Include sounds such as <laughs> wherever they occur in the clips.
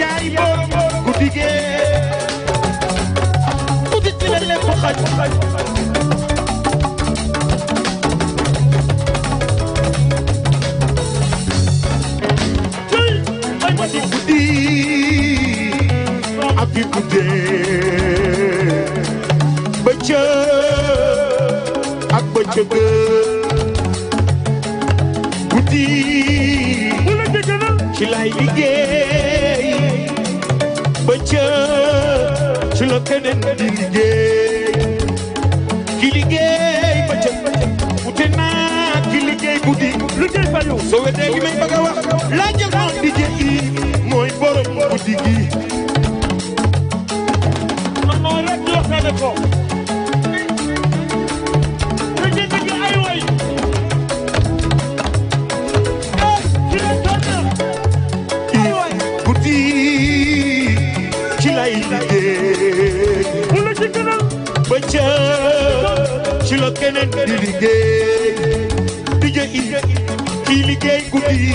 yaay boog guddi gee tuuti ci leen leen ko xaj Abi guddi abi guddi bëccëg ak bëccëg yaay liggéey bëccëg ci la keneen di liggéey ki liggéey bëccëg wute naa ki liggéey guddi lu dee balu soo wetee li may bëgg a wax laajal ma di jéggi mooy borom guddi gi. cër ci la keneen di liggéey di jël kii liggéey guddi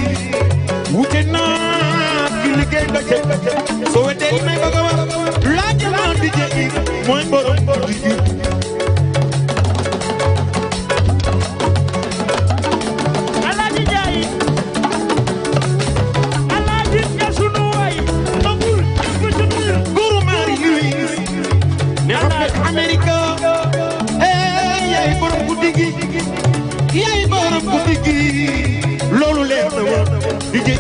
wute naa kii liggéey bëccëg soo wetee may bëgg a wax laaj naa di jël mooy borom guddi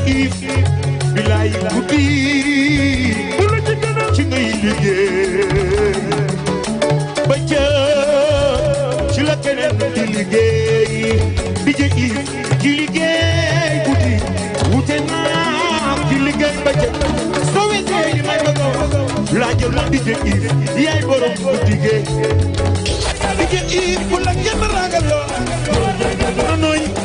diis bilaay ku diis bu la ci gën a ci ngay liggéey ba ca ci la keneen di liggéey di jëkki ci liggéey guddi wute naa ci liggéey ba ca soo wetee li may bëgg laa jël di jëkki yaay borom bu diggee di jëkki bu la kenn ragaloo noonu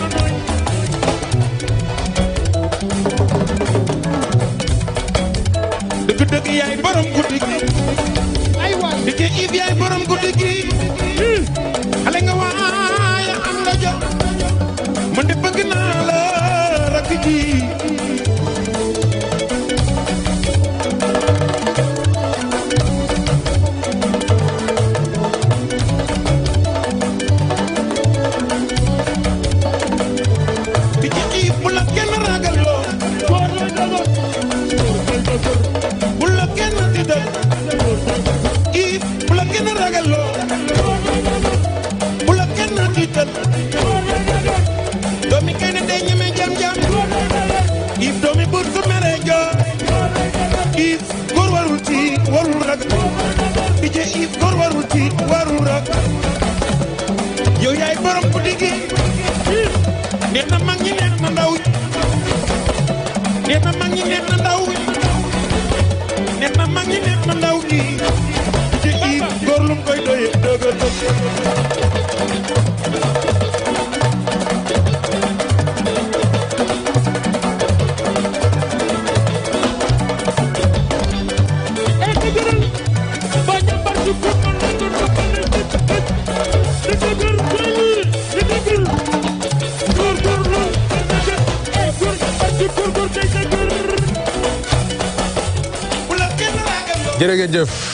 yaay borom guddi gi. aywa DJ Yves yaay borom guddi jërëjëf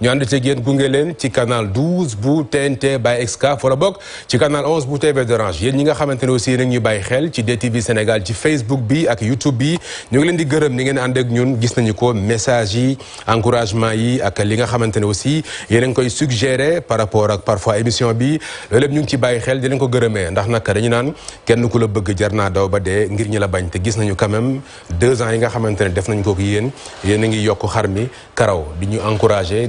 ñu ànd ceeg yéen gunge leen ci canal 12 bu t by Excaf wala bokk ci canal 11 bu TV d'Orange yéen ñi nga xamante ne aussi yéen ñuy bàyyi xel ci DTV Sénégal ci Facebook bi ak YouTube bi ñu ngi leen di gërëm ni ngeen ànd ak ñun gis nañu ko message yi encouragement yi ak li nga xamante ne aussi yéen a ngi koy suggéré par rapport ak parfois émission bi loolu ñu ngi ci bàyyi xel di ko gërëmee ndax nag dañu naan kenn ku la bëgg jar naa daw ba dee ngir ñi la bañ te gis nañu quand même deux ans yi nga xamante ne def nañ ko yéen yéen a ngi yokk xar mi karaw di ñu encouragé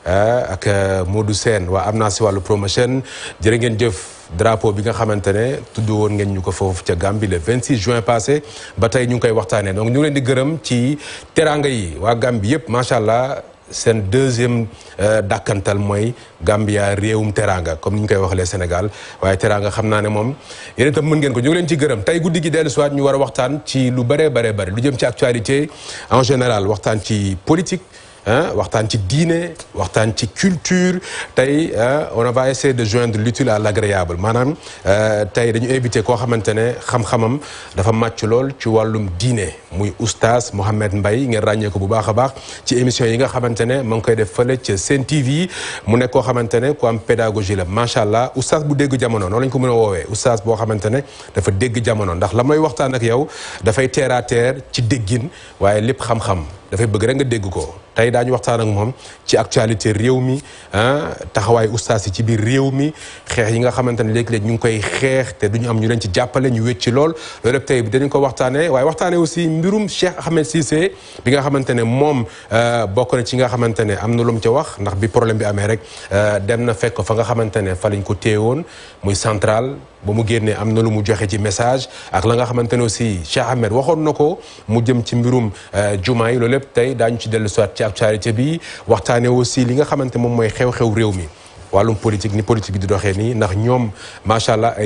Ah, ak euh, Modou seen waa am naa si wàllu promotion jërë ngeen jëf drapeau bi nga xamante ne tudd woon ngeen ñu ko foofu ca Gambie le 26 juin passé ba tey ñu ngi koy waxtaanee donc ñu ngi leen gërëm ci teraanga yi waa Gambie yëpp macha allah. seen deuxième euh, dàkkantal mooy Gambia réewum teraanga comme ni koy waxalee Sénégal waaye teraanga xam naa ne moom yéen itam mën ngeen ko ñu ngi leen ci gërëm tey guddi gi dellu siwaat ñu war a waxtaan ci lu bëree bare bëri lu jëm ci actualité en général waxtaan ci politique Hein, waxtaan ci diine waxtaan ci culture tey hein, on va essayer de joindre l'utile à l'agréable maanaam euh, tey dañu invité koo xamante ne xam-xamam dafa màcc lool ci wàllum diine muy oustaz Mohamed Mbaye ngeen ràññee ko bu baax a baax ci émission yi nga xamante ne mu ngi koy def fële ci Sen TV mu nekk koo xamante ne am pédagogie la macha allah oustaz bu dégg jamono noonu lañ ko mën a woowee oustaz boo xamante ne dafa dégg jamono ndax la may waxtaan ak yow dafay teer à terre ci déggin waaye lépp xam-xam. dafay bëgg rek nga dégg ko tey daañu waxtaan ak moom ci actualité réew mi ah, taxawaay ustaas yi ci biir réew mi xeex yi nga xamante ne léegi-léeg ñu ngi koy xeex te duñu am ñu leen ci jàppale ñu wécc ci lool loolu yëpp bi dinañ ko waxtaane waaye waxtaanee aussi mbirum Cheikh Ahmed Cissé bi nga xamante ne moom ah, bokk na ci nga xamante ne am na lu mu ca wax ndax bi problème bi amee rek ah, dem na fekk fa nga xamante ne fa lañ ko téewoon muy central ba mu génnee am na lu mu joxe ci message ak la nga xamante ne aussi Cheikh Ahmed waxoon na ko mu jëm ci mbirum euh, jumaa yi loolu lépp tey daañu ci dellu soit ci actualité bi waxtaanee aussi li nga xamante moom mooy xew-xew réew mi. walum politique ni politique ay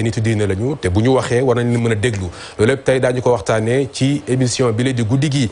nitu lañu war di ki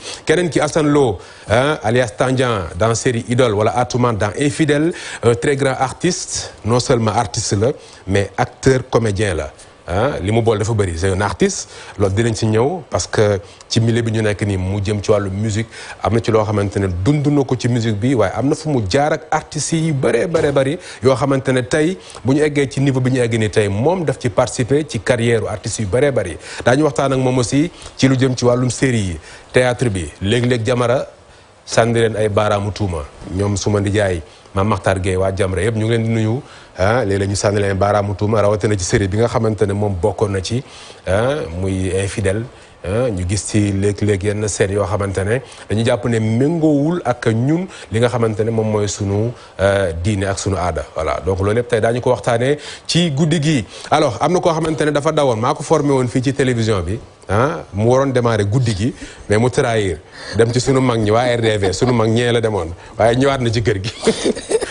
Lo hein, alias Tandian dans série Idole wala Atouman dans Infidèle un très grand artiste non seulement artiste là, mais acteur comédien là. ah li mu bool dafa bëri c'est un artiste loolu dinañ si ñëw parce que ci mille bi ñu nekk nii mu jëm ci wàllu musique am na ci loo xamante ne dund ko ci musique bi waaye am na fu mu jaar ak artistes yi bëree bëree bëri yoo xamante ne tey bu ñu eggee ci niveau bi ñu egg nii tey moom def ci participer ci carrière artistes yu bëree bëri daañu waxtaan ak moom aussi ci lu jëm ci wàllum série yi théâtre bi léegi léeg Jamara sànni leen ay baaraamu tuuma ñoom suma nijaay Mame Makhtar Gueye waa Jamra yëpp ñu ngi leen di nuyu ah léeg-léeg ñu sànni leen baaraamu tuuma rawatina ci série bi nga xamante ne moom bokkoon na ci ah, muy infidèle ah, ñu gis ci léeg-léeg yenn scènes yoo xamante ne dañu jàpp ne méngoowul ak ñun li nga xamante ne moom mooy sunu ah, diine ak sunu aada voilà donc loolu yëpp tey daañu ko waxtaanee ci guddi gi alors am na koo xamante ne dafa dawoon maa ko formé woon fii ci télévision bi ah mu waroon démarrer guddi gi mais mu trahir dem ci sunu mag ñi waa RDV sunu mag ñee la demoon waaye ñëwaat na ci kër gi <laughs>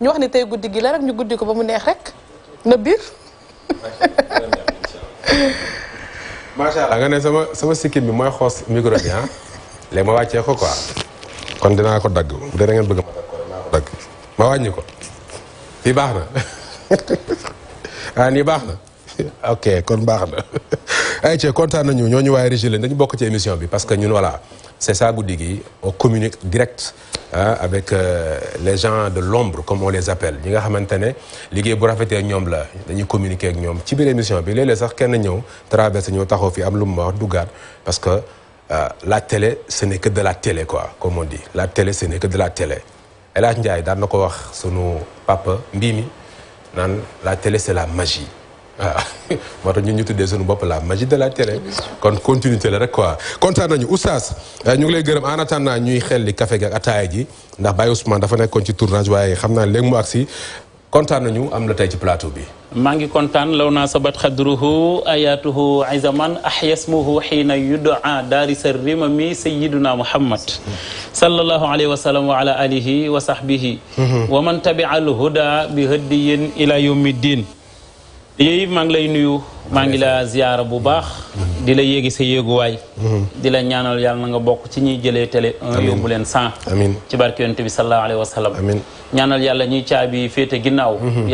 ñu wax ni tey guddi gi la rek ñu guddi ko ba mu neex rek na biir. macha ne sama sama sikkim bi mooy xos micro bi ah léegi ma wàccee ko quoi kon dinaa ko dagg bu ngeen bëgg ma dagg ma wàññi ko fii baax na <laughs> ah nii baax na <laughs> ok kon baax na <laughs> ay cee kontaan nañu ñooñu waaye régi lañ dañu bokk ci émission bi parce que ñun voilà c'est ça Goudigui. on communique direct hein, avec euh, les gens de l'ombre comme on les appelle ñi nga les ne liggéey bu rafetee ñoom la dañuy communiquer ak nous. ci biir émission bi léeg-léeg sax kenn ñëw traversé ñëw taxaw fi am lu ma parce que euh, la télé ce n'est que de la télé quoi comme on dit la télé ce n'est que de la télé El Hadj Ndiaye daan na ko wax sunu papa mbii mi naan la télé c'est la magie waaw ah, <laughs> moo tax ñun ñu tuddee suñu bopp la magie de la télé. kon continuité la rek quoi kontaan nañu oustaz eh, ñu ngi lay gërëm en attendant ñuy xel li café gi ak ataaya ji ndax Baye Ousmane dafa nekkoon ci tournage waaye xam naa léegi mu agsi kontaan nañu am la tey ci plateau bi. maa ngi kontaan law naa sabat xadruhu ayatuhu izaman ahyasmuhu xiina yudaa daarisa rimami sayiduna muhammad sallallahu alayhi wa sallam wa ala alihi wa sahbihi mm-hmm. wa man tabia alhuda bi hëddiyin ila yawmi ddin Yves maa ngi lay nuyu maa ngi la ziyaara bu baax di la yéegi sa yéeguwaay di la ñaanal yàlla na nga bokk ci ñuy jëlee télé un yóbbu leen cent amiin ci barke yonent bi sallallahu alayhi wa sallam amiin ñaanal yàlla ñuy caabi mhm.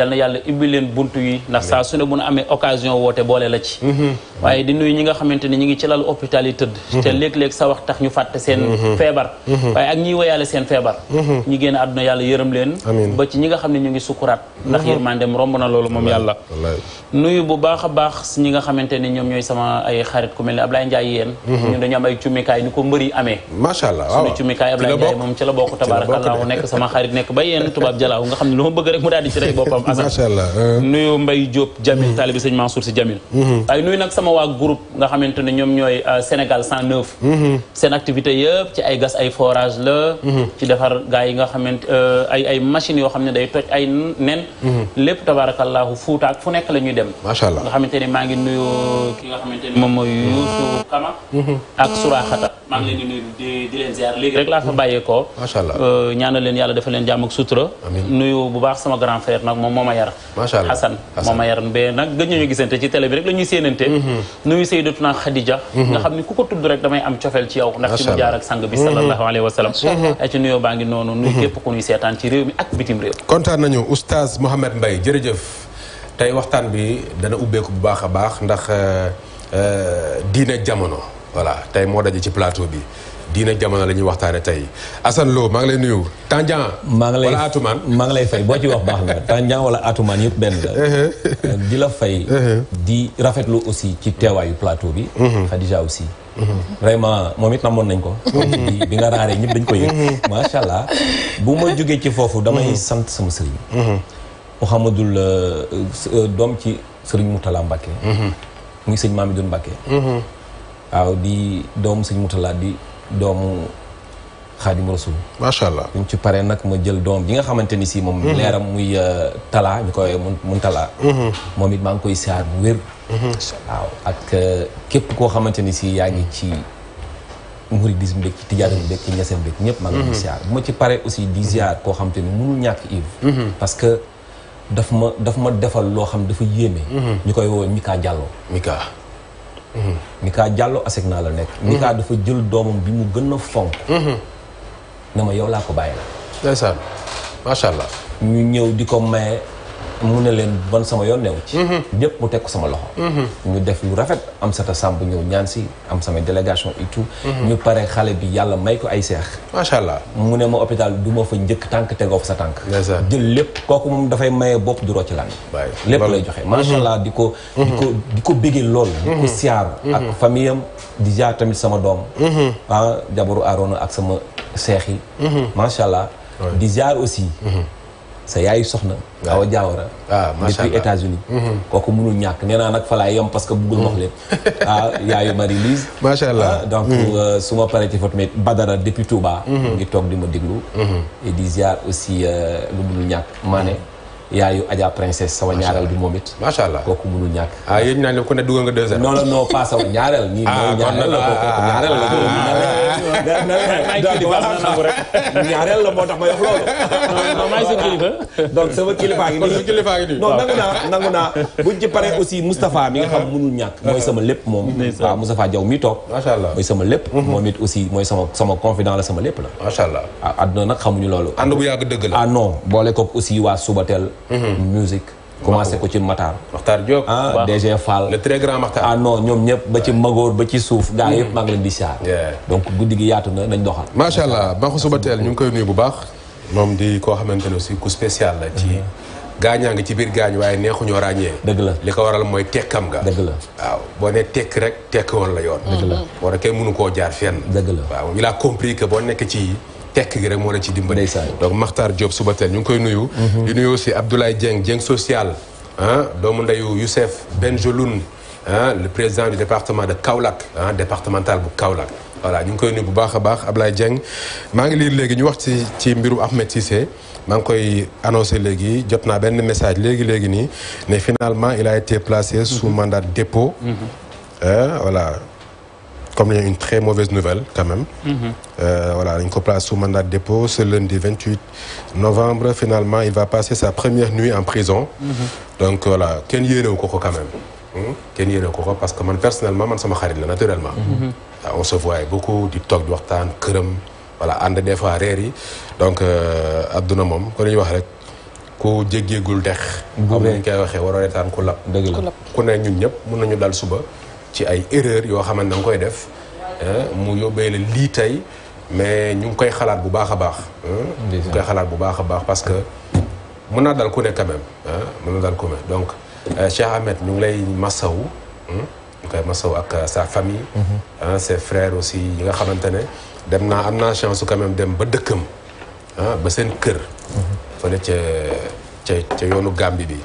yi ndax saa su ne bu nu amee occasion woote boole la ci mhm. waaye di nuyu ñi nga xamante ne ñi ngi ci lal hôpital yi tëdd mhm. te léeg-léeg sa wax tax ñu fàtte seen feebar waaye ak ñiy woyaale seen feebar ñi génn àdduna yàlla yërëm leen ba ci ñi nga xam ne ñu ngi sukuraat ndax yërmandem romb na loolu moom yàlla nuyu bu baax a baax sax ñi nga xamante ni ñoom ñooy sama ay xarit ku mel ne Ablaye Ndiaye yéen mhm. ñun dañu am ay cumikaay ni ko mbëri amee macha allah waaw suñu cumikaay Ablaye Ndiaye moom ci la bokk tabaarakallaahu nekk sama xarit nekk ba yéen tubaab jalaaw nga xam ne lu ma bëgg rek mu daal di ci rek boppam Assane <laughs> macha allah euh. nuyu Mbaye Diop Jamil mhm. taalibi sëñ Mansour si Jamil mhm. waaye nuyu nag sama waa groupe nga xamante ne ñoom ñooy euh, Sénégal 109 seen activité yëpp ci ay gas ay forage la ci defar gaa yi nga xamante euh, ay ay machines yoo xam ne day toj ay nen lépp tabaarakallaahu fuutaak fu nekk la ñuy dem macha allah nga xamante ni maa ngi nuyu ki nga xamante ni moom mooy Youssou Kama. ak Suraxata. maa ngi leen di nuyu di di leen ziar léegi rek laa fa bàyyeekoo. macha allah euh, ñaanal leen yàlla dafa jàmm ak sutura. nuyu bu baax sama grand frère nag moom ma yar. macha allah Assane moo ma yar mbee nag gëj nañu gisante ci télé bi rek la ñuy séenante. Mhm. nuyu Seydatuna Khadija. Mhm. nga xam ni ku ko tudd rek damay am cofeel ci yow. ndax ci mu jaar ak sang bi. sallallahu mhm. alayhi wa sallam. ay ci nuyoo baa ngi noonu. nuyu képp ku ñuy seetaan ci réew mi ak bitim réew. kontaan nañu oustaz Mohamed tey waxtaan bi dana ubbeeku bu baax a baax ndax euh, euh, diine jamono voilà tey moo daje ci plateau bi diina jamono la ñuy waxtaane tey Assane Lo maa ngi lay nuyu tànjan maa ngi lay wala Atoumane maa ngi lay fay boo ci wax baax na tànjan wala Atoumane yëpp benn la <laughs> uh-huh. di la fay uh-huh. di rafetlu aussi ci teewaayu plateau bi uh-huh. Khadija aussi vraiment moom it namoon nañ ko bi nga raaree ñëpp dañ ko yëg macha allah bu ma jógee ci foofu damay sant sama sëriñ Mouhamadul euh, euh, euh, doom ci sëriñ Moutala Mbacke. Mhm. muy sëñ Mamidou Mbacke. Mhm. waaw di doomu ma jël doom bi nga xamante ni si moom. Mhm. leeram muy Talla ñu koy mun Talla. moom it maa ngi koy siyaar bu wér. waaw ak képp koo xamante ni si yaa ngi ci. mouridisme beeg ci tijaanu beeg ci ñeseen beeg ñëpp. maa ngi leen di bu ma ci paree aussi di ziar koo xam te ni mënul ñàkk Yves. parce que daf ma daf ma defal loo xam dafa yéeme. Mhm. ñu koy woowee Mika Diallo. Mika. Mhm. Mika Diallo asek naa la nekk. Mhm. Mika dafa jël doomam bi mu gën a fonk. ne yow laa ko bàyyi la. ndeysaan macha allah. ñu ñëw di ko maye. mu ne leen ban sama yoon neew ci mhm. ñëpp mu teg ko sama loxo mhm. ñu def lu rafet am sata sàmb ñëw ñaan si am sama délégation et mhm. ñu pare xale bi yàlla may ko ay seex macha allah ma hôpital ma fa njëkk tànk tegoo fa sa tànk jël lépp kooku moom dafay maye bopp du rocc lan lépp lay joxe macha allah di ko di ko di ko bégee lool di ko siyaaru ak famille di jaar tamit sama doom ah jabaru Arona ak sama seex yi macha allah di jaar aussi sa yaayu soxna. waaw Awa Diawara. waaw ah, macha allah depuis États-Unis mhm. kooku mënul ñàkk nee naa nag fa laay yem parce que bëggul wax leen. <laughs> ah yaayu Marie-Lise. macha allah ah, donc mhm. euh, su ma paree ci fa tamit Badara depuis Touba. Mhm. ngi toog di ma déglu. et di ziar aussi euh, lu mënul ñàkk Mané. yaayu Adja princesse sawa ñaaral bi momit ma sha allah kooku mënul ñak ah yeñ nañ ko ne dugal nga deux non non non pas sama ñaaral nii ah, mooy ñaareel la kooku ah, ñaaral la ah, ñaaral la moo tax ma yox non maay sa kilifa donc sa kilifa ngi ni kilifa ngi ni non nanguna nanguna nangu buñ ci paré aussi mustapha mi nga xam mënul ñak moy sama lepp mom wa mustapha jaw mi ma sha allah moy sama lepp momit mhm. aussi moy sama sama confident la sama lepp la sha allah adna nak xamuñu lool ànd bu yag dëgg la ah non bolé ko aussi waa Subatel Mm-hmm. musique commencé ko ci Matar. Matar Diop ah DG Fall. le très grand Matar. ah non ñoom ñëpp ba ci Magóor ba ci suuf. gaa yëpp mm-hmm. maa ngi leen di siyaar. donc guddi gi yaatu na nañ doxal. macha allah Bakhoum suba teel ñu ngi koy nuyu bu baax. moom di koo xamante ne aussi ku spécial la ci. Mm-hmm. gaañaa ngi ci biir gaañ waaye neexuñoo ràññee. dëgg la li ko waral mooy tekkam nga. dëgg la waaw boo nee tekk rek tekk woon la yoon. dëgg la war a kenn mënu koo jaar fenn. dëgg la waaw il a compris nekk ci. tech gi rek la ci donc Makhtar Diop Subatel ñu koy nuyu mhm. di nuyu aussi Abdoulaye Dieng Dieng social hein doomu ndeyu Youssef Benjeloun hein le président du département de Kaolack hein départemental bu Kaolack voilà ñu koy nuyu bu baax baax Ablaye Dieng ma ngi lire légui ñu wax ci ci mbirum Ahmed Cissé ma ngi koy annoncer légui jotna message légui légui ni mais finalement il a été placé sous mandat de dépôt mhm. hein, voilà comme il y a une très mauvaise nouvelle quand même. Mhm. euh, voilà, une sous mandat de dépôt ce lundi 28 novembre. Finalement, il va passer sa première nuit en prison. Mm -hmm. Donc voilà, Ken au coco, quand même. Ken au coco, parce que moi personnellement, moi, ça m'a naturellement. Mhm. Ah, on se voit beaucoup, du talk, du wartan, krem, voilà, un des fois Réry. Donc, euh, Abdouna Mom, quand il va ku ko a bu ngeen koy waxee il retaan ku lab. dëgg la ñun ñëpp mun nañu ci ay erreur yo xamante na koy def mu yobé le li tay mais ñu koy xalaat bu baaxa baax hein koy xalaat bu baaxa baax parce que mën naa dal ku ne quand même mën naa dal ku ne donc Cheikh Ahmed ñu lay massaw hein koy massaw ak sa famille hein ses frères aussi yi nga xamantene dem na amna chance quand même dem ba deukum hein ba sen kër fa le ci ci yoonu gambie bi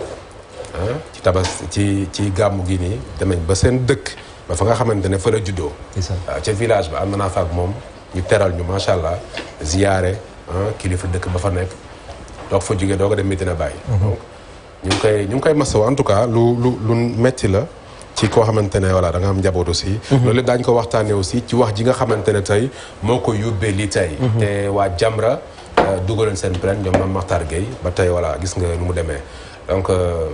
ci tabas ci ci gàmmu gi nii demee ba seen dëkk ba fa nga xamante ne fa la juddoo waaw ah, ca village ba ànd naa fa ak moom ñu teral ñu macha allah ziyaare kilifa dëkk ba fa nekk doog fa jógee doo ko dem Medina Baye mhm. donc ñu ngi koy ñu ngi tout cas lu lu lu metti la ci koo xamante ne voilà da nga am njaboot aussi. Mhm. loolu daañ ko waxtaanee aussi ci wax ji nga xamante ne tey moo ko yóbbee lii tey. Mhm. te waa Jamra euh, dugaloon seen plainte ñoom Mame Makhtar Gueye ba tey voilà gis nga nu mu demee donc. Euh,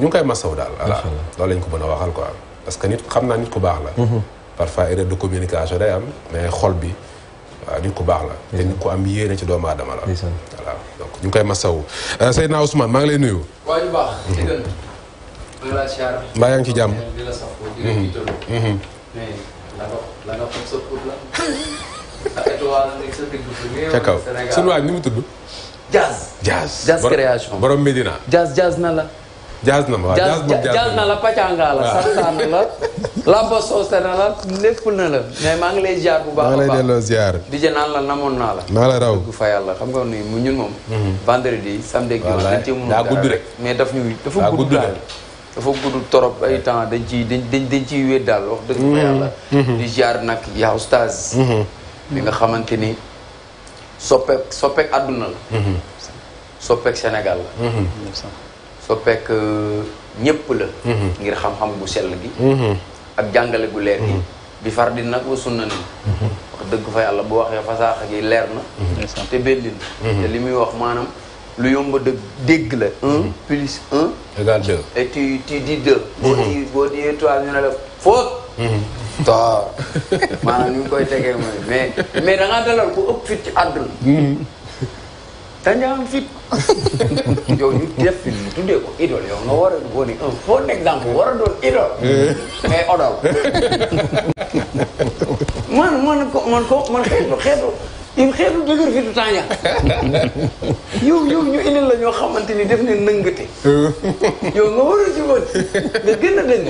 ñu ngi koy masaw daal voilà loolu lañ ko mën a waxal quoi parce que nit xam naa nit ku baax la mhm. parfois erreur du communication day am mais xol bi waaw nit ku baax la te nit ku am yéene ci doomu aadama la voilà donc ñu ngi koy masaw euh, Seydina Ousmane maa ngi lay nuyu waa ñu ngi ci jàmm mhm. Mhm. ca kaw sunu waaj ni mu tudd jazz jazz jazz création borom Medina jaas na ma waaw jaas moom jaas la pàccangaa la santaan na la <laughs> na la lépp na la mais maa ngi lay jaar bu baax a baax maa ngi lay di jë naan la namoon naa la maa la raw dëgg fa yàlla xam nga ni mu ñun moom mhm. vendredi samedi ak dimanche dañ ci mun daa gudd rek mais daf ñu dafa gudd daal dafa gudd torop ay temps dañ ciy dañ dañ ciy daal wax dëgg fa mhm. yàlla mhm. di ziar nag yaa oustaz mi nga xamante ni soppeek soppeek àdduna la soppeek Sénégal la soppeek euh, ñëpp la. Mhm. ngir xam-xam bu sell gi. Mhm. ak jàngale gu leer gi. Mhm. bi far di nag wa sunna ni wax dëgg fa yàlla bu waxee fasaaxa gi leer na. te belli te li muy wax maanaam lu yomb dëgg dégg la. un plus un. égal deux et tu tu dis boo di boo di étoile ñu ne la faute. waaw <laughs> maanaam ni mu koy tegee mooy mais mais da ngaa dalal ku ëpp fit ci àdduna. te nga am fit yow ñu def fi mu tuddee ko idole yow nga war a góone un uh, bon exemple war a doon idole mais odol man man ko man ko man xeetu xeetu im xeetu dëgër fitu tànja yow yow ñu indil la ñoo xamante ni def ne nëngate uh. yow nga war a ci woon nga gën a dëng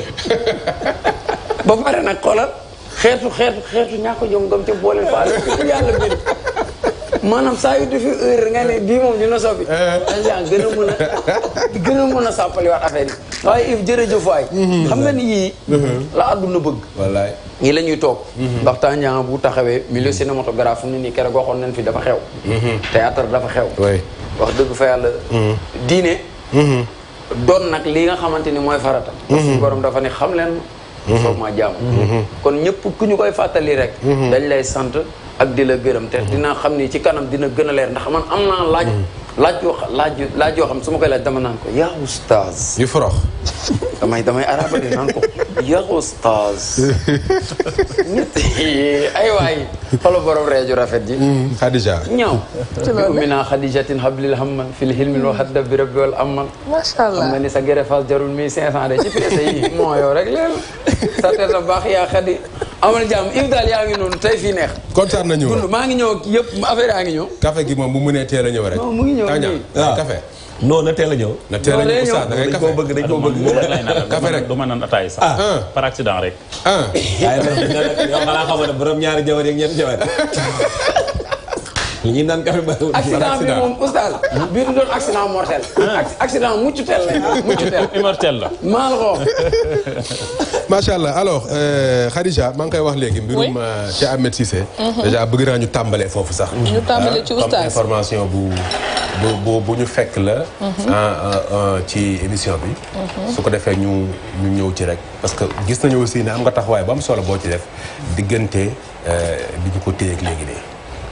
ba pare nag xoolal xeetu xeetu xeetu ñaa ko jom gam ca boole faale ku yàlla bind maanaam saa yu defi heure nga ne bii moom dina soppi. Eh. dañ gën a mën a <laughs> gën a mën a sàppaliwaat affaire yi. Mm-hmm. waaye if jërëjëf waay. Mm-hmm. xam na ni yii. Mm-hmm. la àdduna bëgg. wallaay ñii la ñuy toog. ndax Tandian bu taxawee milieu cinématographe mu ne nii keroog waxoon nañ fi dafa xew. théâtre dafa xew. wax dëgg fa yàlla. diine. doon nag li nga xamante ni mooy farata. suñu borom dafa ne xam leen. soog maa jaamu. kon ñëpp ku ñu koy fàttali rek. dañ lay sant. ak di la gërëm te mhm. dinaa xam ni ci kanam dina gën a leer ndax man am naa laaj mhm. laaj yoo laaj laaj yoo xam su ma koy laaj dama naan ko yaa oustaz yu forox <laughs> damay damay araba di naan ko yaa oustaz ñett <laughs> ay waay xolo borom reeju rafet ji xadija mm, ñaaw <laughs> mi naa xadijatin hablil hamman fil hilmin wa hadda bi rabbi wal amman macha allah xam nga ni sa gere fas jarul mille cinq cent de yaa xadi amal jàmm Yves daal yaa ngi noonu tey fii neex. kontaan nañu woon maa ngi ñëw yëpp affaire yaa ngi ñëw. kafe gi moom mu munee teel a ñëw rek. non mu ngi ñëw nii waaw ah. café. non na teela a ñëw. na teel a ñëw oustaz da bëgg dañ koo bëgg. café rek du ma naan ataay sax. Ah. Ah. par accident rek. ah. waaye <laughs> nag <laughs> yow xanaa xamoon ne borom ñaari jabar yeeg ñetti jabar. <laughs> <laughs> ñi naan café bariwul accident bi moom oustaz bii du doon mortel ah. accident muccu la muccu <laughs> tel immortel <laughs> allah alors euh, Khadija maa ngi koy wax léegi mbirum euh, Cheikh Ahmed Cissé mhm. déjà bëgg naa ñu tàmbalee foofu sax ñu tàmbalee ah, ci oustaz information bu bu ñu fekk la mhm. ah, ci émission bi mhm. su ko defee ñu ñu ñëw ci rek parce que gis nañu aussi ne am nga taxawaay bu am solo boo ci def diggante euh, bi ñu ko téyeeg léegi nii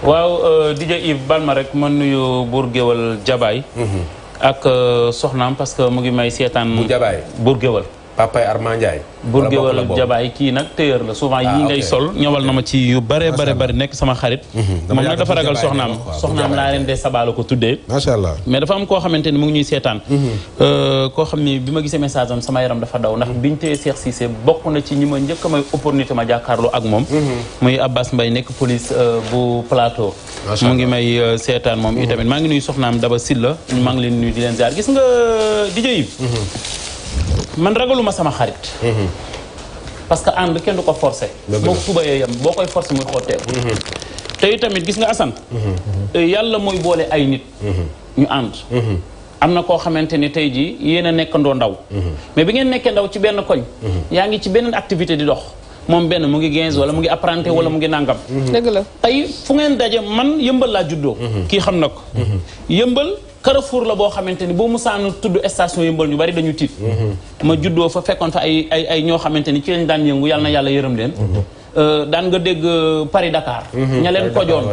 waaw euh, DJ Yves Balma rek ma nuyu buur géwal jabaay mhm. ak euh, soxnaam parce que mu ngi may seetaan buur géwal Papa Armand Ndiaye. jabaay kii nag téyër la souvent yi ah, ngay sol ñëwal na ma ci yu bare bare bari nekk sama xarit mhm. moom nag dafa ragal soxnaam soxnaam laa leen dee sabaa ko tuddee mais dafa am koo xamante ni mu ngi ñuy seetaan mhm. euh, koo xam ni bi ma gisee message am sama yaram dafa daw ndax mhm. biñ téye Cheikh Cissé bokk na ci ñi ma njëkk a may opportunité ma jàkkaarloo ak moom muy Abbas Mbaye nekk police euh, bu plateau mu ngi may euh, seetaan moom itamit maa ngi nuyu soxnaam Daba man ragaluma sama xarit mhm. parce que ànd kenn du ko forcé boo tubayee yam boo koy forcé muy xotteeku mhm. tey tamit gis nga Assane mhm. euh, yàlla mooy boole ay nit ñu ànd am na koo xamante ni tey jii yéen a nekkandoo ndaw mais bi ngeen nekkee ndaw ci benn koñ yaa ngi ci benn activité di dox moom benn mu ngi 15 wala mu ngi apprenti wala mu ngi nangam dëgg la tey fu ngeen daje man yëmbal laa juddoo kii xam na ko yëmbal Carrefour la boo xamante ni boo musaana tudd station yëmbal ñu bari dañu tiit mhm. ma juddoo fa fekkoon fa ay ay ay ñoo xamante ni ci lañ daan yëngu yàlla na yàlla yërëm leen mhm. euh, daan nga dégg euh, Paris Dakar mhm. ña leen kojoon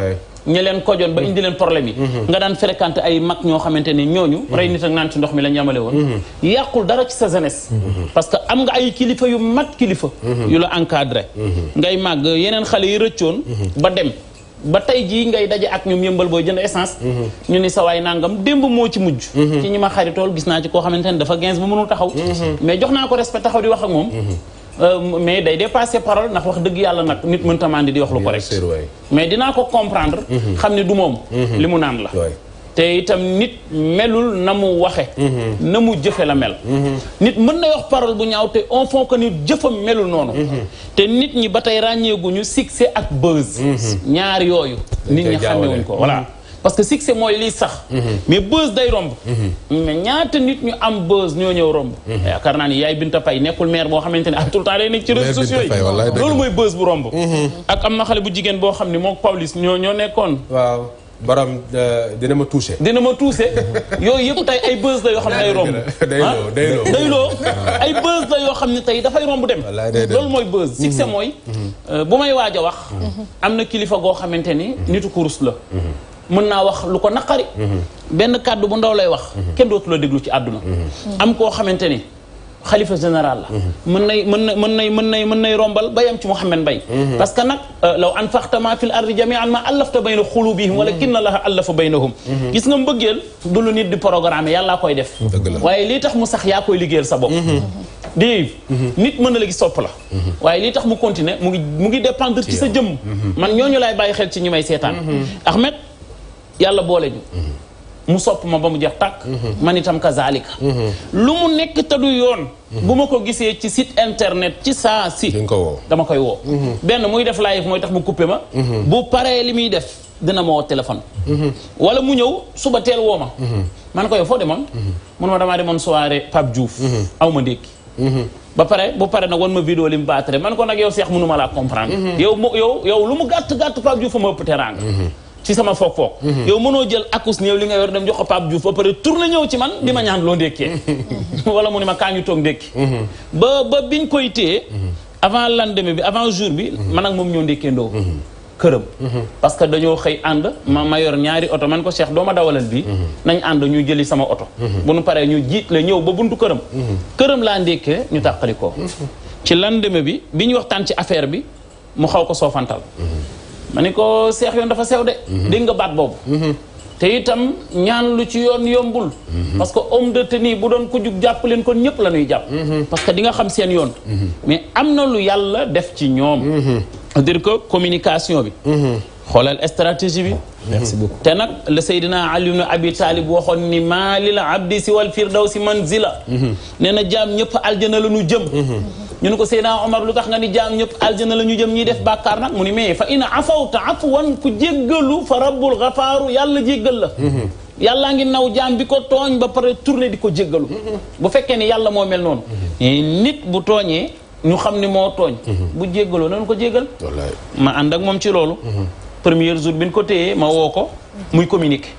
ña leen kojoon ba indi leen problème yi nga daan fréquenté ay mag ñoo xamante ni ñooñu rey nit ak naan ci ndox mi lañ yamale woon yàqul dara ci sa jeunesse parce que am nga ay kilifa yu mat kilifa yu la encadré ngay mag yeneen xale yi rëccoon ba dem ba tey jii ngay daje ak ñoom yëmbal booy jënd essence. Mhm. ñu ni sawaay nangam démb moo ci mujj. Mhm. ci ñi ma xaritool gis naa ci koo xamante ne dafa 15 bu mënul taxaw. Mhm. mais jox naa ko respect taxaw di wax ak moom. Euh, mais day dépassé parole ndax wax dëgg yàlla nag nit mën tamandi di wax lu correct mais dinaa ko comprendre. xam ne du moom. li mu naan la. te itam nit melul na mu waxe mm-hmm. na mu jëfe la mel mm-hmm. nit mën na wax parole bu ñaaw te en fond que nit jëfam melul noonu mm-hmm. te nit ñi ba tey ràññeeguñu succès ak buzz ñaar yooyu nit ñi xamewuñ ko voilà parce que succès mooy lii sax mais buzz day romb mais ñaata nit ñu am buzz ñoo ñëw romb yaakaar naa ni yaay Binta Faye nekkul maire boo xamante ne ah <laughs> tout le nekk ci réseaux yi loolu mooy buzz bu romb ak am na xale bu jigéen boo xam ne mook Pawlish ñoo ñoo nekkoon borom euh, dina ma touché. dina ma touché yooyu yëpp tey ay bës la yoo xam ne day romb. <laughs> day loo ay bës la yoo xam ne tey dafay romb dem. loolu mooy bës. Mhm. sa mooy. Euh, bu may waaj a wax. am na kilifa goo xamante ni. nitu kurus la. mën naa wax lu ko naqari. Mhm. benn kàddu bu ndaw lay wax. Mhm. kenn dootu la déglu ci àdduna. am koo xamante ni. خليفة جنرال مني مني مني مني رومبل بيمت محمد بي بس كانك آه، لو أنفقت ما في الأرض جميعا ما ألفت بين قلوبهم ولكن الله ألف بينهم كيس نم بقيل دولو نيد دي بروغرامي يلا كوي ديف واي لي تخ مسخ نيت من لغي سوبلا واي لي تخ مو كونتيني مو مو ديباندر سي سا جيم مان ньоньو لاي باي خيل سي ني ماي سيطان احمد يلا بولاجو mu sopp ma ba mu jeex tàkk mhm. man itam kazalika mhm. lu mu nekk te du yoon mhm. bu ma ko gisee ci sit internet ci saa si dama koy woo benn muy def live mooy tax mu coupé ma bu paree li muy def dina ma woo téléphone wala mu ñëw suba teel woo ma man ko yow foo demoon mun ma damaa demoon soirée Pape jouf aw ma ndékki ba pare bu pare nag wan ma vidéo li mu baatare man ko nag yow seex mënuma laa comprendre yow yow yow lu mu gàtt gàtt Pape Diouf fa ma ëpp teraanga ci sama foog foog mhm. yow mënoo jël akus néew li nga yor dem jox ko Pape Diouf ba pare tourné ñëw ci man di ma ñaan loo ndékkee mhm. <laughs> wala mu ne ma kaa ñu toog ndékki mhm. ba ba biñ koy téye avant deme bi avant jour bi man ak moom ñoo ndékkee ndoo këram parce que dañoo xëy ànd ma ma yor ñaari oto man ko Cheikh doo ma dawalal bi nañ ànd ñu jëli sama oto bu nu paree ñu jiit la ñëw ba buntu këram këram laa ndékkee ñu tàqalikoo ci lendemain bi bi ñu waxtaan ci affaire bi mu xaw ko soofantal ma ni ko seex yoon dafa sew de mhm. dégg nga baat boobu mhm. te itam ñaan lu ci yoon yombul mhm. parce que homme de tenue bu doon ko jug jàpp leen kon ñëpp la ñuy jàpp parce que di nga xam seen yoon mais am na lu yàlla def ci ñoom cest communication bi xoolal stratégie bi oh, te nag la Seydina Ali ibn Abi Talib waxoon ni maa lil abdi si wal firdaw si nee na jaam ñëpp aljana la ñu jëm ñu ko Seydina Omar lu tax nga ni jaam ñëpp aljana la ñu jëm ñuy def bàkkaar nag mu ni mais fa in afawta afwan ku jéggalu fa rabbul gafaaru yàlla jéggal la yàllaa ngi naw jaam bi ko tooñ ba pare tourné di ko jéggalu bu fekkee ni yàlla moo mel noonu mm-hmm. eh, nit bu tooñee ñu xam ni moo tooñ mm-hmm. bu jéggaloo nañu ko jéggal ma ànd ak moom ci loolu mm-hmm. premier jour bi ñu ko téyee ma woo ko muy communiqué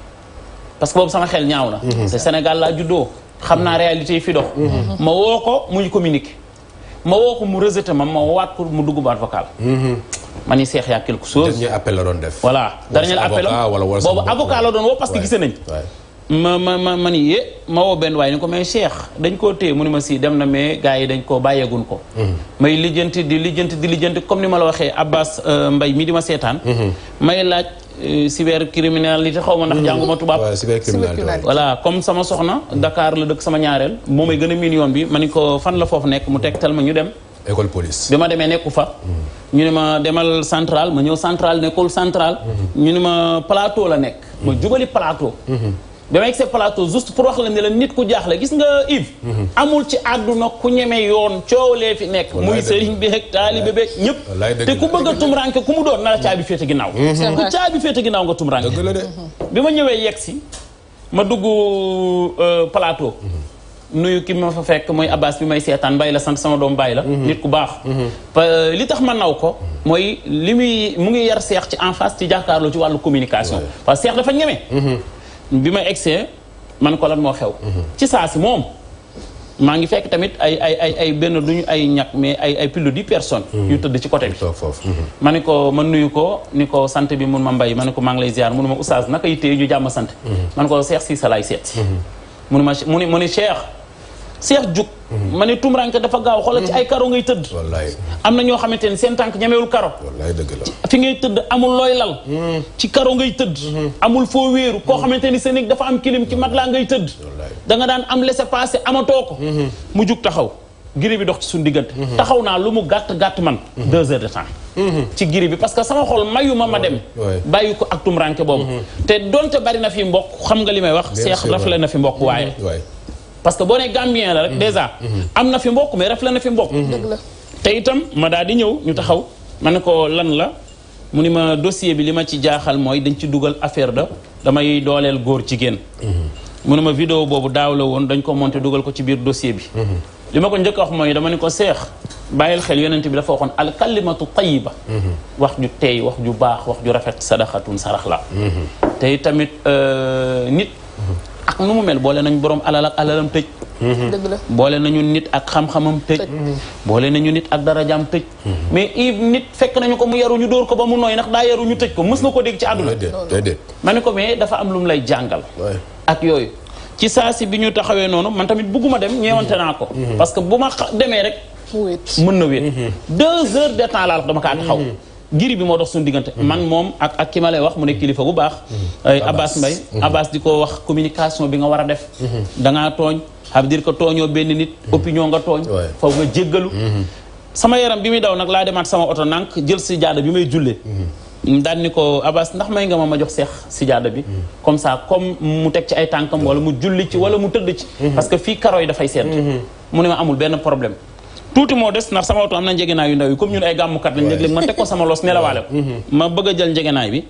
parce que boobu sama ñaaw na te Sénégal laa xam naa réalité yi fi ma woo ko mu rejeté ma ma waat pour mu dugg baat vocal. Mm-hmm. ma ni seex yaa quelque chose. dernier appel la doon def. voilà dernier appel am boobu avocat la doon woo parce que ma ma ma ma ni yee eh, ma woo benn waaye ni ko may seex dañ koo téye mu ni ma si dem na mais gars yi dañ koo bàyyeegun ko. Mm-hmm. may lijjanti di lijjanti di lijjanti comme ni ma la waxee Abbas euh, Mbaye mi di ma seetaan. Mm-hmm. may laaj. Euh, cybercriminalité xaw ma ndax hmm. jànguma tubaab voilà comme sama soxna Dakar la dëkk sama ñaareel moo may gën a million bi ma ni ko fan la foofu nekk mu tegtal ma ñu dem école police bi ma demee nekku fa hmm. ñu ne ma demal central ma ñëw central nekkul central hmm. ñu ne ma plateau la nekk ma jubali plateau damay egg plateau juste pour wax la ne la nit ku jaax jaaxle gis nga Yves. Mhm. amul ci àdduna ku ñeme yoon coow fi nekk. muy sëriñ bi rek taalibe beeg ñëpp. te ku bëgg a tumranke ku mu doon na la caabi féete ginnaaw. Mhm. ku caabi féete ginnaaw nga tum dëgg la de. Mhm. bi ma ñëwee yegg si ma dugg euh, plateau. nuyu ki ma fa fekk mooy Abbas bi may seetaan bàyyi la sant sama doom bàyyi la. nit ku baax. Euh, li tax ma naw ko. mooy li muy mu ngi yar seex ci en face ci jàkkaarloo ci wàllu communication. parce que seex dafa ñeme. bi ma egsee man ko lan moo xew. Mhm. ci saa si moom maa ngi fekk tamit ay ay ay ay benn duñu ay ñàkk mais ay ay plus personne dix personnes. Mhm. yu tëdd ci côté bi. Mhm. ma ne ko ma nuyu ko ni ko sant bi mun ma mbay ma ne ko maa ngi lay ziar munuma oustaz naka yittee ñu jàmm sant. ma ne ko Cheikh Cissé laay seet. munuma mu ne mu ne Cheikh Cheikh Diouk. ma ne tumuranke dafa gaaw xoolal ci ay karo ngay tëdd am na ñoo xamante ne seen tànk ñemewul karo wallaay dëgg la fi ngay tëdd amul looy lal hmm. ci karo ngay tëdd hmm. amul foo wéeru koo hmm. xamante ni seen dafa am kilim ci mag laa ngay tëdd da nga daan am sa passer amatoo ko mu jug taxaw giri bi dox ci suñ diggante taxaw naa lu mu gàtt-gàtt man deux heures de ci giri bi parce que sama xol mayu ma ma dem bàyyi ko ak tumuranke boobu te donte bari na fi mbokk xam nga li may wax seex rafle na fi mbokk waaye parce que boo nee Gambien la rek mm-hmm. dèjà. Mm-hmm. am na fi mbokk mais ref la na fi mbokk. Mm-hmm. te itam ma daal di ñëw ñu taxaw ma ne ko lan la mu ni ma dossier bi li ma ci jaaxal mooy dañ ci dugal affaire da damay dooleel góor jigéen. mu ne ma vidéo boobu daaw la woon dañ ko monté dugal ko ci biir dossier bi. li ma ko njëkk wax mooy dama ne ko seex bàyyil xel yonent bi dafa waxoon al kalimatu tayiba wax ju teey wax ju baax wax ju rafet sadaxatun sarax la. te tamit euh, nit. ak nu mu mel boole nañu borom alal ak alalam tëj. Mhm. dëgg la boole nañu nit ak xam-xamam tëj. Mhm. boole nañu nit ak dara darajaam tëj. Mhm. mais Yves nit fekk nañu ko mu yaru ñu dóor ko ba mu nooy ndax daa yaru ñu tëj ko mës na ko dégg ci àdduna. déedéet ma ne ko mais dafa am lu mu lay jàngal. ak yooyu ci saa si bi ñu taxawee noonu man tamit bugguma dem ñeewante naa ko. parce que bu ma demee rek. mën na wéet deux heures de temps laa wax dama kaa taxaw. giri bi mo dox suñu diggante mhm. man mom ak ak ki lay wax mu ne kilifa bu baax mhm. Abbas Mbaye mhm. Abbas diko wax communication bi nga wara def da ngaa habdir xam dire que tooñoo nit opinion nga togn faw nga sama yaram bi mi daw nak la sama auto nank jël si jaada bi may julle daan ni ko Abbas ndax may nga ma jox Cheikh si jada bi comme ça comme mu tek ci ay tankam wala mu julli ci wala mu teud ci parce que fi da fay mu ne ma amul ben problème tuuti moo des ndax sama oto am na njëgënaay yu ndaw yi comme ñun ay gàmmukat lañ léeg-léeg ma ko sama los nelawaale ko mm-hmm. ma bëgg a jël njëgënaay bi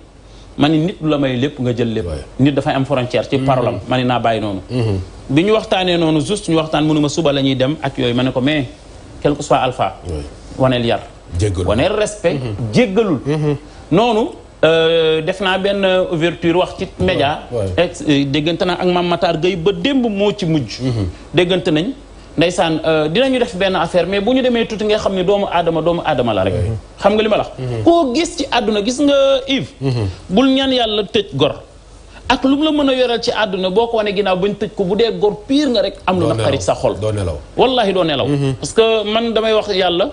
ma ni nit la may lépp nga jël lépp nit dafay am frontière ci mm-hmm. parole am ma ni naa bàyyi noonu mm-hmm. bi ñu waxtaanee noonu juste ñu waxtaan mënu ma suba la ñuy dem ak yooyu ma ne ko mais quel que soit alpha waneel yar waneel respect jéggalul noonu euh, def naa benn ouverture wax ci média euh, déggante na ak Mame mata Gueye ba démb moo ci mujj déggante nañ Euh, dina ñu def benn affaire mais bu ñu demee tuuti nga xam ne doomu aadama doomu adama la rek xam nga li ma la mhm. koo gis ci àdduna gis nga Yves mhm. bul ñaan yàlla tëj gor ak lu mu la mën a yoral ci àdduna boo ko wane ginaaw bañ tëj ko bu dee gor piir nga rek am lu na xarit sa xol doo nelaw wallaahi doo nelaw mhm. parce man damay wax yàlla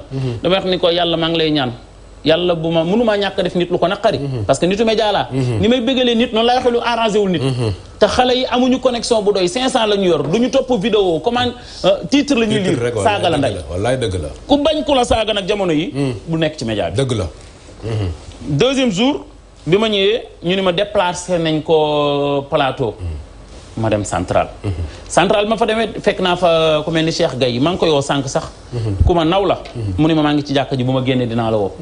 damay wax ni ko yàlla maa ngi lay ñaan yàlla bu ma mënumaa ñàkk def nit lu ko naqari mhm. parce que nitu média laa mhm. ni may bëggalee nit noonu laay waxee lu arrangé wul nit mhm. te xale yi amuñu connexion bu doy 500 la ñu yor du ñu topp vidéo comment euh, titre la ñuy lire saaga la nday wallaay dëgg la ku bañ ku la saaga nag jamono yi bu nekk ci média bi dëgg la deuxième jour bi ma ñëwee ñu ni ma déplacé nañ ko plateau ma dem central central ma fa demee fekk naa fa ku mel ni Cheikh Gaye maa ngi koy woo sànq sax ku ma naw la mu ni ma maa ngi ci jàkk ji bu ma génnee dinaa la woo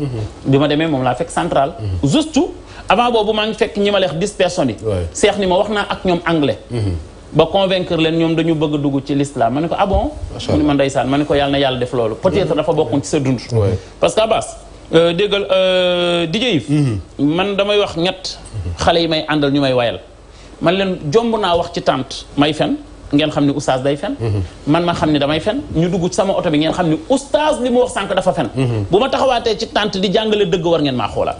bi ma demee moom laa fekk central juste avant boobu maa ngi fekk ñi ma leex dix personnes yi ni ma wax naa ak ñoom anglais ba convaincre leen ñoom dañu bëgg dugg ci l'islam ma ne ko ah bon mu ni ma ndeysaan ma ne ko yàlla na yàlla def loolu peut-être dafa bokkoon ci sa dund parce que Abbas euh, déggal euh, DJ Yves mhm. wax ñett mhm. xale yi may àndal ñu may wayal man leen jomb naa wax ci tànt may fen ngeen xam ni oustaz day fen mhm. man ma xam ni damay fen ñu dugg sama oto bi ngeen xam ni oustaz li mu wax sànq dafa fen mhm. bu ma taxawaatee ci tànt di jàngale dëgg war ngeen maa xoolaat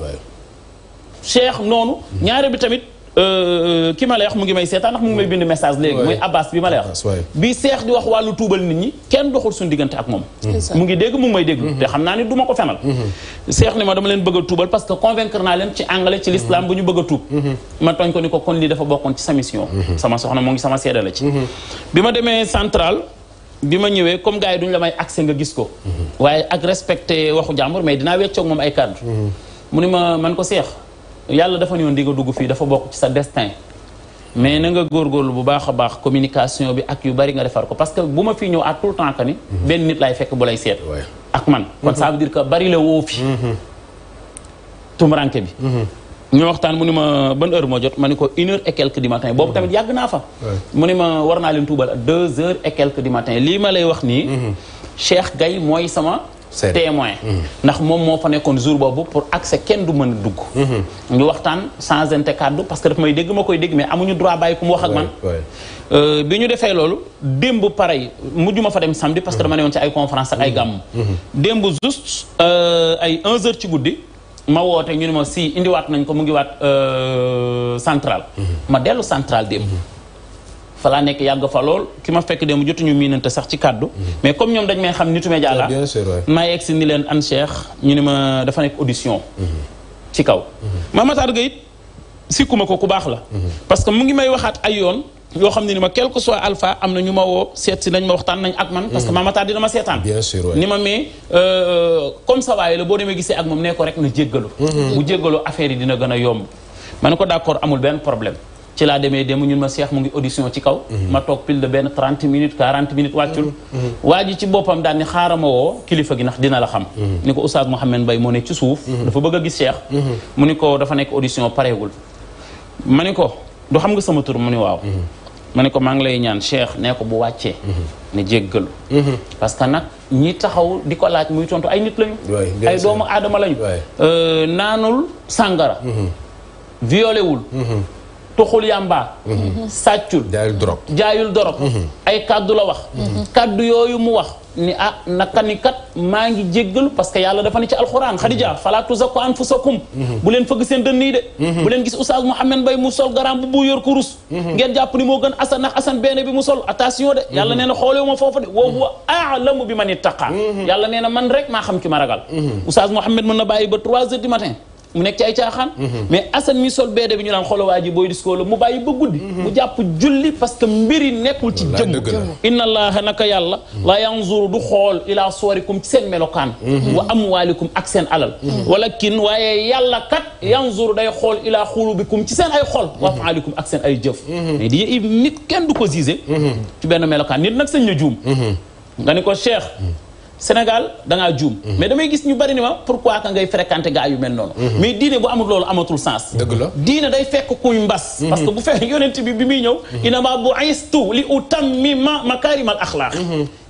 cheikh noonu mhm. ñaare bi tamit Euh, ki ma lay wax mu ngi may seetaan ndax mu ngi may bind message léegi muy Abbas bi ma lay wax bi seex di wax wàllu tuubal nit ñi kenn doxul suñu diggante ak moom mu ngi dégg mu ngi may dégg mm-hmm. te xam naa ni du ma ko fenal mm-hmm. seex ni ma dama leen bëgg a tuubal parce que convaincre naa leen ci anglais ci l'islam bu ñu bëgg a tuub mm-hmm. ma tooñ ko ni ko kon lii dafa bokkoon ci sa mission sama soxna mu ngi sama seede la ci bi ma demee central bi ma ñëwee comme gars yi duñu la may nga gis ko waaye ak respecté waxu jàmbur mais dinaa weccoog moom ay kàddu mu ni ma man ko yàlla dafa ñëw di nga dugg fi dafa bok ci sa destin mais na nga góorgóorlu bu baaxa baax communication bi ak yu bari nga defar ko parce que buma fi ñëw at tout temps kané ben nit lay fekk bu lay sét ak man kon ça veut dire que bari le wo fi tumuranke bi ñu waxtaan mu ni ma ban heure mo jot ma ni ko une heure et quelques du matin bobu tamit yag na fa mu ni ma war na len toubal 2h et quelques du matin li ma lay wax ni Cheikh gay moy sama témoin hmm. ndax moom moo fa nekkoon jour boobu pour accès kenn du mën a dugg hmm. ñu waxtaan sans ente kàddu parce que daf may dégg ma koy dégg mais amuñu droit bàyyi ku mu wax ak man euh, bi ñu defee loolu démb pareil mujju ma fa dem samedi parce que dama ne woon ci ay conférence ak ay hmm. gàmm démb juste euh, ay 11 heures ci guddi ma woote ñu ne ma si indiwaat nañ ko mu ngi waat euh, central ma dellu central démb fala nek nekk yàgg fa lol ki ma fekk dem jottu ñu minante sax ci cadeau mais comme ñom dañ may xam nitu media la may ex ni len an cheikh ñu ni ma dafa nek audition mhm. ci kaw mhm. ma Matar Gueye it sikuma ko ku bax la mhm. parce que mu ngi may waxat ay yoon yo xamni ni ma quelque soit alpha amna ñu ma wo set ci nañ ma waxtan nañ ak man parce que tar dina ma setan ni ma mais euh comme ça way le bo demé gisee ak mom ne ko rek na jéggalu bu jéggalu affaire yi dina gëna yomb man ko d'accord amul ben problème ci laa demee dem ñun ma seex mu ngi audition ci kaw. Mhm. ma toog pile de benn 30 minutes 40 minutes wàccul. Mhm. Mhm. waa ji ci boppam daal ni xaarama woo kilifa gi ndax dina la xam. ni ko Oustaz mohammed mbay moo ne ci suuf. dafa bëgg a gis seex. mu ni ko dafa nekk audition pareegul. ma ni ko du xam nga sama tur mu ni waaw. ma ni ko maa ngi lay ñaan cheikh nee ko bu wàccee. ne jéggalu. parce que nag ñi taxaw di ko laaj muy tontu ay nit lañu. ay doomu aadama lañu. Euh, naanul sàngara. violé wul. tuxul yàmba mhm. sàccul jaayul dorog mhm. ay kàddu la wax mhm. kàddu yooyu mu wax ni ah naka ni kat maa ngi jéggalu parce que yàlla dafa ne ci alxuraan xadija fala tuzakku anfusakum bu leen fëgg seen dënn yi de bu leen gis oustaz Mouhamed Mbaye mu sol garam bu bu kurus ngeen jàpp ni moo gën asan ndax asan benn bi mu sol attention de yàlla nee na xoolewu ma foofu de wa huwa a'lamu bi man ittaqa yàlla nee na man rek maa xam ki ma ragal oustaz Mouhamed mën na bàyyi ba trois heures mu nekk ci ay caaxaan. Mhm. mais Assane mi sol beede bi ñu naan xooloo waa ji booy diskoo la mu bàyyi ba guddi. Mhm. mu jàpp julli parce que mbiri nekkul ci jëmm. inna allaha naka yàlla. Mhm. la yanzuru du xool ila suwarikum ci seen melokaan. wa amwaalikum ak seen alal. walakin waaye yàlla kat yanzuru day xool ila xulubikum ci seen ay xool wa afaalikum ak seen ay jëf. mais nit kenn du ko gisee. ci benn melokaan nit nag sañ na juum. nga ni ko cheikh. Sénégal da ngaa juum. Mhm. mais damay gis ñu bari ni ma pourquoi que ngay fréquenté gars yu mel noonu. Mhm. mais diine bu amul loolu amatul sens. dëgg la diine day fekk kuy mbas. Mhm. parce que bu fekkee yonent bi bi muy ñëw. innamaa bu'istu li utammima makaarimal axlaaq.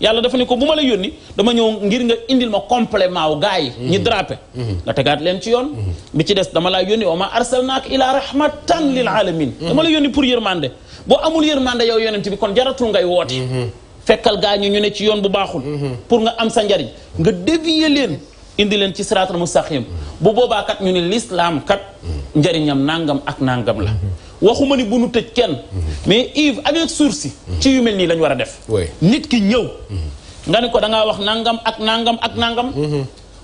yàlla dafa ne ko bu ma la yónni dama ñëw ngir nga indil ma complément wu gars yi. ñi drapé. nga tegaat leen ci yoon. bi ci des dama laa yónni wa maa arsalnaaka ilaa rahmatan lil aalamiin. dama la yónni pour yërmande boo amul yërmande yow yonent bi kon jaratul ngay woote. fekkal gaa ñi ñu ne ci yoon bu baaxul mhm. pour nga am sa njariñ nga dévier leen indi leen ci siraatal mustaqim bu boobaa kat ñu ne lislaam kat njariñam nangam ak nangam la mhm. waxuma ni bu nu tëj kenn mhm. mais Yves avec sursis ci yu mel nii lañ war a def nit ki ñëw nga ni ko dangaa wax nangam ak nangam ak nangam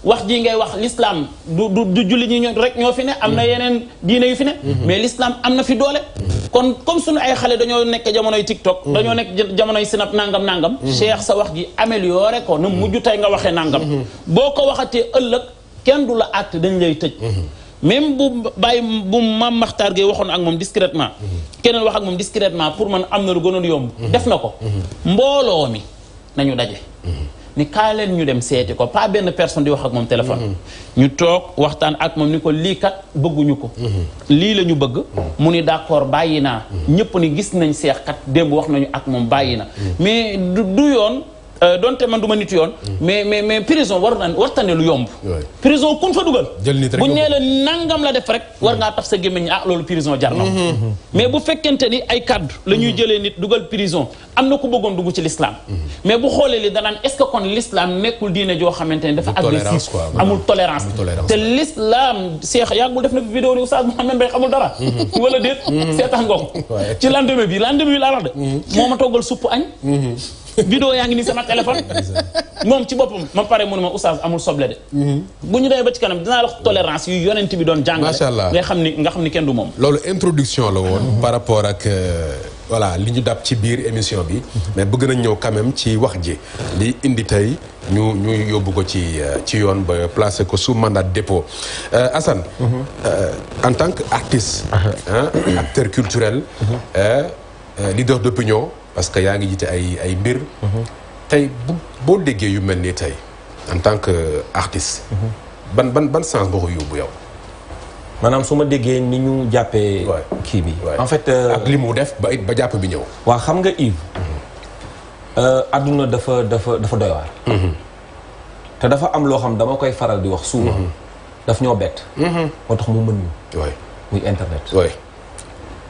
wax ji ngay wax lislaam du du julli ñi ñoo rek ñoo fi ne am na mm-hmm. yeneen diine yu fi ne mm-hmm. mais l'islam am na fi doole mm-hmm. kon comme suñu ay xale dañoo nekk jamonoy TikTok dañoo nekk jamonoy sinap nangam nangam cheikh sa wax ji amélioré ko na mujj tey nga waxee nangam boo ko waxatee ëllëg kenn du la àtte dañ lay tëj même bu bàyyi bu maam Maxtaar Gueye waxoon ak moom discrètement keneen wax ak moom discrètement pour man am na lu gënoon yomb def na ko mbooloo mi nañu daje ni kaay ñu dem seeti ko pas benn person di wax ak moom téléphone. Mhm. ñu toog waxtaan ak moom ni ko lii kat bëgguñu ko. Mhm. lii la ñu bëgg. Mhm. mu ni d'accord bàyyi naa. ñëpp ni gis nañ seex kat démb wax nañu ak moom bàyyi na. mais du yoon. Euh, donte man du ma nit yoon. Mm. mais mais mais prison war na wartane lu yomb. prison kuñ fa dugal. jël nit rek buñ nee la nangam la def rek. war ngaa taf sa gémmiñ ah loolu prison jar na mm-hmm. Mm-hmm. mais bu fekkente ni ay kaddu. la ñuy mm-hmm. jëlee nit dugal prison am na ku bëggoon dugg ci l'islam mais bu xoolee li danaan est ce que kon l'islam nekkul diine joo xamante ne dafa. agressif amul tolérance te l'islam seex yàggul def na fi vidéo ni oustaz Mouhamed Mbaye xamul dara. wala déet seetaan nga ko. <laughs> ci lendemain bi lendemain bi laa wax de. moo ma toggal suppu añ. vidéo yang ni sama téléphone mom ci bopum ma paré mu ma oustaz amul soble de mhm. bu ñu ba ci kanam dina la tolérance yu yonent bi doon jàngale macha allah nga xamni nga xamni ni kenn du mom loolu introduction la won par rapport ak euh, voilà li ñu dab ci biir émission bi mais bëgg nañ ñëw quand même ci wax ji li indi tay ñu ñu yobbu ko ci euh, ci yoon ba placé ko sous mandat dépôt euh Hassan mhm. euh en tant qu'artiste ah. hein acteur culturel mhm. euh, euh leader d'opinion parce que yaa ngi jiite ay ay mbir. Mhm. tey boo déggee yu mel nii tey en tant que artiste. Mhm. ban ban ban boo ko yóbbu yow. maanaam su ma déggee ni ñu jàppee. kii bi en fait. Euh, ak li mu def ba it ba jàpp bi ñëw. waa xam nga Yves. adduna mhm. euh, dafa dafa dafa doy te dafa am loo xam dama koy faral di wax. souvent daf ñoo bett. moo tax mu mën ñu. muy internet.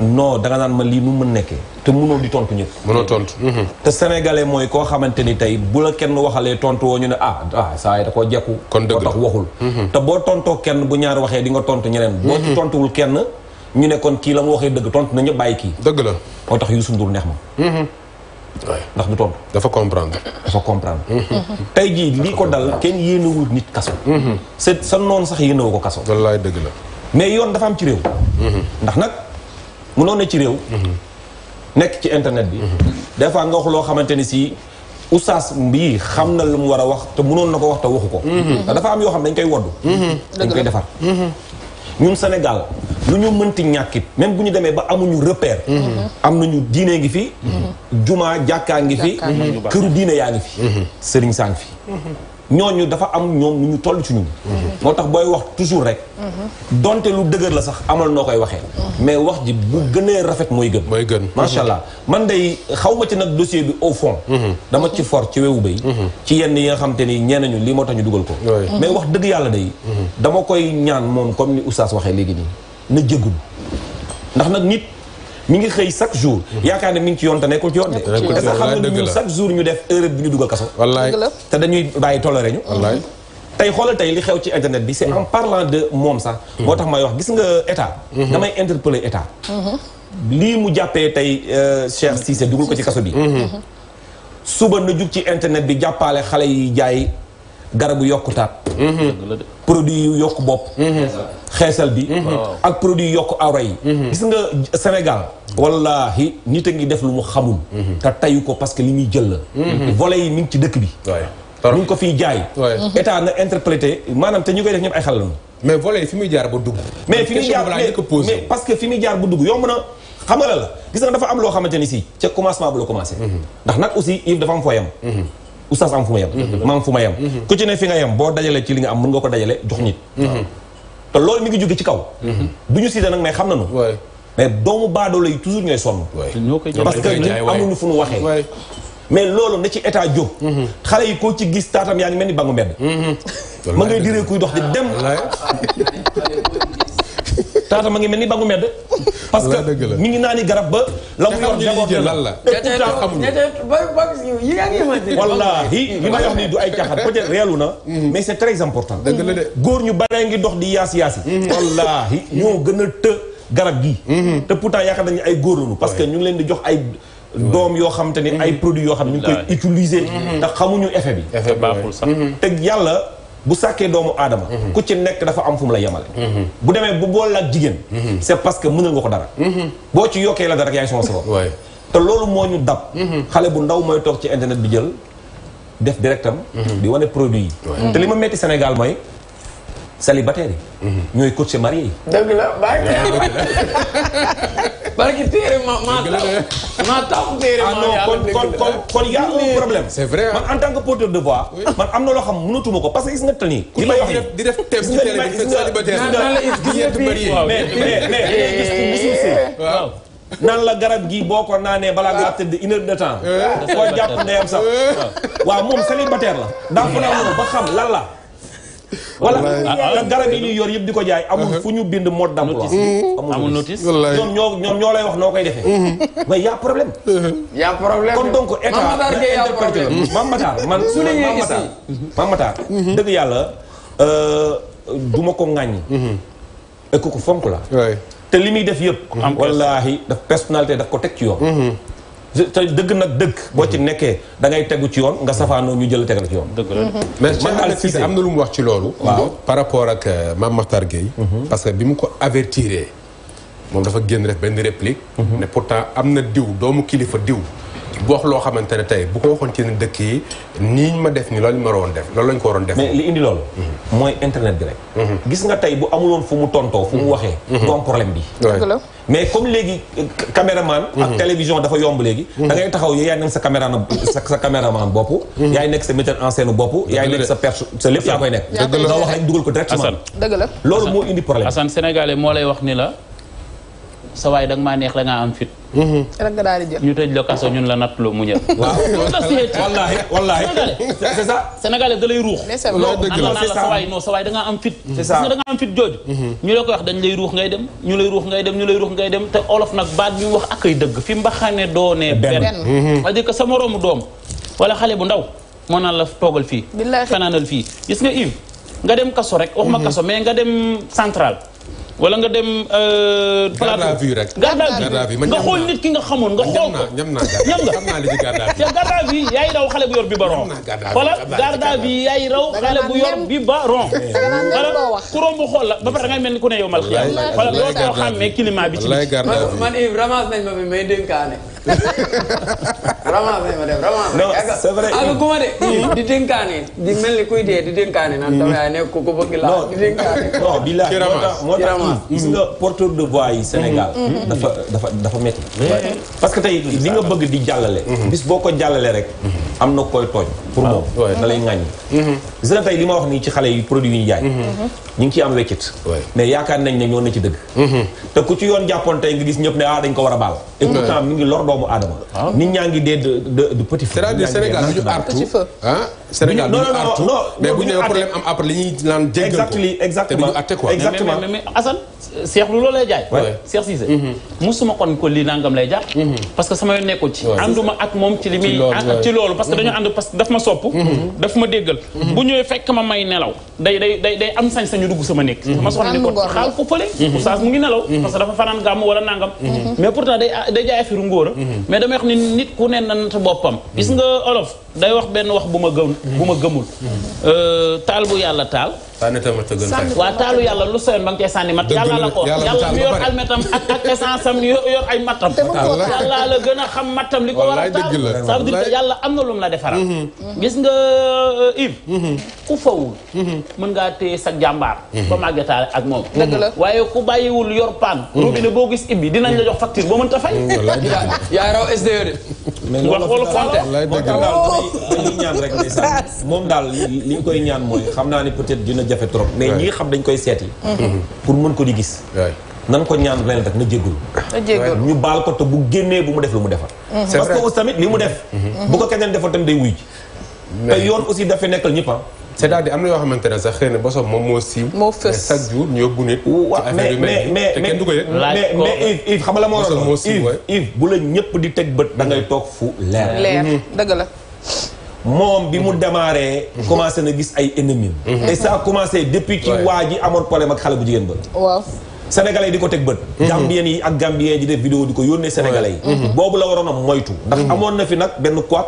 non danga naan ma lii nu mën nekkee te mënoo di tontu ñëpp. mënoo tontu. Mhm. te sénégalais mooy koo xamante ni tey bu la kenn waxalee tontu woo ñu ne ah, ah saa yi da jekku. kon dëgg la mhm. bu ñaar waxee di nga tontu ñeneen. boo ci mhm. tontuwul la mu waxee dëgg na ñëpp bàyyi kii. dëgg la moo tax Youssou Ndour neex ma. ndax du tontu. dafa comprendre. dafa comprendre. tey jii lii ko dal kenn yéenewul nit kaso. sa sa sax yéenewu ko kaso. wallaay dëgg la. mais yoon dafa am ci réew. ndax nag. mënoon na ci réew. nekk ci internet bi. des fois nga wax loo xamante ni si oustaz mbii xam na lu mu war a wax te munoon na ko wax te waxu ko. Mhm. dafa am yoo xam dañ koy wodd. Mhm. dañ koy defar. Mhm. ñun Sénégal lu ñu mënti ñàkkit même bu ñu demee ba amuñu repère. am nañu diine ngi fi. jumaa jàkkaa ngi fi. këru diine yaa ngi fi. sëriñ saan fi. ñooñu dafa am ñoom nu ñu toll ci ñun. Mhm. moo tax booy wax toujours rek. Mhm. donte lu dëgër la sax amal noo koy waxee. Mhm. mais wax ji bu gënee rafet mooy gën. mooy gën allah man day xaw ma ci nag dossier bi au fond. dama ci for ci wewu bay. ci yenn yi nga xam te ni ñee nañu lii moo tax ñu dugal ko. mais wax dëgg yàlla day. dama koy ñaan moom comme ni oustaz waxee léegi nii na jégalu ndax nag nit. mi ngi xëy chaque jour yaakaar ne mi ngi ci yoon te nekkul ci yoon de parce que xam nga ñun chaque ñu def erreur bi ñu a kaso wallaay te dañuy bàyyi toléré ñu tey xoolal tey li xew ci internet bi c'est en parlant de moom sax hmm. moo tax may wax gis nga état hmm. damay interpeller état hmm. lii mu jàppee tey euh, Cheikh Cissé dugal ko ci kaso bi suba na jug ci internet bi jàppaale xale yi jaay garabu yokkutaat mhm. produit yu yokk bopp mhm. xeesal bi mhm. ak produit yu yokk awra yi gis nga Sénégal wallahi nit a ngi def lu mu xamul te tayu ko parce que li muy jël la volet yi mi ngi ci dëkk bi ñu ngi ko fiy jaay état na interprété maanaam te ñu koy def ñëpp ay xale la mais volet yi fi muy jaar ba dugg mais fi muy jaar mais parce que fi muy jaar ba dugg yomb na xam nga la la gis nga dafa am loo xamante ni si ca commencement bu la commencé ndax nag aussi Yves dafa am fooyam oustaz am fu ma yem mhm. ma am fu ma yem mhm. ku ci ne fi nga yem boo dajale ci li nga am mën nga ko dajale jox nit mhm. te loolu mi ngi jóge ci kaw du ñu siite nag mais xam nañu mais doomu baadoolo yi toujours ñooy sonn parce que ñun amuñu fu nu waxee mais loolu na ci état jóg xale yi koo ci gis taatam yaa ngi mel ni bangu mbedd ma ngay diree kuy dox di ah. dem <laughs> taata ma ngi mel ni bangu medd parce que mi ngi naani garab ba la mu yor la wallaahi li ma wax nii du ay caaxaan peut-être reelu na mhm. mais c'est très important góor ñu baree ngi dox di yaas yaasi mhm. wallaahi ñoo gën a të garab gi mhm. te pourtant yaakaar nañu ay góor lañu parce que ñu ngi leen di jox ay doom yoo xam te ni ay produits yoo xam ne ñu ngi koy utiliser ndax xamuñu effet bi effet baaxul sax te yàlla bu sàkkee doomu aadama mhm. ku ci nekk dafa am fu mu la yemale mhm. bu demee bu bool ak jigéen mhm. c'est parce que mënal nga ko dara boo ci yokkee la dara rek yaa ngi te loolu moo ñu dab xale bu ndaw mooy toog ci internet bi jël def directam di wane produit yi te li ma metti Sénégal mooy célibataire yi. Mhm. ñooy coaché marié yi. dëgg la bàyyi barki téere ma ma ma taw téere ah ma ah non kon kon kon y' a un problème. c'est vrai man en tant que porteur de voix. man am na loo xam mënatuma ko parce que gis nga tani nii. li may wax di def thème ci télé bi célibataire mais mais waaw. nan la garab gi boo ko naanee balaa ngaa tëdd une heure de temps. koo euh. jàpp ndeyam sax euh. waaw moom célibataire la. daa ko naan ba xam lan la. wala ah, ah. garab yi ñuy yor yëpp di ko jaay amul uh-huh. fu ñu bind mode d'emploi amul notice ñoom ñoo ñoom ñoo lay wax noo koy defee uh-huh. mais y a problème uh-huh. y a problème kon donc état Mame Matar man Mame Matar <laughs> yàlla euh, du ma ko ŋàññ et ku ko fonk la te li muy def yëpp wallaahi daf personnalité daf ko teg ci yoon te dëgg nag dëgg boo ci nekkee da ngay tegu ci yoon nga safaanoo ñu jël tegal ci yoon dëgg la mhm. mais Cheikh Ahmed Cissé am na lu mu wax ci loolu waaw par rapport ak euh, Mame Makhtar Gueye mhm. parce que bi mu ko avertiré moom dafa génn rek benn réplique mhm. ne pourtant am na diw doomu kilifa diw bu wax loo xamante ne tey bu ko waxoon ci ne dëkk nii ñu ma def ni loolu ma waroon def loolu lañ ko waroon def mais li indi loolu mhm. mooy internet bi rek mhm. gis nga tey bu amuloon fu mu tontoo fu mu mhm. waxee du am problème bi mais comme léegi euh, caméraman ak télévision dafa yomb léegi da ngay taxaw yow yaay nekk sa caméra sa caméraman bopp yaay nekk sa metteur en scène bopp yaay nekk sa perche sa lépp yaa koy nekk nga wax dugal ko directement dëgg la loolu moo indi problème Assane sénégalais moo lay wax ni la sa waay da nga neex da ngaa rek nga daal di jël. ñu tëj la kaso ñun la natt loo mu ñëw. waaw <laughs> wallaahi wallaahi. c'est ça sénégalais da lay ruux. dëgg la sa waay non sa am fit. c'est ça da ngaa am mhm. ko wax dañ lay ruux ngay dem ñu lay ruux ngay dem ñu lay ruux ngay dem te olof nag baat bi wax ak ay dëgg fi mbaxane doonee. benn benn mhm. c'est-à-dire que sa moroomu doom wala xale bu ndaw moo naan la toogal fii. fanaanal fii gis nga Yves nga dem kaso rek. wax ma mhm. kaso mais nga dem central wala nga dem. Euh, garde à vue rek. garde à vue nga xool nit ki nga xamoon nga xool ko. ñam naa ñam naa xam naa li ci garde à vue. te garde à vue yaay raw xale bu yor bi baron. wala garde à vue yaay raw xale bu yor bi baron. wala ku romb xool la ba pare dangay mel ni ku ne yow mal xiyaam. wala doo too xàmmee bi ci. man Yves ramasse nañ ma bi may dénkaane. ramasser ma def ramasser. non c'est vrai ak ah, kuma mm. de. di dénkaane di mel ni kuy dee di dénkaane. naan dama mm. yaa nekk ku ko bëgg laa di dénkaane. bi laa moo tax moo tax gis nga porteur de voix yi mm-hmm. Mm-hmm. dafa dafa dafa métti. parce que tey li nga bëgg di jàllale. Mm-hmm. bis boo ko jàllale rek. am na koy tooñ. pour ah, moom da lay ŋaññi. gis tey li ma wax nii ci xale yi produit yi ñu jaay. ñu ngi ci am weccit. mais yaakaar nañ ne ñoo na ci dëgg. te ku ci yoon jàppoon tey nga gis ñëpp ne ah dañ ko war a baal. et pourtant ngi lor doomu aadama. Ah. nit ñaa ngi dee de petit feu. Sénégal ñu ñu artu mais bu ñu nee am li ñuy naan jéggal ko exactement te duñu atte quoi. exactement mais mais Assane. Cheikh lu loolu lay jaay. waaw Cheikh Cissé. musuma kon ko lii nangam lay jàpp. Mm-hmm. parce que sama yoon nekkul mm-hmm. mm-hmm. sañ sañu dugg sama nekk. ma soxla ne xaal ko fële. mu ngi nelaw. parce que dafa fanaan gàmm wala nangam. mais pourtant day day jaay affaire ngóora mhm. mais damay xam ne nit ku ne nan sa boppam is nga olof day wax benn wax bu ma gëm bu ma gëmul mm-hmm. euh, taal bu yàlla taal waa taalu yàlla lu soyoon ba nga sànni mat yàlla la ko yàlla mi yor almetam ak ak sam am yor ay mattam yàlla la gën a xam mattam li ko war a taal ça veut dire yàlla am na lu mu la defaral mm-hmm. Mm-hmm. gis nga euh, Yves ku fawul mën ngaa téye sa jàmbaar ba màgge taal ak moom la waaye ku bàyyiwul yor paan robinet boo gis ibbi dinañ la jox facture boo mënta fay yaa raw SDE de wax wala fonte ñuy ñaan rek ndeysaan moom daal li ñu koy ñaan mooy xam naa ne peut-être dina jafe trop mais ñi xam dañ koy seeti mhm. pour mën ko di gis nan ko ñaan leen rek na jéggul ñu baal ko te bu génnee bu mu def lu mu defal mhm. parce que aussi tamit li mu def mhm. bu ko keneen defal tamit day wuy ji te yoon aussi dafa nekkal ñëpp ah. cest à am na yoo xamante ne sax xëy na bosom moom moo siiw. moo fës mais chaque jour ñu yóbbu mais mais Yves Yves xam moo. bosom moo siiw bu la ñëpp di teg bët da moom bi mu démarré. commencé na gis ay ennemis. Mhm. et ça a commencé depuis ci waa ji amoon problème ak xale bu jigéen ba. waaw. sénégalais di ko teg bët. Mhm. gambien yi ak gambien di def vidéo di ko yónnee sénégalais yi. Mhm. boobu la waroon a moytu. ndax amoon na fi nag benn quoi.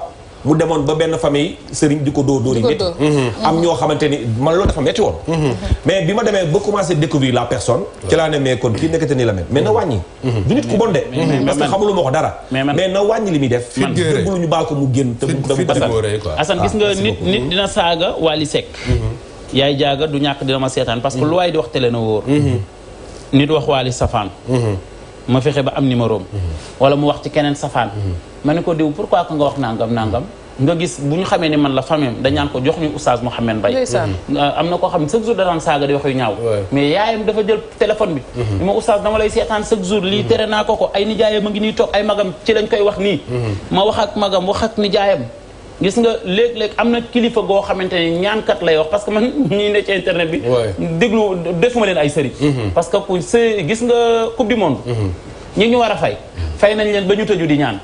mu demoon ba benn famille serigne di ko dóor dóor yi mm-hmm. am mm-hmm. ñoo xamante ni man lo dafa metti woon mm-hmm. mais bi ma demee ba commencé découvrir la personne ci laa ne mais kon kii nekkate ni la mel mais na wàññi du nit ku bon dé parce que xamulu ma ko dara mais na wàññi li muy def déglu ñu baal ko mu génn te asan ah, gis nga nit nit dina saaga wali Seck yaay jaaga du ñàkk dina ma seetaan parce que lu way di wax télé na wóor nit wax wali safaan ma fexe ba am numéro mm-hmm. wala mu wax ci keneen safaan mm-hmm. ma ne ko diw pourquoi que nga wax nangam nangam nga gis bu ñu xamee ne man la famem dañaan ko jox ñu oustaz Mouhamed Mbaye mm-hmm. euh, am na koo xam ne chaque jour danaan saaga di wax yu ñaaw mais yaayam dafa jël téléphone bi li ma oustaz dama lay seetaan chaque jour lii tere naa ko ko ay nijaayam a ngi nii toog ay magam ci lañ koy wax nii ma wax ak magam wax ak nijaayam gis nga léeg-léeg am na kilifa goo xamante ne ñaankat lay wax parce que man <laughs> ñii ne ci internet bi. déglu defuma leen ay sëriñ. Mhm. parce que ku gis nga coupe du monde. Mhm. ñi ñu war a fay. fay nañ leen ba ñu tëju di ñaan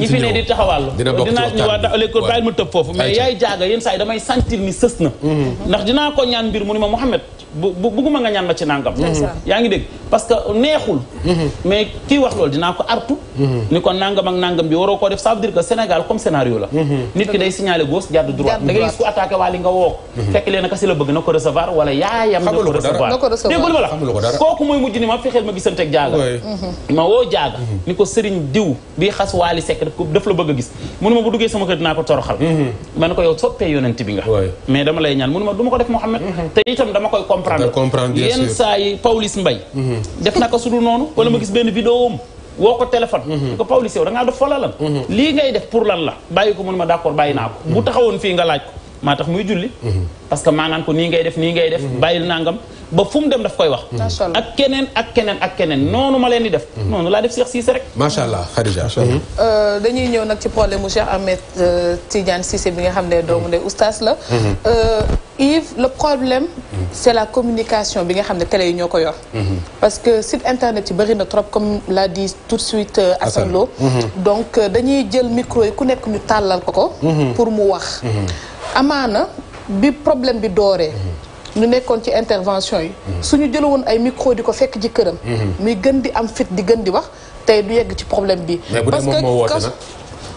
ñi fi ne di taxawaalu dinaa ñu waa léegi ma tëb foofu mais yaay jaaga yenn saa yi damay sentir ni sës na mhm. ndax dinaa ko ñaan mbir mu ni ma Mouhamed bu bugguma nga ñaan ma ci nangam mhm. yaa ngi dégg parce que neexul mhm. mais kii wax loolu dinaa ko artu ni ko nangam bi waroo koo def ça veut Sénégal comme scénario la nit ki day signalé gauche jàdd droite da ngay gis ku woo fekk leen kasi la bëgg na ko recevoir wala yaayam ni ko sëriñ diw bii xas waali sekk daf la bëgg a gis munu ma bu duggee sama kër dinaa ko toroxal mhm. ma ne ko yow soppee yonent bi nga mais dama lay ñaan munu ma du ma ko def Mouhamed mhm. te itam dama koy comprendre yenn saa yi Pawlish Mbaye mhm. def na ko su noonu wala ma gis benn vidéo am woo ko téléphone ni ko Pawlish yow da def fala lan lii ngay def pour lan la bàyyi ko munu ma d'accord bàyyi naa ko bu taxawoon fii nga laaj ko ma tax muy julli parce que maa nan ko ni ngay def ni ngay def bayil nangam ba fum dem daf koy wax ak kenen ak kenen ak kenen noonu ma leen di def noonu la def Cheikh Cissé rek machallah khadija euh dañuy ñew nak ci problème mu Cheikh Ahmed euh, Tidiane Cissé bi nga xamné doomu ndey oustaz la euh Yves le problème c'est la communication bi nga xamné ne télé ñoko yor parce que site internet ci bari na trop comme l'a dit tout de suite euh, Assane mhm. donc euh, dañuy jël micro ku nekk ñu talal ko ko mhm. pour mu wax mhm. amaana bi problème bi dooree. Mhm. ñu nekkoon ci intervention yi. Mhm. suñu jël woon ay micro di ko fekk ci këram. Mhm. muy gën di am fit di gën di wax tey du yegg ci problème bi. parce que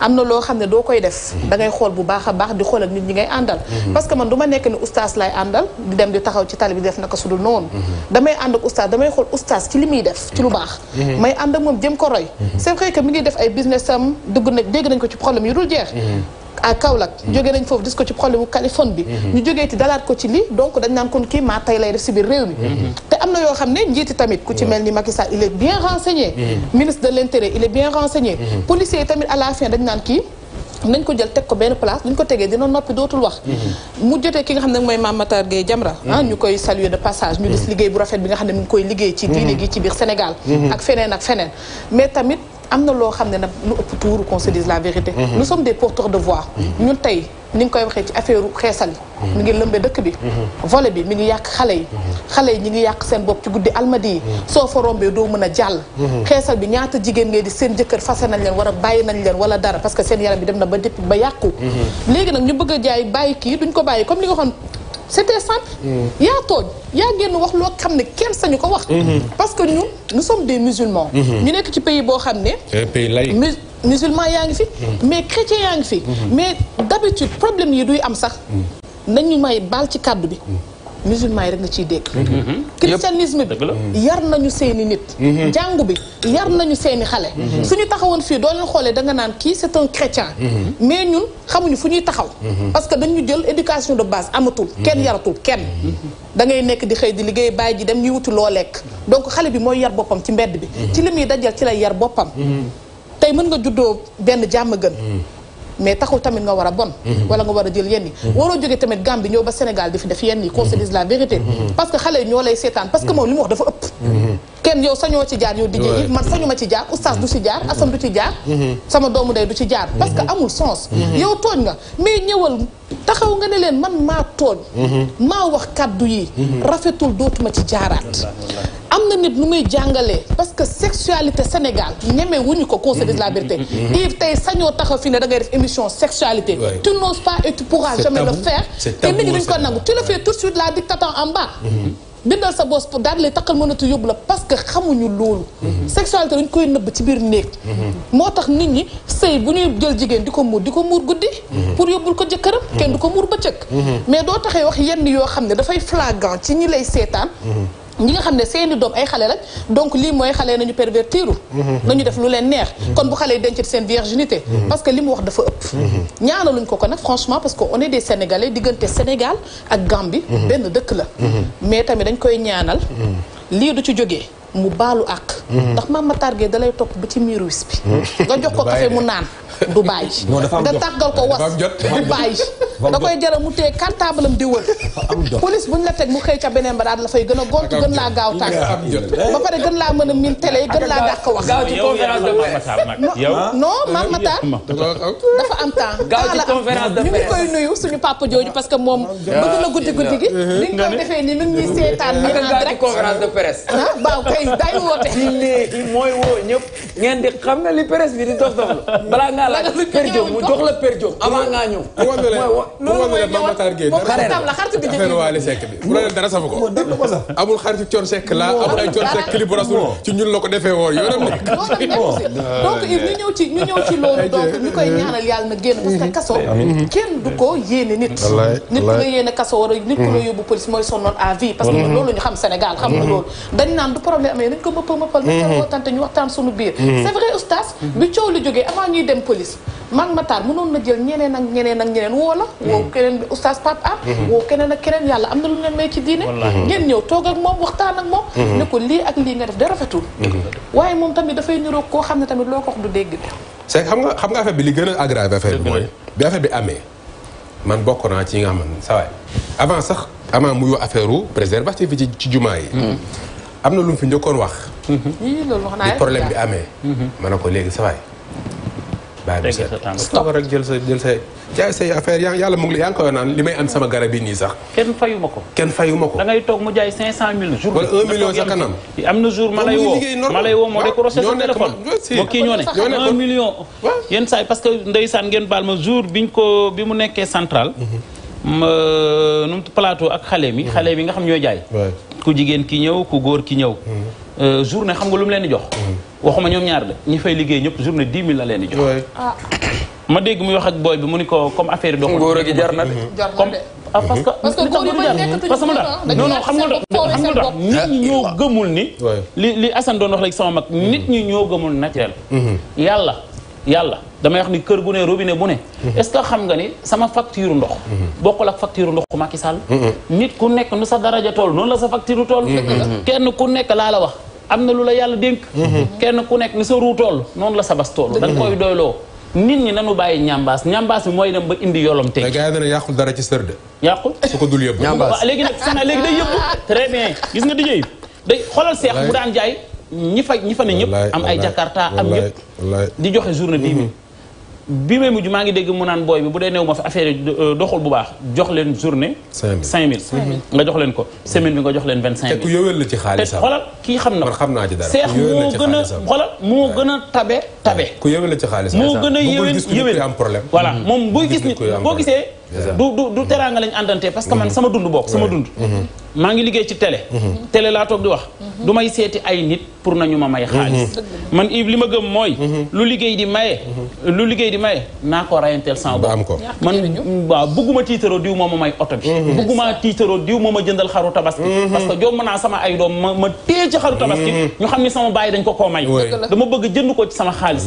amna lo xamne do koy def da ngay xol bu baakha bax di xol ak nit ñi ngay àndal parce que man duma nek ni oustaz lay àndal di dem di taxaw ci tali bi def naka su non damay ànd ak oustaz damay xol oustaz ci limi def ci lu bax may ànd ak mom jëm ko roy c'est vrai que mi ngi def ay business am dug nak deg nañ ko ci problème yu dul jeex à Kaolack mm. jógee nañ dis ko ci mm-hmm. donc il est bien renseigné mm-hmm. ministre de l'intérieur il est bien renseigné mm-hmm. tamit à la fin place ah, de passage am na loo xam ne nag lu ëpp tuuru qu'on la vérité. Mhm. nous sommes des porteurs de voix. Mhm. ñun tey ni nga koy waxee ci affaire xeesal yi. Mhm. mi ngi lëmbee dëkk bi. volet bi mi ngi yàq xale yi. xale yi ñu ngi yàq seen bopp ci guddi almadi yi. soo fa rombee doo mën a jàll. xeesal bi ñaata jigéen ngay di seen jëkkër fase nañ leen war a bàyyi nañ leen wala dara parce que seen yaram bi dem na ba dépp ba yàqu. léegi nag ñu bëgg a jaay bàyyi kii duñ ko bàyyi comme li nga waxoon c'était simple. Il a tout. Il y wax loo xam ne kenn sañu ko wax. Mm-hmm. parce que nous, nous sommes des musulmans. Nous sommes des pays qui ont eh, pays laïc Musulmans sont ngi mm-hmm. mais chrétiens yaa mm-hmm. mais d'habitude problème est duy am sax. nous may dans ci cadre. musulman yi rek nga ciy dégg. Mhm. Mhm. christianisme bi mhm. yar nañu seeni nit. jàngu bi yar nañu seeni xale. suñu taxawoon fii doo leen xoolee danga naan kii c'est un chrétien. mais ñun xamuñu fu ñuy taxaw. parce que dañu jël éducation de base amatul. kenn yaratul kenn. dangay nekk di xëy di liggéey bàyyi ji dem ñuy wuti loo lekk. donc xale bi mooy yar boppam ci mbedd bi. ci li muy dajal ci lay yar boppam. tey mën nga juddoo benn jàmm gën. mais taxul tamit nga war a bon mhm. wala nga war a jël yenn yi mhm. waroo jógee tamit Gambie ñëw ba Sénégal di fi def yenn yi qu'on se dise la vérité mhm. parce que xale yi ñoo lay seetaan parce que wax dafa kenn yow sañoo ci jaar yow DJ man sañuma ci jaar oustaz du ci jaar mm-hmm. du ci jaar mm-hmm. sama day du ci jaar parce que mm-hmm. amul sens yow tooñ nga mais ñëwal taxaw nga ne man maa tooñ maa wax yi rafetul dootuma ci jaaraat am parce que sexualité Sénégal ko la vérité taxaw fi ne émission sexualité tu n'oses pas et tu pourras jamais le faire tu le fais tout de suite la dictateur en bas bindal sa boos pour daal lay takkal mënatu yóbbu la parce que xamuñu loolu. Mhm. sexualité dañ koy nëbb ci biir néeg. Mhm. moo tax nit ñi sëy bu ñuy jël jigéen di ko muur di ko muur guddi. Mhm. pour yóbbul ko jëkkëram. kenn du ko muur bëccëg. mais doo taxee wax yenn yoo xam ne dafay flagrant ci ñi lay seetaan. ñi nga xamné seeni doom ay xalé lañ donc li moy xalé nañu pervertiru mhm. nañu def lu leen neex mhm. kon bu xalé yi denc seen virginité mhm. parce que limu wax dafa ëpp ñaanaluñ ko ko nak franchement parce que on est des sénégalais diggante Sénégal ak Gambie ben dëkk la mais tamit dañ koy ñaanal li du ci joggé mu baalu àq. Mhm. ndax Mame Matar Gueye dalay topp ba ci miir wis bi. Mhm. nga jox ko café mu naan du bàyyi. nga tàggal ko was du bàyyi. da koy jaral mu téye cartable am di wër. police bu ñu la teg mu xëy ca beneen ba daal la gën a gont gën laa gaaw tàgg. ba pare gën laa mën a miin télé gën laa dàq wax. gaaw ci conférence de presse ah? non Mame dafa am temps. gaaw ci conférence de presse ñu ngi koy nuyu suñu papa jooju parce que moom. bëgg na guddi guddi gi. li nga defee nii mi ngi seetaan. day day woote. léegi mooy woo ñëpp ngeen di xam nga li presse bi di dox dox la balaa ngaa laaj per jom mu jox la per jom avant ngaa ñëw. loolu mooy ñëwaat moom xaritam la xaritu bi affaire Wally Seck bi. bu dara safu ko. amul xaritu Thione Seck la amul ay Thione Seck clip rasul ci ñun la ko defee woon yoonam nekk. donc ñu ñëw ci ñu ñëw ci loolu donc ñu koy ñaanal yàlla na génn parce que kaso kenn du ko yéene nit nit ku la yéene kaso war a nit ku la mm. yóbbu police mooy sonnoon à vie parce que mm. loolu ñu xam Sénégal xam nga mm. loolu dañ naan du problème amee nañ ko mëppal mëppal mhm. nañ ko wootante ñu waxtaan suñu biir mhm. c'est vrai oustaz bi coow li jógee avant ñuy dem police man Matar mënoon na jël ñeneen ak ñeneen ak ñeneen woo la mhm. woo keneen bi oustaz Pape am woo keneen ak keneen yàlla am na lu leen may ci diine ngeen ñëw toog ak moom waxtaan ak moom ne ko lii ak lii nga def da rafetul waaye moom tamit dafay niroog koo xam ne tamit loo ko wax du dégg c'est xam nga xam nga affaire bi li gën a aggravé affaire bi mooy bi affaire bi amee man bokk naa ci nga xam ne sa waay avant sax avant muy wax affaire u préservatif bi ci ci jumaa yi am na lu mu fi njëkkoon wax. yii wax naa problème bi amee. Mhm. ma ne ko léegi sa waay. bàyyi sa tànk rek jël sa jël sa jaay affaire yàlla mu ngi yaa ngi koy naan li may am sama garab yi nii sax. kenn fayu ko. kenn fayu ma ko. toog mu jaay 500000. jour mille 1 million na jour ma lay woo ma lay woo moo saa yi parce que ngeen baal ma jour biñ ko bi mu nekkee central. Mhm. ma nu plateau ak xale mi mhm. xale mi nga xam ñooy jaay ku jigéen ki ñëw ku góor ki ñëw mhm. euh, journée xam nga lu mu leen di jox mhm. waxuma ñoom ñaar de ñi fay liggéey ñëpp journée dix mille la leen di jox ah. ma dégg muy wax ak booy bi mu ni ko comme affaire yi doxul góor a gi jar na de comme parce ah, parce que góor xam nga xam nga tax nit ñi ah, ñoo gëmul ni li li Assane doon wax léegi sama mag nit ñi ñoo gëmul naturel yàlla yàlla damay wax ni kër gu ne robinet bu ne. Mhm. est-ce xam nga ni sama facture ndox. Mhm. bokkul ak facture ndox Macky Sall. Mhm. nit ku nekk nu sa daraja tool noonu la sa facture tool. kenn ku nekk laa la wax na lu la yàlla dénk. kenn ku nekk ni sa ruu noonu la sa bas tool. da nga koy doyloo nit ñi nanu bàyyi ñambaas ñambaas bi mooy dem ba indi yolam teg. mais gars yi dañu yàqul dara ci sër de. yàqul su ko dul yëpp. ñambaas <laughs> léegi nag sana léegi day yëpp. très bien gis nga DJ day xoolal seex mu daan jaay. ñi fa ñi fa ne am ay jakarta am ñëpp di joxe journée dix mille mm-hmm. bi may mujj maa ngi dégg mu naan booy bi bu dee néew ma fi affaire yi euh, doxul bu baax jox leen journée cinq mille nga jox leen ko semaine bi nga jox leen vingt cinq mille te ku yowel la ci xaalis xoolal kii xam na xam naa ci seex moo gën a xoolal moo gën a tabe tabe ku yowel la ci xaalis moo gën a yëwén yëwén am problème voilà mm-hmm. moom boo gis nit boo gisee du du du teraanga lañ àndante parce que man sama dund bokk sama dund mhm. maa ngi liggéey ci télé mhm. télé laa toog di wax mhm. du may seeti ay nit pour nañu ma may xaalis man Yves li ma gëm mooy lu liggéey di maye lu liggéey di maye naa ko rayanteel sama may oto bi bugguma tiitaroo diw sama ay dañ ko koo may dama bëgg jënd ko sama xaalis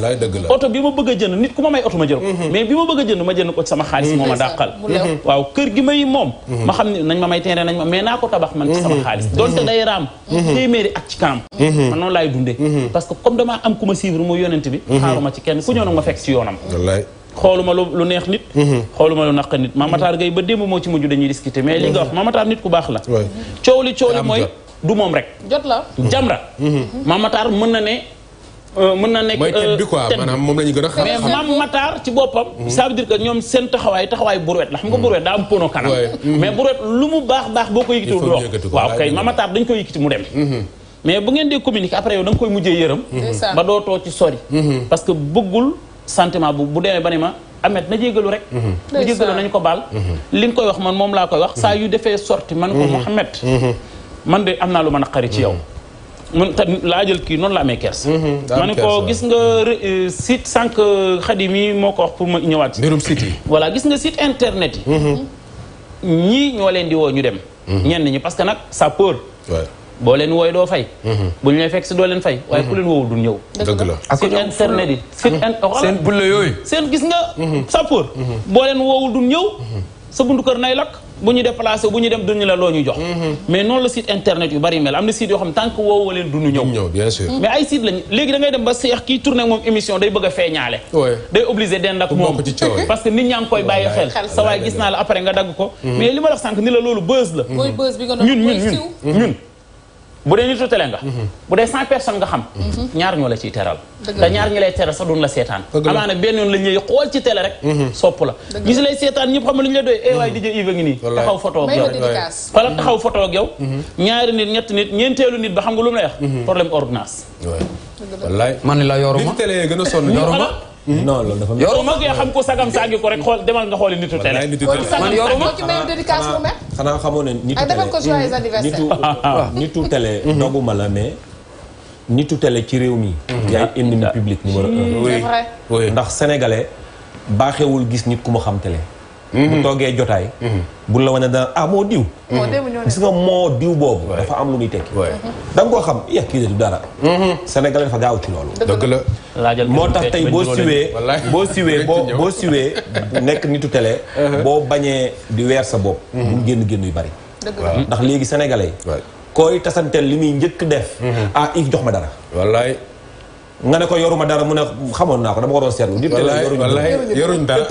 oto a jënd a jënd ko ci Mhm. waaw kër gi may moom mhm. ma xam nañ ma may terrain nañ ma mais naa ko tabax man ci sama mhm. xaalis donte day raam téeméeri ak ci kanam man noonu laay dundee parce que comme damaa am ku ma suivre muy yonent ma lu neex nit xooluma lu naq nit mamataar gay ba démb moo ci mujj dañuy discuter mais li nga wax mamataar nit ku baax la coow li coow li mooy du moom rek jamra mamataar mën na ne Euh, mën na nekk mooy tête euh, bi quoi maanaam moom a ci boppam mhm. ça veut dire ñoom seen taxawaay taxawaay brouette la xam nga mhm. brouette daa am pono kanam mhm. mais brouette lu mu baax baax boo ko yëkkatiwul doo waaw kay Mame Matar dañ ko yëkkati mu dem mais bu ngeen dee communiquer après yow da nga koy mujjee yërëm ba doo too ci sori parce que bëggul sentiment bu bu demee ba ne ma Amet na jégalu rek na jégalu nañu ko baal li koy wax man moom laa koy wax saa yu defee sorti man ko Mouhamed man de am naa lu ma naqari ci yow man laa jël kii noonu la amee kersa. Mhm, ma ko gis nga euh, site sànq xadim yi moo ko wax pour ma ñëwaat. mbirum site yi. voilà gis nga site internet yi. Mhm. ñii ñoo leen di woo ñu dem. Mhm. ñenn ñi parce que nag ça boo leen wooy doo fay. bu ñu lay fekk si doo leen fay. waaye ku leen woowul du ñëw. dëgg la ak internet yi. seen bulle yooyu. seen gis nga. sapeur. boo leen woowul du ñëw. sa buntu kër nay lakk. bu ñu déplacé bu ñu dem duñu la loo ñu jox mm-hmm. mais noonu la site internet yu bari mel am na site yoo xam tant que woowoo leen duñu ñëw bien mais ay site lañ léegi da dem ba seex kii tourné moom émission day bëgg a feeñaale day obligé den ak moom <laughs> parce nit ñaa ngi koy bàyyi xel sa gis naa la après nga dagg ko mm-hmm. mais li ma la sànq ni la loolu buzz la ñun ñun ñun bu dee nitu télé nga mhm. bu dee cent personnes nga xam mhm. ñaar ñoo la ciy teral te ñaar ñi lay teral sax duñ la seetaan amaana benn yoon lañ lay xool ci télé rek mhm. sopp la gis lay seetaan ñëpp xam ne lu ñu lay doy eh waay DJ Yves ngi nii taxaw photo ak nit ñetti nit ñeenteelu nit ba xam nga lu mu lay man ni la yoruma gën a sonn yoruma Mhm. non loolu dafa yoruma nga xam ko sagam saagi rek xool demal nga xooli nitu télé man yoruma xanaa xamoo ne nitu télé mhm. nitu ah, ah. nitu télé mhm. la mais nitu télé ci réew mi yaay ennemi public ndax sénégalais baaxewul gis nit ku ma xam télé Mm-hmm. bu toogee jotaay mm-hmm. bu la wane dana ah moo diw gis nga moo diw boobu dafa am lu muy tekki mm-hmm. da koo xam ya kii de du dara sénégalais dafa gaaw ci loolu dëgg la moo tax tey boo siwee <laughs> boo siwee boo boo siwee nekk nitu tele uh-huh. boo bañee di weer sa bopp bul génn génn yu bari ndax léegi sénégalais yi koy tasanteel li muy njëkk def ah if jox ma dara nga ne ko yoruma dara mu ne xamoon naa ko dama ko doon seetlu. nit la yoruñ dara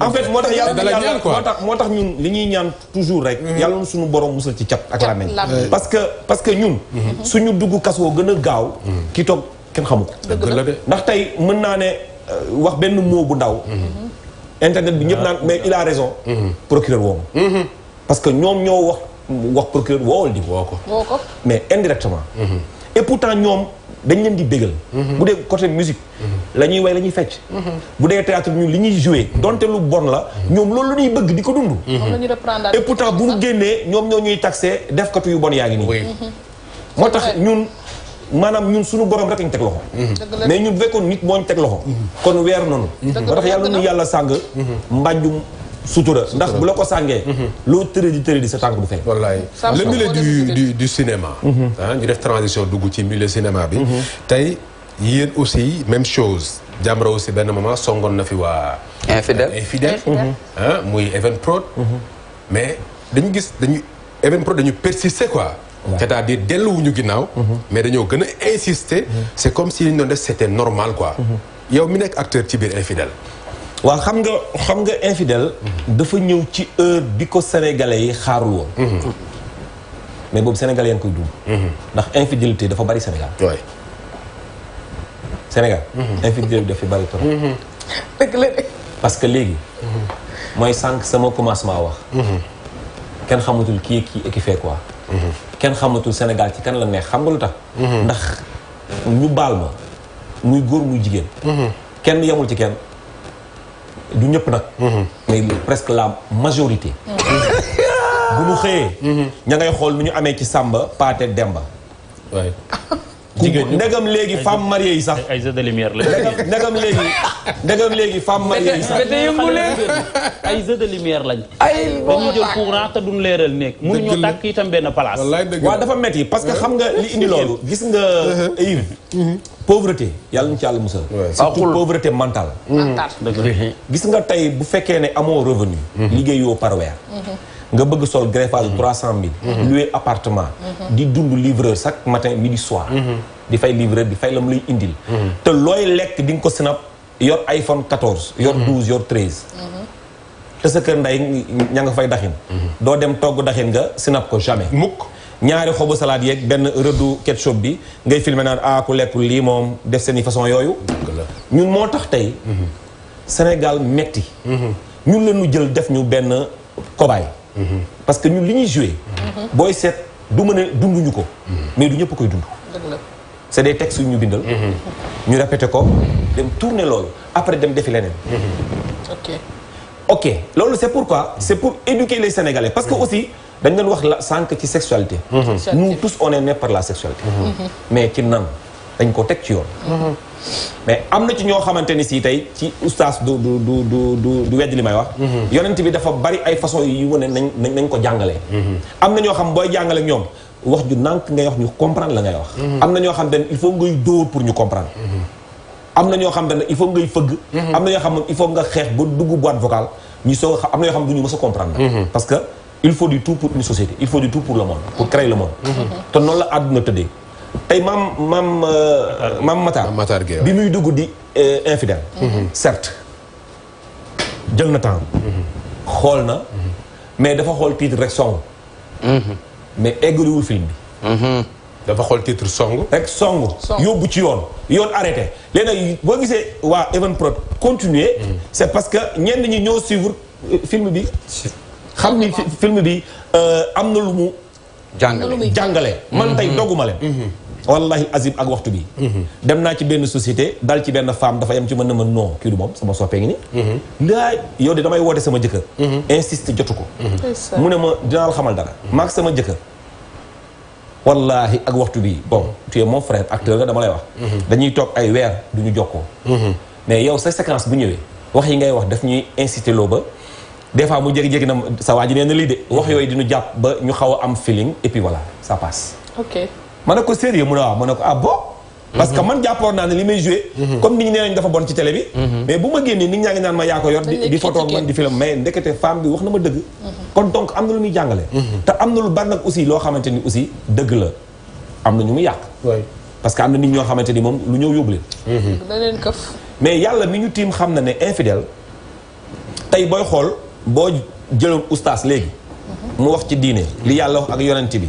en fait moo tax yàlla moo tax moo tax ñun li ñuy ñaan toujours rek. Mhm. yàlla na suñu borom musal ci cat ak làmmiñ parce que parce que ñun. Mhm. suñu dugg kasoo gën a gaaw. Mhm. ki toog kenn xamu ko. ndax tey mën naa ne euh, wax benn moo bu ndaw. internet bi ñëpp naan ah. mais il a raison. procureur woo ma. parce que ñoom ñoo wax wax procureur woowal di. woo ko mais indirectement. et pourtant ñoom. dañ leen di bégal mhm. bu dee côté musique mhm. la ñuy way la ñuy fecc mhm. bu dee théâtre ñun li ñuy joué donte lu bon la ñoom loolu la ñuy bëgg di ko dund et pourtant bu ñu génnee ñoom ñoo ñuy taxé def katu yu bon yaa ngi nii moo tax ñun maanaam ñun suñu borom rek ñu teg loxo mais ñun bu fekkoon nit moo ñu teg loxo kon weer noonu moo tax yàlla nu yàlla sàng mbàjjum sutura ndax bu la ko sàngee. Mhm. loo tëree di tëree di sa tànk du fay. wallaay le milieu du du du cinéma. hein ñu def transition dugg ci milieu cinéma bi. Mhm. tay yeen aussi même chose. Jamra aussi ben moment songon na fi wa infidèle infidèle. ah muy pro mais dañu gis dañu pro dañu persister quoi. c'est-à-dire delluwuñu ginnaw mais dañu gëna insister. c'est comme si li ñu c'était normal quoi. yow mi nek acteur ci bir infidèle. waaw xam nga xam nga infidèle dafa ñëw ci heure bi ko sénégalais yi xaarul woon mais boobu sénégalais yaa ngi koy dund ndax infidélité dafa bari Sénégal Sénégal mhm. infidélité dafa bari trop mhm. dëgg la parce que léegi mooy sànq sama commencement wax mhm. kenn xamatul kii kii et qui fait quoi kenn xamatul Sénégal ci kenn la neex xam nga lu tax ndax ñu baal ma muy góor muy jigéen kenn yamul ci kenn du ñëpp nag. Mhm. mais presque la majorité. <laughs> bu ñu xëyee. Mhm. ña ngay xool nu ñu amee ci sàmba Paate Demba. jigéen ñi ndegam léegi femme mariée yi sax. ay jeux de lumière la ndegam léegi ndegam léegi femme mariée yi sax. ay jeux de lumière lañ. ay dañuy jël courant te duñ leeral nekk. dëgg la mënuñu tàkk tam benn place. waaw dafa yi parce que xam nga li indi loolu. gis nga uh-huh. Yves. Uh-huh. pauvreté yàlla na ci yàlla musal. surtout ah, pauvreté mentale. mentale mm. gis nga tey bu fekkee ne amoo revenu. Mm-hmm. liggéeyoo par weer. Mm-hmm. nga bëgg sol greffage trois cent mille mhm. louer appartement mhm. di dund livreur chaque matin midi soir mhm. di fay livreur bi fay la mu lay indil te looy lekk di ko snap yor iPhone 14 yor 12 yor 13 te sa kër nday ña nga fay daxin doo dem togg daxin nga sinap ko jamais mukk ñaari xobu salaat yeeg benn rëddu ketchup bi ngay filmer naan ah ku lekkul lii moom def seen i façon yooyu ñun moo tax tey Sénégal metti ñun la ñu jël def ñu benn cobaye parce que nous, nous ñuy joué. Mhm. booy seet du mën a dunduñu mhm. mais du pas. koy c'est des textes yu ñu bindal. Mhm. ñu répété ko dem tourner loolu après dem défiler ok ok loolu c'est pourquoi c'est pour éduquer les Sénégalais parce que aussi. dañ doon wax la sexualité. nous tous on est nés par la sexualité. mais qui nan dañ ko teg mais am na ci ñoo xamante ni si tey ci ustaas du du du du du wedd li may wax mhm. yonent bi dafa bari ay façon yu wane nañ nañ ko jàngalee mhm. am na ñoo xam booy jàngale ñoom wax ju nànk ngay wax ñu comprendre la ngay wax mhm. am na ñoo xam ne il faut ngay fëgg am na ñoo xam il faut nga xeex ba dugg boîte vocale ñu soo am na ñoo xam du ñu mës a comprendre parce que il faut du tout pour une société il faut du tout pour le monde pour créer le monde te noonu tey maam maam maam euh, Matar bi muy dugg di euh, infidèle mm-hmm. Mm-hmm. certes jël na temps mm-hmm. xool na mais dafa xool titre rek song mais eggaliwul film bi dafa xool titre song rek song yóbbu ci yoon yoon arrêté léegi boo gisee waa Evenprod continuer c'est parce que ñenn ñi ñoo suivre euh, film bi xam ni film bi am na lu mu jàngale man tey doguma leen wallahi azim ak waxtu bi mhm. dem naa ci benn société dal ci benn femme dafa am ci mën na ma non kii du moom sama soppee ngi ni mhm. laa yow de damay woote sama jëkkër mhm. insiste jotu ko mu ne ma dinaa la xamal dara maag sama jëkkër wallahi ak waxtu bi bon tu es mon frère acteur nga dama lay wax dañuy toog ay weer du ñu jokkoo mais yow sa séquence bu ñëwee wax yi ngay wax daf ñuy incité loo ba des fois mu jékki-jékki na sa waa ji nee na lii de wax yooyu diñu jàpp ba ñu xaw a am feeling et puis voilà ma ne ko sérieux mu ne waaw ma a ko ah bon parce que mhm. man jàppoon naa ne li may joué mhm. comme ni ñi nee nañ dafa bon ci télé bi mhm. mais bu ma génnee nit ñaa ngi naan ma yaa ko yor di photo man di film mais ndekete femme bi wax na ma dëgg kon donc am na lu muy jàngale te am na lu bari nag aussi loo xamante ni aussi dëgg la am na ñu mu yàq parce que am na nit ñoo xamante ni moom lu ñëw yóbbu leen da leen mais yàlla mi ñu tiim xam na ne infidèle tey booy xool boo jëloon oustaz léegi mu wax ci diine li yàlla wax ak yonent bi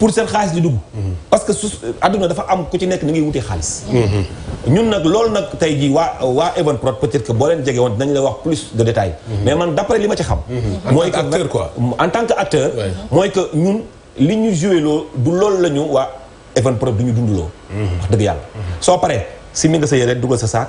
pour seen xaalis di dugg. parce que su àdduna dafa am ku ci nekk ni ngay wutee xaalis. ñun nag loolu nag tey jii waa waa Evenprod peut-être boo leen jege woon dinañ la wax plus de détails. mais man d'après li ma ci xam. mooy que en tant que acteur. mooy que ñun li ñu joué loo du loolu la ñu waa Evenprod du ñu dundaloo. Mmh. wax dëgg yàlla soo paree si mi nga sa yére dugal sa saak.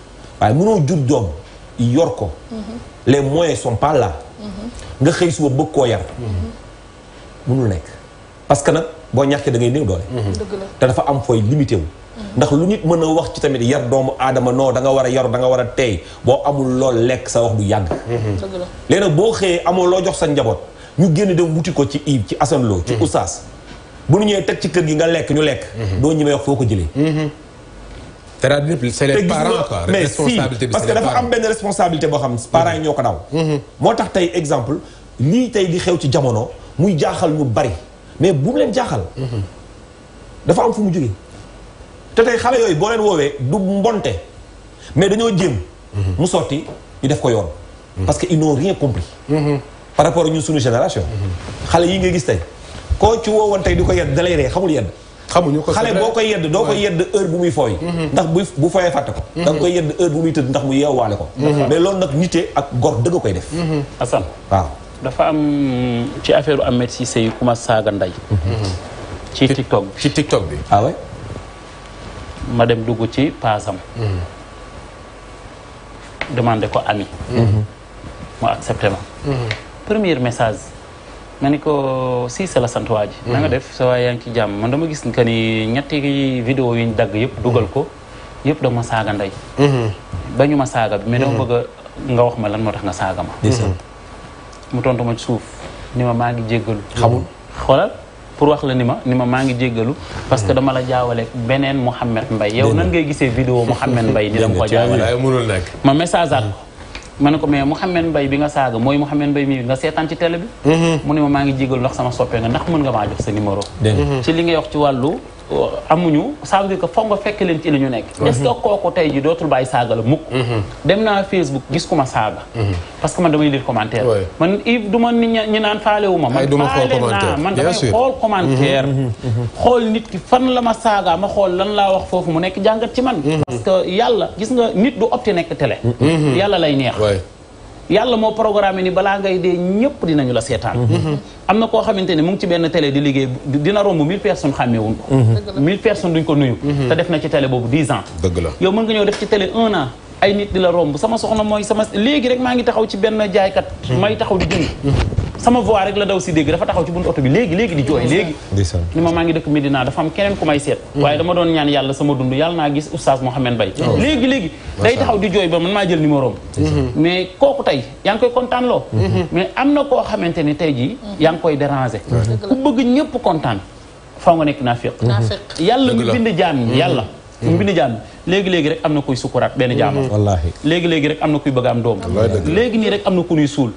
waaye mënoo jur doom yor ko les moye sont pas nga xëy suba bëgg koo yar mënul nekk parce que nag boo ñàkkee da ngay néew doole te dafa am fooy limité ndax lu nit mën a wax ci tamit yar doomu aadama non danga war a yaru danga war a tey boo amul lool lekk sa wax du yàgg léegi boo xëyee amoo loo jox sa njaboot ñu génn dem wuti ko ci iib ci asanloo ci mm-hmm. usaas bu ñu ñëwee teg ci kër gi nga lekk ñu lekk mm-hmm. doo ñi wax foo ko jëlee mm-hmm. c'est les parents quoi mais si parce que dafa am benn responsabilité boo xam parents yi ñoo ko daw mhm. moo tax tey exemple lii tey di xew ci jamono muy jaaxal ñu bari mais bu mu leen jaaxal mhm. dafa am fu mu jógee te tey xale yooyu boo leen woowee du mbonte mais dañoo jéem mhm. mu sotti ñu def ko yoon parce que ils n'ont rien compris par rapport ñu suñu génération xale yi nga gis tey koo ci woowoon tey du ko yedd dalay ree xamul yedd xamuñu ko xale boo koy yedd doo koy yedd heure bu muy fooy mhm. ndax bu bu fooyee fàtte ko da nga koy yedd heure bu muy tëdd ndax mu yeewaale ko mhm. mais loolu nag nitee ak gor dëgg koy def mhm. Assane waaw dafa am ci affaire Ahmed Cissé yu kuma saaga nday ci TikTok bi ci TikTok bi ah ouais ma dem dugg ci paasam demandé ko ami mu accepté ma premier message ma ni ko Cissé la sant waa ji. Mm-hmm. def sa waay yaa ci jàmm man dama gis que ni ñetti vidéo yi ñu dagg yëpp dugal ko yëpp dama saaga ndey. Mm-hmm. ba ma saaga bi mais dama mm-hmm. bëgg nga wax ma lan moo tax nga saaga ma. mu tontu ma ci suuf ni ma maa ngi jéggalu. xamul xoolal pour wax la ni ma ni ma maa ngi jéggalu. parce que dama la jaawale beneen Mouhamed Mbaye yow nan ngay gisee vidéo Mouhamed Mbaye. di dama ko jaawale ma message ak ma ne ko mais Mouhamed Mbaye bi nga saaga mooy Mouhamed Mbaye mi nga seetaan ci télé bi mhm. mu ne ma maa ngi jégal ndax sama soppee nga ndax mën nga maa jox sa numéro ci li ngay wax ci wàllu amuñu ça veut dire que foog nga fekk leen ci li ñu nekk mhm. est-ce que kooku tey ji dootul bàyyi saaga la mukk mhm. dem naa Facebook gis ku ma saaga mhm. parce que man damay lire commentaire man Yves ma nit ñi naan faale wu ma man faale naa man damay xool commentaire xool nit ki fan la ma saaga ma xool lan laa wax foofu mu nekk jàngat ci man parce que yàlla gis nga nit du opti nekk télé yàlla lay neex yàlla moo programme ni balaa ngay dee ñëpp dinañu la seetaan mm-hmm. am na koo xamante ne mu ngi ci benn télé di liggéey dina romb mille personnes xàmmeewuñ ko mm-hmm. mille personnes duñ ko nuyu mm-hmm. te def na ci télé boobu dix ans dëgg la yow mën nga ñëw def ci télé un an ay nit di la romb sama soxna mooy sama léegi rek maa ngi taxaw ci benn jaaykat may taxaw di jënd sama voix rek la daw si dégg dafa taxaw ci buntu oto bi léegi léegi di jooy léegi ni ma maa ngi dëkk Medina dafa am keneen ku may seet hmm. waaye dama doon ñaan yàlla sama dund yàlla naa gis oustaz Mouhamed Mbaye oh. léegi léegi day taxaw di jooy ba man maa jël numéro hmm. mais kooku tey yaa ngi koy kontaan loo hmm. mais am na koo xamante ni tey jii yaa ngi koy déranger ku bëgg ñëpp kontaan faw nga nekk naa féq yàlla mu bind jaam ñi yàlla mu bind jaam léegi-léegi rek am na kuy sukuraat benn jaamam mhm. léegi-léegi rek am na kuy bëgg am doom léegi nii rek am na ku ñuy suul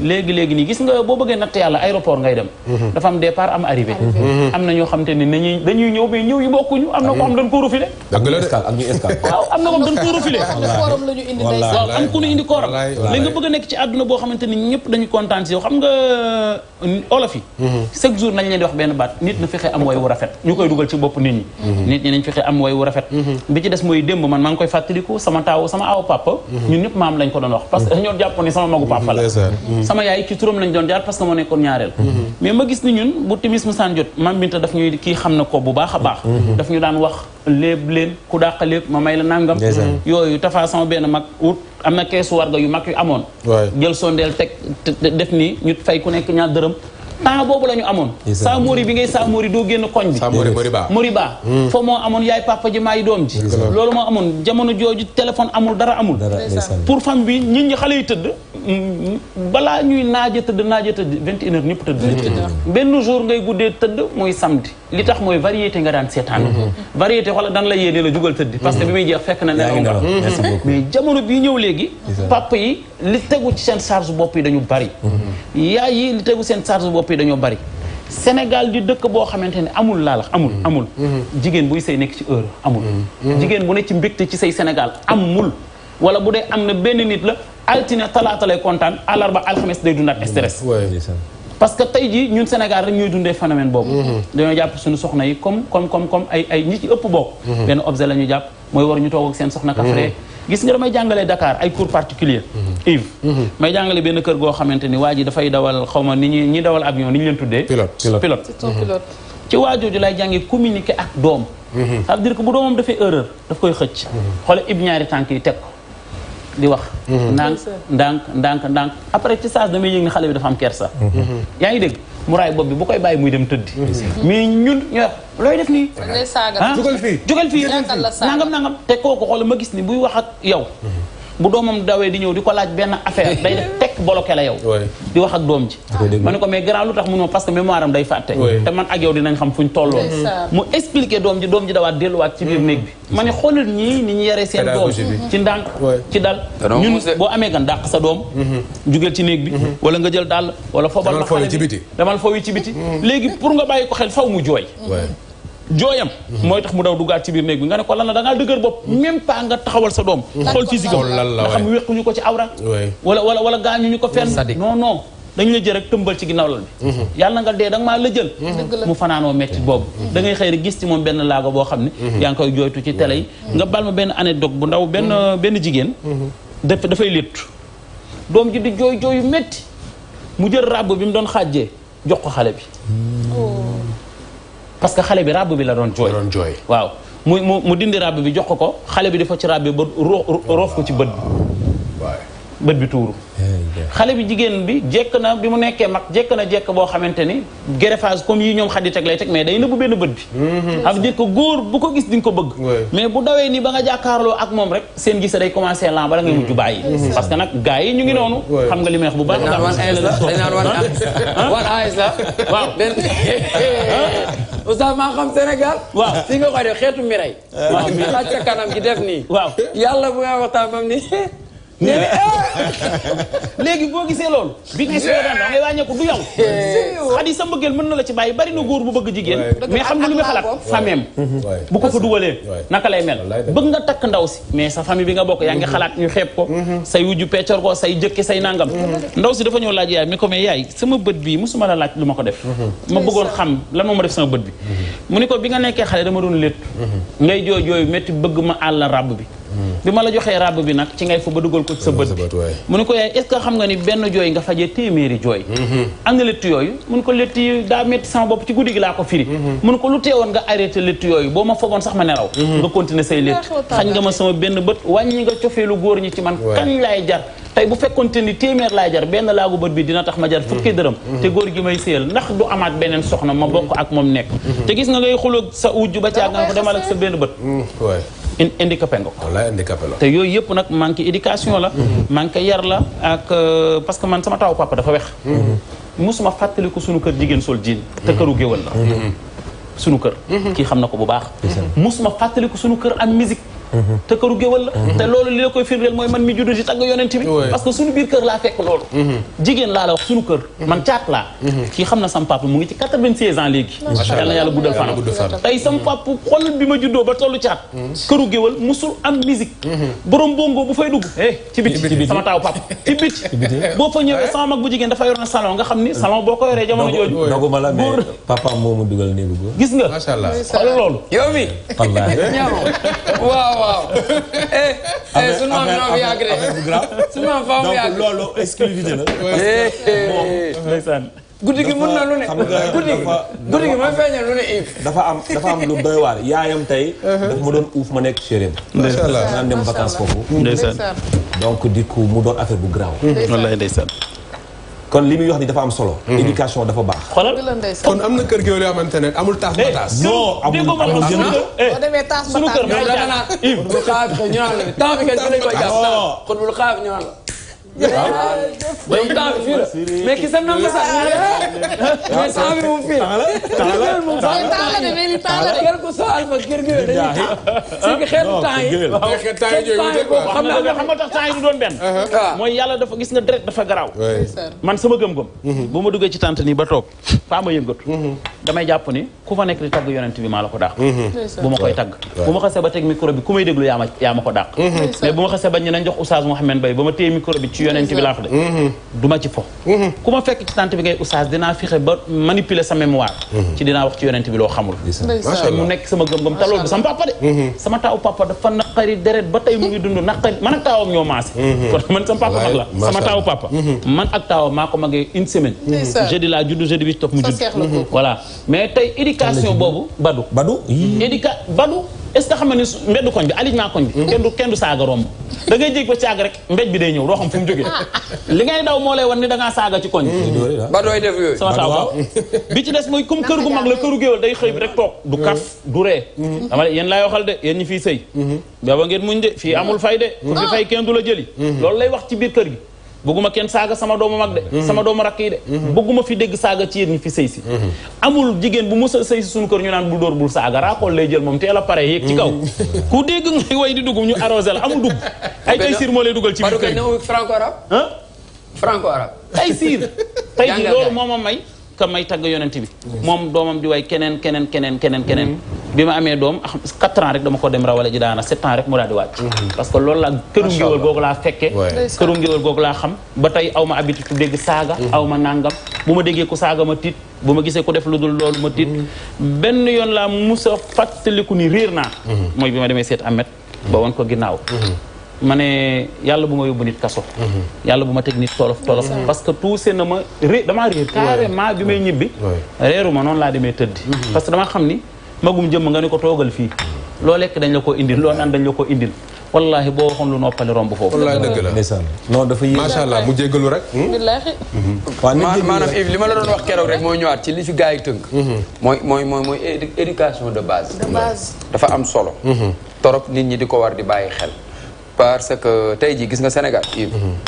léegi-léegi nii gis nga boo bëggee natt yàlla aéroport ngay dem mhm. dafa départ am arrivé mhm. am na ñoo xam te ne am na ko <laughs> xam dañ ko refilé indi kooram léegi nga bëgg a nekk ci àdduna boo xamante ni dañu kontaan yow xam nga euh, olof chaque jour nañ leen wax benn baat nit na fexe am way wu rafet ñu koy dugal ci bopp nit ñi nañ fexe am way wu rafet mooy démb man maa koy fàttaliku sama taaw sama aw papa mhm. ñun ñëpp maam lañ ko doon wax parce que mhm. dañoo jàppoon ne sama magu papa la mhm. sama yaay ci turam lañ doon jaar parce moo nekkoon ñaareel mais ma gis ni ñun bu timis mu saan jot maam Binta daf ñuy kii xam na ko bu baax a baax daf ñu daan wax léeb leen ku dàq léeb ma may la nangam yooyu tafaa sama benn mag wut am na keesu warga yu mag yu amoon jël sondeel teg def nii ñu fay ku nekk ñaar dërëm temps boobu la ñu amoon Samori bi ngay Samori doo génn koñ bi Moriba fa hmm. moo amoon yaay papa ji maay doom ji loolu moo amoon jamono jooju téléphone amul dara amul pour fam bi ñit ñi xale yi tëdd balaa ñuy naaja tëdd naaja tëdd vingt et une ñëpp tëdd benn jour ngay guddee tëdd mooy samedi li tax mooy variété nga daan seetaan mm-hmm. variété xoola daan la yéene la jugal tëdd parce que bi muy jeex fekk na nelaw nga mm-hmm. mais jamono bii ñëw léegi papa yi li tegu ci seen charge bopp yi dañu bari mm-hmm. yaay yi li seen charge bopp yi dañoo bari Sénégal di dëkk boo xamante ne amul laalax amul amul jigéen buy say nekk ci heure amul jigéen bu ne ci mbégte ci say Sénégal amul wala bu dee am na benn nit la altine talaata lay kontaan àllarba alxames day dundaat stress. Mm-hmm. parce que tey jii ñun Sénégal rek ñuy dundee phénomène boobu. Mm-hmm. dañoo jàpp suñu soxna yi comme comme comme comme ay ay ñi ci ëpp bokk. Mm-hmm. benn objet la ñu jàpp mooy war ñu toog ak seen soxna kafre. gis nga damay jàngalee Dakar ay cours particulier Yves may jàngale benn kër goo xamante ni waa ji dafay dawal xaw ma ni ñi dawal avion ni ñu leen tuddee. pilote pilote ci waa jooju lay jàngee communiquer ak doom. ça veut dire que bu doomam dafay daf koy xëcc. xoolal ib ñaari tànk yi teg ko. di wax. Mhm. ndànk ndànk ndànk ndànk après ci saa damay yëg ne xale bi dafa am kersa. Mhm. yaa ngi dégg mu raay bopp bi bu koy bàyyi muy dem tëddi. Mhm. mais ñun ñoo looy def nii. ah jugal fii jugal fii nangam nangam te kooku xool ma gis ni buy wax ak yow. bu doomam dawee di ñëw di ko laaj benn affaire day def <laughs> tekk bloqué la yow di wax ak doom ji ah. ma ne ko mais grand lu tax munoo parce que mémoire am day fàtte te man ak yow dinañ xam fuñ tolloon mu expliqué doom ji doom ji dawaat delluwaat ci biir mm. néeg bi ma ne xoolal ñii ni ñu yaree seen doom ci ndànk ci dal ñun boo amee gan dàq sa doom mm-hmm. jugeel ci néeg bi mm-hmm. wala nga jël dàll wala fobal ma xale bi demal foofu ci biti mm-hmm. léegi pour nga bàyyi ko xel faw mu jooy jooyam mooy tax mu daw duggaat ci biir néeg bi nga ne ko lan la da ngaa dëgër bopp même pas nga taxawal sa doom xool physique am nga xam wéquñu ko ci awra wala wala wala gaañuñu ko fenn non non dañu la jël rek tëmbal ci ginnaaw lal bi mhm. yàlla nga dee da nga maa la jël mhm. mu fanaanoo metti mhm. boobu da ngay xëy rek gis benn laago boo xam ne yaa ngi koy jooytu ci télé yi nga bal ma benn anecdote bu ndaw benn benn jigéen daf dafay léttu doom ji di jooy jooyu métti mu jël ràbb bi mu doon xàjjee jox ko xale bi oh. parce que xale bi ràbb bi la doon jooy doon jooy waaw mu mu mu dindi ràbb bi jox ko ko xale bi dafa ci ràbb bi ba roof ko ci bët bi bët bi tuuru xale bi jigéen bi jekk na bi mu nekkee mag jekk na jekk boo xamante ni greffage comme yi ñoom xaddi teg lay teg mais day nëbbu benn bët bi ça veut dire que góor bu ko gis nga ko bëgg mais bu dawee ni ba nga jàkkaarloo ak moom rek seen gis day commencé lan bala ngay mujj mm-hmm. bàyyi mm-hmm. parce que nag gars yi ñu ngi noonu xam nga li may wax bu baax wan AS la <laughs> waaw <laughs> Oustaz maa xam waaw si nga koy xeetu miray waaw sa kanam gi def nii waaw yàlla bu nga waxtaan bam ni <laughs> nee <laughs> eh, léegi boo gisee loolu. bi nga gisee daan da ngay wàññeeku du yow. <laughs> xadi sa mbëggeel mën na la ci bàyyi bari na góor bu bëgg jigéen. mais xam nga lu ma xalaat famille bu ko fa dugalee naka lay mel. bëgg nga takk ndaw si. mais sa famille bi nga bokk yaa ngi mm-hmm. xalaat ñu xeeb ko. Mm-hmm. say wujju peccor ko say jëkki say nangam. Mm-hmm. ndaw si dafa ñëw laaj yaay mi ko mais eh, yaay sama bët bii musuma la laaj lu ma ko def. ma bëggoon xam la moo ma def sama bët bi. mu ni ko bi nga nekkee xale dama doon létt. ngay jooy jooy métti bëgg ma àll ràbb bi Hmm. bima la joxe ràbb bi nak ci ngay fu ba duggal ko sa beut mun ko yaay est ce xam nga ni benn joy nga faje téeméeri joy hmm. ana létt yooyu mu ko létt da metti sama bop ci goudi gi la ko firi hmm. mun ko lu teewoon nga arrêté létt yoy bo ma foboon sax ma neraw nga continuer say létt xagn nga ma sama benn beut wañi nga cofeelu gor ñi ci man kan lay jar tay bu fekkonté ni téeméer laay jar benn lagu beut bi dina tax ma jar fukki deureum té gor gi may seyel nak du amaat benen soxna ma bokk ak mom nek té gis nga ngay xuloog sa wujj ba caag nga ko demal ak sa benn beut handicapé nga ko te yooyu yëpp nag manque éducation la mm-hmm. manque yar la ak euh, parce que man sama taw papa dafa wex mm-hmm. musuma fàttaliku sunu kër jigéen sol jiin te këru géwël la mm-hmm. sunu kër kii xam na ko bu baax musuma fàttaliku sunu kër am musique te këru géwal la te loolu li la koy firndeel mooy man mi juddu ci tagg yonent bi parce que suñu biir kër laa fekk loolu mhm. jigéen laa la wax suñu kër mhm. man caat laa mhm. kii xam na sam papa mu ngi ci quatre-vingt-seize ans léegi yal na yàlla guddal fanam tey sam papa xol bi ma juddoo ba tollu caat këru géwal musul am musique borom bongo bu fay dugg eh, eh, ci biti sama taaw papa <laughs> ci biti boo fa ñëwee eh? sama mag bu jigéen dafa yoroon salon nga xam ni mm. salon boo ko yoree jamono jooju doguma la mais papa moo ma dugal néegu góor gis <laughs> yow mi <laughs> waaw. Eh, eh, affaire sunu maam ñoo fi yàgg de. sunu maam faaw mu yàgg donc loolu exclusivité la. Eh, ndeysaan. guddi gi mën na lu ne guddi gi guddi gi ma feeñal lu ne Yves. dafa am dafa am lu doy waar yaayam tey. Uh-huh. daf ma doon uuf ma nekk chérim. macha allah naan dem vacances foofu. ndeysaan donc du coup mu doon affaire bu grave. wallaay ndeysaan. kon li muy wax ni dafa am solo. Mhm. éducation dafa baax. kon am na kër gi yoo xamante ne amul taas eh, ma taas. non amul amul jënd ko eh sunu kër ma taas. ñu naan la temps bi nga gën a koy jàpp. waaw temps bi fii la mais ki seen naan la sax mais temps bi moom fii la. temps la temps la mais li temps la de. quel que soit alpha kër gi dañuy temps. c'est que xeetu mooy yàlla dafa gis nga direct dafa garaaw. man sama gëm-gëm. Mm-hmm. bu ma duggee ci tante nii ba toog faa ma yëngatu. Mm-hmm. damay jàpp ni ku fa nekk di tagg yonent bi maa la ko dàq. Mm-hmm. bu ma koy tagg. bu ma xasee ba teg micro bi ku may déglu yaa ma yaa ma ko dàq. mais bu ma xasee ba ñu nañ jox oustaz Bay ba ma téye micro bi ci yonent bi laa ko de du ma ci fo ku ma fekk ci tant bi ngay oustaz dinaa fexe ba manipuler sa mémoire ci dinaa wax ci yonent bi loo xamul te mu nekk sama gëm-gëm te loolu sama papa de sama taaw papa dafa naqari deret ba tey mu ngi dund naqari man ak taawam ñoo maase man sama papa mag la sama taaw papa man ak taawam maa ko magee une semaine jeudi laa judd jeudi bi ci mu judd voilà mais tey éducation boobu badu badu hmm. éduca badu est-ce que xam nga ni mbeddu koñ bi alignement koñ bi kenn du kenn du saaga romb da ngay ba saaga rek mbéj bi day ñëw doo xam fu mu jógee ah. li ngay daw moo lay wan ni da ngaa saaga ci koñ mm-hmm. ba dooy def yooyu <laughs> bi ci des mooy comme kër gu mag la këru géwél day xëy bi rek toog du mm-hmm. kaf du ree mm-hmm. dama yéen laay waxal de yéen ñi fii sëy booba ngeen muñ de fii amul fay de ku fi ah. fay kenn du la jëli loolu lay wax ci biir kër gi bëgguma kenn saaga sama doomu mag de mm-hmm. sama doomu rakk yi de mm-hmm. bëgguma fi dégg saaga ci ñi fi sëy si mm-hmm. amul jigéen bu mu a sëy si suñu kër ñu naan bul dóor bul saaga raakool lay jël moom teel a pare yéeg ci kaw ku dégg ngay way di dugg ñu arrosé la amul dugg ay tey siir moo lay dugal ci biir kër franco arabe franco arabe tey siir tey ji loolu moo ma may ka may tagg yonent bi moom doomam di way keneen keneen keneen bi ma amee doom quatre ans rek dama ko dem rawale ji daana sept ans rek mu daal di wàcc parce que loolu laa këru ngéwél googu laa xam ba tey aw ma habitude dégg saaga mm-hmm. aw ma nàngam bu ma déggee ku saaga ma tiit bu ma gisee ku def lu dul loolu ma tiit mm-hmm. benn yoon laa musa fàttaliku ni réer naa mm-hmm. mooy bi ma demee seet Ahmed ba woon ko ginnaaw ma ne yàlla bu ma yóbbu nit kaso mhm. yàlla bu ma teg nit tolof tolof mhm. parce que tuuse na ma ré damaa réer carrément bi may ñibbi réeru ma noonu laa demee tëddi mhm. parce que dama xam ni magum jëmm nga ne ko toogal fii loo lekk dañ la ko indil loo naan dañ la ko indil wallahi boo waxoon lu noppali romb foofu la ndeysaan non dafa yéeme macha allah mu jéggalu rek hmm? billaahi waaw maanaam Yves li ma la doon wax keroog rek mooy ñëwaat ci li ci gars yi tënk mooy mooy mooy mooy éducation de base dafa am solo torop nit ñi di ko war di bàyyi xel parce que tey jii gis nga Sénégal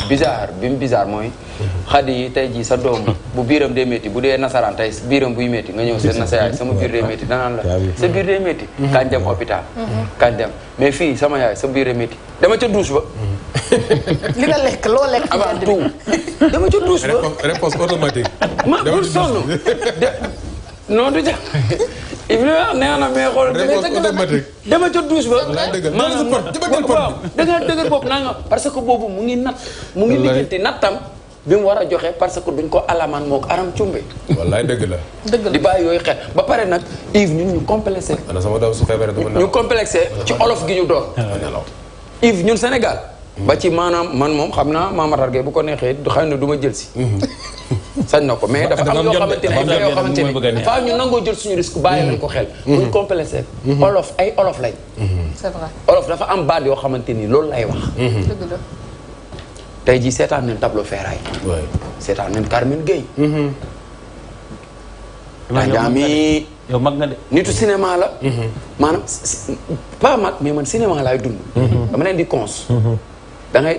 bizarre bi mu mooy xadi yi tey jii sa doom bu biiram dee métti bu dee nasaraan tey biiram buy métti nga ñëw seen na sa yaay sama biir dee métti danaan la sa biir dee métti mm-hmm. kañ dem hôpital mm-hmm. kañ dem fii sama yaay sa biir dee dama ca douche ba mm-hmm. <laughs> li nga lekk loo lekk avant tout dama ca douche ba réponse automatique ma bul noonu du ja <laughs> Ibrahima nee na mais xool. automatique <laughs> dama ca douche ba. waaw da nga dëgër bopp naa parce que boobu mu ngi nat mu ngi liggéente nattam bi mu war a joxe parce que duñ ko alamaan moo ko aram cumbe. wallaay dëgg la. dëgg la di bàyyi yooyu xel ba pare nag Yves ñun ñu complexé. ana sama daw su feebaree dama ñu complexé ci olof gi ñu door. Yves ñun Sénégal. ba ci maanaam man moom xam naa Mamatar Gueye bu ko neexee xëy na du ma jël si. <laughs> sañ na ko mais dafa am yoo xamante ne dafa yoo xamante ñu nangoo jël suñu risque bàyyi lañ ko xel. Mm-hmm. buñ complété mm-hmm. olof ay olof lañ. Mm-hmm. c'est vrai olof dafa am baat yoo xamante ni loolu lay wax. dëgg la. tey jii seetaan nañ tableau Ferraille. waay seetaan nañ Carmen Gueye. daanami yow mag nitu cinéma la. maanaam pas mag mais man cinéma laay dund. dama leen di cons. da ngay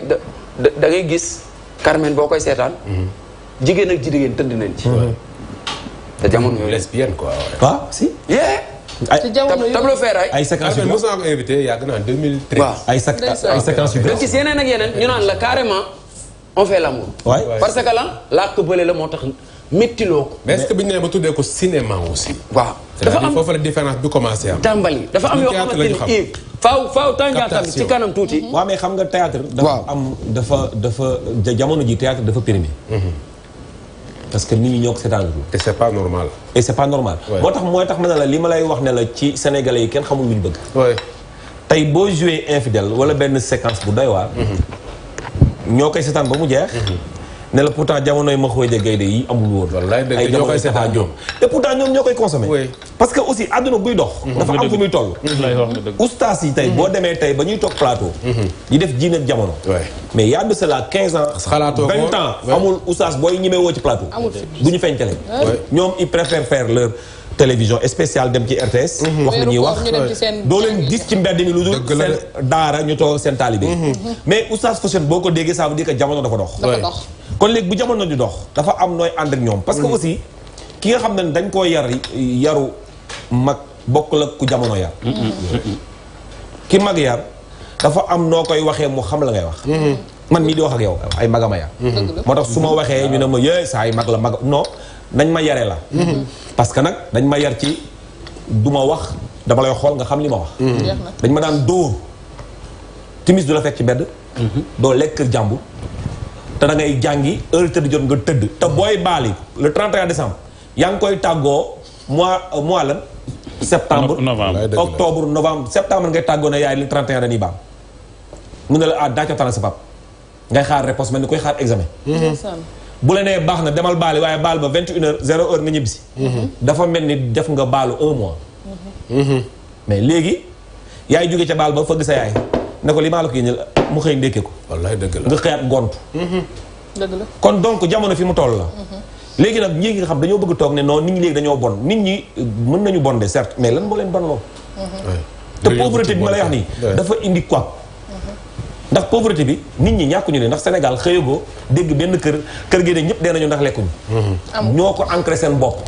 da ngay gis Carmen boo koy seetaan. Mhm. jigéen ak jigéen tëdd nañ ci. Mhm. te jamono yooyu lesbienne quoi. ah si. ay tableau ferraille ay séquences yu mos naa ko invité yàgg naa 2013. waaw ay séquences yu gën gis yeneen ak yeneen ñu naan la carrément on fait l'amour. parce que lan làkk bële la moo tax. méttiloo ko. mais est ba tuddee ko cinéma aussi. waaw dafa am foofu la différence bi commencé am. tàmbali dafa am yoo xamante ni Yves. Eh, faaw faaw tàngaata tuuti. Mm-hmm. waaw mais xam nga théâtre dafa am dafa dafa jamono ji théâtre dafa périmé. Mm-hmm. parce que nit ñi ñoo ko seetaan te c'est pas normal. et c'est pas normal. moo tax ma ne la li ma ne la ci sénégalais yi kenn xamul lu ñu bëgg. tey boo joué infidèle wala benn séquence bu doy waar. Mm-hmm. ñoo koy seetaan ba mu jeex. ne la pourtant jamonoy ma xooje gaynde yi amul woon. wallaay dëgg ñoo koy seetaan ñoom ñoom ñoo koy consommé. parce que aussi àdduna buy dox. Mm-hmm. dafa am fu muy toll. Mm-hmm. ustaas yi tey mm-hmm. boo demee tey ba ñuy toog plateau. ñu def jiin ak jamono. mais de ci plateau. du ñu feeñ ñoom ils préfèrent faire leur. télévision spéciale dem ci RTS. wax la ñuy wax doo leen gis ci mbedd mi lu dul seen daara ñu toog seen taalibe mais oustaz Fashion boo ko déggee ça veut dire que jamono dafa dox. kon léegi bu jamono di dox dafa am nooy ànd ak ñoom parce que mm. aussi ki nga xam ne dañ koo yar yaru mag bokkul ak ku jamono yar ki mag yar dafa am noo koy waxee mu xam la ngay wax mm-hmm. man mii di wax ak yow ay magama yar mm-hmm. moo tax su ma waxee ñu ne ma yee saa ay mag la mag non dañ ma yare la mm-hmm. parce que nag dañ ma yar ci du ma wax dama lay xool nga xam li ma wax dañ ma daan dóor timis du la fekk ci bedd doo lekk jàmbur te da ngay jàngi heure tëdd jot nga tëdd te booy baali le 31 décembre yaa ngi koy tàggoo mois mois lan septembre novembre octobre novembre septembre ngay tàggoona ne yaay le 31 dañuy baal mun na la ah daa ca tànn sa pap ngay xaar réponse mel ni koy xaar examen bu la nee baax na demal baali waaye baal ba 21 heures 0 heure nga ñibbisi mhm. dafa mel ni def nga baalu un mois mhm. Mhm. mais léegi yaay jóge ca baal ba fëgg sa yaay ne ko li maa la ko yéenal mu xëy ndékkee ko. wallaay dëgg la nga xëyaat gontu. Mhm. dëgg la kon donc jamono fi mu toll la. Mhm. léegi nag ñi nga xam dañoo bëgg toog ne non nit ñi léegi dañoo bon nit ñi mën nañu bon de certes mais lan moo leen bonloo. Mhm. te pauvreté bi ma lay wax nii dafa indi quoi. ndax pauvreté bi nit ñi ñàkkuñu de ndax Sénégal ko dégg benn kër kër gi ne ñëpp dee nañu ndax lekkuñu. ñoo ko ancré seen bopp.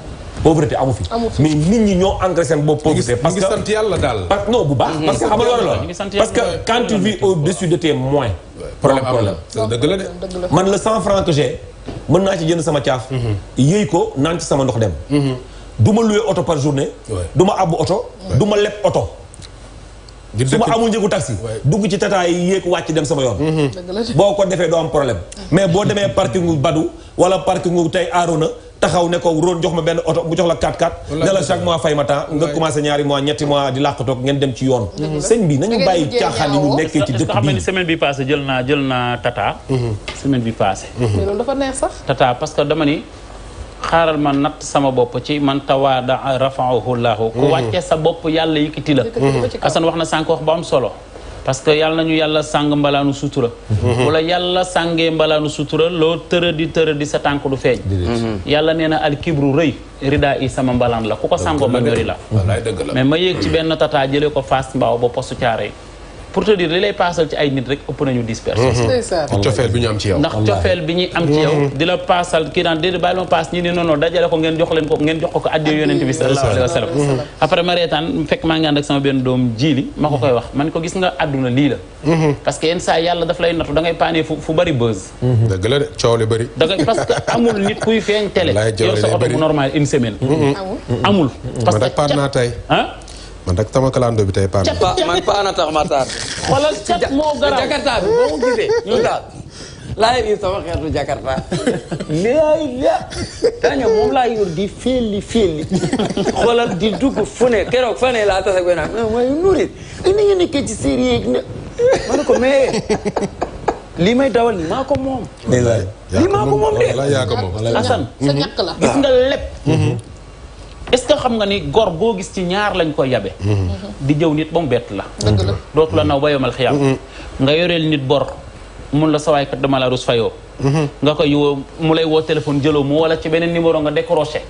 pauvreté amu fi. mais nit ñi ñoo engraissé seen bopp pauvreté. parce que ñu ngi sant yàlla daal. non bu baax. Mm-hmm. parce que xam nga loolu parce que quand tu vis au-dessus de tes moyens. problème problème deug la de. man le 100 francs que j'ai mën naa ci jënd sama caaf. Mm-hmm. yëy ko naan ci sama ndox dem. Mm-hmm. du ma loué auto par journée. duma ma auto duma du ma leb oto. su amul njëgu taxi dugg ci tata yi yéeg wàcc dem sama yoon boo ko defee doo am problème mais boo demee <laughs> parking gu badu wala parking gu tey aruna taxaw ne ko jox ma benn oto mu jox la 4-4 ne la chaque fay ma temps nga commencé ñaari moo ñetti mois di làqatoog ngeen dem ci yoon mhm. sëñ bi nañu bàyyi caaxaan yi ñu nekkee ci dëkk bi xam ne semaine bi passé jël naa mhm. mhm. parce que dama ni xaaral ma natt sama bopp ci man tawaada rafaahu llaahu ku wàcce sa bopp yàlla yëkkati la Assane wax na sànq wax bu am solo parce que yàlla nañu yàlla sàng mbalaanu sutura wala mhm. yàlla sàngee mbalaanu sutura loo tëra di tëra di sa tànk du feeñ mhm. Mhm. yàlla nee na alkibru rëy rida yi sama mbalaan la ku ko sàngoo ma ñori la mais ma yéeg ci benn tata jële ko faas mbaaw ba postu caare yi pour te dire li lay paasal ci ay nit rek ëpp nañu dix mhm. cofeel bi ñu am ci yow. ndax cofeel bi ñuy am ci yow. Mhm. di la paasal kii daan déedéet ma paas ñi ne non non dajale ko ngeen jox leen ko ngeen jox bi sallallahu alayhi wa sallam. Mhm. après ma nga àdduna lii la. parce que yenn saa lay nattu da amul nit kuy feeñ télé. yor sa oto bu normal une semaine. amul parce que ah man rek sama kalando bi tey paana. man paana tax ma taar. xoolal cat moo garaaw jakarta bi boo ko gisee ñu daal. laay rii sama xeetu jakarta. laay la. dañu moom laa yor di féeli féeli. xoolal di dugg fu ne keroog fa ne laa tase gën a ah, mooy nurit. ni nga nekkee ci série yeeg ne. ma ne ko mais. lii may dawal nii maa ko moom. lii maa ko moom de. wala yaa ko moom Assane. Mm-hmm. sa ñàkk la gis nga lépp. Mm-hmm. est ce que xam nga ni gor boo gis ci ñaar lañ koy yabe di jëw nit ba bett la dootu la naw ba yomal xiyaam mm-hmm. nga yoreel nit bor mun la sawaay kat dama la rus fayoo mm-hmm. nga koy woo mu lay woo téléphone jëloo mu wala ci beneen numéro nga décroché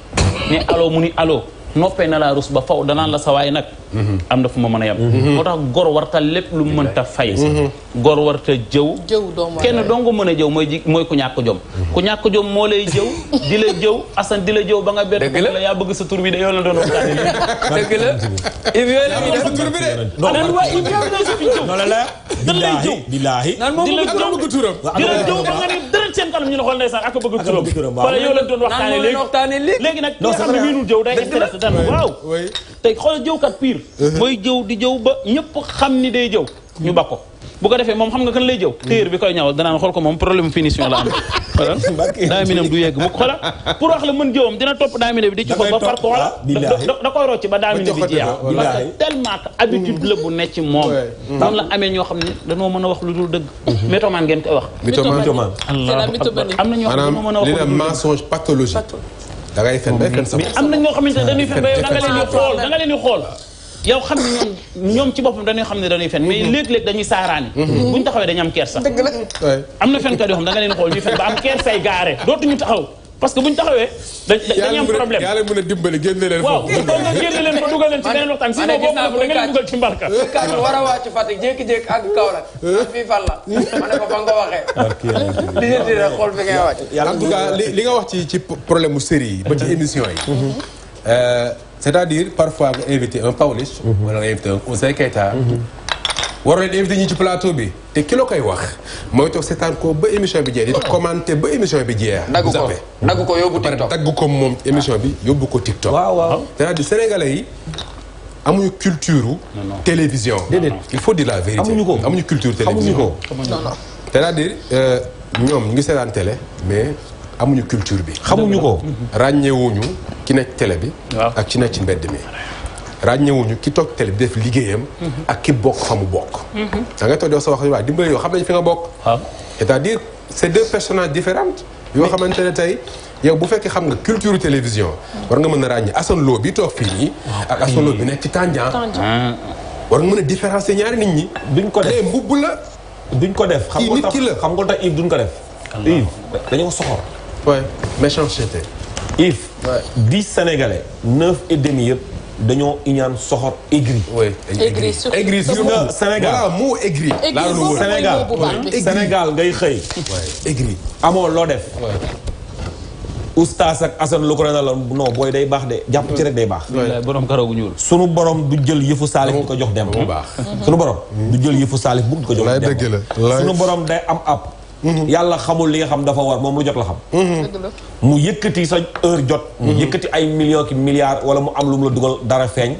ni allo mu ni allo noppee na la rus ba faw da nan la saway nak mhm. am na fuma meuna yam mhm. motax gor warta lepp lu mënta fay mhm. gor warta jëw kenn dongu mën a jëw moy moy ku ñak jom ku ñak jom mo lay jëw di la jëw asan di la jëw ba nga bet la ya bëgg sa tour bi de yow la doon waxtaane <laughs> deug la ibi yooyu la sa tour bi de nan wa ibi yooyu la sa fi jëw la la dan lay jëw billaahi nan moom bëgg touram di la jëw ba nga ni dërët seen kanam ñu la xool ndeysaan ak bëgg turam wala yow la doon waxtaane léegi léegi nag nga xam ne miinul jëw day stress kattan waaw tey xool jëwkat pire uh-huh. mooy jëw di jëw ba ñëpp xam ni day jëw ñu ba ko bu ko defee moom xam nga kan lay jëw uh-huh. téer bi koy ñawal danaan xool ko moom problème finition la am xoolal <laughs> daaminam du yegg mu ko xoolal pour wax la mën jëwam dina topp daamine bi di ci xool ba par ko da koy rocc ba daamine bi jeex parce que tellement que habitude la bu nekk ci moom noonu la amee ñoo xam ne dañoo mën a wax lu dul dëgg uh-huh. métoman ngeen koy wax métoman am na ñoo xam ne dañoo a da ngay fen am na ñoo xamante ne dañuy fen ba yow da leen xool da yow xam ne ñoom ci boppam dañuy xam ne dañuy fen mais léeg-léeg dañuy saaraani mm-hmm. mm-hmm. ñu taxawee dañuy am kersa am na fenkat yoo xam da nga leen di xool ñuy fen ba am kersay gaare dootuñu taxaw parce que bu ñu taxawee. dañuy am problème yàlla mën a dimbali génne leen. waaw nga génne leen ko dugal leen ci beneen waxtaan sinon boobu da nga leen dugal ci mbarka. kan war a wàcc Fatick jékki-jékki ak Kaolack ak fii fan la ma ne ko fa nga waxee. li ngeen di rek xool fi ngay wàcc. yàlla en tout cas li nga wax ci ci problème mu série yi. ba ci émission yi. Mhm. Euh, c'est-à-dire parfois nga invité un Pawlish. Mhm. wala nga invité un Ouzin Keita. Mhm. war leen invité ñi ci plateau bi te ki la koy wax mooy toog seetaan ko ba émission bi jeex di commenté ba émission bi jeex. dagg ko dagg ko yóbbu TikTok dagg ko moom émission bi yóbbu ko TikTok. waaw waaw ah. c'est-à-dire sénégalais yi amuñu culture. télévision. il faut dire la vérité amuñu ko amuñu culture télévision. c'est-à-dire euh, ñoom ñu ngi seetaan télé mais. amuñu culture bi. xamuñu ko. ràññeewuñu ki nekk télé bi. ak ci nekk ci mbedd mi. rañewuñu ki toog télé def liggéeyam. Mhm. ak ki bokk famu mu bokk. Mhm. da nga toog yow sa wax waaye dimbali yow xam nañ fi nga bokk. c'est-à-dire c'est deux personnages différentes yo xamantene tay yow bu fekkee xam nga culture télévision. Mhm. war nga mën a ràññee Assane Lo bi toog fii nii. Ah, ak asan Lo bi nekk ci Tandian. Ah. war nga mën a différencier ñaari nit ñi. duñ ko def mbubb la. duñ ko def xam nga tax xam nga tax Yves duñ ko def. Yves dañoo soxor. oui méchanceté. Yves. dix sénégalais 9 et demi yëpp. dañoo iñaan soxor aigri. oui aigri aigri surtout nga Sénégal voilà moo aigri. laa ngay xëy. aigri amoo loo def. oustaz ak Assane lu ko la non booy day baax de jàpp ci rek day baax. borom karaw gu ñuul. sunu borom du jël yëfu saalif bu ko jox dem. sunu borom du jël yëfu saalif bu ko jox dem. sunu borom day am ab. Mm-hmm. yàlla xamul li xam dafa war moom lu jot la xam mm-hmm. mu yëkkati sa heure jot mu mm-hmm. yëkkati ay million ki milliards wala mu am lu mu la dugal dara feeñ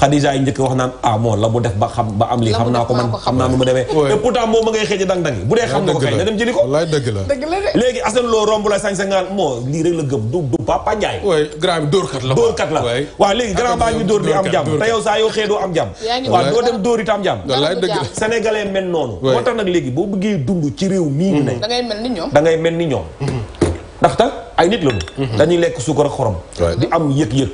xadija njëkk wax naan ah moom la mu def ba xam ba am lii xam naa ko man xam naa nu mu demee et pourtant moom ma ngay xëy dang-dangi bu dee xam na ko xëy na dem jëli ko léegi asan loo romb la sañ-sañ naan moo lii rek la gëm du du papa grand bi dóorkat la di am jàmm te yow saa yoo xëy am jàmm waaw doo dem réew mii ñu ne. da ngay mel ni ñoom da ngay mel ni ñoom. Mm-hmm. ndaxte ay nit lañu. Mm-hmm. dañuy lekk suukar ak xorom. di am yëg-yëg.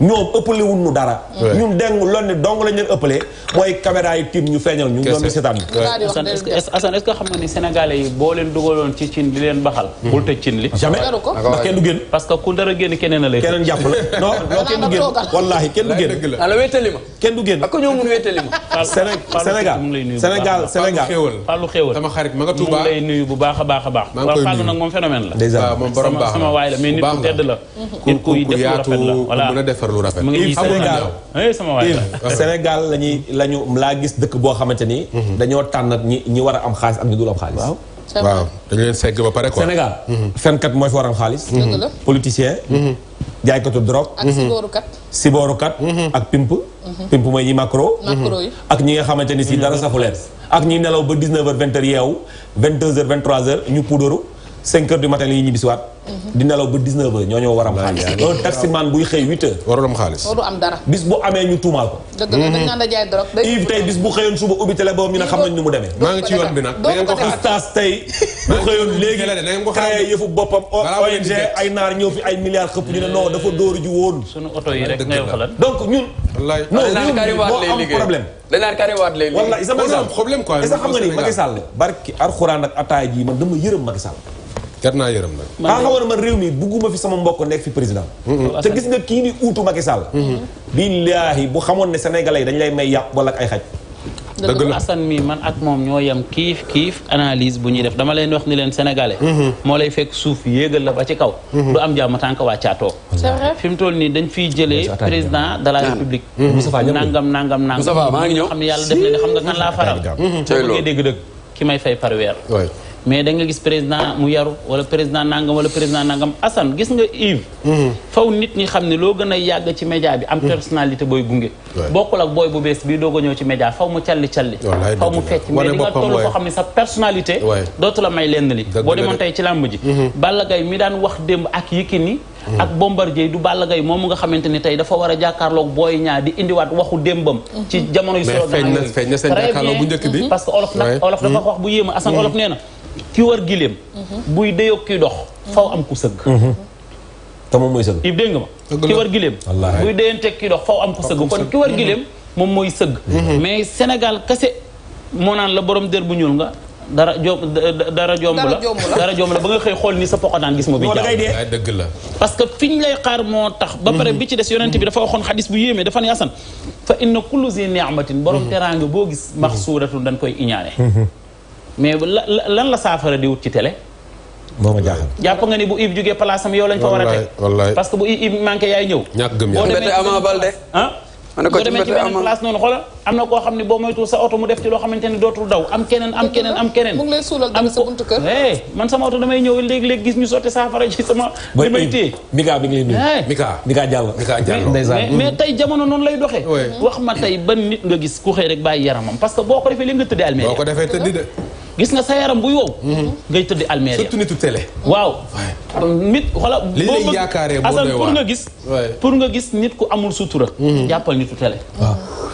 ñoom ëppale wuñ ñu dara. ñun dégg nga loolu ne dong lañ leen ëppalee mooy caméra yi tiim ñu feeñal ñu. ñoom ñu seetaan ñu. Assane est-ce que Assane est-ce que xam nga ni Sénégalais yi boo leen dugaloon ci cin li leen baxal. Hmm. bul tëj cin li. jamais ndax kenn du génn. parce que ku dara génn keneen a lay. keneen jàpp la <laughs> non non kenn du génn wallaahi kenn du génn. ala wéetali ma. kenn du génn ak ñoo mun wéetali ma. <laughs> Sénégal Sénégal Sénégal. Fallou Xéwal sama xarit ma nga Touba mu ngi lay nuyu bu baax a baax a baax. maa ngi koy nuyu waaw Fallou nag moom phénomène la. dèjà moom borom baax la sama waay la mais nit ku tedd la. nit ku yaatu mën a defar defar lu rafet. mu ngi eh, Sénégal la ñuy la ñu laa gis dëkk boo xamante ni. Mhm. dañoo tànn ñi ñi war a am xaalis ak ñi dul am xaalis. waaw dañu leen segg ba pare quoi. Sénégal. Mhm. fenkat mooy fi war a am xaalis. Mhm. politicien. jaaykatu drogue. ak siboorukat. siboorukat. ak pimp. pimp mooy ñi macro. macro yi ak ñi nga xamante ni si dara safu leen. ak ñi nelaw ba 19h 20h yeewu 22h 23h ñu puudaru. cinq heures du matin la ñuy di nelaw ba dix neuf heures ñoo ñoo war am xaalis. loolu taximaan buy xëy huit xaalis warul am dara. bis bu amee ñu tuumaal ko. dëgg la dañu naan la jaay drogue. xëyoon suba ubbi télé boobu ñu ne xam nañ ni mu demee. maa ngi ci yoon bi nag da ngeen ko xaar ustaas tey. bu xëyoon ñu ne non dafa dóor ju woon. sunu oto yi rek ngay waxal. donc ñun. wallaay danaan kariwaat lay liggéey. walla isa Macky Sall problème quoi. isa xam nga ni Macky Sall man dama yërëm Macky jar naa yërëm a man réew mi bugguma fi sama mbokk nekk fi président mm-hmm. te gis nga kii ni uutu Macky Sall mm-hmm. billaahi bu xamoon ne sénégalais yi dañ lay may yàpp wala ak xaj dëgg mi man ak moom ñoo yem kiif kiif analyse bu ñuy def dama leen wax ni leen sénégalais mm-hmm. moo lay fekk suuf yéegal la ba ci kaw du am jàmm tànk wàccaatoo c'est vrai toll nii dañ fiy jëlee président de la république nangam nangam nangam maa ngi ñëw xam na ne xam nga kan laa faral bu ngeen dégg dëgg ki may fay mais da nga gis président mu yaru wala président nangam wala président nangam asan gis nga Yves. Hmm. faw nit ñi xam ne loo gën a yàgg ci média bi am hmm. personnalité booy gunge bokkul ak booy bu bees bii doog a ñëw ci média faw mu calli calli faw mu fecc mais di nga toll foo xam ne sa personnalité dootu la may lenn li boo demoon tey ci làmb ji hmm. Balla Gaye mi daan wax démb ak Yékini ak Bombardier du Balla Gaye moom nga xamante ni tey dafa war a jàkkaarloog booy ñaar di waxu démbam ci jamono yu na bu njëkk bi parce que olof nag olof dafa na ki war gileem. Mhm. buy dayoo ki dox. faw am ku sëgg. Mhm. te moom mooy sëgg. Yves dégg nga ma ki war am ku sëgg kon ki war mhm. gileem moom mooy sëgg. mais Sénégal kese moo naan la borom der bu ñuul nga. dara jom dara jomb la dara la ba nga xëy xool ni sa daan gis ma bi jaaw dëgg la parce que fiñ lay xaar moo tax ba pare bi ci des yonent bi dafa waxoon xadis bu yéemee dafa ne asan fa inna kullu zi ni'matin borom teraanga boo gis maxsuuratun dañ koy iñaane mais lan la saafara di wut ci télé. moo ma jaaxal jàpp nga ni bu Ibe jógee place am yow lañ fa war a teg parce bu Ibe manqué ah? ko am na koo xam ne boo moytuwul sa oto mu def ci loo xamante ne dootul daw am keneen am keneen am keneen. mu ngi lay suulal dara sa buntu kër. sama oto damay ñëw léeg-léeg gis ñu sotti saafara ci sama. li may téye Mika bi ngi lay nuyu. Mika mais mais jamono noonu lay doxee. wax ma tey ban nit nga gis ku xëy rek bàyyi yaramam parce boo ko defee li nga tëddee almere. boo ko defee tëddi de gis nga sa yaram bu yow. Mhm. ngay tëdd alméer surtout nitu télé. waaw nit xoolal. li pour nga gis. pour nga gis nit ku amul sutura. Mhm. jàppal nitu télé.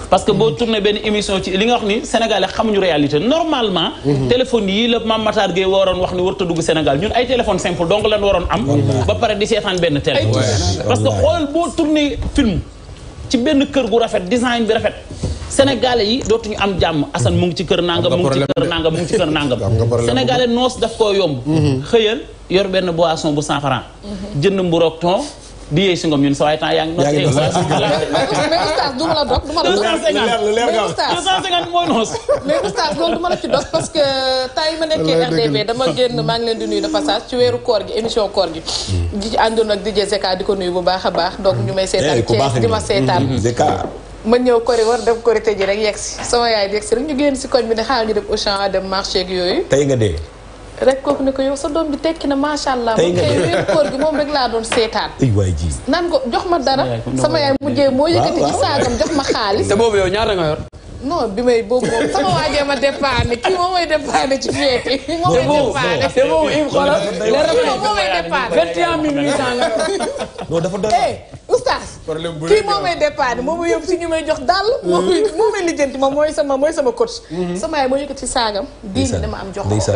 parce que boo tourné benn émission ci li nga wax ni Sénégalais xamuñu réalité normalement. Mhm. téléphone yii la Mame Matar Gueye waroon wax ni warut a dugg Sénégal ñun ay téléphone simple donc lan waroon am. ba pare di seetaan benn télé. parce que xool boo tourné film ci benn kër gu rafet design bi rafet. sénégalais yi dootuñu am jàmm Assane mu ngi ci kër nangam mu ngi ci kër nangam mu ngi ci kër nangam sénégalais noos daf koo yomb mhm. xëyal yor benn boisson bu cent franc mhm. jënd mburoog ton di yee si ngoom ñun sa waay temps yaa ngi noos <laughs> mais oustaz du ma la dog du ma la dog parce que temps yi ma nekkee RDB dama génn maa ngi leen di nuyu de passage ci weeru koor gi émission koor gi mm. di àndoon ak DJ Zeka di ko nuyu bu baax a baax donc ñu may eh, seetaan Thiès di ma seetaan mm-hmm. ma ñëw kori war dem korité ji rek yegg si sama yaay di si rek ñu génn si koñ bi ne xaaral ñu dem Auchan dem marché yooyu. tey nga dee. rek kooku ne ko yow sa doom bi tekki na macha allah. tey nga dee mu moom rek laa doon seetaan. ay waay ji naan ko jox ma dara. sama yaay mujjee moo yëkkati ci saagam jox ma xaalis. te boobu yow ñaata nga yor. non bi may boobu moom sama waajee ma dépanne kii moom mooy dépanne ci feeti. moom mooy dépanne te moom im xoolal. moom mooy dépanne. 21 800 nga. non dafa doon. oustaz. problème bu kii moo may dépanne moo may yóbbu si ñu may jox daal moo mm-hmm. may moo may lijjanti ma mooy sama mooy sama coach. Mm-hmm. sama yaay moo yëkkati saagam. diini dama am jox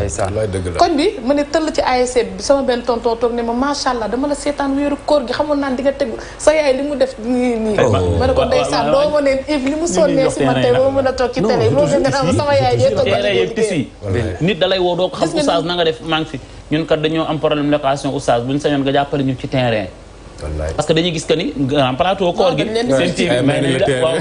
ko kon bi ma ne tëll ci ASC bi sama benn tonton ne ma macha allah dama la seetaan wéeru koor gi xamoon naan di nga tegu sa yaay li mu def nii nii. ma ne ko ndeysaan doo ma ne Yves li mu sonnee si man tey boo mën a toog ci télé. loolu nga xam sama yaay yee toog nit dalay woo doo ko xam oustaz na nga def maa ngi fi ñun kat dañoo am problème location oustaz buñu sañoon nga jàppale ñu ci terrain parce que dañuy gis que ni grand plateau koor gi ah, seen eh, may nañ la waaw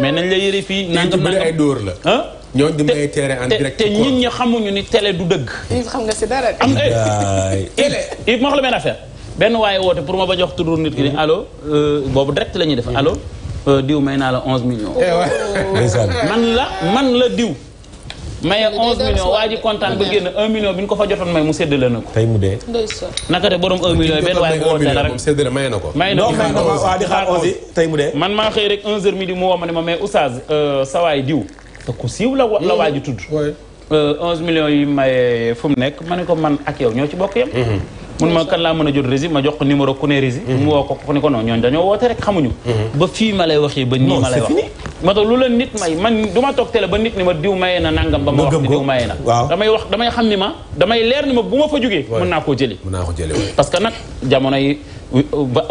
mais nañ la yëre fii nangam nangam ay dóor la ah ñooñu di may te ñit ñi xamuñu ni télé du dëgg xam nga si dara am <laughs> télé i ma wax la benn affaire benn waaye woote pour ma ba jox tudur nit ki ni aloo euh, boobu direct la ñuy def aloo euh, diw may naa la onze millions eh, man la man la diw maye 11 millions waa kontaan ba génn 1 million bi ñu ko fa jotoon may mu séddale na ko. tey mu dee. naka de borom 1 million benn waaye bu wootee la rek. séddale may na ko. may na ko waa di xaar man maa xëy rek 11h midi mu woo ma ne ma mais Oustaz euh, sa waay diw. te ku siiw la la waa ji tudd. 11 euh, millions yi maye fu mu nekk ma ne ko man ak yow ñoo ci bokk yam mm-hmm. mun ma kan laa mën a jot rési ma jox ko numéro ku ne rési mhm. mu woo ko ku ne ko non ñooñu dañoo woote rek xamuñu mhm. ba fii ma lay waxee ba nii ma lay wax ma la nit may man du ma toog télé ba nit ni ma diw mayee na nangam ba ma wax ni diw mayee na damay xam ni ma damay leer ni ma bu ma fa jógee mën naa koo jëli parce que nag jamono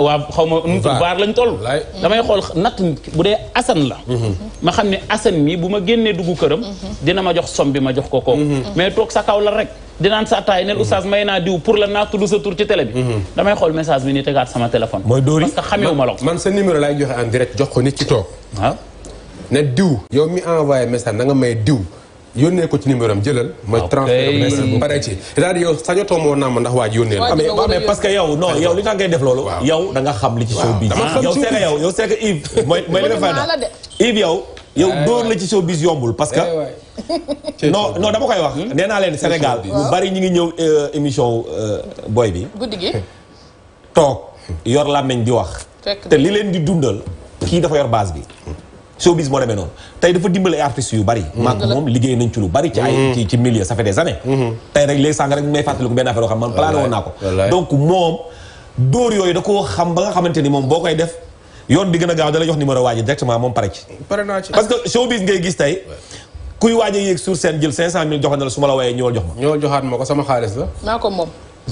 waa xaw ma nu mu tudd lañ toll. damay xool natt bu dee Assane la. Mhm. ma xam ne Assane mi bu ma génnee dugg këram. Mhm. dina ma jox som bi ma jox ko kooku. Mhm. mais toog sa kaw la rek. dinaan sa taay nel oustaz may naa diw pour la naa tudd sa tur ci télé bi. damay xool message bi ni tegaat sama téléphone. mooy dóori parce que xamewu ma la man sa numéro laay joxe en direct jox ko nit ci toog. waaw ah. ne diw. yow mi envoyé message na nga may diw. yónnee ko ci numéro am jëlal. ma transfert bi pare ci. c'est-à-dire yow sañatoo moo naam ndax waa ji yónnee la. mais parce que yow non yow li tax ngay def loolu. yow da nga xam li ci showbiz. dama xam yow seega yow yow seega Yves. mooy <laughs> yow. yow la ci showbiz yombul parce que. Eh <laughs> non non dama koy wax. Hmm? nee naa leen Sénégal ñu bari ñu ngi ñëw euh, émission euh, booy bi. guddi gi. toog yor làmmiñ di wax. te li leen di dundal kii dafa yor base bi. showbiz moo demee noonu tey dafa dimbale ay artistes yu bari mm-hmm. maak moom liggéey nañ ci bari ci ay mm-hmm. ci ci milieu ça fait des années mm-hmm. rek léegi sànq rek may fàttaliku benn affaire yoo xam man plané naa ko donc moom dóor yooyu da koo xam ba nga xamante ni moom boo koy def yoon bi gën a gaaw da la jox numéro waa ji directement moom pare ci pare naa ci parce que showbiz ngay gis tey kuy waaj a yéeg sur scène jël cinq cent mille joxoon na la su ma la wooyee ñëwal jox ma ñëwal joxaat ma ko sama xaalis la naa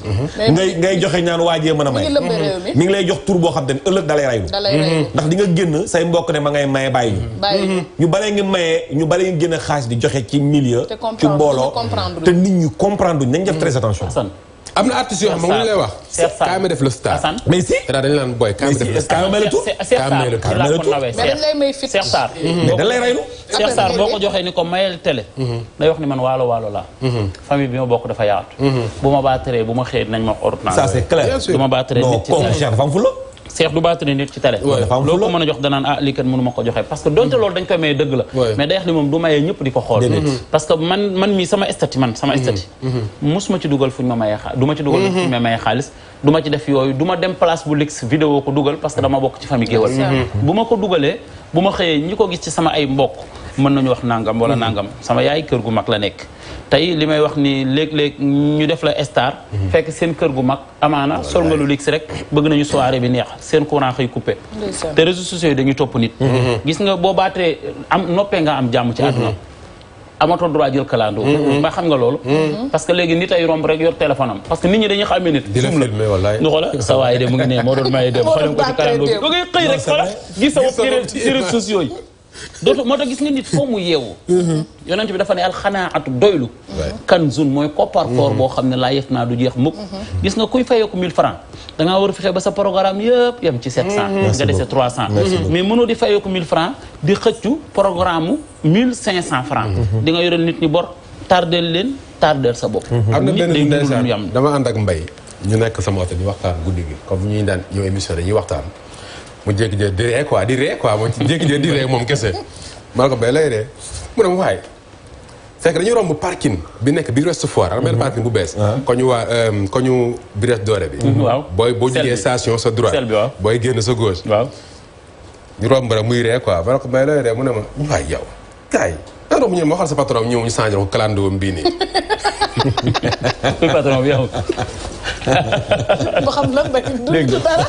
Mhm. ngay ngay joxe ñaan waajee mën a may mi ngi lay jox tur boo xam te ne ëllëg dalay raylu ndax di nga génn say mbokk ne ma ngay maye bàyyi ñu ñu mhm. bare ngi maye ñu bare ngi génn xaalis di joxe ci milieu ci mbooloo te nit ñi comprendre uñ nañ def très attention am na artistes yoo xam nga lay wax. kaay ma si. dañu naan booy kaay ma def le star. may fit. Mm-hmm. boo ko joxee ni ko mayel télé. Mm-hmm. day wax ni man waalo waalo laa. Mm-hmm. famille bi ma bokk dafa yaatu. bu ma baateree bu ma xëyee nañ ma ordonnance. ça c'est clair du ma baateree nit ci seex du baatale nekk ci télé loo ko a jox danaan ah lii kat mënu ko joxe parce que donte loolu dañ koy maye dëgg la mais dayax li moom du mayee ñëpp di ko xool mm-hmm. parce que man mii sama statut man sama statut mosuma ma ci dugal fuñ ma mayee mm-hmm. xaalis du ma ci def yooyu du ma dem place bu lix vidéo ko dugal parce que dama bokk ci famille géwël mm-hmm. bu ma ko dugalee bu ma xëyee ñi ko gis ci sama ay mbokk mën nañu wax nangam wala hmm. nangam sama yaay kër gu mag la nekk tey li may wax ni léeg-léeg ñu def la star hmm. fekk seen kër gu mag amaana sol nga lu lix rek bëgg nañu soirée bi neex seen courant xëy coupé te réseaux sociaux yi dañuy topp nit hmm. gis nga boo noppee nga am jàmm ci àdduna amatoo droit jël kalandoo ba xam nga loolu parce que léegi nit ay romb rek yor téléphone am parce que nit ñi dañuy xàmmee nit sum la ñu sa waay de mu ngi ne ci kalandoo bi da ngay xëy rek xoola gis sa bopp ci réseaux sociaux dootu moto gis nga nit fo mu yewu yonent bi dafa ne alxanaatu doylu kanzun moy ko boo xam ne laa yëf naa du jeex muk mhm. gis nga kuy fayeku 1000 francs da nga wara fexé ba sa programme yeb yam ci 700 mhm. nga déssé 300 mais mënoo di fayeku 1000 francs di xëccu programme 1500 francs mhm. di nga yoreel nit ni bor tardel len tardel sa bop amna ben benn ndeysaan dama and ak mbay ñu nek sa moto di waxtaan guddigi comme ñuy daan yow émission dañuy waxtaan mu jékki-jékki di ree quoi di ree quoi mu jékki-jékki di moom kese ma ko bay lay ree mu ne waaye fekk dañuy romb parking bi nekk biir Ouest Foire am benn mhm. parking bu bees ah. ko ñu waa euh, ko ñu Brioche bi mhm. waaw booy boo jógee station sa booy génn sa gauche waaw ñu romb rek muy ree quoi ma ko bay lay ree mu ne ma waaye yow ah non mu ñu ma waxal sa patron ñëw ñu changé ko calendrier bii nii. <laughs> patron bi yow. ba xam lan ba dégg dara.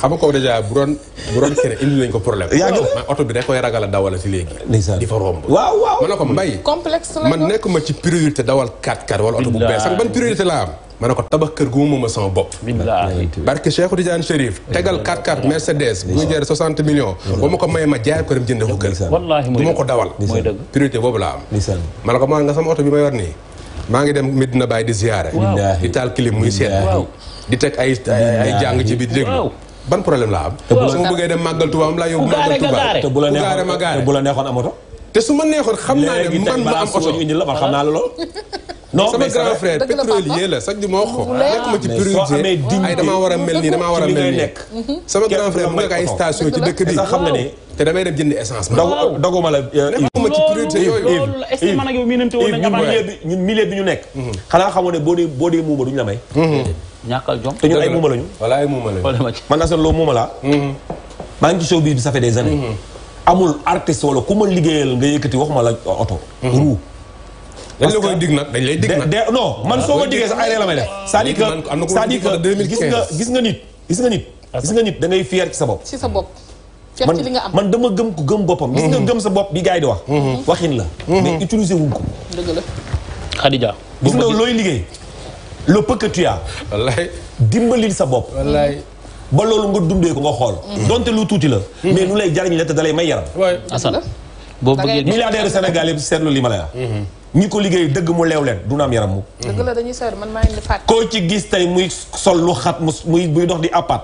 xam nga ko dèjà bu doon bu doon kii indi nañ ko problème. yaa ngi man oto bi rek koy ragal a si léegi. di fa romb. waaw waaw man na ko mbay. complexe la man nekkuma ci priorité dawal 4x4 wala oto bu bees sax ban priorité laa am. ma ne ko tabax kër gu mu moom sama bopp. billaahi barke Cheikh Tidiane Chérif. tegal 4x4 Mercedes. bu ñu jar 60 millions. ba ma ko may ma jaay ko dem jëndee ko kër. wallaahi ma ko dawal. priorité boobu laa am. ma ne ko maa nga sama oto bi ma yor nii. maa ngi dem na Baye di ziyaare. di taal clim muy seet. di teg ay ay jàng ci bi déglu. ban problème laa am. te bu la bëggee dem màggal Tuubaa am laa yóbbu màggal Tuubaa. te bu la neexoon te bu la neexoon am oto te su ma neexoon xam ne man ma am oto léegi la xam naa la loolu. <laughs> non sama grand ci priorité war a mel nii damaa war a mel nii. Mhm. sama grand frère mu nekk ay station ci dëkk di bi. xam na ne oh. te damay dem jëndi essence. dogu doguma la. Euh, nekkuma ci priorité yooyu. est-ce que man bi ñu nekk. Mhm. xanaa xamoo ne boo dee boo dee muuma duñu la may. Mhm. ñàkkal jom te ñun ay muuma lañu. voilà ay muuma lañu. man naa seen loo muuma laa. maa ngi ci show bi ça fait des années amul artiste wala ku ma liggéeyal nga yëkkati waxuma la oto. Mhm. ruu. dañ la koy dig nag dañ lay dig nag man soo ma diggee sax ay la may def. c'est-à-dire que cest gis nga gis nit gis nga nit. gis nga nit da ngay ci sa bopp. ci sa bopp. man man dama gëm ko gëm boppam. gis nga mhm. gëm sa bopp bi gars di wax. Mhm. waxin la. mais utiliser wuñ ko. dëgg la. Khadija. gis nga looy liggéey. loo peu que tu as. wallaay dimbalil sa bopp. wallaay. ba loolu nga dundee ko nga xool. Mm-hmm. donte lu tuuti la. Mm-hmm. mais lu lay jariñ la te dalay may yaram. asana boo bëggee milliardaire Sénégal yëpp seetlu li ma la mm-hmm. ñi ko liggéey dëgg mu leew leen du na am yaram mu. dëgg man maa ngi fàtt. koo ci gis tey muy sol lu xat mu muy buy dox di apat.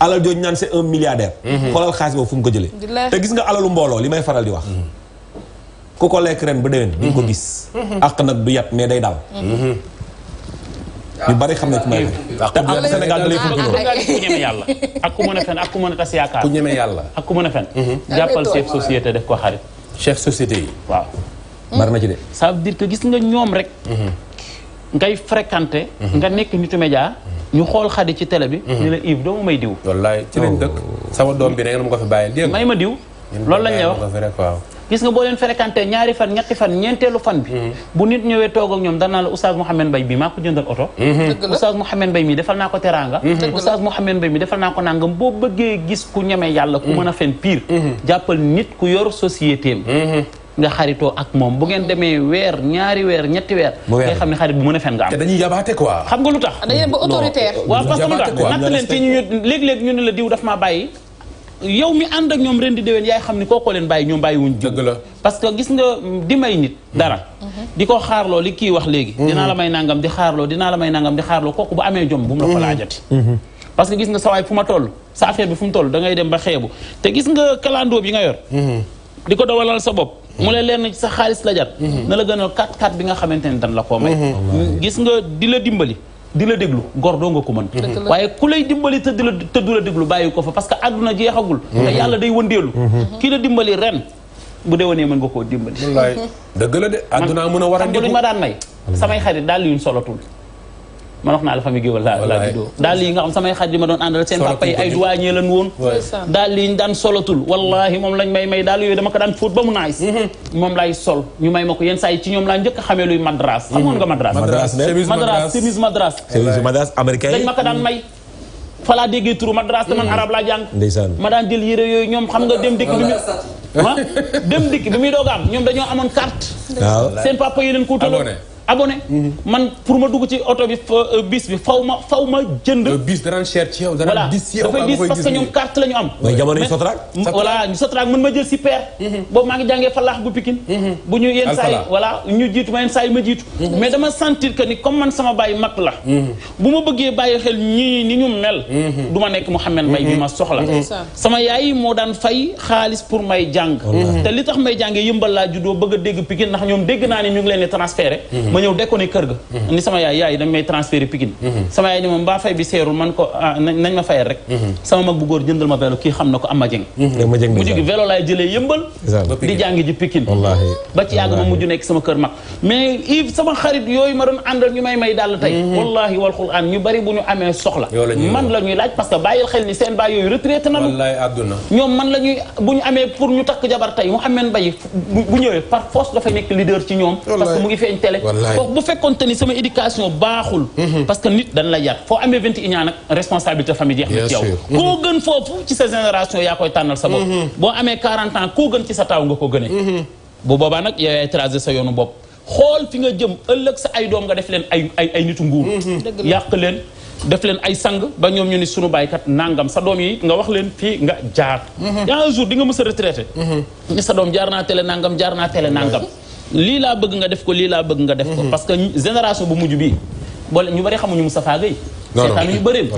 alal jooju naan c'est un milliardaire. xoolal xaalis boobu fu mu ko jëlee. te gis nga alalu mbooloo li may faral di wax. ku ko lekk ren ba déwén. di nga ko gis. ak nag du yat mais day daal. ñu bari xam ne ku may te am ah, ah, Sénégal da lay fukkuloo ku ñeme yàlla ak ku mën a fen ak ku mën a tas yaakaar ku ñeme yàlla ak ku mën a fen mhm. jàppal chef société def ko xarit chef société yi waaw bari na ci de ça veut dire que gis nga ñoom rek mhm. ngay fréquenté mhm. nga nekk nitu média ñu xool xadi ci télé bi ni la Yves doomu may diw wallaay ci lañ dëkk oh. sama doom bi ne ngeen ma ko fi bàyyi may ma diw loolu lañ wax gis nga boo leen fréquenté ñaari fan ñetti fan ñeenteelu fan bi hmm. bu nit ñëwee toog ak ñoom danaa la oustaz Mouhamed Mbaye bi maa ko jëndal oto hmm. oustaz Mouhamed Mbaye mi defal naa ko teraanga hmm. oustaz Mouhamed Mbaye mi defal naa ko nangam boo bëggee gis ku ñeme yàlla ku mën a fen pire jàppal nit ku yor société nga xaritoo ak moom bu ngeen demee weer ñaari weer ñetti weer nga xam ne xarit bu mën a fen nga am xam nga lu tax dañuy ba autoritaire waaw natt leen ci ñu léeg-léeg ñu la diw yow mi ànd ak ñoom ren di déwén yaay xam ni kookoo leen bàyyi ñoom bàyyi wuñ dëgg la parce que gis nga di may nit dara mhm. di ko xaarloo li kii wax léegi mhm. dinaa la may nangam di xaarloo dinaa la may nangam di xaarloo kooku bu amee jom bu mu la ko mhm. laajati parce que gis nga sawaay fu ma toll sa affaire bi fu mu toll da ngay dem ba xeebu te gis nga kalandoo bi nga yor di ko dawalal sa bopp mu lay leer na sa xaalis la jar na la gënal 4 4 bi nga xamante ne dan la koo may gis nga di la dimbali di la déglu gor doo nga ko mën waaye ku lay dimbali tëdd la te du la déglu bàyyi ko fa parce que àdduna jeexagul mhm. te yàlla day wëndeelu mhm. ki la dimbali ren bu déwénee mën nga koo dimbali wallaay dëgg la de àdduna mën a war a man ma daan may samay xarit daal yuñ solatul man wax na la famille géwël laa laa do dal yi nga xam samay xadi ma don andal sen papa yi ay douanier lan won dal yi dan solatul wallahi mom lañ may may dal yooyu dama ko dan foot ba mu nice mom mhm. lay sol ñu may mako yeen say ci ñom la ñëk xamé luy madras xamoon mhm. nga madras madras chemise madras chemise madras chemise madras américain dañ mako dan may fala laa déggee turu madras te man mhm. arab laa jàng ma dan jël yéré yoy ñom xam nga dem dik bi dem dik bi mi dogam ñom dañu amone carte sen papa yi leen tolo abonné. Mhm. man pour ma dugg ci oto bi euh, bis bi faw ma faw ma jënd. bis dana dana dis ci yow dafay dis parce que carte la ñu am. mais jamono yi Sotrac. voilà ñu Sotrac ma jël si paire. Mhm. boobu maa ngi jàngee falaax bu pikin. Mhm. bu ñu yenn saa yi ñu jiitu ma yenn yi ma jiitu. mais dama sentir que ni comme man sama bàyyi mag la. bu ma bëggee bàyyi xel ñii ni ñu mel. du ma nekk Mouhamed may bi ma soxla. sama yaay moo daan fay xaalis pour may jàng. te li tax may jàngee yëmbal laa juddoo bëgg a dégg pikin ndax ñoom dégg naa ne ñu leen di transféré ma ñëw dekkoon kër ga mhm. ni sama yaay yaay dañ may transféré Pikine mhm. sama yaay ni moom mbaa fay bi seerul man ko ah, nañ ma fayal rek mhm. sama mag bu góor jëndal ma vélo kii xam na ko Amma Dieng mujj gi vélo laay jëlee yëmbal di jàngi ji Pikine ba ci yàgg ma mujj nekk sama kër mag mais Yves sama xarit yooyu ma doon àndal ñu may may dàll tey wallahi wal quran ñu bari bu ñu amee soxla man la laaj parce que bàyyil xel ni seen baay yooyu retraité nañu wallahi ñoom man la bu foofu bu fekkonte ni sama éducation baaxul mhm. parce que nit dañ la yàq foo amee vingt et nag responsabilité famille jeex na ci yow koo gën foofu ci sa génération yaa koy tànnal sa bopp mhm. boo amee quarante ans koo gën ci sa taaw nga ko gënee mhm. bu boobaa nag yaay tracer sa yoonu bopp xool fi nga jëm ëllëg sa ay doom nga def leen ay nitu nguur yàq leen def leen ay sang ba ñoom ñu ni sunu baykat nangam sa doom yi nga wax leen fii nga jaar yaa un jour di a retraité ni sa doom jaar naa lii laa bëgg nga def ko lii laa bëgg nga def ko mhm. parce que génération bu mujj bii boole ñu bari xamuñu Moustapha Gueye seetaan ñu bëreel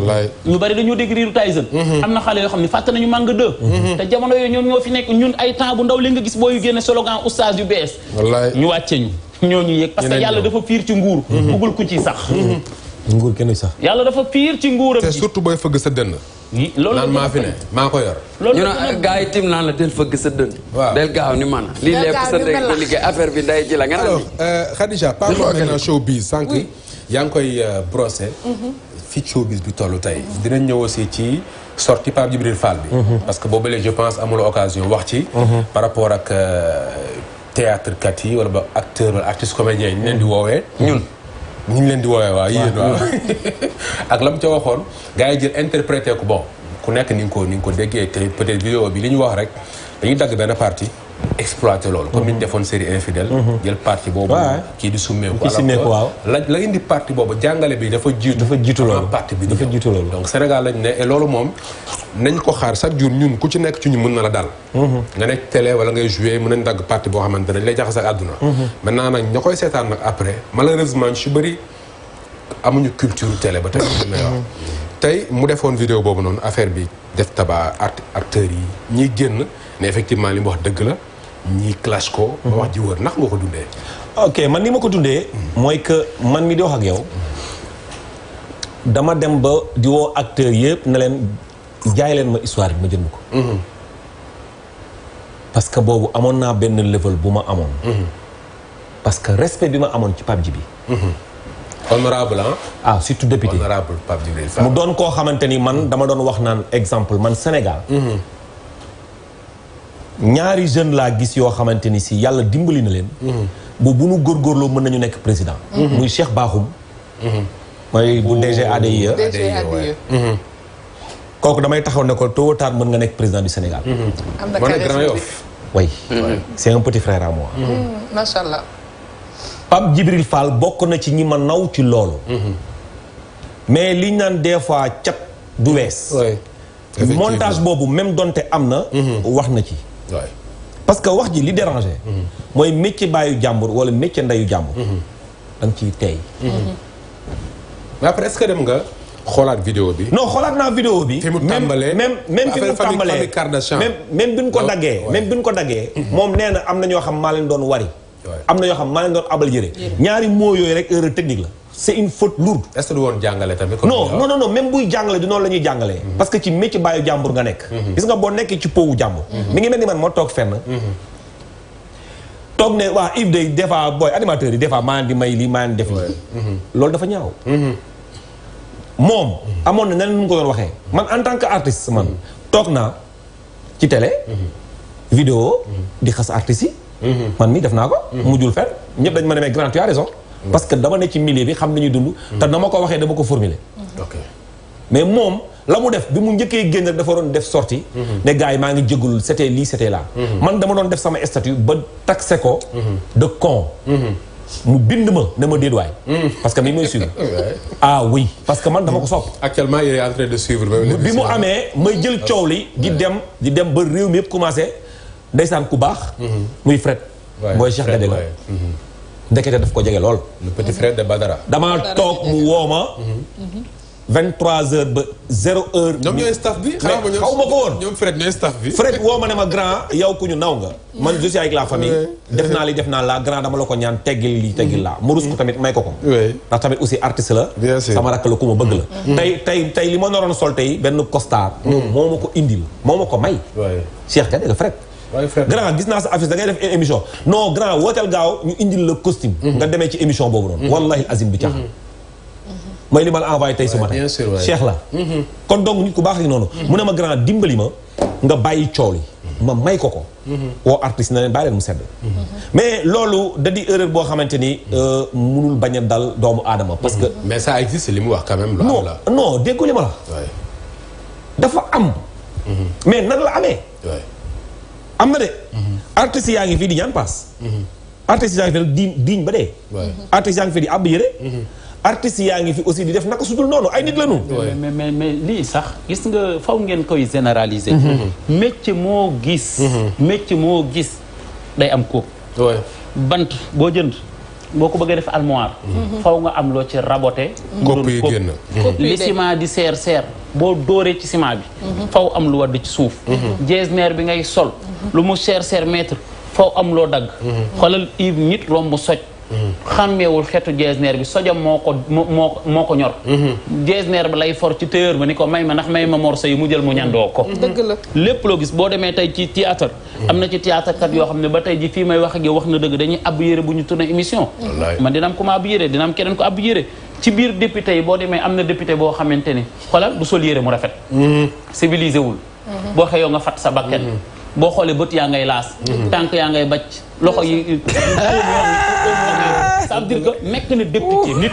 ñu bari dañoo dégg riiru mhm. am na xale yoo xam ne fàtte nañu màng deux mhm. te jamono yooyu ñoo fi nekk ñun ay temps bu ndaw li nga gis booyu génne slogan oustaz yu bees ñu wàcce ñu ñooñu yéeg parce que yàlla dafa fiir ci nguur bëggul ku ci sax nguur kenn sax yàlla dafa fiir ci nguuram te surtout booy fëgg sa dënn loolu naan maa fi ne maa ko yor. loolu la ah, gaa yi la del fëgg sa dënn. waaw del gaaw ni man. lii lépp sa dëgg ba liggéey affaire bi nday ji la nga naan. alors euh, Khadija parlons maintenant showbiz sànq yaa ngi koy euh, brossé. Mhm. fi showbiz bi toll tey. dinañ ñëw aussi ci sorti Pape Djibril Fall bi. Mhm. parce que boobu léegi je pense amuloo occasion wax ci. Mhm. par rapport ak euh, théâtre kat yi wala ba acteur wala artiste comédien yi ñu leen di woowee ñun. ñu leen di woowee waaw yéen waaw <laughs> ak la mu ca waxoon gars yi jël interprété ko bon ku nekk ni nga ko ni nga ko déggee te peut-être vidéo bi li ñuy wax rek dañuy dagg benn partie exploité l'homme comme ni ñu mhm. série infidèle. Mhm. jël parti di la indi parti bi dafa dafa parti bi dafa donc Sénégal lañ ne et mom nañ ko xaar chaque jour ñun ku ci la dal. Mhm. nga télé wala ngay parti lay maintenant après malheureusement bari amuñu culture télé ba tey. tay mu vidéo affaire bi def yi effectivement li wax la ñii clash ko. ba wax ji wër ndax nga ko dundee. ok man ni ma ko dundee. mooy que man mi di wax ak yow. dama dem ba di woo acteurs yëpp na leen jaay leen ma histoire bi ma jënd ko. Mhm. parce que boobu amoon naa benn level bu ma amoon. Mhm. parce que respect bi ma amoon ci Pape bi mhm. honorable ah. ah surtout député honorable Pape Djibi mu doon koo xamante ni man dama doon wax naan exemple man Sénégal. ñaari jeune laa gis yoo xamante ni si yàlla dimbali na leen mhm. bu bu nu góorgóorloo mën nañu nekk président mhm. muy Cheikh Bakhoum mhm. mooy bu oh, DG ADIE kooku damay taxaw ne ko tôt ou mën nga nekk président du Sénégal am na Grand Yoff oui c'est un petit frère à moi mm, macha bokk na ci ñi ma naw ci loolu mais liñ naan des fois cat du wees montage boobu même donte am na wax na ci parce que wax ji li déranger. Mhm. mooy métier bàyyi jàmbur wala métier ndayu jàmbur. Mhm. da nga ciy tey. Mhm. mais après est nga. xoolaat vidéo bi. non xoolaat naa vidéo bi. fi mu tàmbalee même même fi mu tàmbalee même même bi ñu ko daggee. même bi ñu ko daggee. moom nee na am na ñoo xam maa leen doon wari. am na ñoo xam maa leen doon abal yëre. ñaari moo yooyu rek erreur technique la. c'est une faute lourde. est-ce que du woon jàngale tamit. non non non même buy jàngale du noonu la jàngalee. Mhm. parce que ci métier baayu jàmbur nga nekk. Mhm. gis nga boo nekkee ci powu jàmbur. Mhm. mi ngi mel ni man moo toog fenn. toog ne waa Yves day des fois booy animateurs yi des fois maa di may lii maa def lii. loolu dafa ñaaw. moom amoon na nan nu mu ko doon waxee man en tant que artiste man toog naa ci tele vidéo di xas artistes yi. man mii def naa ko. mujjul fenn ñëpp dañ ma demee grand tu as parce que dama ne ci milieu bi xam nañu dund. te na ma ko waxee dama ko formuler. Mm-hmm. mais moom la mu def bi mu njëkkee génn dafa doon def sorti mm-hmm. ne gars yi maa ngi jégalu c'était lii c'était là. Mm-hmm. man dama doon def sama statut ba taxé ko. de con. mu bind ma ne ma déet parce que mi mooy suivre. <laughs> ah oui parce que man dama ko sopp. actuellement il est en train de bi mu amee may jël coow li di dem di dem ba réew mi yëpp commencé ndeysaan ku baax. muy Fred. mooy Cheikh Gadega. ndekete daf ko jege lool. le petit frère de Badara. damaa toog mu woo ma. 23h ba 0h. ñoom bi xaw ma ko woon. ñoom Fred ñooy staff bi. Fred woo ma ne ma grand yow ku ñu naw nga. man je suis avec la famille. def naa li def naa la grand dama la ko ñaan teggil li teggil laa. mu rus ko tamit may ko ko. ndax tamit aussi artiste la. sama rakk la ku ma bëgg la. Mm-hmm. tey tey tey li ma naroon sol tey benn costard. Mm-hmm. moo ma ko indil moo ma ko may. Cheikh Gade la Fred. grand gis naa sa affiche da ngay def émission non grand wooteel gaaw ñu indil la costume mhm. nga demee ci émission boobu noonu mhm. wallahi azim bi caaxaan mooy mhm. li ma envoyé tey ce matin cheikh la kon donc nit ku baax li noonu mu ne ma grand dimbali ma nga bàyyi coow li ma may ko ko woo artiste na leen bàyyi mu sedd mais loolu da di erreur boo xamante ni euh, munul bañ dal doomu aadama parce que mais ça li mu wax quand même non non déggu li ma la dafa am mais nan la amee am na de. artistes yaa ngi fi di ñaan paas. artistes yaa ngi fi di diiñ ba dee. artistes yaa ngi fi di àbb yére. artistes yaa ngi fi aussi di def naka sudul noonu ay nit la ñu. mais mais mais lii sax gis nga faw ngeen koy généraliser. Mhm. métier moo gis. Mhm. moo gis day am ko. bant boo jënd. boo ko bëggee def armoire. Mhm. faw nga am loo ci raboté. kopp mhm. yi génn li mhm. ciment di seer seer boo dóoree ci ciment bi. faw am lu wadd ci suuf. jeesneer bi ngay sol. lu mu seer seer mètre faw am loo dagg. xoolal Yves nit romb soj. xàmmeewul xeetu jesneer bi sojam moo ko moo moo ko ñor jesneer mhm. ba lay for ci téyeur ba ni ko may ma ndax may ma morso yi mu jël mu ñandoo ko mhm. dëgg la lépp loo gis boo demee tey ci théâtre mhm. am na ci théâtre kat yoo xam ne ba tey ji fii may wax ak yow wax na dëgg dañuy ab yére bu ñu tourné émission man dina am ku ma ab yére dinam keneen ko ab yére ci biir député yi boo demee am na député boo xamante ni xoolal du sol yére mu rafet civilisé wul boo xëyoo nga fat sa bakken boo xoolee bët yaa ngay laas. Mhm. tànk yaa ngay bacc loxo yi. ça veut dire que mekk na député nit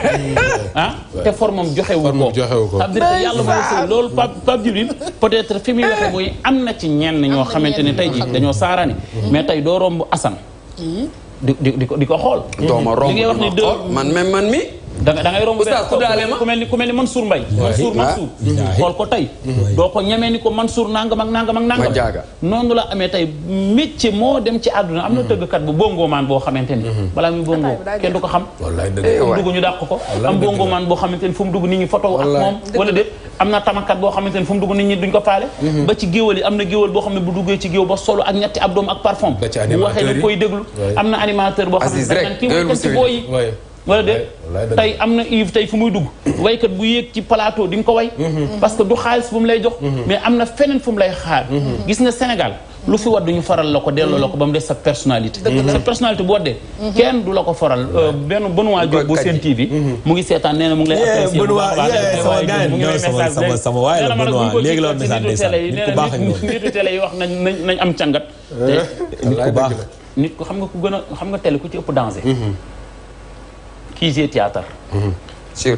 ah te formam joxewu ko ça veut dire yàlla moo ah. loolu Pape Pape Djibril peut-être fi muy ah. waxee mooy am na ci ñenn ñoo xamante ni tey ji dañoo saarani mhm. mais tey doo romb Assane mhm. di di di ko xool. doo ma romb di man même man mi. da nga da ngay romb ku mel ni ku mel ni Mansour Mbaye Mansour ah, Mansour xool ko tey doo ko ñemee ni ko Mansour nangam ak nangam ak noonu la amee tey métier moo dem ci àdduna am na mm-hmm. tëggkat bu bongo maan boo xamante ni mm-hmm. balaa muy bongo kenn du ko xam eh, dugg ñu dàq ko boo xamante ni fu mu dugg nit ñi photo ak moom wala déet am na tamakat boo xamante ni fu mu dugg nit ñi duñ ko faale mm-hmm. ba ci géwal yi am na géwal boo xam ne bu duggee ci géew ba solo ak ñetti abdoom ak parfum bu waxee dañ koy déglu am na animateur boo xam ne wala de tey am na Yves tey fu muy dugg waykat bu yéeg ci plateau di nga ko way mhm. parce que du xaalis bu mu lay jox mhm. mais am na feneen fu mu lay xaar mhm. gis nga Sénégal lu fi war duñu faral la ko delloo la ko ba mu des sa personnalité sa personnalité bu waddee kenn du la ko faral euh, benn Benoît Diop bu seen TV mu ngi seetaan nee na mu ngi lay apprécier Benoît sama gars mu ngi message sama waay léegi la wax am càngat nit ku baax nit ku xam nga ku gën xam nga télé ku ci ëpp danger kii see théâtre mhm.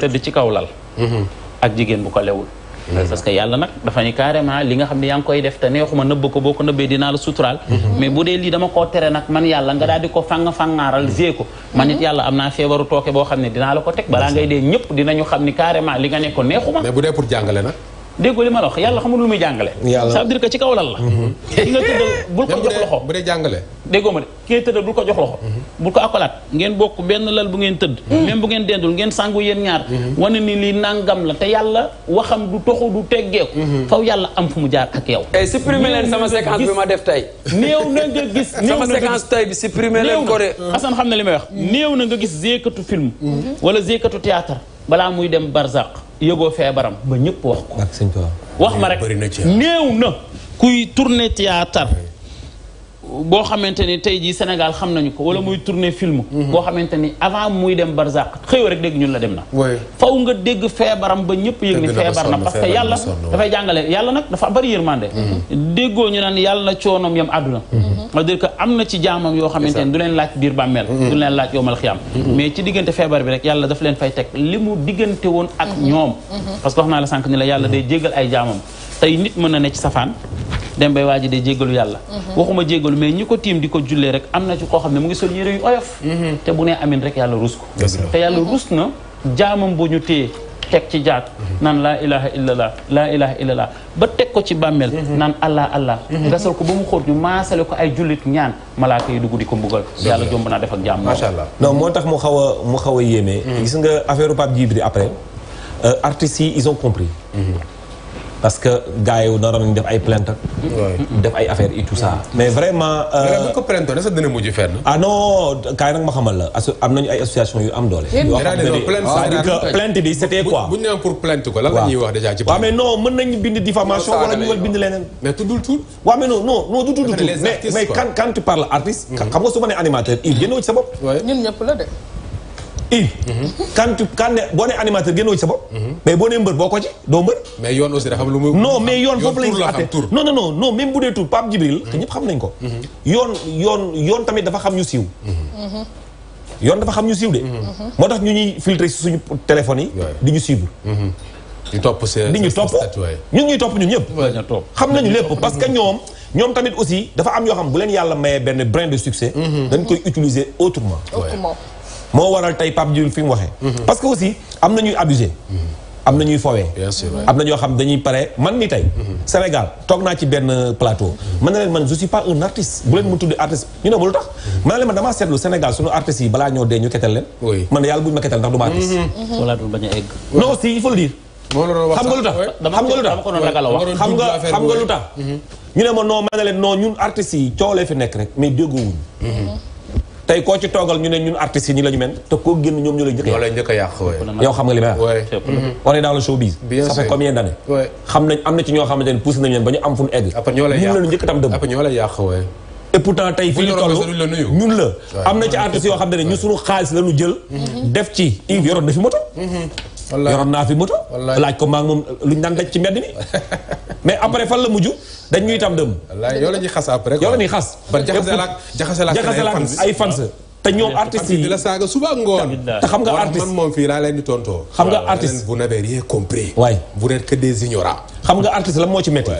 tëdd ci kaw lal mhm. ak jigéen bu ko lewul mhm. parce que yàlla nag dafa ni carrément li nga xam ne yaa ngi koy def te neexuma nëbb ko boo ko nëbbee dinaa la suturaal mais bu dee lii dama koo tere nag man yàlla nga daal di ko fang-fangaaral zee ko man nit yàlla am naa feebaru tooke boo xam ne dinaa la ko teg balaa ngay dee ñëpp dinañu xam ni carrément li nga nekkoon neexuma déggoo li ma la wax yàlla xamul lu muy jàngale. yàlla ça veut dire que ci kaw lal la. Mhm. ki nga tëddal <laughs> bul ko jox loxo bu dee jàngale. déggoo ma de ki bul ko jox loxo. Mhm. ko akolaat ngeen bokk benn lal bu ngeen tëdd. Mhm. même bu ngeen dendul ngeen sangu yéen ñaar. wane ni lii nangam la te yàlla waxam du toxu du teggeeku. faw yàlla am fu mu jaar ak yow. tey eh, supprimer leen sama séquence bi ma def tey. néew na nga gis <laughs> néew na sama séquence tey bi ko de. <laughs> Assane xam na li may wax néew na nga gis zéekatu film. wala zéekatu théâtre balaa muy dem barzaq yëgoo feebaram ba ñëpp wax ko. wax ma rek néew na kuy tourné théâtre boo xamante ni tey jii Sénégal xam nañu ko wala muy tourner film. Mhm. boo xamante ni avant muy dem Barzak xëyoo rek dégg ñun la dem na. faw nga dégg feebaram ba ñëpp yëg ni feebar na parce que yàlla dafay jàngale yàlla nag dafa bari yërmande. Mhm. déggoo ñu naan yàlla coonoom yam àdduna. c'est-à-dire mhm. na ci jaamam yoo xamante ni du leen laaj biir bàmmeel. du leen laaj yomal xiyam. mais ci diggante feebar bi rek yàlla daf leen fay teg li mu diggante woon ak ñoom. parce que wax naa la sànq ni la yàlla day jégal ay jaamam tey nit mën na ne ci safaan dem bay waaji de jéggalu yàlla mhm. waxuma jéggalu mais ñi ko tiim di ko jullee rek am na ko koo xam ne mu ngi sol yére yu oyof mhm. te bu nee amin rek yàlla rus ko te yàlla rus na jaamam bu ñu téye teg ci jaat mhm. naan laa ilaha illallah laa ilaha illallah ba teg ko ci bàmmeel naan allah allah gasal ko ba mu xóot ñu maasale ko ay jullit ñaan malaaka yi dugg di ko mbugal yàlla jomb naa def ak jaam macha allah non moo tax mu xaw mu xaw a yéeme gis nga affaire Pape Djibril après euh, artistes yi ils ont compris parce que gars yi naroon nañu def ay plainte def ay affaires et tout ça. mais vraiment. Euh, mais bu ko plaintoon est-ce que dina mujj fenn. ah non kaay nag ma xamal la asso am nañu ay association yu am doole. yoo xam ne que plainte bi c'était quoi. bu mais non mën nañu bind diffamation wala ñu war bind leneen. mais tuddul du tuddul tur mais mais quand tu parles artiste. Mhm. xam nga su ma nee animateur il génnoo ci sa bopp. ñun ñëpp la de. il. Eh. kan tu kan ne boo nee animateur génnoo ci sa bopp. mais boo nee mbër boo ko ci doo mbër. mais yoon aussi dafa am lu muy. mais yoon ko. Mhm. yoon yoon yoon tamit dafa xam ñu siiw. Mhm. yoon dafa xam ñu siiw de. Mhm. moo tax ñu ñuy filtrer si suñu téléphone yi. di ñu suivre. di topp seen di ñu topp ñu ñuy topp ñun ñëpp. xam nañu lépp parce que ñoom. ñoom tamit aussi dafa am yoo xam bu leen yàlla mayee benn brin de succès. dañ koy utiliser autrement. moo waral tey Pape Diouf fi mu waxee. Mhm. parce que aussi am na ñuy abusé. Mhm. am na ñuy fowee. am na ñoo xam dañuy pare man ni tey. Mhm. Sénégal toog naa ci benn plateau. man na leen man je suis pas un mu tudd artiste ñu ne ma lu tax. man na leen man damaa seetlu Sénégal sunu artistes yi balaa ñoo dee ñu ketal leen. man yàlla buñ ma ketal ndax du ma artiste. wala a egg. non si il faut xam nga lu tax nga lu tax xam nga xam nga ñu ne ma non man na leen non ñun artistes yi coow lee fi nekk rek mais déggoowuñu tey koo ci toogal ñu ne ñun artistes yi ñi la ñu te koo génn ñoom ñu lay njëkk a yàq yow xam nga li may wax mhm. on est dans le showbiz ça fait combien xam nañ am na ci ñoo xamante ne poussé nañ leen ba ñu am fu xaalis la jël mhm. def ci Yves yoroon na fi moto mhm. yoroon naa fi moto laaj ko maa ngi moom lu ñu daan daj ci mbedd mi <laughs> mais après fan la mujj dañ ñuy tam dëm yow la ñuy xas après yow la ñuy xas jaxase la ak ay fans te ñoom artistes yi di la saaga suba ngoon te xam nga artiste man moom fii laa leen di tontoo xam nga artiste vous n'avez rien compris waay vous n'êtes que des ignorants xam nga artiste la moo ci métti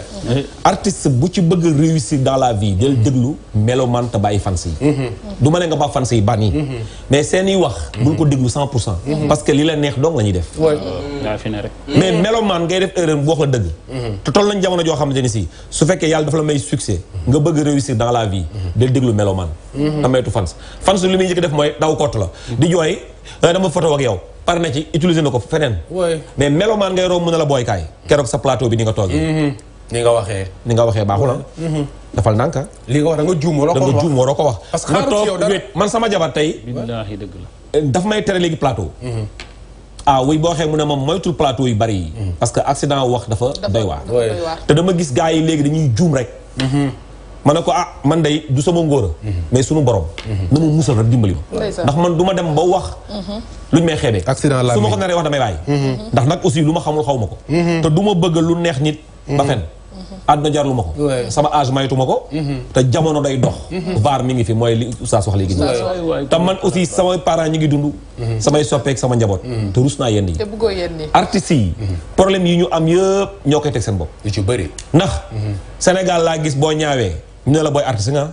artiste bu ci bëgg a réussir dans la vie del mm-hmm. déglu meloman te bàyyi fans yi mm-hmm. du ma ne nga ba fans yi bànn yi mm-hmm. mais seeni wax bul ko déglu cent pour cent parce que li la neex dong la ñuy def mais meloman ngay def erreur bu wax la dëgg te toll nañ jamono joo xamante ni si su fekkee yàlla dafa la may succès nga bëgg réussir dans la vie del déglu meloman te maytu fans fans li muy njëkk def mooy daw kott la di jooy Euh, dama photo ak yow par na ci utiliser na ko feneen. mais melomaan ngay romb mun na la booy kaay. keroog sa plateau bi ni nga toogee. Mm-hmm. ni nga waxee. ni nga waxee baaxul ah. mm-hmm. Mm-hmm. dafal ndànk ah. li nga wax da juum waroo ko wax da nga juum man sama jabar tey. billaahi euh, may tere léegi plateau. ah wuy boo xee mu ne moom moytul plateau yu bari yi. parce que wax dafa doy waar. te dama gis gars yi léegi dañuy juum rek. ma ko ah man day du sama ngor mhm. mais sunu borom mhm. na ma musal rek dimbali ma ndax man duma dem ba wax mhm. luñ may xébé accident la su ko naree wax damay bay ndax nak aussi luma xamul xaw ko te duma bëgg lu neex nit ba fen adna jar luma ko sama âge mayitu ma ko te jamono day dox vaar mi ngi fi moy li oustaz wax léegi nii te man aussi sama parents ñi ngi dund soppé ak sama njaboot te rus naa yenn yi artiste yi problème yi ñu am yépp ñokay koy teg seen bopp yu ci bëri ndax Sénégal la gis bo ñaawee ñu ne la booy artiste nga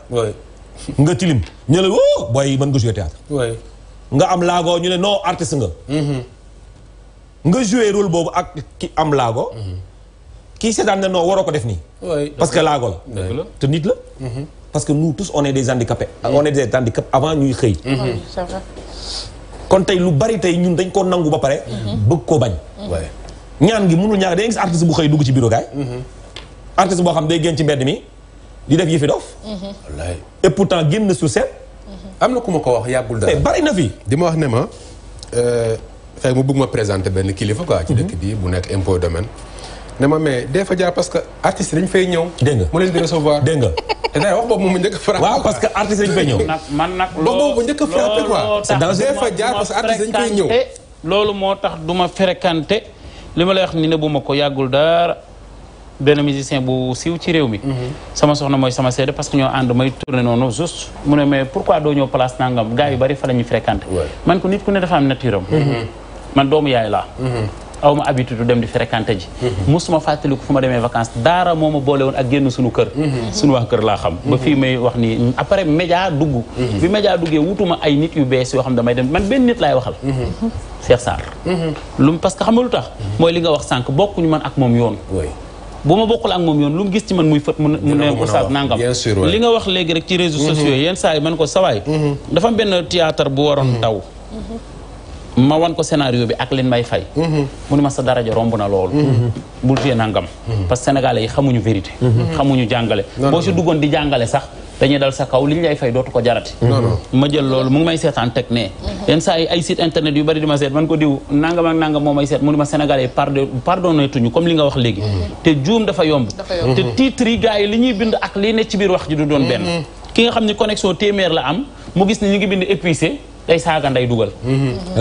nga tilim ñu ne la woo oh, booy mën nga jouer théâtre nga am laago ñu ne noo artiste nga mm-hmm. nga jouer rôle boobu ak ki am laago mm-hmm. kii seetaan ne non waroo ko def nii parce que laago la te nit la mm-hmm. parce que nous tous on est des handicapés on est des handicapés avant ñuy xëy kon tey lu bari tey ñun dañ koo nangu ba pare bëgg ko bañ ñaan gi mënul ñaar day gis artiste bu xëy dugg ci bureau gaay artiste boo xam day génn ci mbedd mi di def yëfi fi wallaay et pourtant génn sur am na ku ma ko wax yàggul dara mais bari na fi. di ma wax ne ma euh, xëy mu bëgg ma présenter benn kilifa quoi. ci dëkk bi bu nekk impôt domaine. ne ma mais dee fa jaar parce que artistes dañ fay ñëw. dégg nga mu leen di wax boobu moom mu njëkk a frappé. waaw parce que artistes dañ fay ñëw. nag man nag loo boobu njëkk a frappé quoi. c'est dans dee fa jaar parce que loolu moo tax du ma fréquenté li ma lay wax ni ne bu ma ko yàggul benn musicien bu siiw ci réew mi. Mhm. sama soxna mooy sama seede parce que ñoo ànd may tourné noonu juste mu ne mais pourquoi doo ñëw place nangam gars yu bari fa la ñuy man ko nit ku ne dafa am mhm. man doomu yaay laa. Mhm. aw habitude dem di fréquenté ji. musuma fàttaliku fu ma demee vacances daara moo ma boole woon ak génn suñu kër. suñu wax kër laa xam. ba fii may wax nii après média dugg. bi média duggee wutuma ay nit yu bees yoo xam damay dem man benn nit laay waxal. Cheikh Sarr. lu parce lu tax. mooy li nga wax sànq bokkuñu man ak moom yoon. bu ma bokkul ak moom yoon lu mu gis ci man muy fët mu ne oustaz nangam li nga wax léegi rek ci réseaux mhm. sociaux yenn saa yi man ko sawaay mhm. dafa benn théâtre bu waroon mhm. daw ma wan ko scénario bi ak leen may fay mu ne ma sa daraja romb na loolu bul fie nangam parce que sénégalais yi xamuñu vérité xamuñu jàngale boo si duggoon di jàngale sax dañuy dal sa kaw li ñu lay fay dootu ko jarati mm-hmm. ma jël loolu mu ngi may seetaan teg ne mm-hmm. yenn saa yi ay site internet yu bari di ma seet man ko diw nangam ak nangam moo may seet mu di ma sénégalais pardon pardonné tuñu comme li nga wax léegi mm-hmm. te juum dafa yomb te titre yi gars yi li ñuy bind ak li ne ci biir wax ji du doon benn ki nga xam ne connexion téeméer la am mu gis ne ñu ngi bind épuisé day saaga nday dugal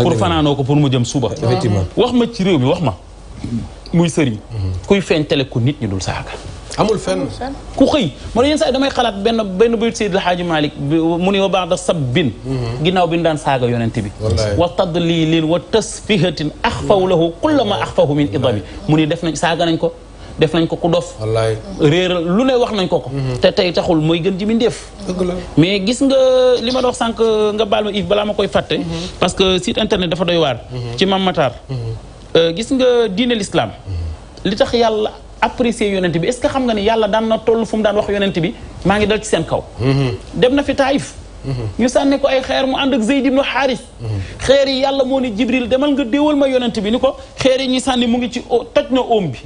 pour fanaanoo ko pour mu jëm suba wax ma réew mi wax ma muy sëriñ kuy feeñ tele ku nit ñi dul saaga amul fenn ku xëy mo tax yenn saa yi damay xalaat benn benn bayut Seydi El Hadji Malick mu wa baada sabbin ginaaw bi ndan saga saaga yonent bi wa tadlilin wa tasfihatin axfaw lahu kullama ma min idami muni def nañ saga nañ ko def nañ ko ku dof reer lu ne wax nañ ko ko te tay taxul moy gën ci ji def mais gis nga lima ma wax sànq nga baal if bala ma koy fàtte parce que site internet dafa doy war ci mam Matar gis nga diine l'islam li tax yàlla apprécier yonent bi est-ce xam nga ni yàlla dan na tollu fum dan wax yonent bi ma ngi dal ci sen kaw dem na fi taayif ñu sànni ko ay xeer mu ànd ak Zeyd ibnu Xaaris xeer yi yàlla mo ni Jibril demal nga déewal ma yonent bi niko xeer yi ñi sànni mu ngi ci toj na óom bi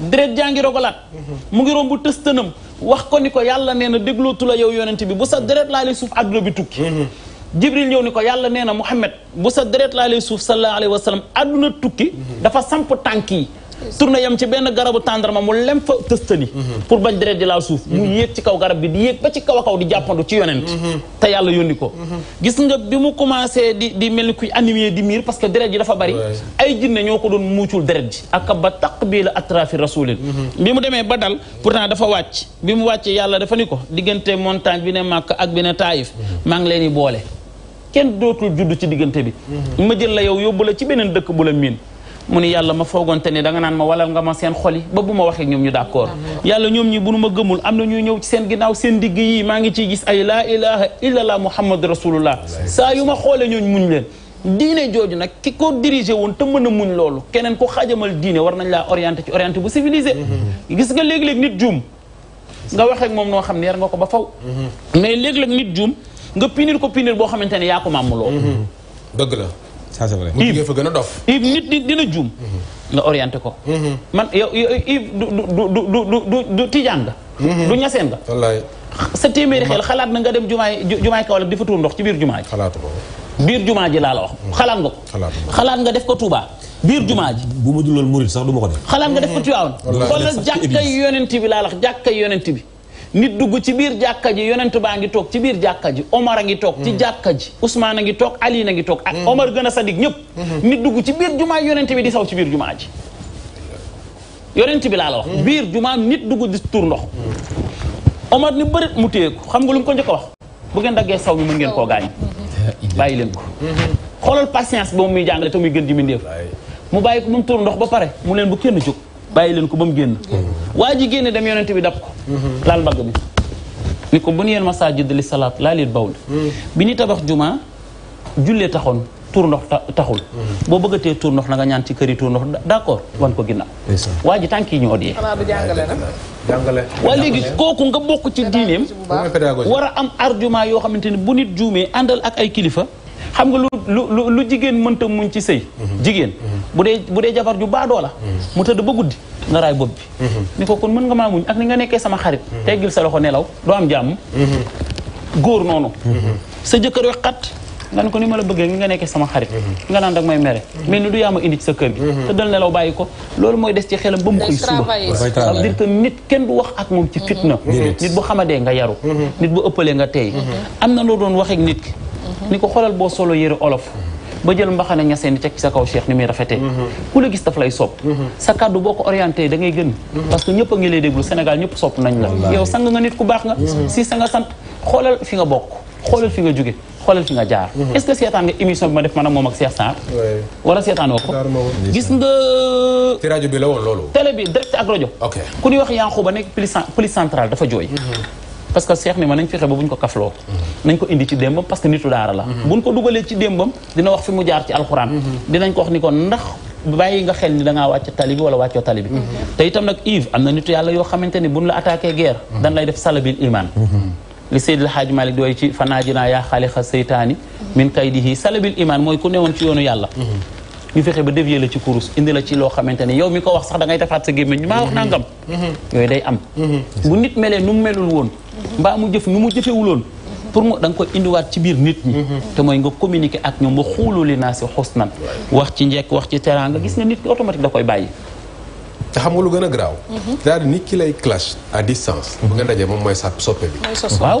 dret jangi rogolat rogalaat mu ngi rombu teustenam wax ko niko yàlla neena na déglootu la yow yonent bi bu sa dret la lay suuf adlo bi tukki jibril ñëw ni ko yàlla nee na Muhammad bu sa deret laalee suuf sallallahu alayhi wa sallam àdduna tukki dafa samp tànk tourné yam ci benn garabu tàndarma mu lem fa tëstani mhm. pour bañ deret di laal suuf mu mhm. yéeg ci kaw garab bi di yéeg ba ci kaw a kaw di jàppandu ci yonent mhm. te yàlla yónni ko gis nga bi mu commencé di di mel ni kuy animé di miir parce que deret ji dafa bari ay jinne ñoo ko doon muucul deret ji ak ba taq bii la atrafi rasulil bi mu demee ba dal pourtant dafa wàcc bi mu wàcc yàlla dafa ni ko diggante montagne bi ne màkk ak bi ne taayif maa ngi leen di boole kenn ci diggante bi ma jël la yow yóbbu la ci bu la mu ni yàlla ma foogoonte ne danga naan ma walal nga ma seen xol yi ba bu ma waxee ñoom ñu d'accord yàlla ñoom ñi bu nu ma gëmul am na ñuy ñëw ci seen ginnaaw seen digg yi maa ngi ciy gis ay laa ilaha illallah muhammad rasulullah saa yu ma xoolee ñooñ muñ leen diine jooju nag ki ko dirigé woon te mën a muñ loolu keneen ko xaajamal diine war nañ laa orienté ci orienté bu civilisé mm-hmm. gis nga léeg-léeg nit juum nga wax ak moom noo xam ne yar nga ko ba faw mm-hmm. mais léeg-léeg nit juum nga pinir ko pinir boo xamante ne yaa ko màmmuloo mm-hmm. dëgg la ça c'est vrai Yves fa gën a dof. Yves nit di dina juum. Mhm. nga orienté ko. Mhm. man yow Yves du du du du du du tijaan nga. Mhm. du ñaseen nga. wallaay sa téeméeri xel xalaat na nga dem jumaay jumaay Kaolack di fa tuur ndox ci biir jumaa ji. xalaatu ko biir jumaa ji laa la wax. xalaat nga ko. xalaat nga def ko tuuba biir jumaa ji. bu ma dul lool murit sax du ma ko def. xalaat nga def ko Tivaouane. wallaay kon nag bi laa la wax jàkka bi. nit dugg ci bir jàkka ji yonent baa ci bir jàkka ji omar nga tok ci hmm. ji ali nga tok ak hmm. omar gëna sadik ñep hmm. nit dugg ci bir juma yonentou bi di saw ci bir juma ji yonentou bi la la wax bir juma nit dugg di tour ndox omar ni bërit mu teeku xam nga lu ko njëkk wax bu gën dagge saw bi mu ngeen ko gañ bàyyi leen ko xolal patience bo muy jangale to muy gën di mindeef mu bayiko mu tour ndox ba pare mu leen bu kenn juk bàyyi leen ko ba mu génn waa ji génne dem yonent bi dab ko laal mbagg bi ni ko bu nu yeen masaajid li salaat laa leen bi ni tabax juma jullee taxoon tuur ndox taxul boo bëggatee tour ndox na nga ñaan ci kër yi tuur ndox d'accord wan ko ginnaaw waa ji tànk yi ñoo dee jàngale waa léegi kooku nga bokk ci diineem war a am argument yoo xamante ne bu nit juumee àndal ak ay kilifa xam nga lu lu lu jigéen mënta muñ ci sëy mhm. jigéen mhm. bu dee bu dee jabar ju baadoo la mhm. mu tëdd ba guddi nga raay bopp bi ni ko kon mën nga maa muñ ak ni nga nekkee sama xarit teggil sa loxo nelaw doo am jàmm góor noonu sa jëkkër we xat nga ne ko ni ma la bëggee ni nga nekkee sama xarit nga naan dag may mere mais ni du yaa ma indi ci sa kër gi te nelaw bàyyi ko loolu mooy des ci xelam ba mu xëy suba ça veut nit kenn du wax ak moom ci fitna nit bu xamadee nga yaru nit bu ëppalee nga teey am na loo doon wax nit ki ni ko xolal bo solo yere olof ba jël mbaxana ñaseen di teg ci sa kaw cheikh ni mi rafété ku la gis daf lay sopp sa cadeau boko orienté da ngay gën parce que ñepp nga lay déglu Sénégal ñepp sop nañ la yow sang nga nit ku bax nga si sa nga sant xolal fi nga bok xolal fi nga jóge xolal fi nga jaar mhm. est-ce que sétan nga émission bi ma def man ak mom ak Cheikh sant wala sétan ko gis nga ci radio bi la won lolu télé bi direct ak rajo ku ni wax Yankhoba nek police centrale dafa joy mhm. parce que seex mi ma nañ fexe ba buñ ko kafloo nañ ko indi ci démbam parce que nitu daara la buñ ko dugalee ci démbam dina wax fi mu jaar ci alxuraan dinañ ko wax ni ko ndax bàyyi nga xel ni da ngaa wàcc tali bi wala wàccoo tali bi te itam nag Yves am na nitu yàlla yoo xamante ni buñ la attaqué guerre dañ lay def salabil iman li Seydil Hadj Malick dooy ci fanaa jinaa yaa xaalixa seytaani min kaydihi salabil iman mooy ku newoon ci yoonu yàlla ñu fexe ba dévier la ci kurus indi la ci loo xamante ne yow mi ko wax sax da ngay defaat sa gémmiñ maa wax nangam. yooyu day am. bu nit melee nu mu melul woon. mbaa mu jëf nu mu jëfewuloon pour mu da nga koy indiwaat ci biir nit ñi. te mooy nga communiquer ak ñoom ba xuulu li naa si xusnan wax ci njekk wax ci teraanga gis nga nit ki automatique da koy bàyyi. te xam gën a garaaw. Mhm. c'est-à-dire nit ki lay clash à distance. bu nga dajee moom mooy waaw.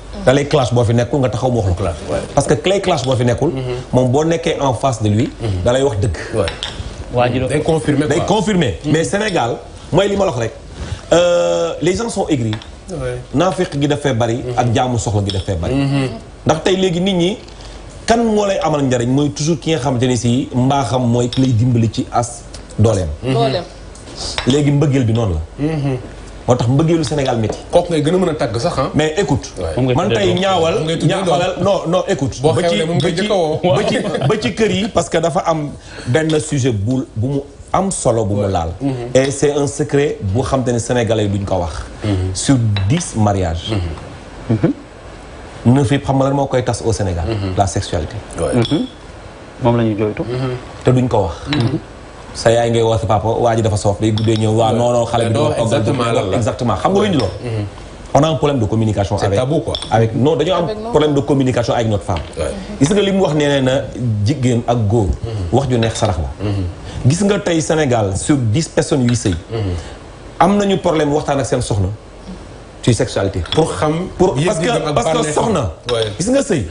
da lay clash bo fi nekkul nga taxaw mo wax lu clash parce que clay clash bo fi nekkul mom mhm. bo nekkee en face de lui mhm. da lay wax deug waa ji day confirmer day confirmer mhm. mais Sénégal moy li ma wax rek euh, les gens sont aigris nafiq gi dafee bari ak jaamu soxla gi dafee bari ndax tay légui nit ñi kan mo lay amal njariñ moy toujours ki nga xamante ni si mbaxam moy ki lay dimbali ci as dooleem dooleem légui mbëggeel bi non la moo tax mbëggeelu Sénégal métti. kooku ngay gëna mëna tag sax ah. mais écoute. man tay ñaawal ñaawalal non non écoute. ba ci ba ci ba ci kër yi. parce que dafa am benn sujet bu bu mu am solo bu mu laal. Mhm. et c'est un secret bu xam tane sénégalais duñ ko wax. Mhm. sur 10 mariages. Mhm. neuf yëpp xam nga lan moo koy tass au Sénégal. la sexualité. moom la ñuy jooytu. te duñ ko wax. sa yaay ngay wax sa papa waa ji dafa soof day guddee ñëw waa non non xale bi exactement xam nga lu ñu lool mhm. on a un problème de communication avec c'est tabou am problème de communication avec notre femme gis nga li mu wax nee na jigéen ak góor mhm. wax ju neex sarax la mhm. gis nga tey Sénégal su dix personnes yuy sëy am nañu problème waxtaan ak seen soxna ci sexualité pour xam pour parce que parce que soxna gis nga sëy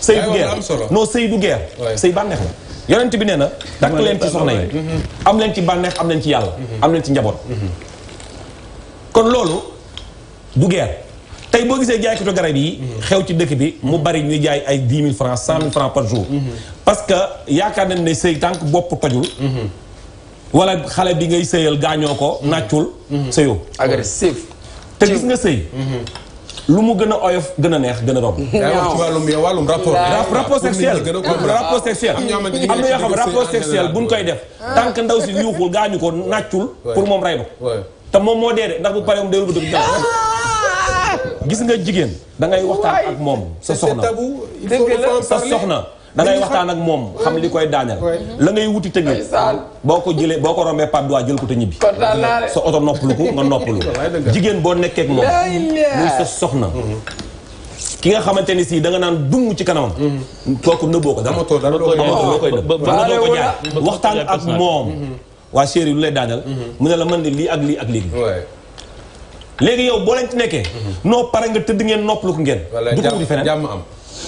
sëy du guerre non sëy du guerre sëy bànneex la yonent bi nee na takk leen ci soxna yi am leen ci bànneex am leen ci yàlla mhm. am leen ci njaboot kon loolu du guerre tey boo gisee jaaykatu garab yi mhm. xew ci dëkk bi mu mhm. bari ñuy jaay ay dix mille francs cent mille francs par jour parce que yaakaar nañ ne sëy tànk bopp tojul walla xale bi ngay sëyal gaañoo ko nàccul sëyoo agressif te gis nga sëy lu mu gën a oyof gën a neex gën a romb. <laughs> waaw wàllum wàllum rapport. rapport sexuel rapport sexuel. am na yoo xam rapport sexuel buñ koy def. tant que ndaw si yuuxul gaañu ko nàccul. pour moom rey ko. te moom moo dee de ndax bu paree moom day wëlbatu ah! gis nga jigéen da ngay waxtaan ak moom sa soxna sa soxna. da ngay waxtaan ak moom xam li koy daaneel. la ngay wuti technique. boo ko jëlee boo ko rombee Pape waa jël ko te ñibbi. sa oto noppalu ko nga noppalu. <laughs> jigéen boo nekkee ak moom. muy soxna. ki nga xamante ni si da nga naan dung ci kanamam. kooku nëbboo ko dara. amatoo dara loo koy nëbb amatoo ko waxtaan ak moom. Mhm. waa chéri lu lay daaneel. Mhm. mu ne la man de lii ak lii ak lii. léegi yow boo leen ci nekkee. Mhm. noo pare nga tëdd ngeen noppalu ko ngeen. du ko wuti feneen am.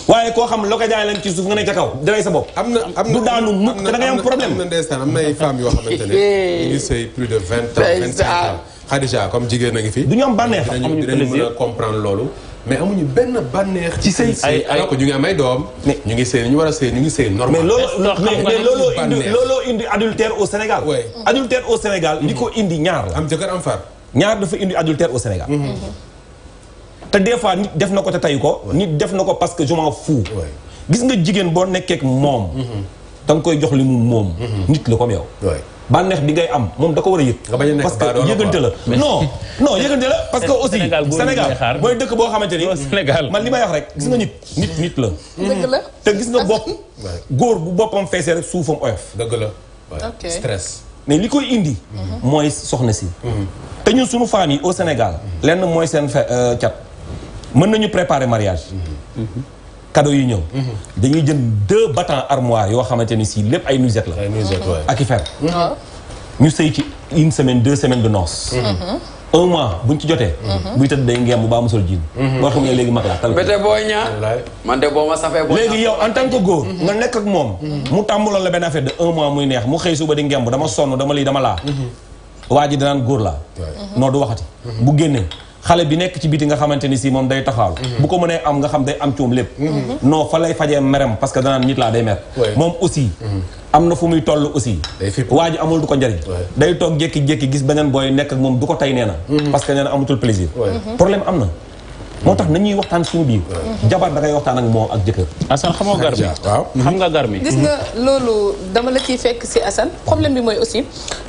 waaye koo xam loo ko jaay leen ci suuf nga ne ca kaw dalay sa bopp. am na am na du daanu mukk da ngay am problème am na ndeysaan am na ay femmes yoo xamante ne <laughs> ñu ngi sëy plus de vingt ans vingt cinq ans Khadija comme jigéen a ngi fi. du ñu am bànneex amuñu plaisir dinañu mën benn bànneex. ci sëy ay ay ñu ngi am ay doom. ñu ngi sëy ñu war a sëy ñu ngi sëy normal. mais mais looloo indi looloo indi adultère au Sénégal. adultère au Sénégal. li ko mhm. indi ñaar la. am jëkkër am far. ñaar dafa indi adultère au Sénégal. Mhm. te des fois nit def na ko te tay ko nit def na ko parce que je gis nga jigéen boo nekkee ak moom mm-hmm. da nga koy jox li mu moom mm-hmm. nit la comme yow bànneex bi ngay am moom da ko war a yëg parce que yëgante la no <laughs> non yëgante la parce que aussi Sénégal mooy dëkk boo xamante ni man li may wax rek gis nga nit nit nit la te gis nga bopp <laughs> góor bu boppam feesee rek suufam oyof dëgg la mais li koy indi mm-hmm. mooy soxna si te ñu suñu femme yi au Sénégal lenn mooy seen fe euh, cat mën nañu préparer mariage cadeau yi ñëw dañuy jënd deux battants armoire yoo xamante ni si lépp ay nuisette la ak i fer ah. ñu sëy ci une semaine de semaine de noces mm-hmm. un mois buñ ci jotee mm-hmm. buy tëdd day ngeem baa mosol jiin mm-hmm. boo xam ne léegi mag laa tal béte boo ñaa man de boo ma safee boo léegi yow en tant que góor nga nekk ak moom mu tàmbuloon la benn affaire de un mois muy neex mu xëy suba di ngeem dama sonn dama lii dama laa waa ji danaan góor laa noo du bu génnee xale bi nekk ci biti nga xamante ni si moom day taxaw mhm. bu ko mënee am nga xam day am coom lépp mhm. non fa lay fajee merem parce que danaan nit laa day mer moom aussi mhm. am na fu muy toll aussi waa ji amul du ko njariñ day toog jékki-jékki gis beneen booy nekk ak moom du ko tey nee na parce que nee na amatul plaisir problème am na moo tax nañuy waxtaan suñu biir. jabar da ngay waxtaan ak moom ak jëkkër. Assane xamoo gar mi nga gar mi. gis nga loolu dama la ciy fekk si assan problème bi mooy aussi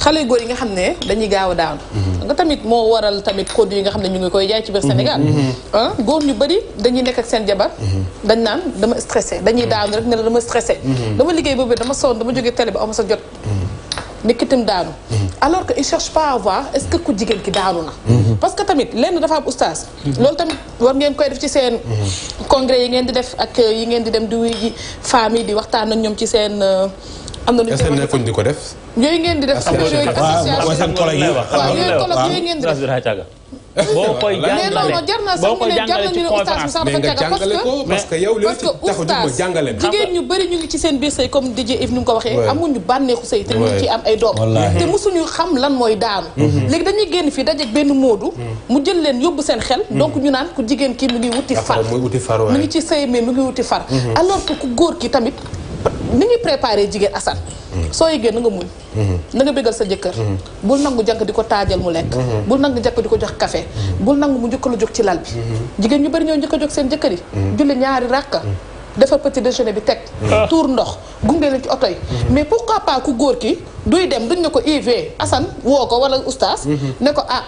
xale góor yi nga xam ne dañuy gaaw a daanu. nga tamit moo waral tamit produit yi nga xam ne ñu ngi koy jaay ci biir Sénégal. Mm-hmm. Mm-hmm. ah góor ñu bëri dañuy nekk ak seen jabar. Mm-hmm. dañ naan dama stressé dañuy daanu rek ne la dama stressé. dama liggéey boobu dama sonn dama jógee télé ba am sa jot. nekkitam daanu. Mm-hmm. alors que il cherche pas à est-ce que ku jigéen ki daanu na. Mm-hmm. parce que tamit lenn dafa am oustaz. Mm-hmm. loolu tamit war ngeen koy def ci seen. congrès yi ngeen di def ak euh, yi ngeen di dem di wuy ji femmes yi di waxtaan ak ñoom ci seen. Euh, am na lu ñu di ko def. yooyu ngeen di def. association waaw waaw seen collègue yi waaw yooyu ngeen di def. boo koy jàngale sax koy jàngale ci conférence mais nga jàngale ko parce que yow li ci taxu ñu ma jàngale jigéen ñu bëri ñu ngi ci seen biir sëy comme DJ Yves ni mu ko waxee amuñu bànneexu sëy te ñu ci am ay doom te mosuñu xam lan mooy daanu mm-hmm. Mm-hmm. léegi dañuy génn fii dajeeg benn moodu mm-hmm. mu jël leen yóbbu seen xel donc ñu naan ku jigéen kii mi ngi wuti far mu ngi ci sëy mais mi ngi wuti far alors que ku góor ki tamit ni ñuy préparé jigéen asan soo yëgee na nga muñ na nga bégal sa jëkkër bul nangu jànk di ko taajal mu lekk bul nangu jànk di ko jox kafe bul nangu mu njëkk a jóg ci lal bi jigéen ñu bari ñoo njëkk a jóg seen jëkkër yi julli ñaari ràkka defar de déjeuner bi teg ah. tuur ndox gunge leen ci oto yi mais pourquoi pas góor ki duy dem duñ ne ko IV Assane woo ko wala oustaz mm-hmm. ne ko ah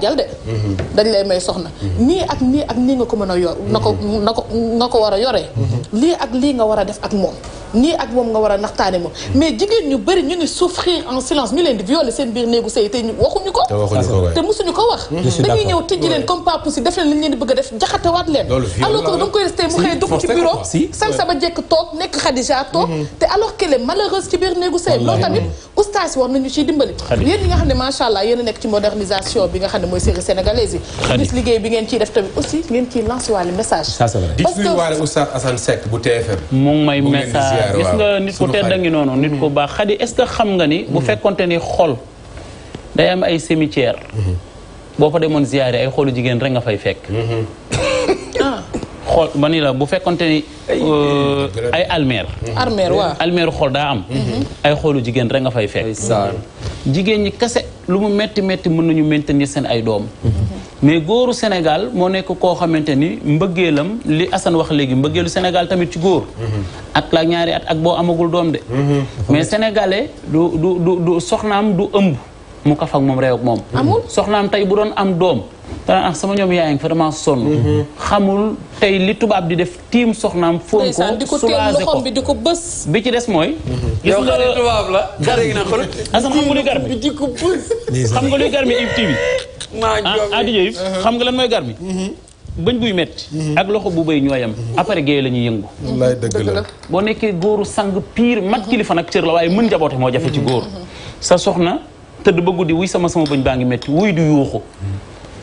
jal de. Mhm. dañ lay may soxna. Mhm. nii ak nii ak nii nga ko mën a yor. na ko mhm. na ko nga ko war a yoree. lii ak lii nga war a def ak moom. nii ak moom nga war a naxtaane moom. mais jigéen ñu bëri ñu ngi souffrir en silence ñu leen di violer seen biir néegu sëy te ñu waxuñu ko. te waxuñu ko te mosuñu ko wax. dañuy ñëw tijji leen comme pas a def jaxatewaat ci toog nekk Khadija toog. te alors qu'elle est malheureuse ci biir néegu sëy loolu nañu ciy dimbali yéen ñi nga xam ne macha allah yéen nekk ci modernisation bi bi nga xam ne mooy série sénégalaise yi. gis bi ngeen ciy def tamit aussi ngeen ciy lancé waale message. ça c'est vrai parce que di nuyu waale Oustaz Assane Seck bu TFM. mu may message gis nga nit ku tedd a ngi noonu. nit ku mm-hmm. baax xadi est-ce que xam nga ni. bu mm-hmm. fekkonte ni xol day am ay cimetière mm-hmm. boo fa demoon ziyaare ay xolu jigéen rek nga fay fekk. <laughs> Ah. xool ma ni la bu fekkonte ni ay euh, almeer mm-hmm. almeer waaw almeeru xool daa am mm-hmm. ay xoolu jigéen rek nga fay fekk jigéen ñi kese lu mu metti metti mën nañu maintenir seen ay doom mm-hmm. mais góoru Sénégal moo nekk koo xamante ni mbëggeelam li asan wax léegi mbëggeelu Sénégal tamit ci góor at la ñaari at ak boo amagul doom de mais sénégalais du soxnaam du ëmb mu kaf ak moom réew ak moom. amul soxnaam tey bu doon am doom. dana ah sama ñoom yaa ngi fa dama sonn. Mhm. xamul tey li tubaab di def tiim soxnaam. foon ko soulager ko bi di ko bës. bi ci des mooy. Mhm. yow tubaab la. gari na xol <laughs> asam xam nga luy garmi di xam nga luy garmi Ibu TV. <laughs> maa ah, ngi xam mhm. ak loxo bu béy ñooyam après géey la ñuy yëngu wallaay la boo nekkee góoru sang pire mat kilifa nag cër la waaye mën jaboote moo jafe ci góor sa soxna tëdd ba guddi wuy sama sama bëñ baa ngi métti wuy du yuuxu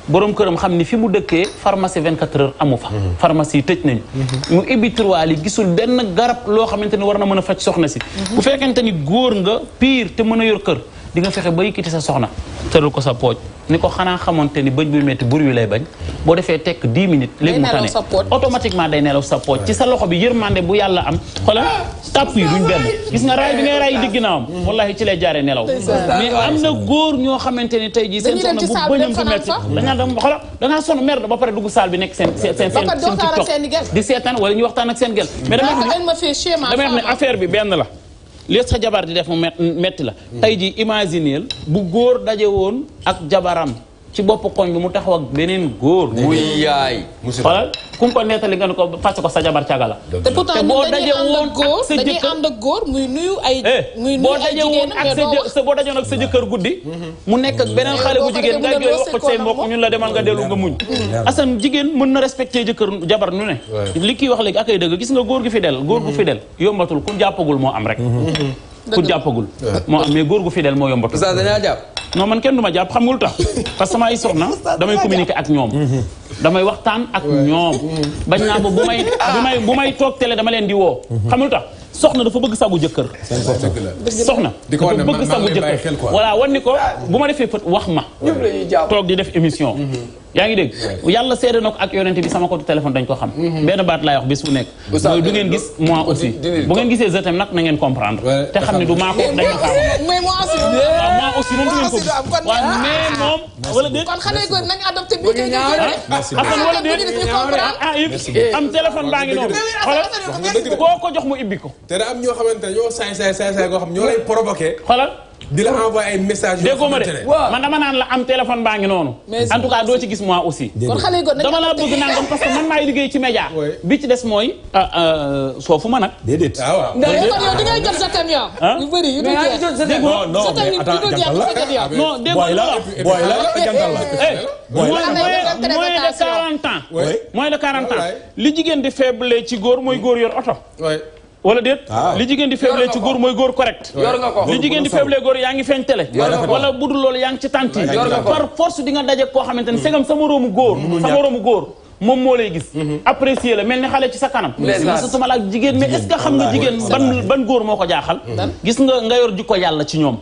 borom këram xam ni fi mu dëkkee pharmacie 24 heures amu fa mhm. pharmacie yi tëj nañu mhm. mu ibbi tiroir gisul benn garab loo xamante ni war na mën a faj soxna si mhm. bu fekkente ni góor nga pire te mën a yor kër di nga fexe ba yëkkati sa soxna tëral ko sa pooj ni ko xanaa xamante ni bëñ bu métti bur wi lay bañ boo defee tekk 10 minute léegi mu tane automatiquement day nelaw sa pooj ci sa loxo bi yërmande bu am bi ngay raay di ginnaawam wallahi ci lay jaaree nelaw na góor ñoo xamante ni tey jii seen soxna bu bëñam bu métti dangaa da xoolal dangaa sonn mer ba pare saal bi nekk seen seen seen di seetaan wala ñu waxtaan ak seen gel mais dama affaire bi benn la li sa jabar di def mu metti la tey ji imagineel bu góor daje woon ak jabaram ci bopp koñ bi mu taxaw ak beneen góor. muy yaay. xoolal ku mu ko nettali nga ne ko fàcce ko sa jabar caga la. te boo daje woon ak sa jëkkër góor muy nuyu ay. Eh, muy nuyu ay jigéen sa boo daje woon sa jëkkër guddi. mu nekk ak beneen xale bu jigéen nga jooy wax ko say mbokk ñun la demal nga jigéen mën na respecté jëkkër jabar nu ne. li kii wax léegi ak ay dëgg gis nga góor gu fidèle. góor gu mm-hmm. fidèle yombatul ku jàppagul moo am rek. Mm-hmm. ku jàppagul moo am mais góor gu fidèle moo yombatul. non man kenn du ma jàpp xam nga tax parce que ay soxna <laughs> damay communiquer ak ñoom mm-hmm. damay waxtaan ak ñoom mm-hmm. bañ naa ba bu may <laughs> ah. bu may bu may toog télé dama leen di woo mm-hmm. xam nga tax soxna dafa bëgg sagu jëkkër soxna dafa bëgg sagu jëkkër voilà wan ni ko ah. bu ma defee fët wax ma toog di def émission yaa ngi dégg yàlla seede na ko ak yonente bi sama code téléphone dañ ko xam mhm. benn baat laay bis bu nekk mooy du ngeen gis moi aussi bu ngeen gisee je t'aime nag ngeen comprendre te xam ne du maa ko dañ ko xam mais moi aussi waaw moi aussi moom du ngeen ko gis waaw mais moom bi ah, am téléphone baa ngi noonu xoolal ko jox mu ibbi ko te da am ñoo xamante ne ñoo saay saay saay saay koo xam ñoo lay provoqué xoolal di la envoyé ay message déggoo ma de man dama naan la am téléphone baa ngi noonu. en tout cas doo ci gis moi aussi. kon xale yi dama la bëgg nangam parce que man maay liggéey ci média. bi des mooy. Ah, ah, soofu ma nag. déedéet ah waaw. mais yow di ngay jot sa camion. Ah? yu bëri la non déggoo la booy la jantal eh, la. mooy de 40 ans. li jigéen di faible ci góor mooy góor yor oto. wala déet ah. li jigen di faible ci gor moy gor correct li jigen di faible gor yaangi ngi tele. wala budul lol yaangi ci tànt par force di nga dajje ko xamanteni mm. segam sama roomu gor sama roomu gor mom mo lay gis mm-hmm. apprécier la melni xalé ci sa kanam sa la jigen mais est ce que xam nga jigen ban ban gor moko jaxal mm-hmm. gis nga nga yor jikko yalla ci ñom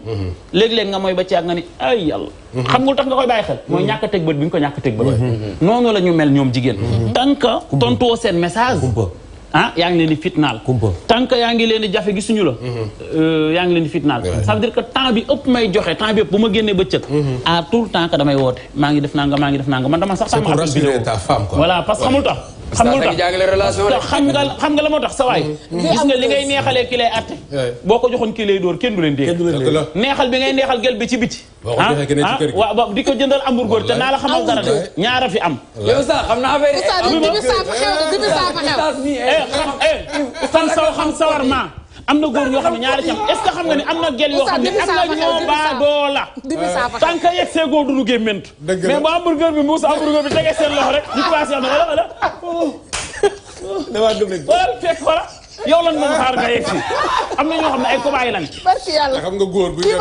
leg leg nga moy ba ci ak nga ni ay yalla mm-hmm. xam nga tax nga koy baye xel moy ñak tegg beut bët ko ñak tegg ba bët la ñu mel ñom jigen tant que tontuwoo seen message ah yaa ngi leen di fitnaal. kumpa tant que yaa ngi leen jafe gisuñu la. Mm-hmm. Euh, yaa ngi leen di fitnaal. ça veut dire que temps bi ëpp may joxe temps bi ëpp bu ma génnee bëccëg. Mm-hmm. à tout temps damay woote maa ngi def nanga maa ngi def nanga man dama sax. sama affaire vidéo voilà parce que xamul tax. xamul tax xam nga xam nga la moo tax sa waay mm-hmm. gis nga li ngay neexalee ki lay atte boo ko joxoon kii lay dóor kenn du leen dégg neexal bi ngay neexal gel bi ci biti Ah, ah, waaw di ko jëndal hamburger te naa xam xamal dara de ñaara fi am. yow sax xam naa affaire yi. dibi saafa xew dibi saafa xew. Eh, eh, xam eh, saw xam sawar ma am na goor ñoo xam ne ñaari cam ce que xam nga ni am na gel yoo xam ne am na ñoo baadoo la. dibi saafa xew tant que yegg see góor bu hamburger bi mbuus hamburger bi tegee loxo rek ñu commencé am wala wala. damaa wala fekk wala. yow lan moom xaar nga yegg si am na ñoo xam ne ay kobaay lan. barki yàlla xam nga góor bu ñu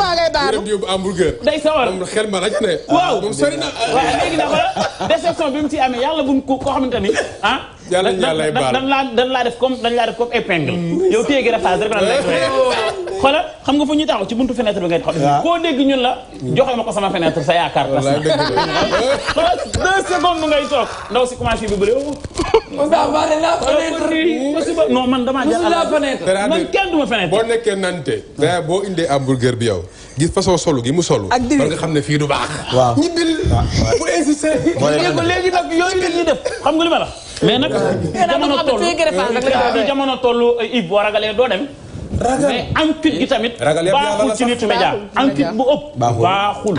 dem yóbbu hamburger day sawar xel ma rek ne. waaw moom sori na. waaw léegi nag déception bi mu ci amee yàlla buñ ko koo xamante ni ah. yàlla yàlla baal dañ laa laa def comme dañ laa def comme épingle. Mm. yow téye gi rek lan lay oh. xoolal xam nga fu ñuy taxaw ci buntu fenêtre bi ngay taxaw. koo dégg ñun la. joxe ma ko sama fenêtre sa yaakaar. wallaay dëgg la deux secondes si commencé bi bëri. Oh. on a avalé la fenêtre. non man damaa jël la fenêtre. man kenn du ma boo nekkee nante. daaw boo bi yow. gis façon solu gi mu solu. ak dibi nga xam ne fii du baax. waaw ñibbil bu insister. mooy léegi nag yooyu xam nga li ma la mais nag jamono toll euh, jamono toll euh, Yves boo ragalee doo dem. ragal mais am kit gi tamit. ragal baaxul ci nitu média am kit bu ëpp. baaxul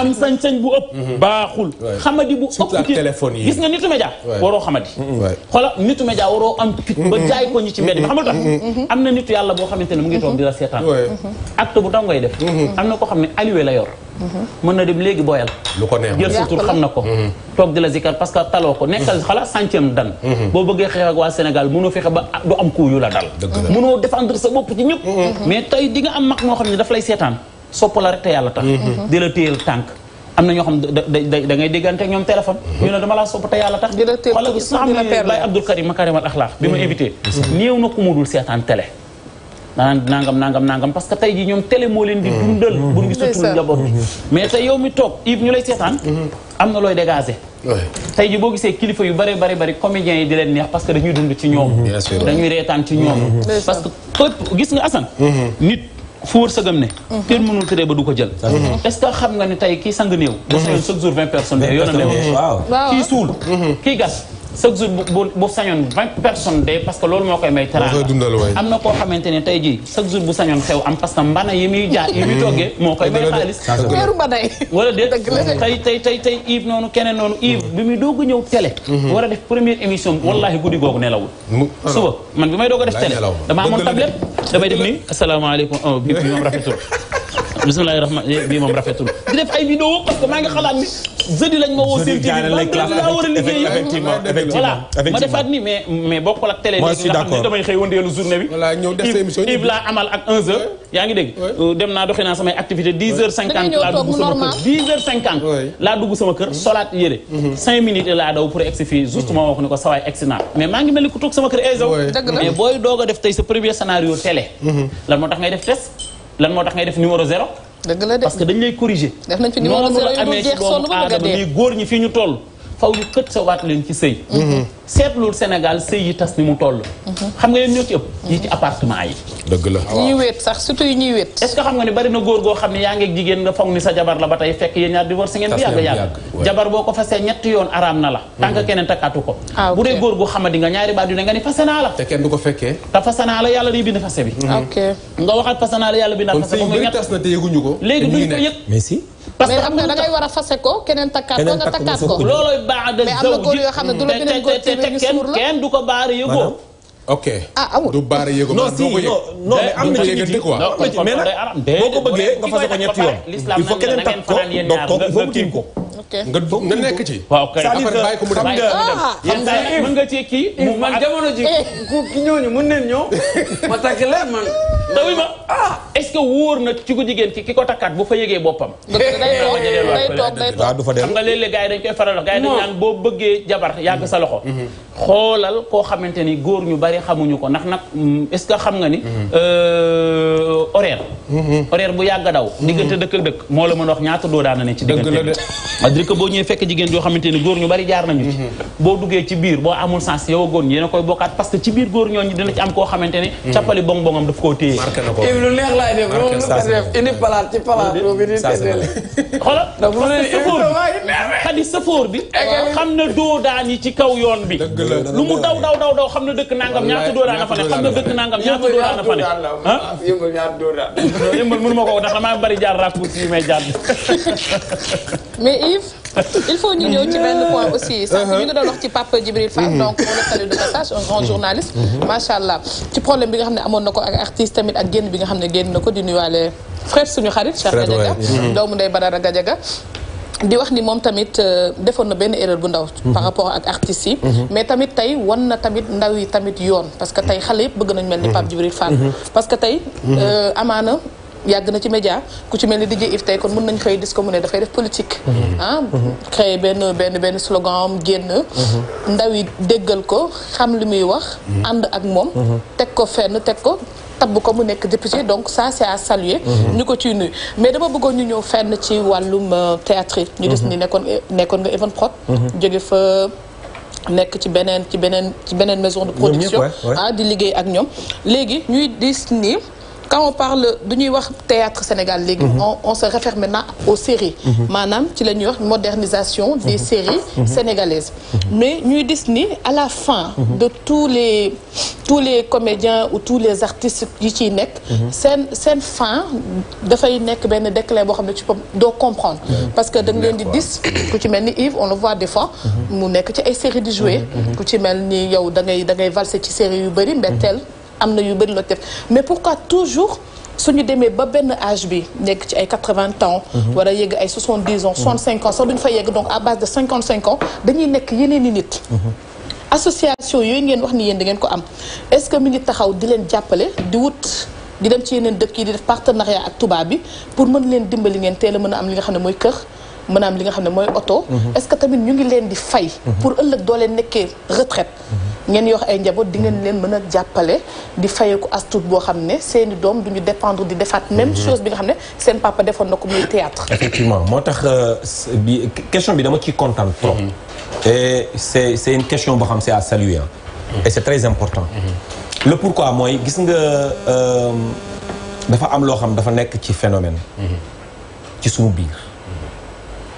am sañ-sañ bu ëpp. Mm-hmm. baaxul xamadi bu ëpp kit téléphone yi gis nga nitu média waroo xamadi. Mm-hmm. xoola nitu média waroo am kit ba mm-hmm. jaay ko ñi ci mbedd bi xamal tax am na nit yàlla boo xamante ne mu ngi toog di la seetaan. acte bu taw ngay def. am na koo xam ne aliwe la yor. mën na dem léegi booyal. ko neex jël sa xam na ko. Mm-hmm. toog di la zikar parce que taloo ko nekkal mm-hmm. xala centième dan. Mm-hmm. boo bëggee xeex ak waa Sénégal mënoo fexe ba du am ku yu la dal. mënoo défendre sa bopp ci ñëpp. mais tey di nga am mag moo xam ne daf lay seetaan sopp la rek te yàlla tax. di la téyel tànk. am na ñoo xam da da ngay déggante ak ñoom téléphone. ñu ne dama laa sopp te yàlla tax. di la téye xam ne Baye Abdoul Karim Makarim al bi ma invité. néew na ku mu dul maanaam nangam nangam nangam parce que tey jii ñoom télé moo leen di mm-hmm. dundal mm-hmm. buñ gisatul njaboot bi mm-hmm. mais tey yow mi toog Yves boo gisee kilifa yu bari bari bari comédiens yi di leen neex parce que dañuy dund ci ñoom dañuy reetaan ci ñoom parce que gis nga Assane nit fu wër sëgam ne kenn mënul tëree ba du ko jël est que xam nga ne tey kii sang néew ba chaque jour vingt personnes yoonam ne kii suul kii gas chaque jour bu bu sañoon vingt personnes de parce que loolu moo koy may teraanga am na koo xamante ne tey jii chaque jour bu sañoon xew am parce que mbana yi muy jaar yi muy mm. toggee moo koy may xaalis teeru mbanay wala déet tey tey tey noonu keneen noonu Yves bi muy doog a ñëw télé mm-hmm. war a def première émission mm-hmm. wallahi guddi googu nelawul suba man bi may doog a def télé damaa amoon tablette damay def nii asalaamaaleykum bi oh, bi moom rafetul <laughs> bisimilah rahmaan bii moom rafetul di def ay vidéo parce que maa ngi xalaat ni a liggéey voilà ma defaat ni mais mais bokkul ak télé léegi nga xam ne damay xëy wëndeelu journée bi voilà ñëw def sa émission Yves euh, dem naa doxee samay activité 10 heures 50 laa laa dugg sama kër solaat yére 5 mhm. minutes laa daw pour egsi fii juste ma wax ko sawaay egsi naa mais maa ngi mel ni ku toog sama kër esow eh, mais booy doog def tey sa premier scénario télé mhm. lan moo tax ngay def test lan moo tax ngay def numéro zéro. dëgg la de parce que dañ lay corriger. def nañ fi numéro zéro yu dul jeex góor ñi fii ñu toll. faw ñu kët sa waat leen ci sëy mhm. seetlul Sénégal sëy yi tas ni mu toll mhm. xam nga yéen ñoo ci ëpp yi ci appartement yi dëgg la ñuy wéet sax surtout yi autre qui est ce xam nga ne bari na góor goo xam ne yaa ngeeg jigéen nga foog ni sa jabar la ba tey fekk yéen ñaar divorce ngeen bu yàgg yàgg jabar boo ko fasee ñetti yoon araam na la mhm. tant que keneen takkaatu ko ah, bu dee góor gu xamadi nga ñaari baat yu ne nga ni fase naa la te kenn du ko fekkee te fase naa la yàlla day bind fase bi nga waxaat fase naa la yàlla bind fase ko léegi duñ ko yëg mais si parce que am na da ngay war a fase ko keneen takkaat ko nga takkaat ko loolooy baax mais am na góor yoo xam ne du la beneen góor te kenn du ok ah amul du baara yëgoo non si non non mais am na ci nit yi quoi mais boo ko bëggee nga fase ko ñetti yoon il faut keneen takk ko donc kooku il faut ko nga nga nekk ci. waaw kay après bàyyi ko mu dem xam nga ah! mën nga ci kii. man jamono ji eh, ku ñooñu mën nañu ñëw <laughs> ma takk leen man. dawi ma ah est-ce que wóor na ci ku jigéen ki ki ko takkaat bu fa yëgee boppam. waaw du dem xam nga léeg dañ koy faral gars yi boo bëggee jabar yàgg sa loxo. Mm-hmm. Mm-hmm. xoolal koo xamante ni góor ñu bari xamuñu ko ndax nag mm, est-ce que xam nga ni. Mm-hmm. Euh, horaire. horaire bu yàgg daw. diggante dëkk ak dëkk moo la mën a wax ñaata doo daana ne ci diggante adri ko bo ñe fekk jigen joo xamanteni goor ñu bari jaar nañu ci mm-hmm. boo duggee ci biir bo amul sens yow goor ñe nakoy bokkat parce que ci biir goor ñoo ñi dina ci am ko xamanteni mm-hmm. ciapali bong bongam daf ko koo téye eh, lu neex lay def loolu ko def indi palaat ci palaat boobu di <laughs> xoolal xadi eh, sëfoor bi eh, xamna do daan yi ci kaw yoon bi lu mu daw daw daw daw xamna dekk nangam ñaatu do daan fa ne xamna dekk nangam ñaatu do daan fa ne yembal ñaar do doo yembal yëmbal mënuma ko ndax damaa bari jaar raccourci ci may jaar mais Yves il faut ñu ñëw ci benn point aussi sax ñu ngi uh-huh. doon wax ci Pape Djibril Fall uh-huh. donc on est salue de passage un grand journaliste uh-huh. Machallah. allah ci problème bi nga xam ne amoon ak artiste tamit ak génn bi nga xam ne génn na ko di nuyuwaale frère suñu xarit Cheikh Gadiaga doomu ndey Badara Gadjaga. di wax ni mom tamit euh, defoon na benn erreur bu ndaw par rapport ak artiste yi mais tamit tay wan na tamit ndaw yi tamit yoon parce que tay xalé yëpp bëgg nañu mel ni Pape Djibril Fall parce que tay euh, amana yàgg na ci média ku ci melni DJ kon mën nañ def politique des mhm. ah, créer ben, ben, ben, slogan mhm. déggal ko xam wax mhm. ak ko fenn ko député donc ça c'est à saluer ni ko Ils mais ñu ñëw fenn ci euh, théâtre ñu ni eh, nga des fa ci maison de production ah di liggéey ak ñom ñuy quand on parle de New York théâtre Sénégal mhm. on se réfère maintenant aux séries. Manam, mhm. ci la modernisation des mhm. séries sénégalaises. mais New Disney, à la fin. de tous les tous les comédiens ou tous les artistes qui sont là, c'est une fin qui est benn déclin que tu comprendre. parce que dans le on le voit des fois. mu y ci séries jouer ku am yu def mais pourquoi toujours suñu demee ba benn âge bi nekk ci ay quatre ans mhm. war a yegg ay ans 65 mhm. ans sax duñ fa yegg donc à base de 55 ans dañuy nekk yeneen nit mhm. association yoy ngeen wax ni yeen da ko am est-ce que mi ngi taxaw di len jappalé di wut di dem ci yeneen dëkk yi di def partenariat ak tuba bi pour mën len dimbali ngeen teel a am li nga xam moy kër manam li nga xam moy auto mhm. est-ce que tamit ñu ngi leen di fay. Mhm. pour ëllëg do leen nekkee retraite. Mhm. ngeen yox ay njabot di ngeen leen mëna jappalé di fayeeku as tuut boo xam ne seen doom duñu dépendre di défat. même chose bi nga xam ne seen papa defoon na muy théâtre effectivement motax euh, bi question bi dama ci content. trop et c'est c'est une question bo xam c'est à saluer hein. et c'est très important le pourquoi moy gis nga euh, dafa am lo xam dafa nekk ci phénomène ci suñu biir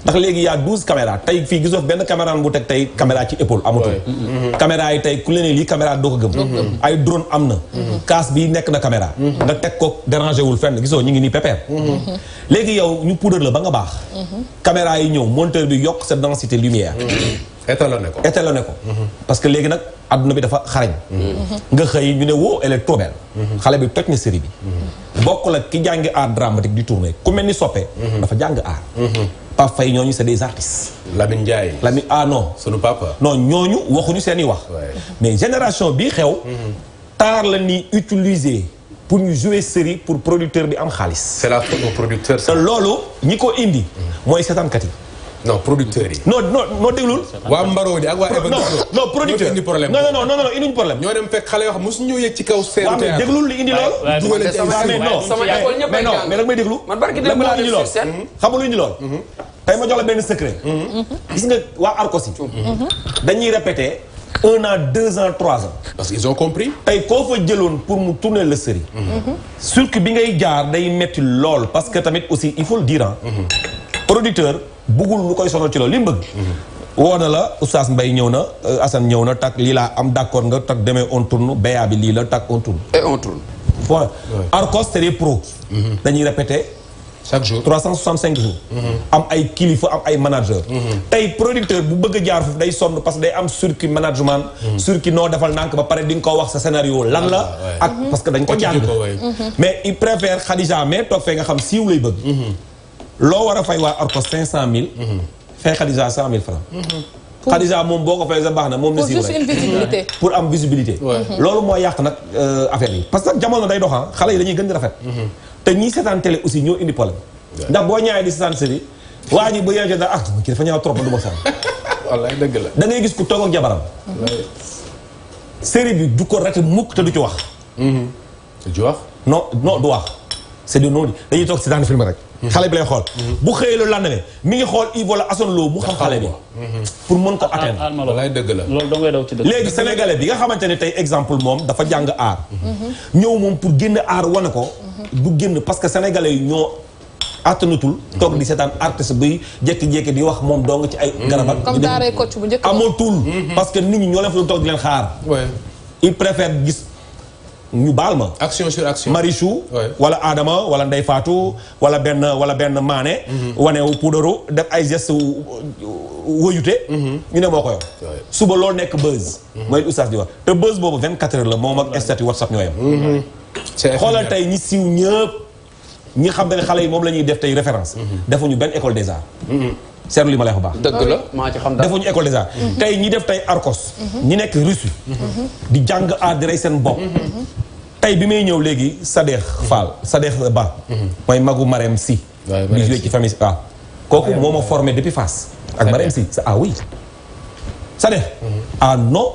ndax léegi yaa douze caméra tey fii gisoo benn caméraman bu teg tey caméra ci épaule amatul mm-hmm. Mm-hmm. caméra yi tey ku leen lii caméra doo ko gëm ay drone am na mm-hmm. kaas bi nekk na caméra nga teg ko dérangé wul fenn gisoo ñu ngi nii pépère <laughs> léegi yow ñu poudre la ba nga baax caméra yi ñëw monteur bi yokk sa densité lumière étalonné ko étalonné ko parce que léegi nag adduna bi dafa xarañ nga xëy ñu ne woo elle xale bi toj na série bi bokk la ki jàngi art dramatique di tourner ku mel dafa jàng art Pas Faye c'est des artistes. Lamine Ndiaye. ah non. c'est nos papa. non ñooñu waxuñu seen i wax. mais génération bi xew. Mhm. tar la ni utiliser pour nous jouer série pour producteur bi am c'est la faute au producteur. C'est Lolo, Nico indi. c'est mhm. un yi non producteur. Non non non non non non, Non non non non non non non, non, problème non non non non non, problème. non, non, non, non, non, non, non, non, non, non, non, non, non, non, non, non, non, non, non, non non, non. non, mais non mais non, non, non, non, non, non, non, non, non, non, non, non, non, non, non, non, non, non, secret. non, non, non, non, un an deux ans trois ans. parce qu'ils ont compris. non, non, fa non, pour tourner le série. Mhm. non, parce que tamit aussi il faut le dire hein. mhm. producteur bëggul lu koy sonal ci loolu li mu bëgg la oustaz mbay ñëw na euh, Assane ñëw na tak lii laa am d'accord nga tak demee on tourne béyaa bi lii la tak on tourne et on tourne point arcos c'est des pros mm-hmm. dañuy répéter chaque jour 365 jours mm-hmm. am ay kilifa am ay manager mm-hmm. tey producteur bu bëgg a jaar foofu day sonn parce que day am circuit management circuit noo defal nànk ba pare di nga ko wax sa scénario lan la ah, ak parce que dañ ko jàng mais il préfère Khadija nga xam siiw loo war a fay waa Arcos cinq cent mille fay Khadija cent mille francs moom boo ko fay sa baax na moom na <laughs> pour am visibilité mhm. loolu mooy yàq nag euh, affaire yi parce que jamono day doxaa ah, xale yi dañuy gën di rafet mhm. te ñiy seetaan télé aussi ñoo indi problème ndax boo ñaawee di seetaan série waa ji bu yeewee daal ah kii dafa ñaaw trop ba du ma sànni <laughs> wallaay dëgg la da ngay gis ku toog ak jabaram bi du ko rate mukk te du ci wax mhm. du ci wax non non du wax c'est du non dañuy toog seetaan film rek xale bi lay xool. bu xëyee loolu lendemain mi ngi xool Yves wala Assane Lo mu xam xale bi. pour mën ko atteindre. walaay léegi sénégalais bi nga xamante ne exemple moom dafa jàng aar. ñëw moom pour génn aar wane ko. du génn parce que sénégalais yi ñoo. àttanutul toog di seetaan artiste buy jékki-jékki di wax moom dong ci ay. garab ak comme daaray kocc bu njëkk amatul. parce que nit ñi ñoo leen fa doon toog di leen xaar. il préfère gis. ñu baal ma. action sur action Marichou. wala aadama wala Ndeye Fatou wala benn wala benn maane mhm. wane wu puudaru def ay gestes woyute. Mhm. ñu ne moo ko yor. suba loolu nekk buzz. Mhm. mooy oustaz di wax te buzz boobu 24 heures la moom ak statut WhatsApp ñoo yem. xoolal tey ñi siiw ñëpp ñi xam ne xale yi moom la ñuy def tey référence. defuñu benn école des seetlu li ma lay wax bu baax. dëgg la maa ci xam dara defuñu école des arts. Mhm. tey ñi def tey Arcos. Mhm. ñi nekk Russie. Mhm. di jàng aar rey seen bopp. tey bi may ñëw léegi Sadex Fall Sadex Ba. mooy magu Marème Si. waaw Si di ci famille waaw. kooku moo ma formé depuis Fass. ak Marème Si ah oui Sadex. ah non.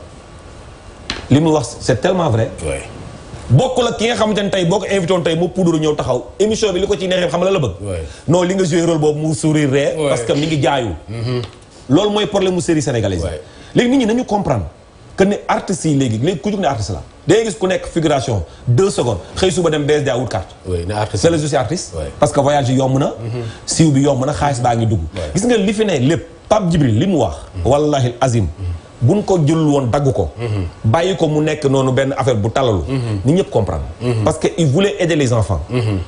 li mu wax c' est tellement vrai. bokkul ki nga xamante ne tey boo ko invité woon tey mu poudre ñëw taxaw émission bi li ko ci neexee xam la la bëgg. non li nga joué rôle boobu mu sourire ree parce que mi ngi jaayu. Mm-hmm. loolu mooy problème mu série sénégalaise yi. léegi nit ñi nañu comprendre que ne artistes yi léegi léegi ku jóg ne artiste la. day gis ku nekk figuration deux secondes xëy suba dem BSDA wut carte. oui ne artiste parce que voyage yi yomb na. Mm-hmm. siiw bi yomb na xaalis baa ngi dugg. gis nga li fi ne lépp Pape Djibril li mu wax. Mm-hmm. wallaahi azim. buñ ko jël won dagg ko. Mhm. bayiko mu nek nonu ben affaire bu talalu. Mhm. ni ñepp comprendre. Mhm. parce que il voulait aider les enfants.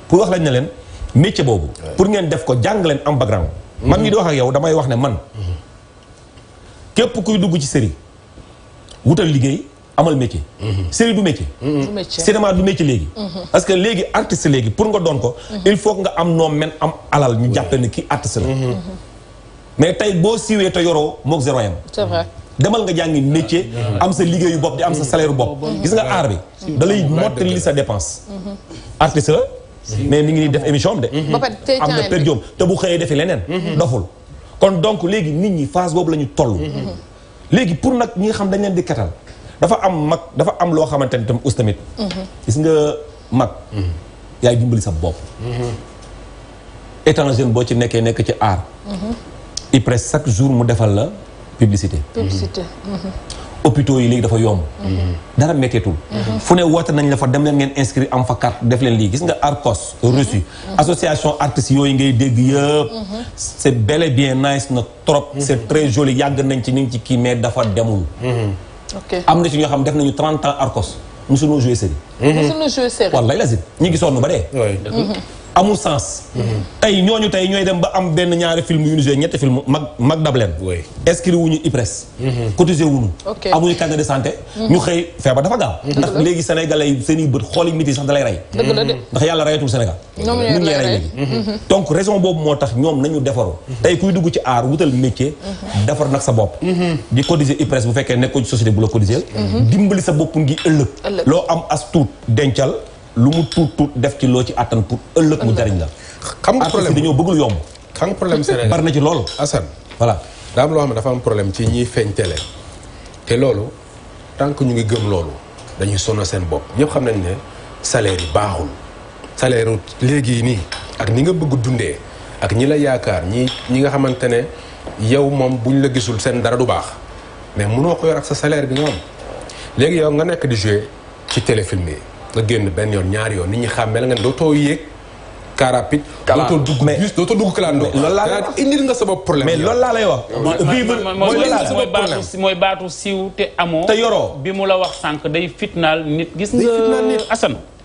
pour wax lañ ne leen métier bobu pour ngeen def ko jàng leen am background. man mii do wax ak yow damay wax ne man. képp kuy dugg ci série wutal liggéey amal métier. série du métier. cinéma du métier légui parce que légui artiste légui pour nga doon ko. il faut nga am noom men am alal ñu jappé ne ki artiste la. mais tay bo siwé ta yoro mok zéro yam. c'est vrai. demal nga jàngi métier am sa liggéeyu bopp di am sa salaire bopp gis nga aar bi da mottali sa dépense artiste la mais mi ngi nii def émission am de am te bu xëyee defi leneen doful kon donc léegi nit ñi phase boobu la ñu toll léegi pour nag ñi nga xam dañ leen di katal dafa am mag dafa am loo xamante ni tam us tamit gis nga mag yaay dimbali sa bopp étant boo ci nekkee nekk ci aar il presse chaque mu defal la publicité. publicité. Mm-hmm. hôpitaux yi léegi dafa yomb. Mm-hmm. dara metteetul. Mm-hmm. fu ne woote nañ la fa dem leen ngeen inscrire am fa carte def leen lii gis nga ARCOS. reçu association artistes yooyu ngay dégg yëpp. c' est bien nice na trop. c' est très joli yàgg nañ ci ñu ci kii mais dafa demul. am na ci ñoo xam def nañu 30 ans ARCOS mosuñoo joué série. mosuñoo joué série. wallaay lazim ñi gisoon nu ba dee. amul sens. tey ñooñu tey ñooy dem ba am benn ñaari film yu ñu joué ñetti film mag mag dab leen. oui inscrit wuñu IPRES. Mhm. cotisé wuñu. ok amuñu carte de santé. Mhm. ñu xëy feebar dafa gaaw. ndax léegi sénégalais yi seen i bët xooli miti sax da lay rey. Mhm. ndax yàlla reyatul Sénégal. ñoom ñooy rey léegi. donc raison boobu moo tax ñoom nañu defaru tey kuy dugg ci aar wutal métier. defar nag sa bopp. di cotiser IPRES bu fekkee nekkoo ci société bu la cotiser. dimbali sa bopp ngi ëllëg. loo am as tuut dencal. lu mu tuut tuut def ci loo ci attan pour ëllëg mu jariñ la. xam nga problème dañoo bëgg lu yomb. xam nga problème Sénégal bari na ci loolu. Assane voilà daa loo xam ne dafa am problème ci ñiy feeñ télé te loolu tant ñu ngi gëm loolu dañuy sonn seen bopp ñëpp xam nañ ne salaire yi baaxul. salaire léegi nii ak ni nga bëgg dundee ak ñi la yaakaar ñi ñi nga xamante ne yow moom buñ la gisul seen dara du baax mais mënoo ko yor ak sa salaire bi nga am léegi yow nga nekk di jouer ci téléfilm yi. nga génn benn yoon ñaari yoon nit ñi xàmmee la nga dootoo yéeg car rapide. dootoo dugg bus dootoo dugg clando. loolu laa lay wax indil nga sama problème. mais loolu laa lay wax. bii mooy baatu mooy baatu siiw te amoo. te yoroo bi mu la wax sànq day fitnaal nit. gis nga Assane.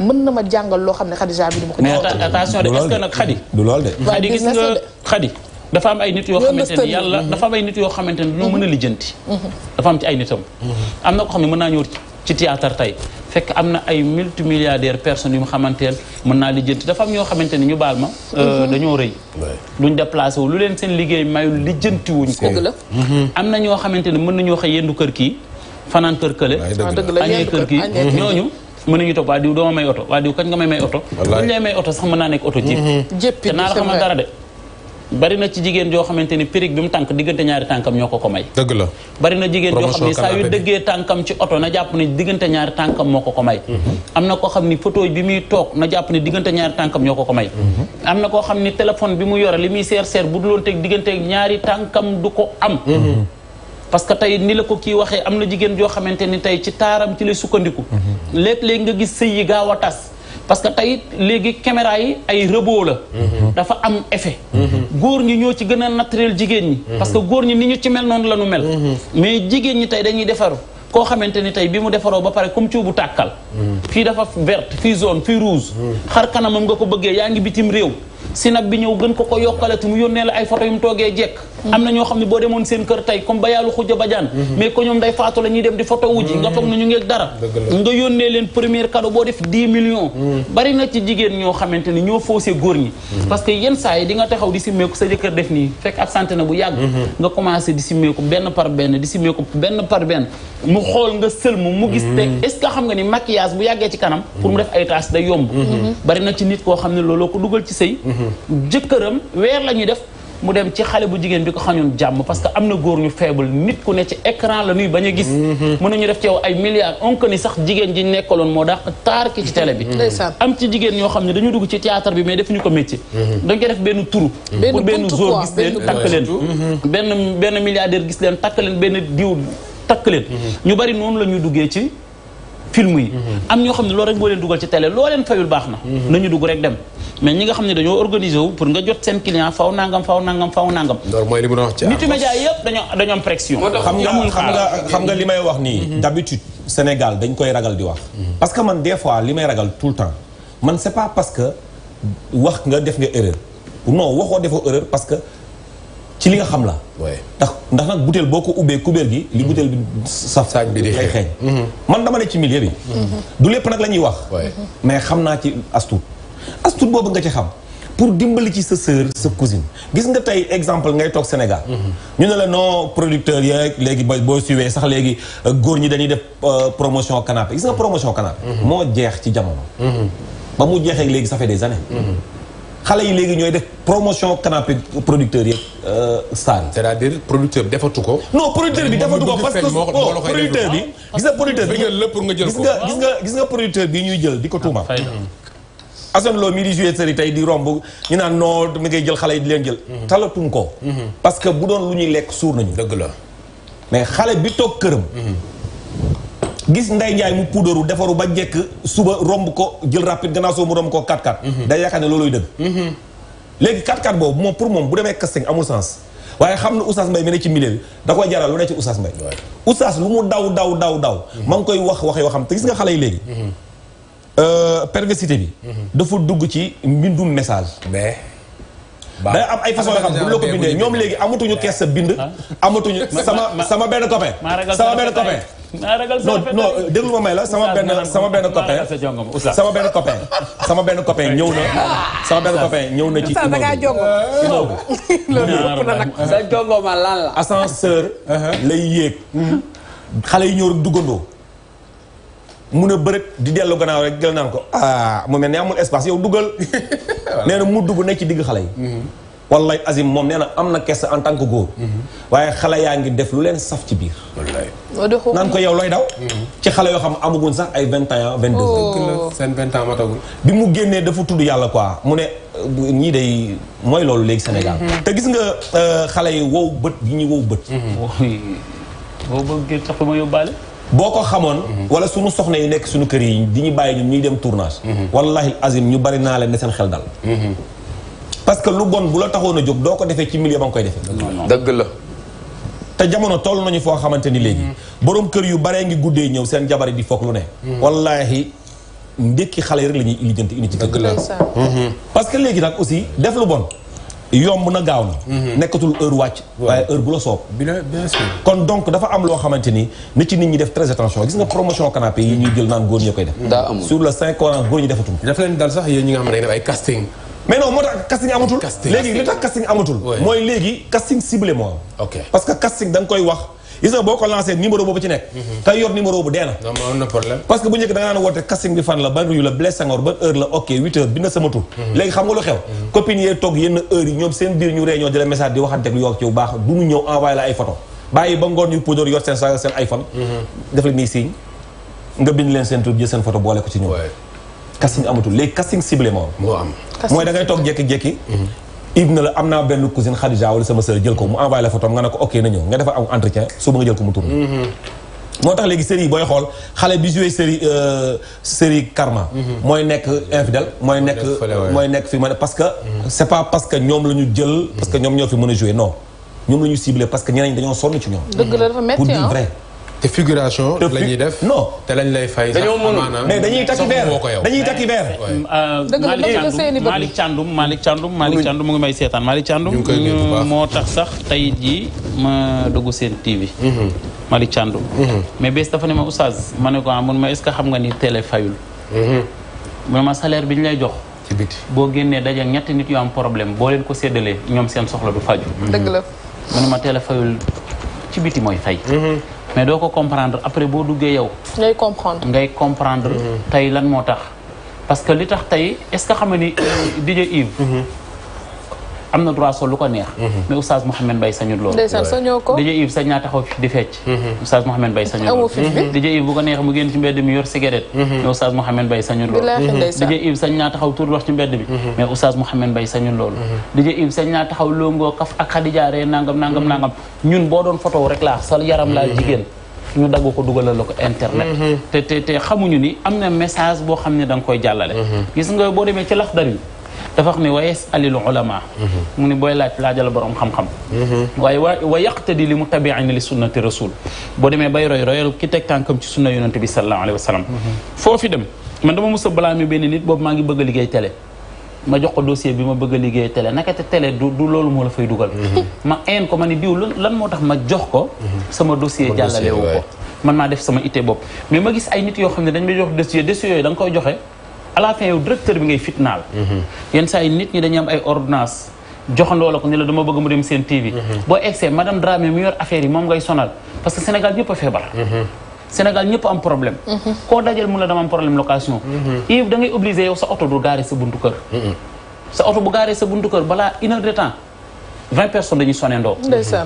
mën na ma jàngal loo xam ne Khadija bi du ma ko. mais attention de est-ce que nag Khadi. du lool de Khadi nga Khadi. Mhm. dafa am ay nit yoo xamante ni yàlla dafa am ay nit yoo xamante ni loo mën a mhm. lijjanti. Mhm. dafa am ci ay nitam. am na ko xam ne mën naa ñëw ci théâtre tey fekk am na ay multimilliardaire personnes yu mu xamanteel mën naa lijjanti dafa am ñoo xamante ni ñu baal ma. Euh, dañoo rëy. duñ déplacé wu lu leen seen liggéey mayul lijjanti wuñ ko. am na ñoo xamante ni mën nañoo xëy yendu kër kii fanaan kër kële. Ah, añee kër kii ñooñu. mën nañu toog waa diw doo ma may oto waa diw kañ nga may may oto buñ lay may oto sax mën naa nekk oto jiib mm-hmm. te naa la xamal dara de bari na ci jigéen joo xamante ni périg bi mu tànk diggante ñaari tànkam ñoo ko ko may dëgg la bari na jigéen joo xam ne saa yu dëggee tànkam ci oto na mm-hmm. muy toog na jàpp ne diggante ñaari tànkam ñoo ko ko may mm-hmm. am na koo xam ni téléphone bi mu yore li muy seer seer bu duloon teg diggante ñaari tànkam du ko am parce que tey ni la ko kii waxee am na jigéen joo xamante ni tey ci taaram ci lay sukkandiku léeg-léeg nga gis sëy yi gaaw a tas parce que tey léegi caméra yi ay rebot la dafa am effet góor ñi ñoo ci gën a naturel jigéen ñi parce que góor ñi ni ñu ci mel noonu la ñu mel mais jigéen ñi tey dañuy defaru koo xamante ni tey bi mu defaroo ba pare comme cuubu tàkkal fii dafa verte fii zone fii rouge xar kanamam nga ko bëggee yaa ngi bitim réew nag bi ñëw gën ko ko yokkalati mu yónnee la ay photo yu mu toogee jekk am na ñoo xam ne boo demoon seen kër tey comme ba yàllu xuja bajaan mhm. mais ko ñoom day faatu la dem di photo wuji nga foog na ñu ngeeg dara nga yónnee leen première cadeau boo def 10 millions mhm. bari na ci jigéen ñoo xamante ni ñoo faussé góor ñi mhm. parce que yenn saa yi dinga taxaw di simmeeku sa jëkkër def nii fekk absenté na bu yàgg nga commencé di simmeeku benn par benn di simmeeku benn par benn mu xool nga sëlmu mu gis teg est-ce xam nga ni maquillage bu yàggee ci kanam pour mu def ay taas day yomb bari na ci nit koo xam ne looloo ko dugal ci sëy jëkkëram weer la ñuy def mu dem ci xale bu jigéen bi ko xañoon jàmm parce que am na góor ñu faible nit ku ne ci écran la nuy bañ a gis mm-hmm. mën nañu def ci yow ay milliards on que ni sax jigéen ji nekkaloon moo daq taar ki ci télé bi mm-hmm. am ci jigéen ñoo xam ne dañu dugg ci théâtre bi mais defuñu ko métier mm-hmm. dañ ko def benn turu pour benn zor gis leen takk leen benn benn gis leen takk leen benn diw takk leen ñu bari noonu la ñuy duggee ci film yi am ñoo xam ne loolu rek boo leen dugal ci télé loo leen fayul baax na nañu dugg rek dem mais ñi nga xam ne dañoo organisé pour nga jot seen client faw nangam faw nangam faw nangam loolu mooy li yëpp dañoo dañoo xam nga xam nga li may wax nii d'habitude Sénégal dañ koy ragal di wax parce que man des fois li may ragal tout le temps man c'est pas parce que wax nga def nga erreur non waxoo defoo erreur parce que ci li nga xam la. ndax ndax nag butéel boo ko ubbee kubéer gi. li mm-hmm. butéel bi saf. saaj bi di xeeñ mm-hmm. man dama ne ci milieu bi. Mm-hmm. du lépp nag la ñuy wax. mais xam naa ci astuut astuut boobu nga ci xam. pour dimbali ci sa sœur sa cousine gis nga tey exemple ngay toog Sénégal. ñu ne la non producteur yeeg léegi ba boo suwee sax léegi euh, góor ñi dañuy def euh, promotion canapé gis nga promotion canapé. moo jeex ci jamono. ba mu jeexee léegi safe de des xale yi léegi ñooy def promotion canapé producteur yeeg euh, star yi. c'est-à-dire producteur bi defatu ko. non producteur bi defatu ko parce que producteur bi. gis nga bi gis nga gis nga gis nga producteur bi ñuy jël di ko tuuma. Assane Lo mii di joué série tey di romb ñu naan non mi ngay jël xale yi di leen jël. Mhm. talatuñ ko. Mhm. parce que bu doon lu ñuy lekk suur nañu. dëgg la mais xale bi toog këram. Mhm. gis Ndeye Ndiaye mu puudaru defaru ba njëkk suba romb ko jël rapide gannaaw soo mu romb ko 4-4. Mhm. day yaakaar ne looluy dëgg. Mhm. léegi 4-4 boobu moom pour moom bu demee casting amul sens waaye xam na Oustaz Mbaye mi ne ci milieu bi da koy jaral lu ne ci Oustaz Mbaye. Oustaz lu mu daw daw daw daw. Mhm. ma ngi koy wax wax yoo xam te gis nga xale yi léegi. Euh, perversité bi. dafa dugg ci mbindum message. mais. day am ay façon yoo xam bu la ko bindee ñoom léegi amatuñu kees sa bind. Ah. amatuñu sama benn copain. sama benn copain. naa ragal sa ma may la sama benn sama benn copain sama benn copain sama benn copain ñëw na sama benn copain ñëw na ci da ngaa jongo <laughs> loolu yëpp na nag sa jongo ma lan la ascenseur uh-huh, lay yéeg xale yi ñëw duggandoo mu ne bërëb di dellu gannaaw rek gël naan ko ah mu mel ne amul espace yow duggal <laughs> nee na mu dugg nekk ci digg xale yi mm-hmm. wallaay Azim moom nee na am na kese en tant que góor. waaye xale yaa ngi def lu leen saf ci biir. wallaay. naan ko yow looy daw. ci xale yoo xam amaguñ sax ay vingt ans vingt deux ans. Oh. seen vingt ans bi mu génnee dafa tudd yàlla quoi mu ne ñii day mooy loolu léegi Sénégal. Mm-hmm. te gis nga euh, xale yi wow bët yi ñuy wow bët. wow bëgg sax ma yóbbaale. boo ko xamoon. Mm-hmm. wala suñu soxna yi nekk suñu kër yi di ñu bàyyi ñun ñuy dem tournage. Mm-hmm. wallahi Azim ñu bari naa leen ne seen xel dal. parce que lu bon bu la taxoon a jóg doo ko defee ci milieu ba nga koy defee. dëgg la. te jamono toll nañu foo xamante ni léegi. Mm-hmm. boroom kër yu baree ngi guddee ñëw seen jabar yi di foog lu ne. Mm-hmm. wallaahi ndékki xale rek la ñuy lijjanti indi ci dëgg la mm-hmm. parce que léegi nag aussi def lu bon. yomb na gaaw na. nekkatul heure wàcc. waaye heure bu la soob. bien sûr kon donc dafa am loo xamante ni nit ci nit ñi def très attention gis nga promotion canapé yi ñuy jël naan góor ñi leen dal sax yéen ñi nga xam ne day def mais non moo tax casting amatul. léegi li tax casting amatul. mooy léegi casting ciblé moo am. parce que casting da koy wax. gis nga boo ko lancé numéro boobu ci nekk. Mhm. tey yor numéro bu dee na. parce que bu njëkk da nga naan woote casting bi fan la ban mhm. nga mhm. di bu baax du ñu la ay photo bàyyi ba ngoon ñu puudar yor seen sa seen iPhone. def la nii signe nga bind leen seen tur jël seen photo boole ko ci ñoom casting amatul léegi casting ciblé moo am. moo am mooy da toog jékki-jékki. Mhm. ibna la am naa benn cousine Khadija wala sama sœur jël ko mu envoyé photo mhm. moo tax léegi série yi booy xool xale bi joué série euh, série karma mhm. mooy nekk infidèle mooy nekk mooy nekk fi ma parce que c'est pas parce que ñoom la ñu jël parce que ñoom ñoo fi mën a joué non ñoom la ñu parce que ñeneen dañoo sonn ci ñoom pour dire vrai te figuration. la ñuy def non. te lañ lay fay sax maanaam mais dañuy takki verre dañuy takki verre. Malick Thiandoum Malick Thiandoum Malick Thiandoum mu ngi may seetaan Malick Thiandoum. moo tax sax tey jii ma dugg seen TV. Mhm. Malick Thiandoum. Mhm. mais bés dafa ne ma oustaz ma ne ko ah ma est-ce xam nga ni télé fayul. Mhm. mu ma salaire bi ñu lay jox. ci boo génnee daje ñetti nit yu am problème boo leen ko séddalee ñoom seen soxla du faju dëgg la mu ne ma télé fayul ci biti mooy fay. mais doo ko comprendre après boo duggee yow. ngay comprendre ngay comprendre. Mm-hmm. tey lan moo tax parce que li tax tey est-ce que xam nga ni euh, <coughs> DJ Yves. Mm-hmm. am na droit sol lu ko neex mhm. mais oustaz Mouhamed Mbaye sañul loolu ndeysaan sañoo ko DJ Yves sañ naa taxaw fi di fecc mhm. oustaz Mouhamed Mbaye sañul loolu mhm. DJ Yves bu ko neex mu sañ naa taxaw tur wax ci mbedd bi mais oustaz Mouhamed Mbaye sañul loolu DJ Yves sañ naa taxaw longoo ak Khadija ree nangam nangam nangam ñun boo doon photo rek laa sol yaram laa jigéen ñu dagg ko dugalal la internet te xamuñu ni am na message boo xam ne da nga koy jàllale gis nga boo demee ci laxdar yi دفق نوايس على العلماء من بوي لات لا جل برام خم خم واي ويقتدي لمتابعين لسنة الرسول بودي ما باي روي روي كتك كم تسنة يونان تبي سلام عليه وسلم فوفي دم من دم مصب بلا مي بيني نيت بوب ماجي بغلي جاي تلي ما جو قدوسي بيم بغلي جاي تلي نكت تلي دو دو لول مول في دوغل ما إن كمان يديو لن لن موتا ما جو كو سما دوسي جالا ليه وكو man ma def sama ité bop mais ma gis ay nit yo xamné dañ may jox dossier dossier yoy dang koy joxé à la fin yow directeur bi ngay fitnaal. yenn saa yi nit ñi dañuy ay ordonnance joxandoo ko ni la dama bëgg mu dem seen TV. boo egsee madame Dramé mu affaire yi moom ngay sonal parce que Sénégal ñëpp a feebar. Sénégal ñëpp am problème. koo dajal mun la dama am problème location. Yves da ngay obligé sa oto du gaare sa buntu sa oto bu gaaree sa buntu balaa une de temps. 20 personnes dañuy ndo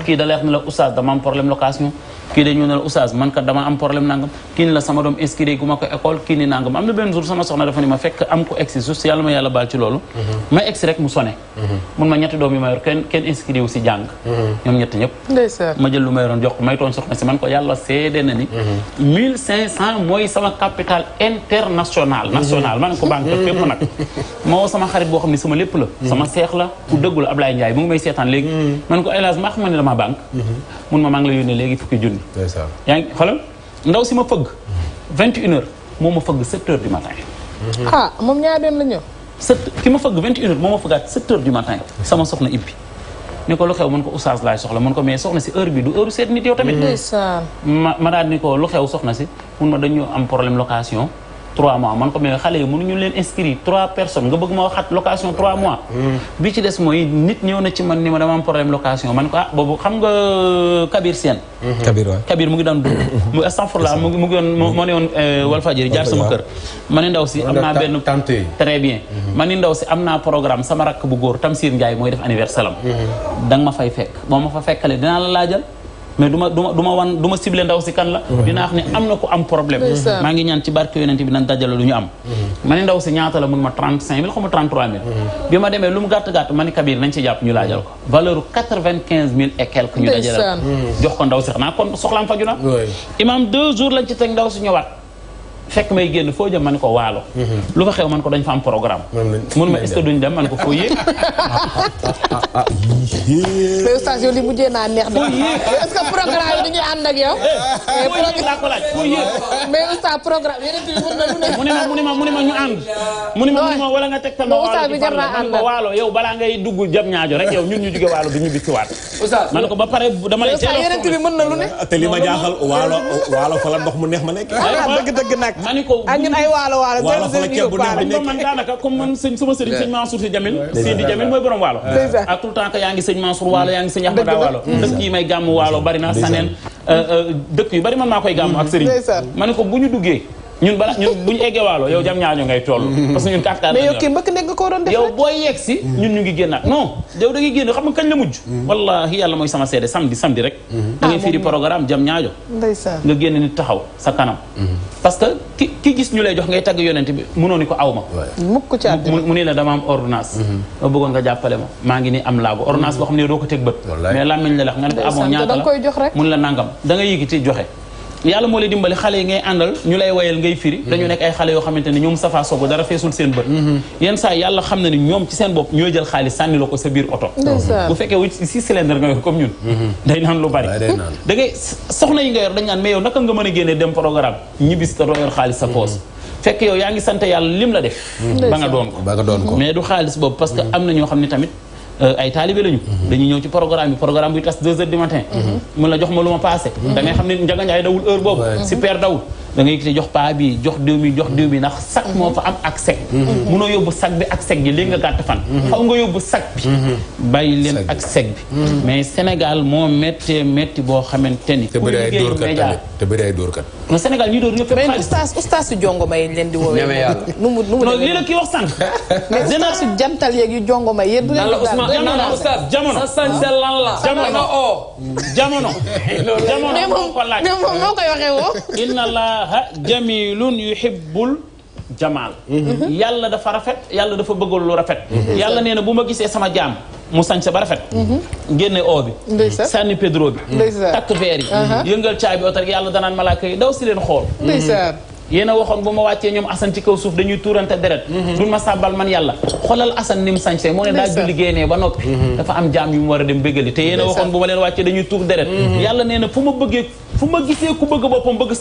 ki da lay wax la oustaz dama am problème location ki dañu ne la oustaz man ka dama am problème nangam ki ni la sama dom inscrit guma ko école ki ni nangam amna ben jour sama soxna dafa ni ma fekk am ko ex juste yalla ma yalla bal ci lolu mhm. ma ex rek mu soné mhm. mun ma mhm. ñett dom yi mayor ken ken kenn inscrit wu jang ñom ñett ñep ndeysar ma jël lu mayoron jox ko may ton soxna ci man ko yalla cédé na ni 1500 moy sama capital international national man ko banque fepp nak ma sama xarit bo xamni sama lepp la sama cheikh la ku deggul Ablaye ndjay mu ngi may sétane léegi hmm. man ko élage ma xam dama bank mhm. mun ma maa ngi la yónnee léegi fukki junni yaa ngi xoolal ndaw si ma fëgg mhm. vingt une heures moo ma fëgg sept heures du matin mhm. ah moom ñaari yoon la ñëw sept ki ma fëgg vingt une heures moo ma fëggaat sept heures du matin sama soxna ibbi ni ko lu xew mën ko oustaz lay soxla mon ko mais soxna ci heure bi du heure set nit yow tamit ma dal ni ko lu xew soxna ci mun ma dañu am problème location 3 mois man ko mais xale yi mënuñu leen inscrire 3 personnes nga bëgg ma waxaat location 3 mois. Hmm. bi ci des mooy nit ñëw na ci man ni ma dama problème location ah, euh, hmm. mu ngi daan dund. <coughs> mu astafurla mu ngi euh, ma ni ndaw si am naa hmm. ma ni ndaw si am naa programme sama rakk bu góor Tamsir Ndiaye mooy def anniversaire am. da ma fay fekk boo ma fa fekkalee dinaa la laajal. mais du ma du ndaw si kan la dinaa wax am na ko am problème maa ngi ñaan ci barke yonent bi nañ dajale lu ñu am mm-hmm. ma ndaw si ñaata la mun ma 35000 xaw ma 33000 mm-hmm. bi ma demee lu mu gàtt-gàtt Kabir nañ ci jàpp ñu laajal ko valeur u 95000 et quelque ñu dajale jox ko ndaw si xanaa kon soxlaam faju na imam deux jours lañ ci teg ndaw si ñëwaat fek may genn fo jëm man ko walo mhm. lu ko xew man ko dañ fa am programme mun ma est-ce duñ dem man ko fo yéeg <laughs> mais oustaz yow li mujjee naa neex do est-ce programme yi dañuy and ak yow foo yéeg laa ko laaj foo yéeg mais oustaz programme yeneen bi mun ne mu ne ma mu ne ma mu ne ma ñu and mu ne ma mu ma wala nga tegtal ma waalo bi jar naa ko waalo yow bala ngay dugg jam ñaajo rek yow ñun ñu jóge walo bi ñu bisi wat oustaz man ko ba pare dama lay yeneen bi mën na lu ne ah, te li ma jaaxal walo walo fa la dox mu neex ma nek deug deug nak ma ni ko ak ah, ñun ay waalo waalo comme man daanaka comme man sëñ suma sëriñ sëñ Mansour si Jamil Sidi Jamil mooy borom waalo ak ah, tout temps que yaa ngi sëñ Mansour waalo yaa ngi sëñ Ahmada waalo dëkk yi may gàmm waalo bari na saneen euh, euh, dëkk yu bari man maa koy gàmm ak sëriñ ma ni ko bu ñu duggee ñun bala ñun bu ñu eggee waalo yow jam ñaaño ngay toll <laughs> parce que ñun koo doon def yow booy yegg hmm. ñun ñu ngi génnaat non yow da génn xam nga kañ la mujj hmm. wallahi yàlla mooy sama seede samedi samedi rek hmm. da ngay ah, firi programme jam ñaajo ndeysaan nga génn nit taxaw sa kanam parce que ki ki gis ñu lay jox ngay tagg yonent bi mënoo ni ko aw ma mukk ci àddina la dama am ordonnance ma bëggoon nga jàppale ma maa ngi ni am laago ordonnance boo xam ne doo ko teg bët mais làmmiñ la lax nga ne ko amoo ñaata la mun la nangam da nga yëgi ci yàlla moo lay dimbali xale yi ngay àndal ñu lay wayal ngay firi dañu mhm. nekk ay xale yoo xamante ne ñoom safaa sogo dara feesul seen bët mhm. yenn saa yàlla xam na ñoom ci seen bopp ñooy jël xaalis sànni la ko sa biir oto bu fekkee wu six cylindre nga yor comme ñun mhm. day naan lu bari da soxna yi nga yor dañ naan mais yow naka nga mën a génnee dem programme ñibbis te doo yor xaalis sa poos fekk yow yaa ngi sant yàlla lim la def ba nga doon ko mais du xaalis Euh, ay taalibe lañu mhm. dañuy ñëw ci programme bi programme bi tas 2 heures du matin mhm. mun la jox ma lu ma passé mhm. da ngay xam ne Njaga Njaay dawul heure boobu si père dawul da ngay gis jox paa jox diw bi jox diw bi ndax sac mhm. moo fa am ak sec. Mhm. munoo yóbbu sac bi ak sec ji léegi nga gàtt fan. xaw mhm. nga yóbbu sac bi. bàyyi leen ak sec bi. mais Sénégal moo méttee métti boo xamante ni. te bëri ay dóorkat te bëri ay dóorkat. mais Sénégal ñi doon ñëpp. mais ustaas ustaas yu jongo leen di woowee. nu mu nu mu demee lii <laughs> jantal yeeg yu jongo may yéen du leen ko daan jamono jamono <laughs> jamono jamono moo ko waxee woo. allaha jamilun yuhibbul jamaal mm-hmm. yàlla dafa rafet yàlla dafa bëggoon lu rafet mm-hmm. yàlla nee na bu ma gisee sama jaam mu sañse ba rafet mm-hmm. génne oo bi sànni pédro bi takk veer yi uh-huh. yëngal caay bi oto rek yàlla danaan malaaka yi daw si leen xool yéen a waxoon bu ma wàccee ñoom Assane ci kaw suuf dañuy tuurante deret mhm. duñ ma sàbbal man yàlla xoolal Assane ni mu sañse moo ne daa julli génnee ba noppi mhm. dafa am jaam yu mu war a dem béggali te yéen a waxoon bu ma leen wàccee dañuy tuur deret mhm. yàlla nee na fu ma bëggee fu ma gisee ku bëgg boppam bëgg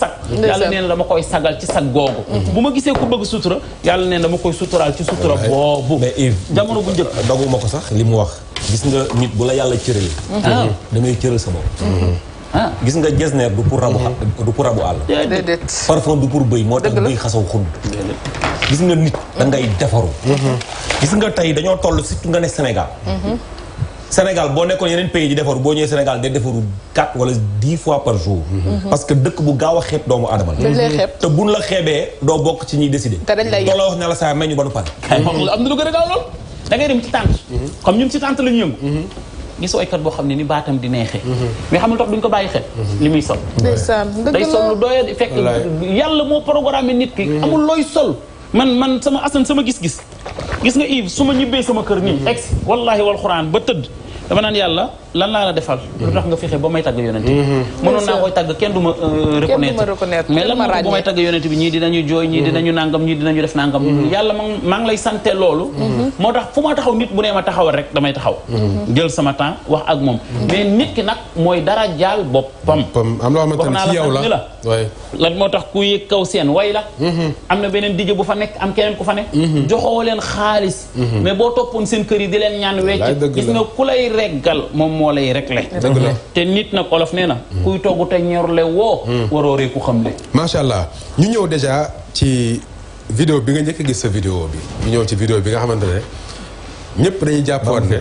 yàlla nee na dama koy sagal ci sag googu bu ma gisee ku bëgg sutura yàlla nee na dama koy suturaal ci sutura boobu jamono bu njëkk daguma ko sax li mu wax gis nga nit bu la yàlla cëral ah. damay cëral sa bopp Ah. gis nga jesneer du pour rabu mm-hmm. du pour rabu àll déedéet parfum du pour bëy moo tax bëy xasaw xund gis nga nit da ngay defaru mm-hmm. gis nga tey dañoo toll surtout nga ne Sénégal mm-hmm. Sénégal boo nekkoon yeneen pays di defaru boo ñëwee Sénégal day defaru quatre wala dix fois par jour parce que dëkk bu gaaw a xeeb doomu aadama la te buñ la xeebee doo bokk ci ñuy décider doo la wax ne la saa may ñu ba nu pare am na lu gën a gaaw lool da dem ci tànt comme ñun gis waykat boo xam ne ni baatam di neexee mais xam nga tax duñ ko bàyyi xel li muy sol day sol lu doy fekk yàlla moo programme nit ki mm-hmm. amul looy sol man man sama asan sama gis-gis gis nga Yves su ma ñibbee sama kër nii mm-hmm. ex wallaahi wal xuraan ba tëdd dama naan yàlla lan laa ba may tàgg yonent bi mm-hmm. mënoon naa koy tàgg euh, kenn du ma reconnaître mais lan ba may tàgg yonent bi ñii dinañu jooy ñii mm-hmm. dinañu nangam ñii dinañu def nangam mm-hmm. yàlla tax fu ma damay taxaw jël sama temps wax ak moom mais nit nag mooy dara jaal boppam am loo xamante ne ci yow la la lan moo tax ku yëg kaw seen way la am na beneen dijë bu fa nekk am keneen ku fa nekk joxoo leen xaalis mais boo toppoon seen kër yi di leen ñaan wecc gis nga ku lay reggal moom moo lay réglé. te nit nag olof nee na. Mm. kuy togg te ñorle woo. Mm. waroo xam xamle. macha allah ñu ñëw dèjà ci vidéo bi nga njëkk gis sa vidéo bi ñu ñëw ci vidéo bi nga xamante ne ñëpp dañuy jàppoon ne.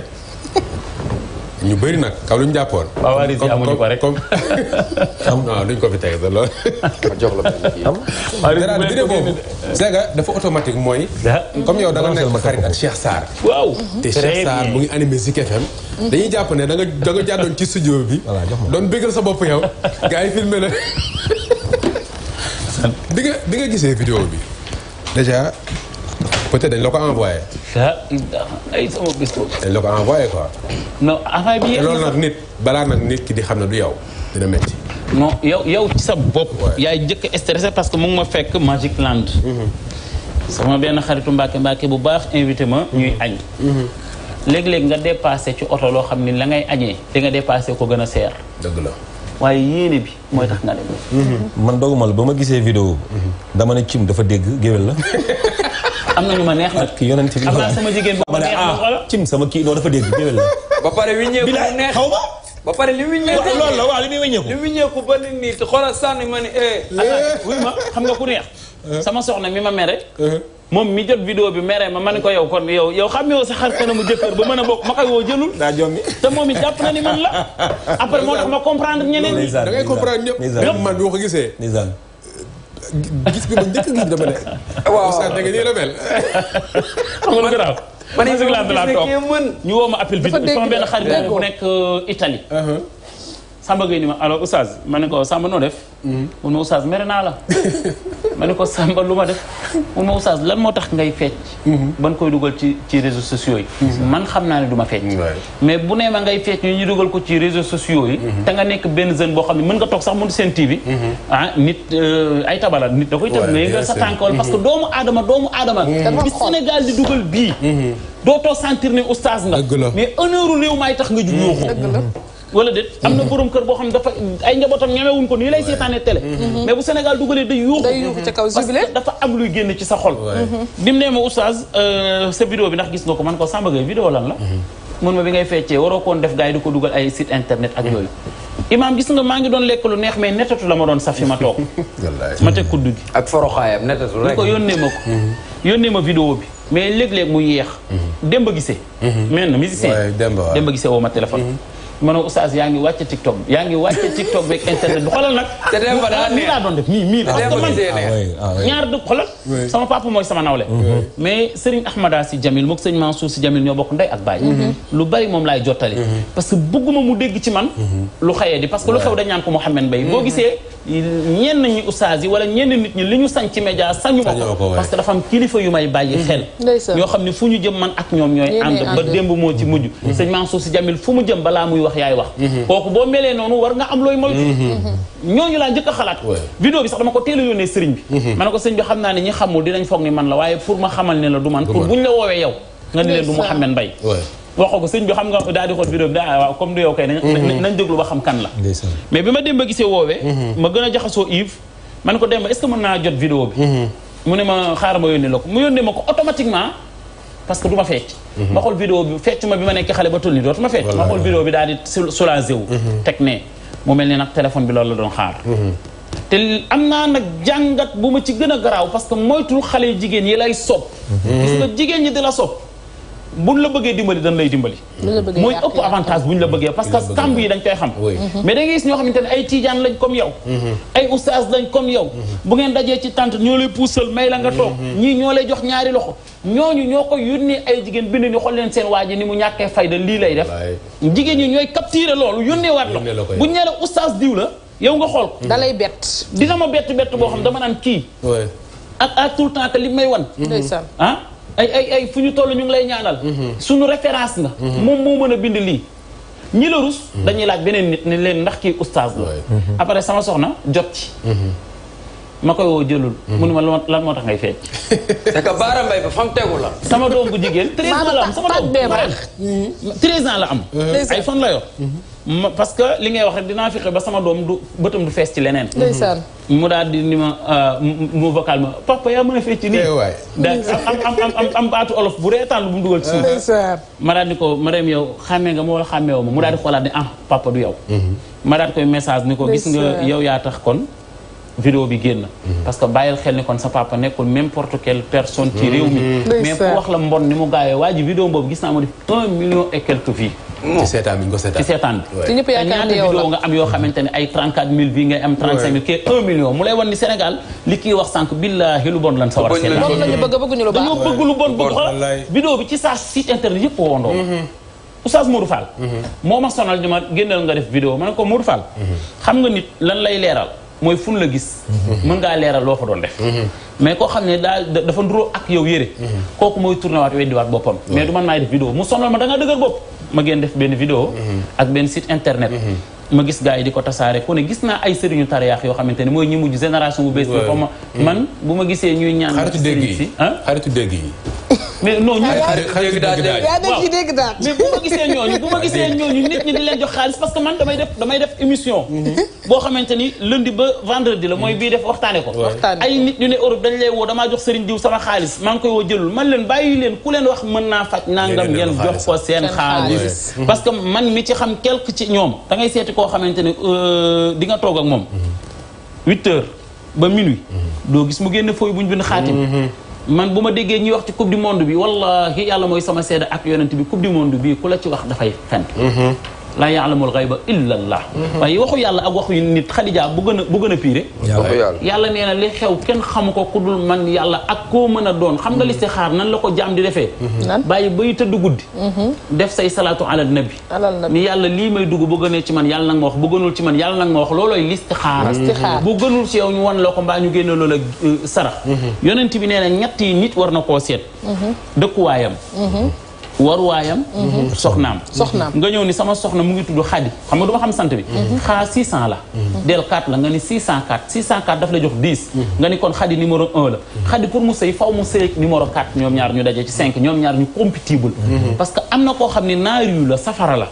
ñu bëri nag kaw lu ñu jàppoon. waawaari si amuñu ko rek comme comme <laughs> fi teg lool. <laughs> jox dafa automatique mooy. comme yow da nga nekk xarit ak Cheikh Sarr. te Cheikh Sarr mu ngi animé Zik FM. dañuy jàpp ne danga nga da jàddoon ci studio bi. doon bëggal sa bopp yow. gars yi filmé bi nga bi nga gisee vidéo bi déjà peut-être dañ la ko ay sama bis ko. dañ la ko envoyé loolu nit balaa nag nit ki di xam ne du yow dina métti. yow yow ci sa bopp. yaay njëkk a stressé parce que mu ngi fekk Magic Land. Mhm. sama benn xaritu Mbàkke Mbàkke bu baax invité ma ñuy añ. Mhm. léeg-léeg nga dépassé ci oto loo xam ni la ngay añee li nga dépassé ko gën a seer. dëgg la waaye yéene bi mooy tax nga dem. man dooguma la ba ma gisee vidéo dama ne dafa dégg géwél la. <laughs> na ñu ma neex ak yonent bi am naa jigéen bu ma neex ah, nag cim sama kii noonu dafa dégg géwél la. <laughs> ba pare wiññeeku mu neex xaw ma. ba pare li wiññeeku la waaw li muy wiññeeku. li wiññeeku ba nit ñi sànni ma ni. Eh. wuy ma xam nga ku neex. Eh. sama soxna mi ma mere. Eh. moom mi jot vidéo bi mere ma man ko yow kon yow yow xam yow sa xar kanamu jëkkër ba mën a bokk ma koy woo jëlul. daa jommi te moom it jàpp na ni man la après moo tax ma comprendre ñeneen ñi. da comprendre ñëpp ñëpp man bi ma ko gisee. gis bi ma njëkk gis dama ne. waaw sax da nga nii la mel. amul garaaw. man it ma gis ne kii mën ñu woo ma appel bi sama benn xarit nekk euh, Italie. Uh-huh. Samba Gueye ni ma alors oustaz ma ne ko Samba noo def. Mm-hmm. mun ma oustaz mere naa la. <laughs> ma ne ko Samba lu ma def mun ma oustaz lan moo tax ngay fecc. Mm-hmm. ban koy dugal ci ci réseaux sociaux yi. Mm-hmm. man xam naa ne du ma fecc. mais bu nee ma ngay fecc ñu dugal ko ci réseaux sociaux yi. te nga nekk benn jeune boo xam ne mën nga toog sax mënut seen TV. ah nit euh, ay tabala nit da koy tëb doomu aadama doomu aadama. bi Sénégal di dugal bii. dootoo sentir ne oustaz nga. mais honneur réew maay tax nga jug wala de am na mhm. borom kër boo xam dafa ay njabootam ñamewuñ ko nii lay seetaane télé mhm. mais bu Sénégal dugalee day yuuxu day yuuxu ca kaw jubilé dafa am luy génn ci sa xol dim mhm. ma oustaz euh, sa vidéo bi ndax gis nga ko man ko Samba Gueye vidéo lan la mun ma bi ngay feccee waroo koon def gars yi ko dugal ay internet ak yooyu imaam gis nga maa ngi doon lekk lu neex mais netatu la ma doon sa safi ma toog <laughs> ma teg kudd gi ak foroxaayam netatu rek ko yónnee ma ko yónnee ma vidéo bi mais léeg-léeg mu yéex Demba Gissé maintenant musicien Demba Gissé woo ma téléphone ma ne oustaz yaa ngi wàcce tiktok yaa ngi wàcce tiktok beeg internet bi xoolal nag. te dem ba la. parce que man ñaar dëkk xoolal. sama papa mooy sama nawle. Mhm. Mhm. mais Serigne Ahmada si Jamil moog sëñ Mansour si Jamil ñoo bokk ndey ak baay. Mhm. lu bari moom laay jottali. parce que bëgguma mu dégg ci man. lu xëyee di parce que lu xew dañ ñaan ko Mouhamed Mbaye boo gisee. ñenn ñi oustaz yi wala ñenn nit ñi li ñu sañ ci média sañu ma ko parce que dafa am kilifa yu may bàyyi xel mm-hmm. ñoo xam ne fu ñu jëm man ak ñoom ñooy ànd ba démb moo ci mm-hmm. mujj mm-hmm. sëñ Mansour si Jamil fu mu jëm balaa muy wax yaay wax kooku boo melee noonu war nga am looy moytu ñooñu laa njëkk a xalaat vidéo bi sax dama ko teel a yónnee sëriñ bi ma ne ko sëñ bi xam naa ne ñi xamul dinañ foog ni man la waaye pour ma xamal ne la du man pour buñ la woowee yow nga ni leen du Mouhamed Mbaye wax ko sëñ bi xam nga daal di xool vidéo bi waaw comme du yow kay nañ mhm. déglu ba xam kan la mais bi ma dem ba gisee woowee mhm. ma gën a jaxasoo Yves ko dem ba naa jot vidéo bi mhm. mu ma xaaral ma yónnee la ko mu yónnee ma ko automatiquement parce que du ma fecc ma xool vidéo bi fecc ma bi ma nekk xale ba toll nii dootuma fecc ma xool vidéo bi daal di soulagé teg ne mu mel ni nag téléphone bi loolu la doon xaar te am naa nag jàngat bu ma ci gën a garaaw parce que moytul xale jigéen yi lay sopp gis jigéen ñi di la sopp bu buñ la bëggee dimbali dañ lay dimbali mooy ëpp avantage buñ la bëggee parce que kàmb yi dañ koy xam mhm. mais da ngay gis ñoo xamante ne ay tiijaan lañ comme yow mhm. ay oustaz lañ comme yow mhm. bu ngeen dajee ci tànt ñoo lay puusal may la nga toog ñii ñoo lay jox ñaari loxo ñooñu ñoo ko yónnee ay jigéen bind ni xool leen seen waa ji ni mu ñàkkee fayda lii lay def jigéen ñi ñooy capturer loolu yónnee waat la buñ nee la oustaz diw la yow nga xool ko dalay bett dina ma boo xam dama naan kii ak tout le temps que li may wan ah ay ay ay fu ñu toll ñu ngi lay ñaanal. Mm-hmm. suñu référence na mm-hmm. moom moo mën a bind lii. ñi la rus mm-hmm. dañuy laaj beneen nit ni leen ndax kii oustaz la. après sama soxna jot ci. ma koy woo jëlul. mu ne ma lan moo tax ngay feeñ. <laughs> c'est que Baara ba fam tegu la. sama doom bu jigéen. treize la am sama doom bu 13 ans la am. ay fan la parce que li ngay wax rek dina fi xé ba sama dom du beutum du fess ci lenen ndeysaan mm-hmm. mu dal di ni ma euh, mu vocal ma papa ya meuna fess ci ni eh, am am am am am batu olof bu retan bu dugal ci suuf. ma dal niko ma rem yow xamé nga mo wala xamé wo mu dal di xolat ni ah papa du yow. Mm-hmm. ma dal koy message niko gis nga yow ya tax kon. vidéo bi génn mm-hmm. parce que bayal xel ni kon sa papa nekul même porte quelle personne ci réew mi mais ko wax la mbon ni mu gaawé waji ji vidéo boobu gis na mo def 1 million et quelques vies ci seetaan bi ñu ko seetaan ci seetaan bi. te ñëpp yaakaar ne yow la nga am yoo xamante ne ay 34000 bii ngay am. 35000 kee 1 million mu lay wan ni Sénégal li kii wax sànq billaahi lu la ñu bëgg bëgguñu lu baax dañoo bëgg lu bon bëgg xoolal vidéo bi ci saa site internet yëpp wondoo mm-hmm. Oustaz Modou Fall. Mm-hmm. moo ma sonal ñu ma génneel nga def vidéo ma ne ko Modou mm-hmm. xam nga nit lan lay leeral. mooy fun la gis mhm. mën ngaa leeral loo fa doon def mhm. mais koo xam ne daal dafa nduróo ak yow yëre mhm. kooku mooy tourné waat weddi waat boppam mais du man maay def vidéo mu sonal ma da ngaa dëgër bopp ma génn def benn vidéo ak benn site internet ma gis gars yi di ko tasaare ku ne gis naa ay sëriñu tariyaax yoo xamante ne mooy ñi mujj génération bu bees bi comme man bu ma gisee ñuy ñaan xaritu dégg yi xaritu dégg yi mais non ñu nit ñi di leen jox xaalis parce man mm-hmm. ni lundi ba vendredi la mooy mm-hmm. bii def waxtaane ko ay nit ñu ne Europe dañ lay woo damaa jox sëriñ diw sama xaalis maa ngi koy woo jëlul man leen bàyyi leen ku leen wax mën naa faj nangam ngeen jox ko seen xaalis parce man mi ci xam quelque ci ñoom da seeti koo xamante ne euh, di nga toog moom. 8 heures ba minuit. doo gis mu génn fooy bu ñu bind xaatim. man bu ma déggee ñuy wax ci coupe du monde bi wallahi yàlla mooy sama seede ak yonent bi coupe du monde bi ku la ci wax dafay fen laa yaalamul xayba illa allah mhm. waaye waxu yàlla ak waxu nit xadija bu gën a bu gën a piire yàlla nee li xew kenn xamu ko ku dul man yàlla ak koo mën a doon xam nga mhm. listixaar nan la ko jaam di defee mhm. bàyyi yi tëdd guddi def say salaatu ala nabi ni yàlla lii may dugg bu gënee ci man yàlla nag ma wax bu gënul ci man yàlla nag ma wax loolooy listixaar bu gënul ci yow ñu wan la ko mbaa ñu génne loola euh, sarax yonent bi nee na ñett yi nit war na koo seet dëkkuwaayam waruwaayam. Mhm. soxnaam. soxnaam nga ñëw ni sama soxna mu ngi tudd xadi xam nga du ma xam sant bi. Mhm. xaa 600 la. Mhm. del 4 la nga ni 604 604 daf la jox 10. ñoom ñaar ñu daje ci 5 ñoom ñaar ñu compatible. parce que am na koo xam ne naar yu la safara la.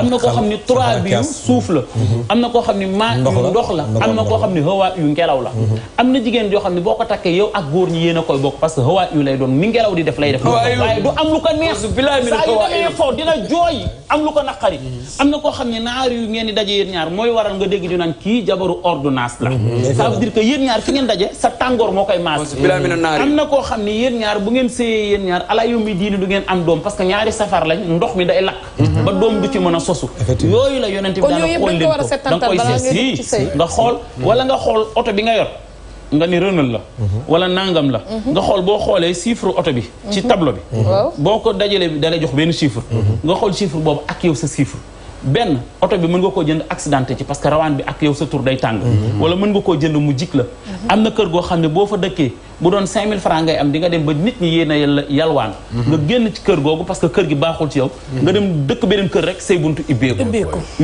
am na koo xam ne trois bi suuf la. am na koo xam ne maa yu ndox la am na koo xam ne hawaa yu ngelaw la. am na jigéen joo xam ne boo ko takkee yow ak góor ñi yéen a koy bokk parce que hawaa yu lay doon ni ngelaw bilaay mi saa dina jooy am lu ko naqari mm-hmm. am na koo xam ne naar yu ngeen di daje yéen ñaar mooy waral nga dégg ñu kii jabaru ordonnance la mm-hmm. ça veut dire que yéen ñaar fi ngeen daje sa tàngoor moo koy maas am na koo xam ne yéen ñaar bu ngeen séyee yéen ñaar ala yombi diini du ngeen am doom parce que ñaari safar lañ ndox mi day lakk mm-hmm. ba doom du ci mën a sosu yooyu la yonente bi daana xool leen ko nga xool wala nga xool oto bi nga yor nga ni Renault la wala nangam la nga xol bo xolé chiffre auto bi ci tableau bi boo ko dajalee dalay jox ben chiffre nga xol chiffre bobu ak yow sa chiffre benn oto bi mën nga koo jënd accidenté ci parce que rawaan bi ak yow sa tur day tàng mhm. wala mën nga koo jënd mu jik la mhm. am na kër goo xam ne boo fa dëkkee bu doon 5000 francs ngay am di nga dem ba nit ñi a yalwaan mhm. nga génn ci kër googu parce que kër gi baaxul ci yow nga dem dëkk beneen kër rek say buntu ubbeeku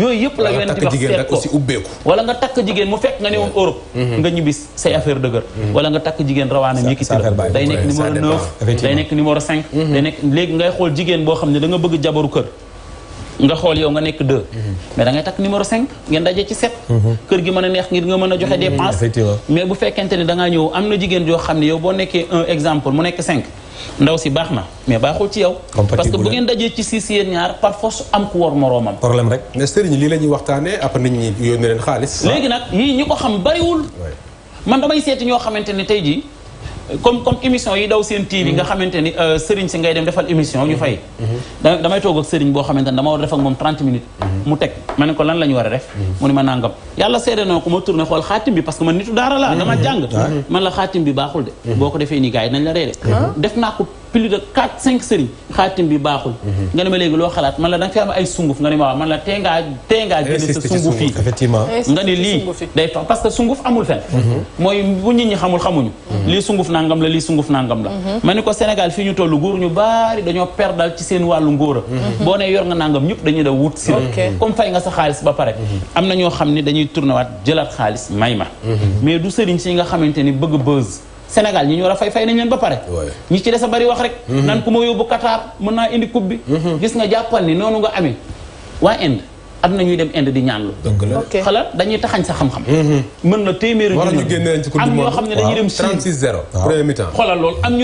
yooyu yëpp la yonent bi wax seet ko ubbeeku wala nga takk jigéen mu fekk nga ne woon Europe nga ñibbis say affaire dëgër wala nga takk jigéen rawaanam yëkkati la day nekk numéro 9 day nekk numéro 5 day nekk léegi ngay xool jigéen boo xam ne da bëgg jabaru kër nga xol yow nga nek 2 mhm. mais da ngay tak numéro 5 ngeen dajé ci 7 mhm. keur gi mën neex ngir nga mën joxé joxe mhm, dépense mais bu fekkenté ni da nga ñëw amna jigen jo xamni yow bo nekké un exemple mu nekk 5 ndaw si baxna mais baxul ci yow parce que bu ngeen dajé ci 6 yeen ñaar par force am ko wor moroomam problème rek mais sëriñ li lañuy waxtané ap après nit ñi yoné len xaaliss légui nak ñi ñuko xam bari wul man damay seeti ño xamante tay ji comme comme émission yi daw seen TV nga mm-hmm. xamante ni euh, sëriñ si ngay dem defal émission ñu fay mm-hmm. damay toog ak sëriñ boo xamante ne dama war a def moom 30 minutes mm-hmm. mu teg ma ne ko lan la ñu war a def mu ni ma nangam yàlla seede na ko ma tourné xool xaatim bi parce que man nitu daara laa dama jàng man la xaatim bi baaxul de boo ko defee nii gars yi nañ la reede def naa ko plus de 4 5 séries xaatim bi baaxul mhm. nga ne ma léegi loo xalaat man la da nga fi am ay sunguf nga ni ma waaw man la tee ngaa tee ngaa génne sa sunguf yi effectivement nga ni lii day toog parce que sunguf amul fen mhm. mooy bu nit ñi xamul xamuñu mhm. lii sunguf nangam la lii sunguf nangam la ma ni ko Sénégal fii ñu toll góor ñu baari dañoo perdal ci seen wàllu ngóor a boo ne yor nga nangam ñëpp dañuy da wut si comme fay nga sa xaalis ba pare am na ñoo xam ne dañuy tourné waat jëlaat xaalis may ma mais du sëriñ si nga xamante bëgg buzz Sénégal ñi ñu war a fay fay nañ leen ba pare ñi ci de a bari wax rek mhm. naan ku ma yóbbu Qatar mën naa indi coupe bi mhm. gis nga jàppal ni noonu nga amee waa Inde am na ñuy dem Inde di ñaanlu. dëgg xala dañuy taxañ sa xam-xam. Mhm. mën na téeméeri. ñu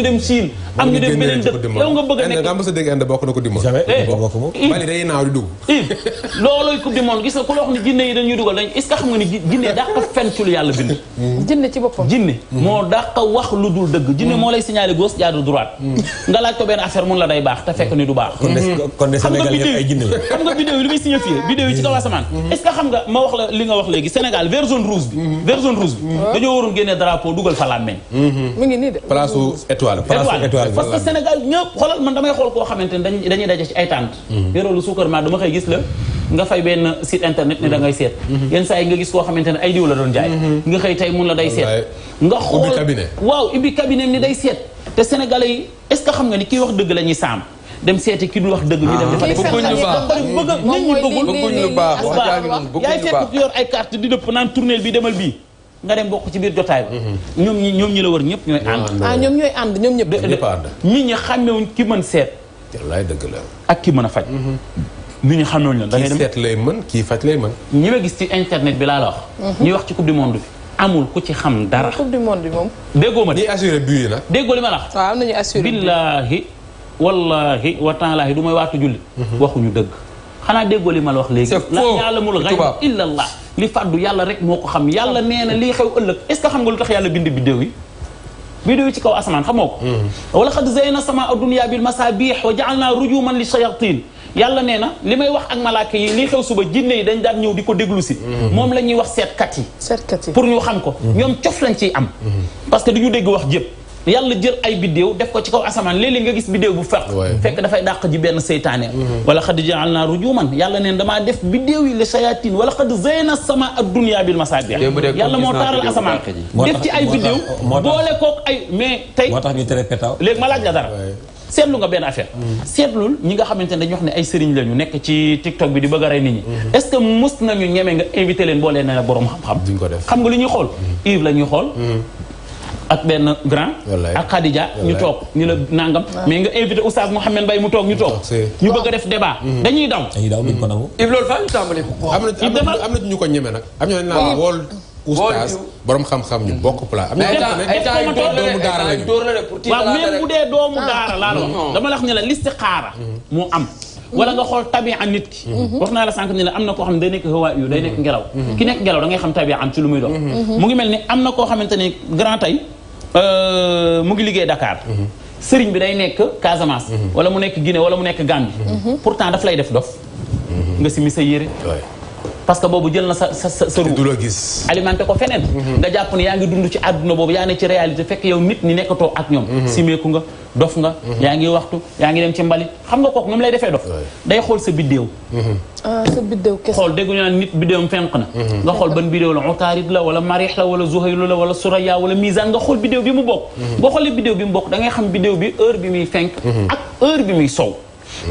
dem Chine. am ñu dem beneen dëkk yow nga bëgg a nekk. nga mës a dégg Inde bokk na coupe du monde. Eh. Eh. yi dañuy dugal dañ est xam nga ni jinne daa ko fentul yàlla bind. Mm-hmm. jinne ci boppam jinne mm-hmm. moo daa wax lu dul dëgg. jinne mm-hmm. moo lay signaler gauche jaadu droite. nga laaj ko benn affaire mun la day baax te fekk ni du baax. xam nga bidéo yi li muy signifié ñëwee ci kaw asamaan mhm. est-ce que xam nga ma wax la li nga wax léegi Sénégal vers mhm. mhm. parce que Sénégal ñëpp xoolal man damay xool koo xamante dañuy daje ci ay tànt yoroolu suukar ma dama xëy gis la nga fay benn site internet ne da seet yenn saa yi nga gis koo xamante ne la doon jaay nga xëy tey la day seet nga xool waaw ubbi cabinet ni day seet te Sénégalais yi est-ce xam nga ni kii wax dëgg la saam dem seeti ki dul wax dëgg. ñu dem ah. defal bëgg nit ñi bëggul lu baax yaay fekk ku yor ay carte di dëpp naan tournel bi demal bii nga dem bokk ci biir jotaay ba mhm. ñoom ñi ñoom ñi la wër ñëpp ñooy ànd ah ñoom ñooy ànd ñoom ñëpp nit ñi xàmmewuñ ki mën seet wallaay dëgg la ak ki mën a faj nit mhm. ñi xàmmewuñ la da ngay dem seet lay mën kii faj lay mën ñi ma gis ci internet bi laa la wax mhm. ñuy wax ci coupe du monde bi amul ku ci xam dara coupe du monde bi moom déggoo ma de ñi assuré bu yi nag déggoo li ma la wax waaw nañu assuré billaahi والله وطن الله دوما وات جولي واخو ني دغ خانا ديغولي مال واخ ليك لا يعلم الغيب الا الله لي فادو يالا ريك موكو خام يالا نينا لي خيو اولك استا خام غول تخ يالا بيندي بيديو بيديو تي كو اسمان خاموكو ولا خد زين السماء الدنيا بالمصابيح وجعلنا رجوما للشياطين يالا نينا لي واخ اك ملائكه لي خيو صبا جيني دنج دان نيو ديكو ديغلو سي موم لا ني واخ سيت كاتي سيت كاتي بور ني خام كو نيوم تيوف لا ام باسكو دي ديغ واخ جيب yàlla jël ay biddéew def ko ci kaw asamaan léeg-léeg nga gis biddéew bu fekk fekk dafay dàq ji benn seytaane wala xad jaal naa rujuman yàlla neen damaa def biddéew yi la shayatin wala xad zeyna sama ak dunia bil masabih yàlla moo taaral asamaan def ci ay biddéew boole kook ay mais tey moo tax ñu tere pétaw léegi ma laaj la dara seetlu nga benn affaire seetlul ñi nga xamante ne wax ne ay sëriñ lañu nekk ci tiktok bi di bëgg a rey nit ñi est-ce que mës nañu ñeme nga invité leen boolee ne borom xam-xam duñ ko def xam nga li ñuy xool Yves la ñuy ak benn grand ak Khadija ñu toog ñu la nangam mais nga invité oustaz Mouhamed Mbaye mu toog ñu toog ñu bëgg a def débat mm-hmm. dañuy daw dañuy daw ko am na ñu ko ñeme nag am ñoo naan wool xam-xam ñu bokk plat am na doomu daara lañu waaw même bu dee doomu ah. daara laa la wax dama la wax ne la listixaara mm-hmm. moo am wala nga xool tabia nit ki mm-hmm. wax naa la sànq ni la am na koo xam ne day nekk hawa yu day ngelaw ki nekk ngelaw da xam tabia am ci lu muy dox mu ngi mel ni am na koo xamante ne grand tey Euh, mu ngi liggéey dakaar mhm. sëriñ bi day nekk Casamance. Mhm. wala mu nekk gine wala mu nekk Gambie. Mhm. pourtant daf lay def dof. nga simi sa yére. parce que boobu jël na sa sa sa ko feneen. Mhm. nga jàpp ne yaa ngi dund ci àdduna boobu yaa ne ci réalité fekk yow nit ñi nekkatoo ak ñoom. Mhm. simeeku nga dof nga. Mhm. yaa ngi waxtu yaa ngi dem ci mbalit xam nga kooku nu lay defee dof. day xool sa biddéew. ah sa biddéew xool dégg ñu naan nit biddéewam fenq na. nga xool ban biddéew la utaarid la wala marix la wala zuhaylu la wala suraya wala bi mu bokk. boo xoolee biddéew bi mu bokk da ngay xam biddéew bi heure bi muy fenk. ak heure bi muy sow.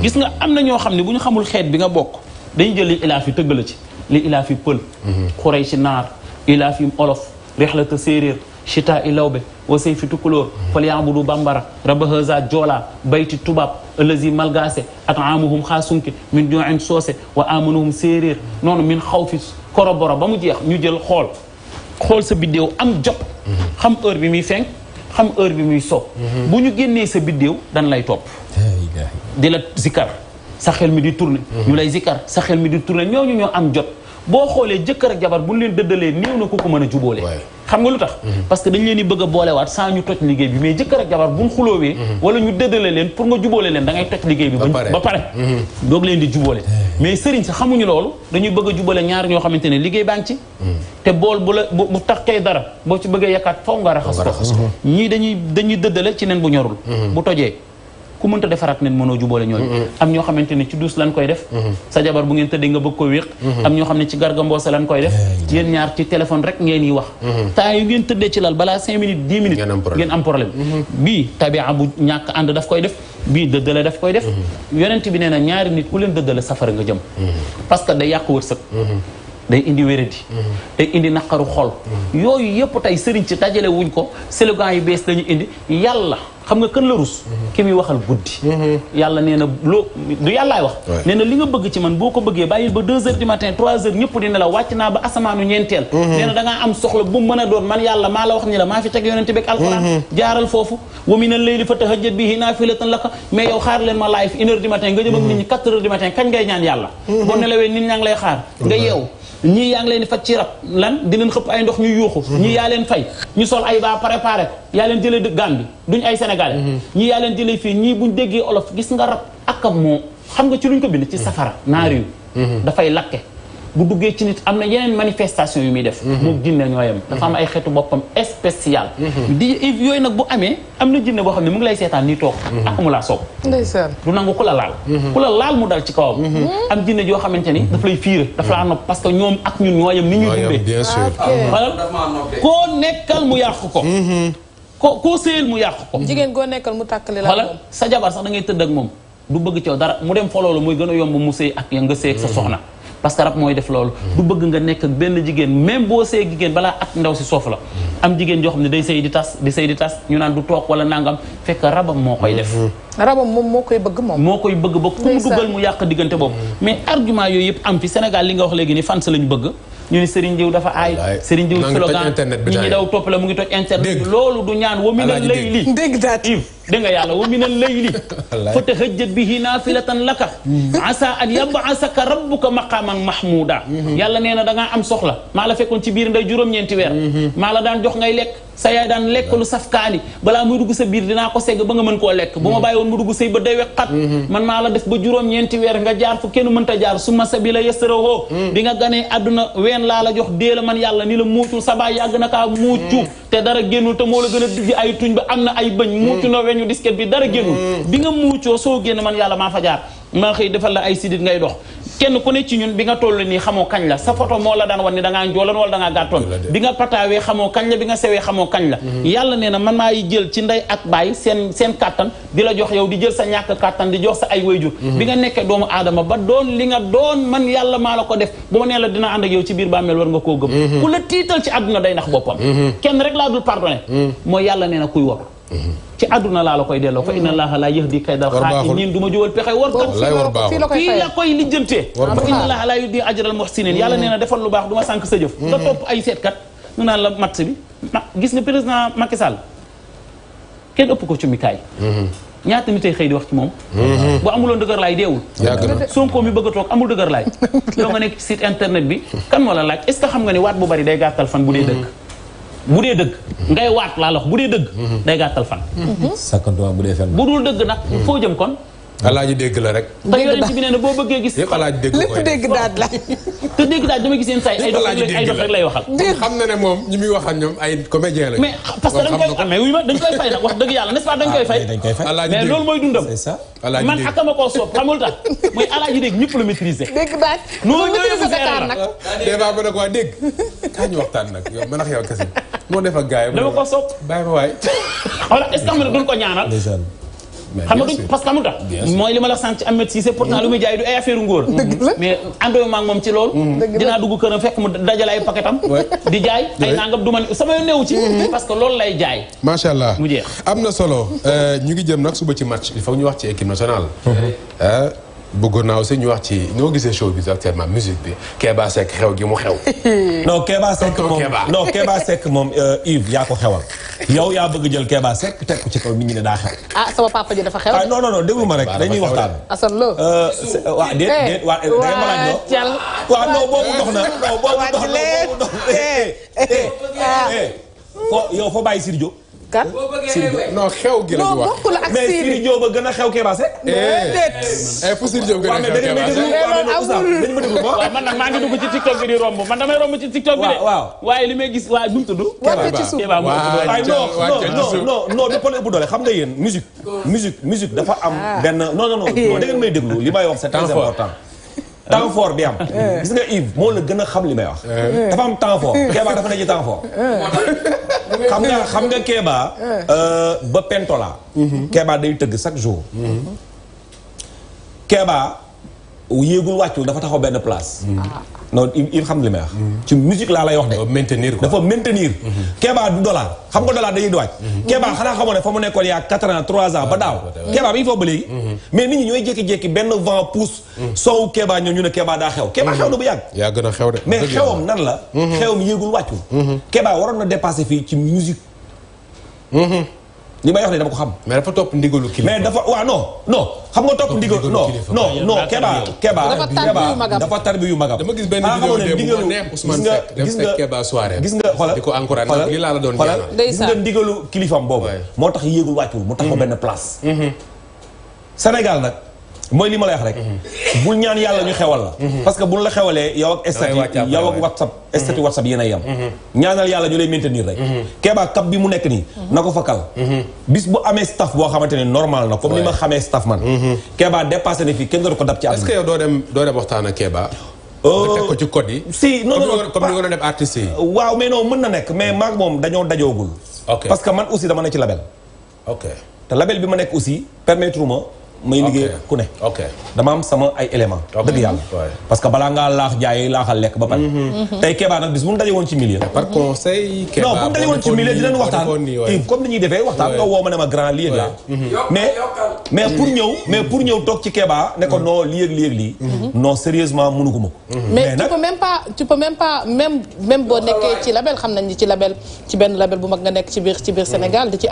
gis nga am na ñoo xam ne bu ñu xamul xeet bi nga bokk dañu jëli ilaaf la ci li ila fi pël quraish nar ila fi olof rihlat sirir shita ilawbe wa wasey fi fal ya'budu bambara rabahaza jola bayti tubab allazi malgase ataamuhum xaasunki min du'in sose wa amanuhum sirir non min khawfis fi koroboro ba jeex ñu jël xol xol sa bidew am jop xam heure bi mi fenk xam heure bi muy so buñu génné sa bidew dan lay top dila zikar sa xel mi di tourné. Mhm. ñu lay zikkar sa xel mi di tourné ñooñu ñoo am jot. boo xoolee jëkkër ak jabar bu ñu leen dëddalee néew na ku ko mën a jubóole xam nga lu tax mhm. parce que dañ leen di bëgg a boolewaat sans ñu toj liggéey bi mais jëkkër ak jabar bu mhm. ñu xulóowee wala leen pour nga jubóole leen da ngay toj liggéey bi ba pare doog leen di jubóole mais sëriñ sa xamuñu loolu dañuy bëgg a jubóole ñaar ñoo xamante ne liggéey baa ngi ci te bool bu la bu taxkee dara boo ci bëggee yekkaat faw nga raxas ko ñii dañuy dañuy dëddale ci nen bu ñorul bu tojee ku mënta defaraat nen mënoo jubóole ñooñu mm-hmm. am ñoo xamante ne ci duus lan koy def mm-hmm. sa jabar bu ngeen tëddee nga bëgg ko wéq mm-hmm. am ñoo xam ne ci garga mboosa koy def yéen ñaar ci téléphone rek ngeen yi wax temps yu ngeen tëddee ci lal balaa cinq minutes dix minutes ngeen am problème bii tabia bu ñàkk ànd daf koy def bii dëddale daf koy def yonent bi nee ñaari nit ku leen dëddale safara nga jëm parce day yàq wërsëg day indi wéradi day indi naqaru xol xam nga kan la rus mhm. ki muy waxal guddi mhm. yàlla nee loo du yàllaay wax nee li nga bëgg ci man boo ko bëggee bàyyil ba deux heures du matin trois heures ñëpp di ne la wàcc naa ba asamaanu ñeenteel mhm. nee na am soxla bu mën a doon man yàlla maa la wax ni la maa fi teg yonente beeg alxuraan jaaral foofu wa minal layli fatahajjad bihi naafilatan laka mais yow xaar leen ma live nga jëm ak nit quatre heures du matin kañ ngay ñaan yàlla boo nelawee nit ñaa lay xaar nga Sénégal ñii yaa leen jëlee fii ñii buñ déggee olof gis nga rab akam moo xam nga ci luñ ko bind ci safara naar yu dafay lakke bu duggee ci nit am na yeneen manifestation yu muy def moom jinne ñooyam dafa am ay xeetu boppam spécial di yooyu nag bu amee am na jinne boo xam ne mu ngi lay seetaan nii toog ak ah, mu laa la mhm. la laal mu dal ci kawam mhm. am jinne joo xamante ni daf lay fiire daf laa nopp parce que ñoom ak ñun ñooyam ni ñuy dundee bien ah, ah, koo nekkal mu yàq ko mhm. ko koo séyal mu yàq ko. jigéen koo nekkal mu tàkkale la wala sa jabar sax da ngay tëdd ak moom du bëgg ci dara mu dem foloo la muy gën a yomb mu séy ak ya nga séy ak sa soxna parce que rab mooy def loolu du bëgg nga nekk ak benn jigéen même boo séy jigéen balaa ak ndaw si soof la am jigéen joo xam ne day séy di tas di séy di tas ñu naan du toog wala nangam fekk rabam moo koy def mm-hmm. rabam moom moo koy bëgg moom moo koy bëgg ba ku mu dugal mu yàq diggante boobu mm-hmm. mais argument yooyu yëpp am Sénégal li nga wax léegi ni fan sa lañu bëgg ñu ni Serigne Diw dafa aay Serigne Diw slogan ñi ñi daw topp la mu ngi toj internet loolu du ñaan wa minal lay li dégg daat Yves dégg nga yàlla wa minal lay li <laughs> fa tahajjat bihi naafilatan laka mm-hmm. asa an yab'asaka rabbuka maqaman mahmuda mm-hmm. yàlla nee na da am soxla maa la fekkoon ci biir nday juróom-ñeenti weer mm-hmm. maa la daan jox ngay lekk sa yaay daan lekk lu saf kaani balaa muy dugg sa biir dina ko segg ba nga mën koo lekk bu ma bàyyi woon mu dugg say ba day wexxat mm-hmm. man maa la def ba juróom ñeenti weer nga jaar fu kenn mënta jaar su ma sa bi la yëstarahoo mm. bi nga ganee àdduna ween laa la jox dee man yàlla ni la muucul sa baay yàgg na kaa muucu mm. te dara génnul te moo la gën a digg ay tuñ ba am na ay bëñ mm. muucu na weñu disket bi dara génnul bi nga muucoo soo génn man yàlla maa fa jaar maa xëy defal la ay sidit ngay dox kenn ku ne ci ñun bi nga toll nii xamoo kañ la sa photo moo la daan wan ni da ngaa njooloon wala da ngaa gàttoon bi nga pataawee xamoo kañ la bi nga sewee xamoo kañ la mhm. yàlla nee na man maay jël ci ndey ak baay seen seen kàttan di la jox yow di jël sa ñàkk kàttan di jox sa ay wayjur mhm. bi nga nekkee doomu aadama ba doon li nga doon man yàlla maa la ko def bu ma nee la dina ànd ak yow ci biir bàmmeel war nga koo gëm mhm. ku la tiital ci àdduna day nax boppam kenn rek laa dul pardonné yàlla nee na kuy wor ci àdduna laa la koy delloo ko inna allaha laa yahdi kaydal xaa'iniin du ma jówal pexe war kat fii la koy lijjantee ba inna allaha laa yahdi ajral muhsinin mm-hmm. yàlla nee na defal lu baax du ma sànk sa jëf mm-hmm. nga topp ay seetkat ñu naan la match bi gis nga président Macky Sall kenn ëpp ko ci mikaay mm-hmm. ñaata nit ay xëy di wax ci moom bu amuloon dëgër laay deewul Sonko mi bëgg a toog amul dëgër laay <laughs> yow nga nekk ci site internet bi kan moo la laaj est ce que xam nga ne waat bu bari day gàttal fan bu dee bu dee dëgg ngay waat laa la bu dee dëgg mhm. day gàttal fan mhm. sakkantumaa bu dee fen bu dul dëgg nag mhm. foo jëm kon alaaji dégg la rek te yonent bi nee na boo bëggee gis lépp alaaji dégg lépp dégg daaj la te dégg daaj dama gis seen say ay dox rek lay waxal xam na ne moom ñi muy waxal ñoom ay comédien la mais parce que dañ koy mais wuy ma dañ koy fay nag wax dëgg yàlla n'est-ce pas dañ koy ah, fay mais loolu mooy dundam man akama koo soob xamul tax mooy alaaji dégg ñëpp la maîtriser dégg daaj noo ñëw yëpp seeral nag débat ba nag waa dégg ah, kaa ñu waxtaan nag yow man ak yow kese moo def ak gars yi dama ko sopp bàyyi ma xam nga duñ ko ñaanal xam nga duñ parce que amul tax mooy li ma la sant ci Ahmed Cissé pourtant lu muy jaay du ay affaire ngóor mm-hmm. mais àndoo ma ak moom ci loolu mm-hmm. dinaa dugg këram fekk mu dajale ay paquetam di jaay ay nangam du ma sama yoon newu ci mm-hmm. parce que loolu lay jaay macha allah mu jeex am na solo euh, ñu ngi jëm nag suba ci match il faut ñu wax ci équipe nationale euh, bëggoon naa aussi ñu wax ci ñoo gisee show bi actuellement musique bi Kéba Seck xew gi mu xew. <laughs> no Kéba Seck moom non Kéba Seck moom euh, yaa ko xewal. yow yaa bëgg jël Kéba Seck teg ci kaw mi ñi ne daa xew. ah sama papa dafa xew. ah non non non déglu ma rek dañuy waxtaan. asan euh, euh, eh, loo. waa déet waa da boobu dox na non boobu dox na boobu dox na. Eh, eh, foo yow foo bàyyi Sidy kan non xew gi la ñu wax mais Sidi Diop a gën a xew Kéba Seck. Eh. déedéet. Eh, fu Sidi Diop gën a xew Kéba eh, a waaw man nag maa ngi dugg ci TikTok bi di romb man damay romb ci TikTok bi de. waaye li may gis waaye nu mu tudd. wàcc ci suuf Kéba mu tudd non non non du problème bu doole xam nga yéen musique musique musique dafa am ah. benn non non <laughs> non da ngeen may déglu li may wax c'est très temps fort bi am. Eh. moo la gën a xam li may wax. Eh. Eh. dafa am temps fort Kéba dafa ne xam nga xam nga Kéba. Euh, ba pentola. Mhm. Kéba day tëgg chaque jour. Mhm. Kéba. yéegul wàccul dafa taxaw benn place. Mm-hmm. non il xam li may wax. Mm-hmm. ci musique laa lay wax de. maintenir dafa maintenir. Mm-hmm. Kéba du dollar xam nga dollar dañuy di wàcc. Kéba xanaa xamoon ne fa mu nekkoon yaa 4 ans 3 ba ah, daaw. Kéba bi ñu foofu ba léegi. mais nit ñi ñooy jékki-jékki benn vent pousse. soowu Kéba ñoo ñu ne Kéba daa xew. Kéba xew na bu yàgg. a xew de. mais xewam nan la. xewam yéegul wàccul. Kéba waroon na dépassé fii ci musique. li may wax ne dama ko xam. mais dafa topp ndigalu kilifa mais dafa waaw non non. xam nga topp ndigalu non non non Keba Keba dafa tarbi yu magam. dama gis benn ah, vidéo bu neex Ousmane Seck dem fekk Keba soirée gis nga xoolal di ko encouragé ndax lii laa la doon jàngal gis nga ndigalu kilifam boobu. moo tax yéegul wàccul mu tax ko mhm. benn place. Mhm. Sénégal nag. mooy li ma lay wax rek. bul ñaan yàlla ñu xewal la. Mhm. parce que buñ la xewalee yow ak. statut yow ak whatsapp. Mhm. statut whatsapp yéen a mhm. ñaanal yàlla ñu lay maintenir rek. keebaa kap bi mu nekk nii. na ko fa bis bu amee staff boo xamante ne normal na comme ni ma xamee staff man. keebaa dépassé na fii kenn dootu ko dab ci àdduna. est-ce que doo dem waxtaan ak keebaa. Euh, euh, waaw mais non mën na nekk mais maag moom dañoo dajoogul. parce que man aussi dama ne ci label. te label bi ma nekk aussi permettre may liggéey ku ne dama am sama ay élément dëgg yàlla parce que balaa ngaa laax jaay laaxal lekk ba pare mhm. Mhm. Mhm. tey Kéba nag bis bu ñu daje woon ci milieu bu ñu daje woon ci milieu dinañ waxtaan comme ni defee waxtaan nga woo ma ne ma grand lii laa mais mais pour ñëw toog ci Kéba ne ko non lii ak lii ak lii sérieusement mënu ko ma mais tu peux même pas tu boo nekkee ci label xam nañ ci label ci benn label bu mag nga nekk ci biir Sénégal di ci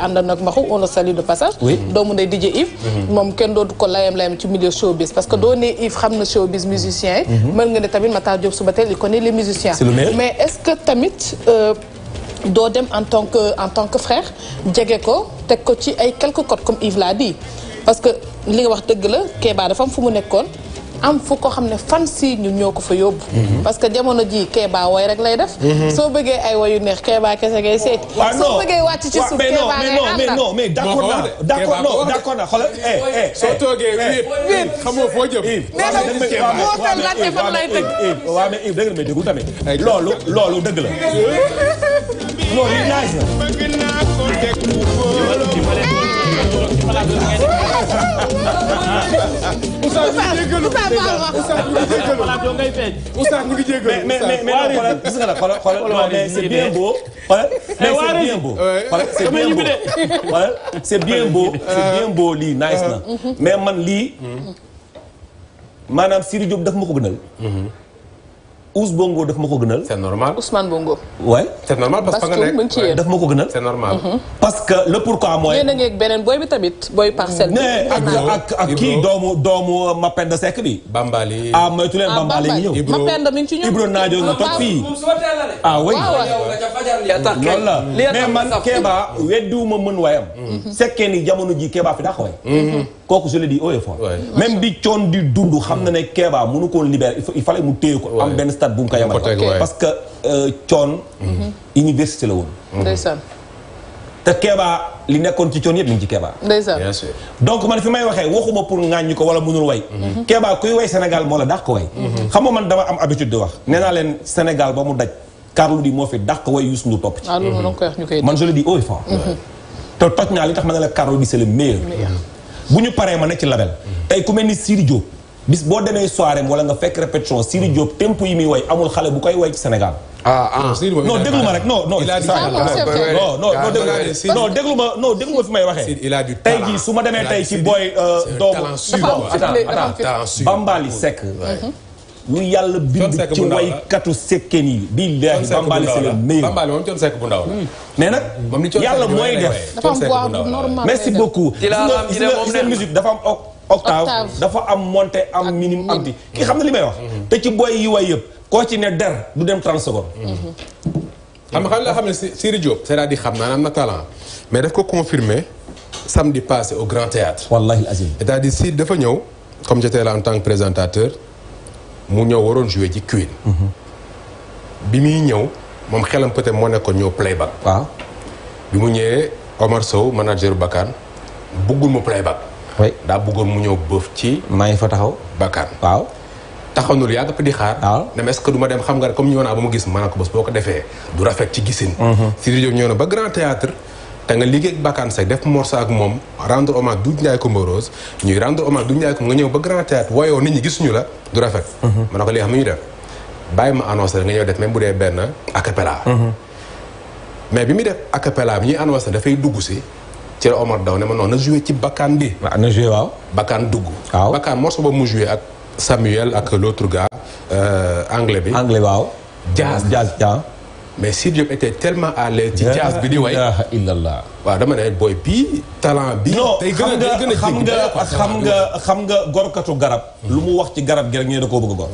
dootu ko layam-layam ci milieu showbiz parce que donné, il frappe xam showbiz musicien yi mhm. mën nga ne tamit Matar Diop Soubatel il connaît les musiciens mais est-ce que tamit euh, doo dem en tant que en tant que frère jege ko teg ko ci ay quelques codes comme Yves l'a dit parce que li nga wax dëgg la Kéba dafa am fu mu am fu ko xam ne fan si ñun ñoo ko fa yóbbu mhm. parce que jamono ji Kéba way rek lay def mhm. soo bëggee ay wayu neex Kéba kese ngay seeti soo bëggee wàcc ci suuf Kéba ngay soo toogee eh. Eh. wéet xamoo foo jëm wootal laajte tamit loolu dëgg la Oustaz ñu ngi jégalu mais mais mais xoolal gis nga nag xoolal xoolal mais c'est bien beau. xoolal mais c'est bien beau. xoolal c'est bien beau xoolal c'est bien beau c'est bien beau lii nice na mais man lii maanaam Siri Diop daf ma ko gënal. Ous Bongo daf ma ko gënal. c'est normal Ousmane Bongo. waay c'est parce que nga ma ko gënal. c'est normal mhm. parce que le pourquoi mooy. yéen a ngeeg beneen booy bi tamit booy parcelle. mais ak kii doomu doomu Mapenda Seck bi. Bambali ah moytu leen ah, Bambali ñu ñëw. Mapenda mi ngi ci ñëw Ibro Naajo nga ah, toog fii. ah oui loolu la mais man Kéba weddiwuma mën waayam. Mhm. sekkee ni jamono ji Kéba fi daa ko waay. Mhm. kooku je le mu téye ko am benn stade bu mu ko yemale parce que coon euh, mhm. université la woon ndeysaan te Kéba li nekkoon ci coon yëpp mi ngi ci Kéba ndeysaan bien sûr donc man fi may waxee waxuma pour ŋaañ ñu ko wala mënul way mhm. Mhm. Kéba kuy way Sénégal moo la dàq ko way xam nga man dama am habitude di wax nee naa leen Sénégal ba mu daj Carlou D moo fi dàq way Youssou Ndour topp ci ah, man je le dis haut te toj naa li tax ma ne la Carlou D c'est le meilleur bu ñu paree ma nekk ci label tey ku mel ni Sidi bis bo démé soirée wala nga fekk répétition Sidi tempo yi way amul xalé bu koy way ci Sénégal. ah ah non déglu rek non non. il a dit non non non non fi il a du euh, talent non, non, non, non, non, non, non, non, non, Bambali sec. non, yalla bind ci non, non, yi. non, Bambali c'est le meilleur. Bambali On non, non, bu hmm. Non. merci beaucoup. il a musique dafa am octave dafa am monté am minimum am di ki xamna limay wax mhm. te ci boy yi way yëpp ko ci ne der du dem 30 secondes mhm. Mhm. xam nga xam la xam Siri Diop c'est-à-dire xam naa am na talent mais daf ko confirmer samedi passé au Grand Théâtre wallahi azim c'est-à-dire si dafa ñëw comme j'étais là en tant que présentateur mu ñëw waroon jouer ci Queen bi mi ñëw mom xelam peut-être ne ko ñëw playback waaw bi mu ñëwee Omar Sow manager Bakane buggul mu playback oui da bëggoon mu ñëw bëf ci. may fa taxaw bakkar waaw. taxaw na lu yàgg di xaar. waaw ne ma est-ce que duma dem xam nga comme ñëw naa ba mu gis maanaam ko bés boo ko defee du rafet ci gisin. Mhm. Sidy Diop ñëw na ba Grand Théâtre te nga liggéey ak Bakane Seck def morsa ak moom rendre hommage du Ndiaye Coumba Rose ñuy rendre hommage du Ndiaye Coumba nga ñëw ba Grand Théâtre wayoo nit ñi gisuñu la du rafet. Mhm. ma ne ko li xam ñu def bàyyi ma annoncé nga ñëw def même bu dee benn acapella. Mhm. mais bi muy def acapella bi ñuy annoncé dafay dugg si ci la Omar daw ne ma non na joué ci bakkaan bi. Ah, waaw na joué waaw. bakkaan dugg. waaw bakkaan ba mu joué ak Samuel ak l'autre gars euh, anglais bi. anglais waaw. jazz jazz jazz. mais Sidy Diop était tellement à l'aise ci jazz bi di way. la ilaha illallah. waaw dama ne booy bii talent bi tey a gën a xam nga xam nga xam nga gorkatu garab. Hmm. lu mu wax ci garab gi rek ñu ne da koo bëgg a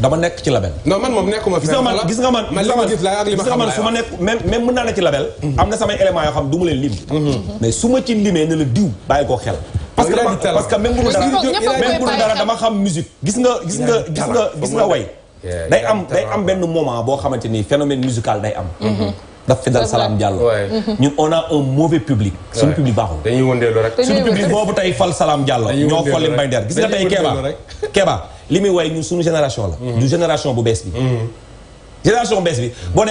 dama nekk ci label. non man moom nekkuma fi. man gis nga man la ak li ma xam man su ma nekk même même mën naa ne ci label. Mhm. am na samay éléments yoo xam du ma leen lim. Mhm. mais su ma ci limee ne la diw bàyyi ko xel. parce que parce que même bu dul dara dama xam musique. gis nga gis nga gis nga gis nga way. day am am benn moment boo xamante ni phénomène musical day am. Mhm. daf Salam Diallo. nous on a un mauvais public. un public fait dañuy un rek un public fal Salam Diallo. ñoo fait gis nga Kéba Kéba way génération la. Mhm. du génération bu bees bi. Mhm. génération bu bees bi boo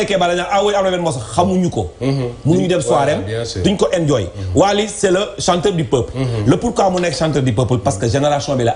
ah enjoy. Mhm. Wali, c'est le chanteur du peuple. le pourquoi chanteur du peuple parce que génération bi la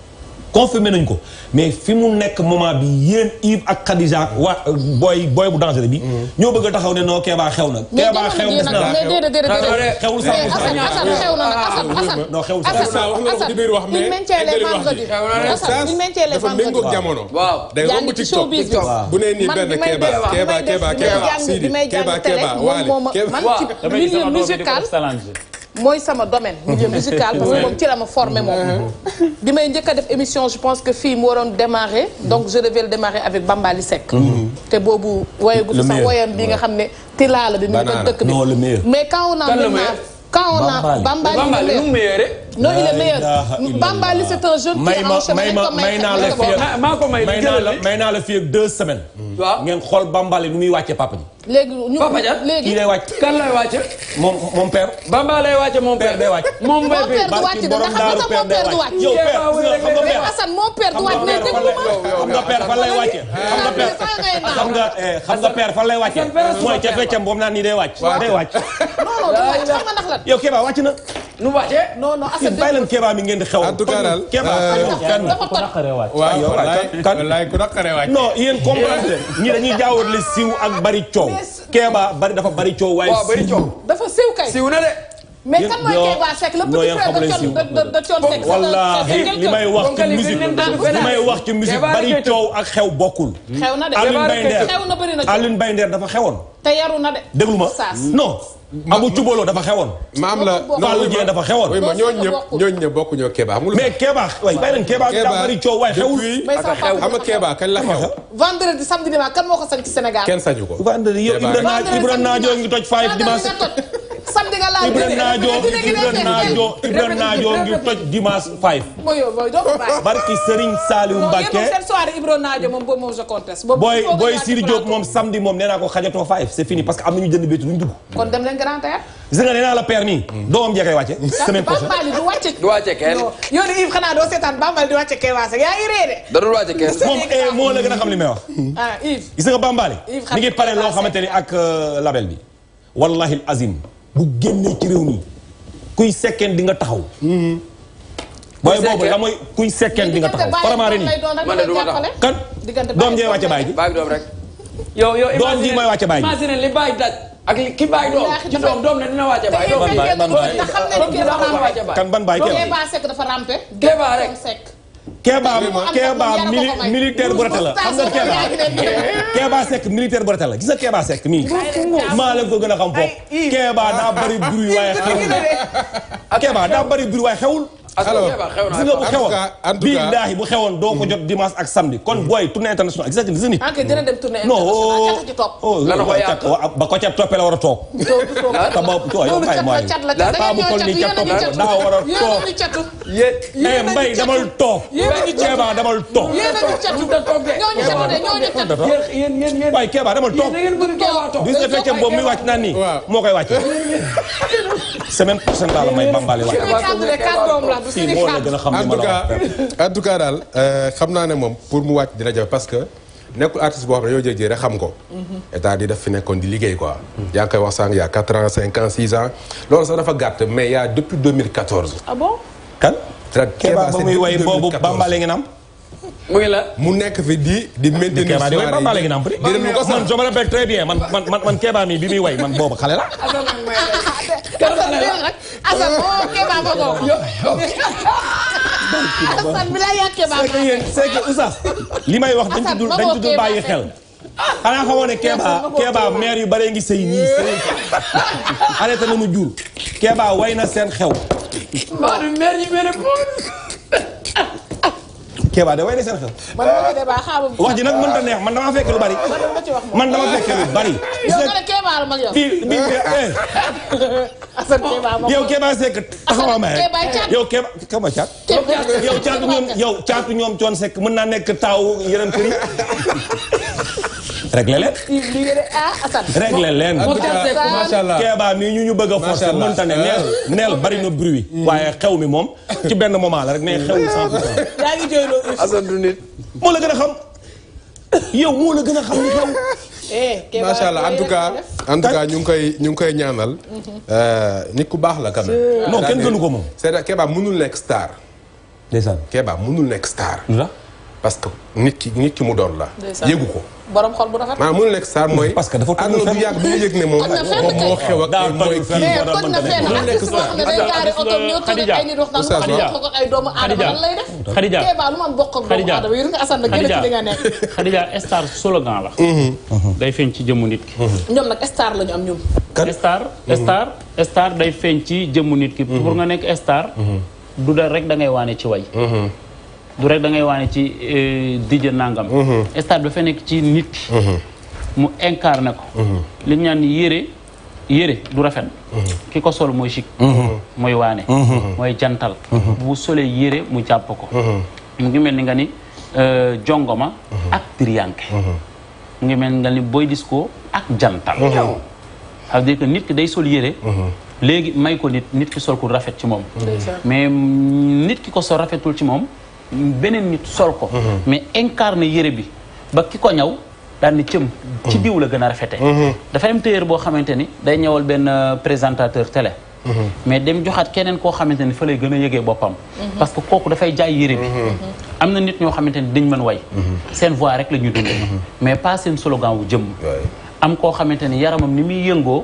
confirmé nañ ko mais fi mu nekk moment bi yéen Yves ak Khadija waa booy booy bu dangereux bi. ñoo bëgg a taxaw ne non Kéba xew na. Kéba xew gis na la ah, ah, eh, xewul sax xew ah, na nag non xewul sax wax na ko ci biir wax mais. il maintient les vendredis dafa méngoog jamono. waaw day romb TikTok bu nee nii benn Kéba Kéba Kéba Kéba Sidi Kéba Kéba Waly Kéba. ça ça domaine. milieu <laughs> musical parce que mon là formé mhm. <laughs> émission je pense que les filles démarrer donc je devais le démarrer avec Bambali mhm. mais quand on a. quand on a non il est meilleur Bamba c'est un jeune. qui est en la deux semaines. Bamba Mon papa papa Mon père. Mon père. Mon père Mon père mon père mon père mon Mon père mon père nu mu wàccee eh? non non Assane bàyyi leen Kéba mi ngeen di xew. en tout cas daal Kéba euh, kan kan ku naqaree wàcc. non yéen comprendre ñi dañuy jaawale siiw ak bari coow. Kéba bari dafa bari coow waaye siiw. dafa siiw kay siiw na de. mais kan mooy Kéba Seck le petit frère de Thione Seck. wallaahi li may wax ci musique li may wax ci musique bari coow ak xew bokkul. xew na de Alioune Baye Nder Alioune Baye Nder dafa xewoon. te yaru na de. déglu ma mm. non. abu cubaloo dafa xewoon. maam la Fallou Dieng dafa xewoon. oui ma ñooñu ñëpp ñooñu ñëpp bokkuñoo Kéba amul. mais Kéba waaye bàyyi leen Kéba daa bari coow waaye xewul. mais sama papa xam nga la xew. vendredi samedi dimanche kan moo ko sañ ci Sénégal. kenn sañu ko. vendredi yow Ibra Naajo ngi toj five dimanche. samedi nga laaj Ibra Naajo Ibra ko bàyyi. barki Serigne Saliou Mbacké. moom yéen a seen soirée Ibra Naajo moom boobu moom je booy booy Siri moom samedi moom nee naa ko xajatoo five def c'est fini parce que am nañu jënd béykat duñ dugg. kon dem leen grand terre. gis nga nee naa la père nii. doomam jee koy wàcce. semaine prochaine Bambali du wàcce. du wàcce kenn. yow de Yves xanaa doo seetaan Bambali du wàcce kenn waase yaa ngi réeré. da dul wàcce kenn. moom eh, moo la gën a xam li may wax. ah Yves. gis nga Bambali. Yves xam mi ngi pare loo xamante ni ak euh, label bi. wallahi al azim bu génnee ci réew mi kuy sekkeen di nga taxaw. Mm-hmm. booy boobu la mooy kuy sekkeen di nga taxaw. vraiment ren yi man de du ma taxaw kan doom jee wàcce bàyyi ji. bàyyi doom rek. yow yow doom ji mooy wàcce baay imagine li baay daj ak li ki baay doom ci doom doom ne dina wàcce baay doom kan ban baay Kéba Seck dafa rampe Kéba rek Kéba Kéba militaire bu rata la xam nga Kéba Kéba Seck militaire bu rata la gis nga Kéba Seck mii maa leen ko gën a xam foofu Kéba daa bari bruit waaye xewul Kéba daa bari bruit waaye xewul alors gis nga bu xewoon billaahi bu xewoon doo ko jot dimanche ak samedi kon hmm. booy tournée internationale exactement gis nga ni. enquête dina dem tournée internationale oh, ci topp. Oh, ba ko cat toppee la war a toog. <laughs> ta ba yow kay mooy paa bu toll nii cat topp daa war a toog. yéen a mbay damal toog. yéen a ñu catu keebaa damal toog. yéen a ñu catu ñooñu catu de ñooñu catu. yéen yéen yéen waay keebaa damal toog. gis nga fekkee boobu muy wàcc naa nii moo koy wàcc. semaine prochaine daal may bambali waay. fii moo xam la wax en tout daal euh, xam naa ne moom pour mu wàcc dina jafe parce que nekkul artiste boo xam ne yow jëjee rek xam ko mhm. état di def fi nekkoon di liggéey quoi yaa wax sànq y a quatre ans cinq ans six ans loolu sax dafa gàtt mais y a depuis 2014 ah bon kan Keba ba muy way boobu Bambale ngeen am muy la mu nekk fi di di maintenir soirée yi Kéba léegi naa di dem lu ko man je me rappelle très bien man man man Kéba mii bi muy way man boobu xale la. <laughs> Assane boo Kéba ba ko. Assane bi la yàgg Kéba ba ko. c'est que Oustaz li may wax dañ ci dul dañ ci dul bàyyi xel. xanaa xamoo ne Kéba Kéba maire yu bare ngi sëy nii sëy arrêté na mu jur Kéba way na seen xew. maanaam maire yu bare Kéba da way ne seen xel. man wax ji nag mënut a neex man dama fekk lu bari. man dama fekk lu bari. yow nga ne Kéba la mag yow. bi bi eh. Assane Kéba moom yow Kéba Seck taxawaa ma yow Kéba kama caat. yow caatu ñoom yow caatu ñoom coon Seck mën naa nekk taaw yeneen kër yi. réglé leen. ah Assane. réglé leen. macha allah Kéba mii ñu ñu bëgg a forcer mënta ne neel bari na bruit. Mm. waaye xew mi moom ci benn moment la rek mais xew mi 100 pour <laughs> moo la gën a xam yow moo la <laughs> eh, allah en tout cas en ñu ngi koy ñu ngi koy ñaanal. Mm-hmm. Euh, nit ku baax la quand même. kenn gënu ko moom. c'est-à-dire mënul nekk star. ndeysaan Kéba mënul nekk star. parce que nit ki nit mu doon la. yéegu ko. borom xol bu rafet. maanaam ah, mënul nekk saar mooy. parce que dafa tënku fenn àdduna bu yàgg bi yëg ne moom. moom moo xew ak doomu aadama lay def. Khadija Kéba a ci li nga nekk. Khadija star slogan la. Mhm. day feeñ ci jëmmu nit ki. Mhm. ñoom nag star la ñu am ñoom. star star star day feeñ ci jëmmu nit ki. Mhm. pour nga nekk star. du da rek da ngay waane ci way du rek da waane ci euh, dijë nangam mhm. stade dafa nekk ci nit ki mhm. mu incarné ko mhm. li ñu yére yére du rafet ki ko sol mooy chic mooy waane mooy jantal bu solee yére mu jàpp ko mu ngi mel ni nga ni euh, jongoma ak diriyanke mu ngi mel ni nga ni boy disco ak jantal ça veut nit ki day sol yére léegi may ko nit nit ki sol ku rafet ci moom mais nit ki ko sol rafetul ci moom beneen nit sol ko. Mhm. mais incarné yére bi ba ki ko ñaw daal ni cëm. ci mhm. diw la gën a rafete mhm. dafa am tailleur boo xamante ni day ñëwal benn euh, présentateur télé. mais dem joxaat keneen koo xamante ni fa lay gën a yëgee boppam. parce que kooku dafay jaay yére bi. am na nit ñoo xamante ni dañ mën way. seen voix rek la ñuy dundee. mais pas seen slogan wu jëmm. am koo xamante ni yaramam ni muy yëngoo.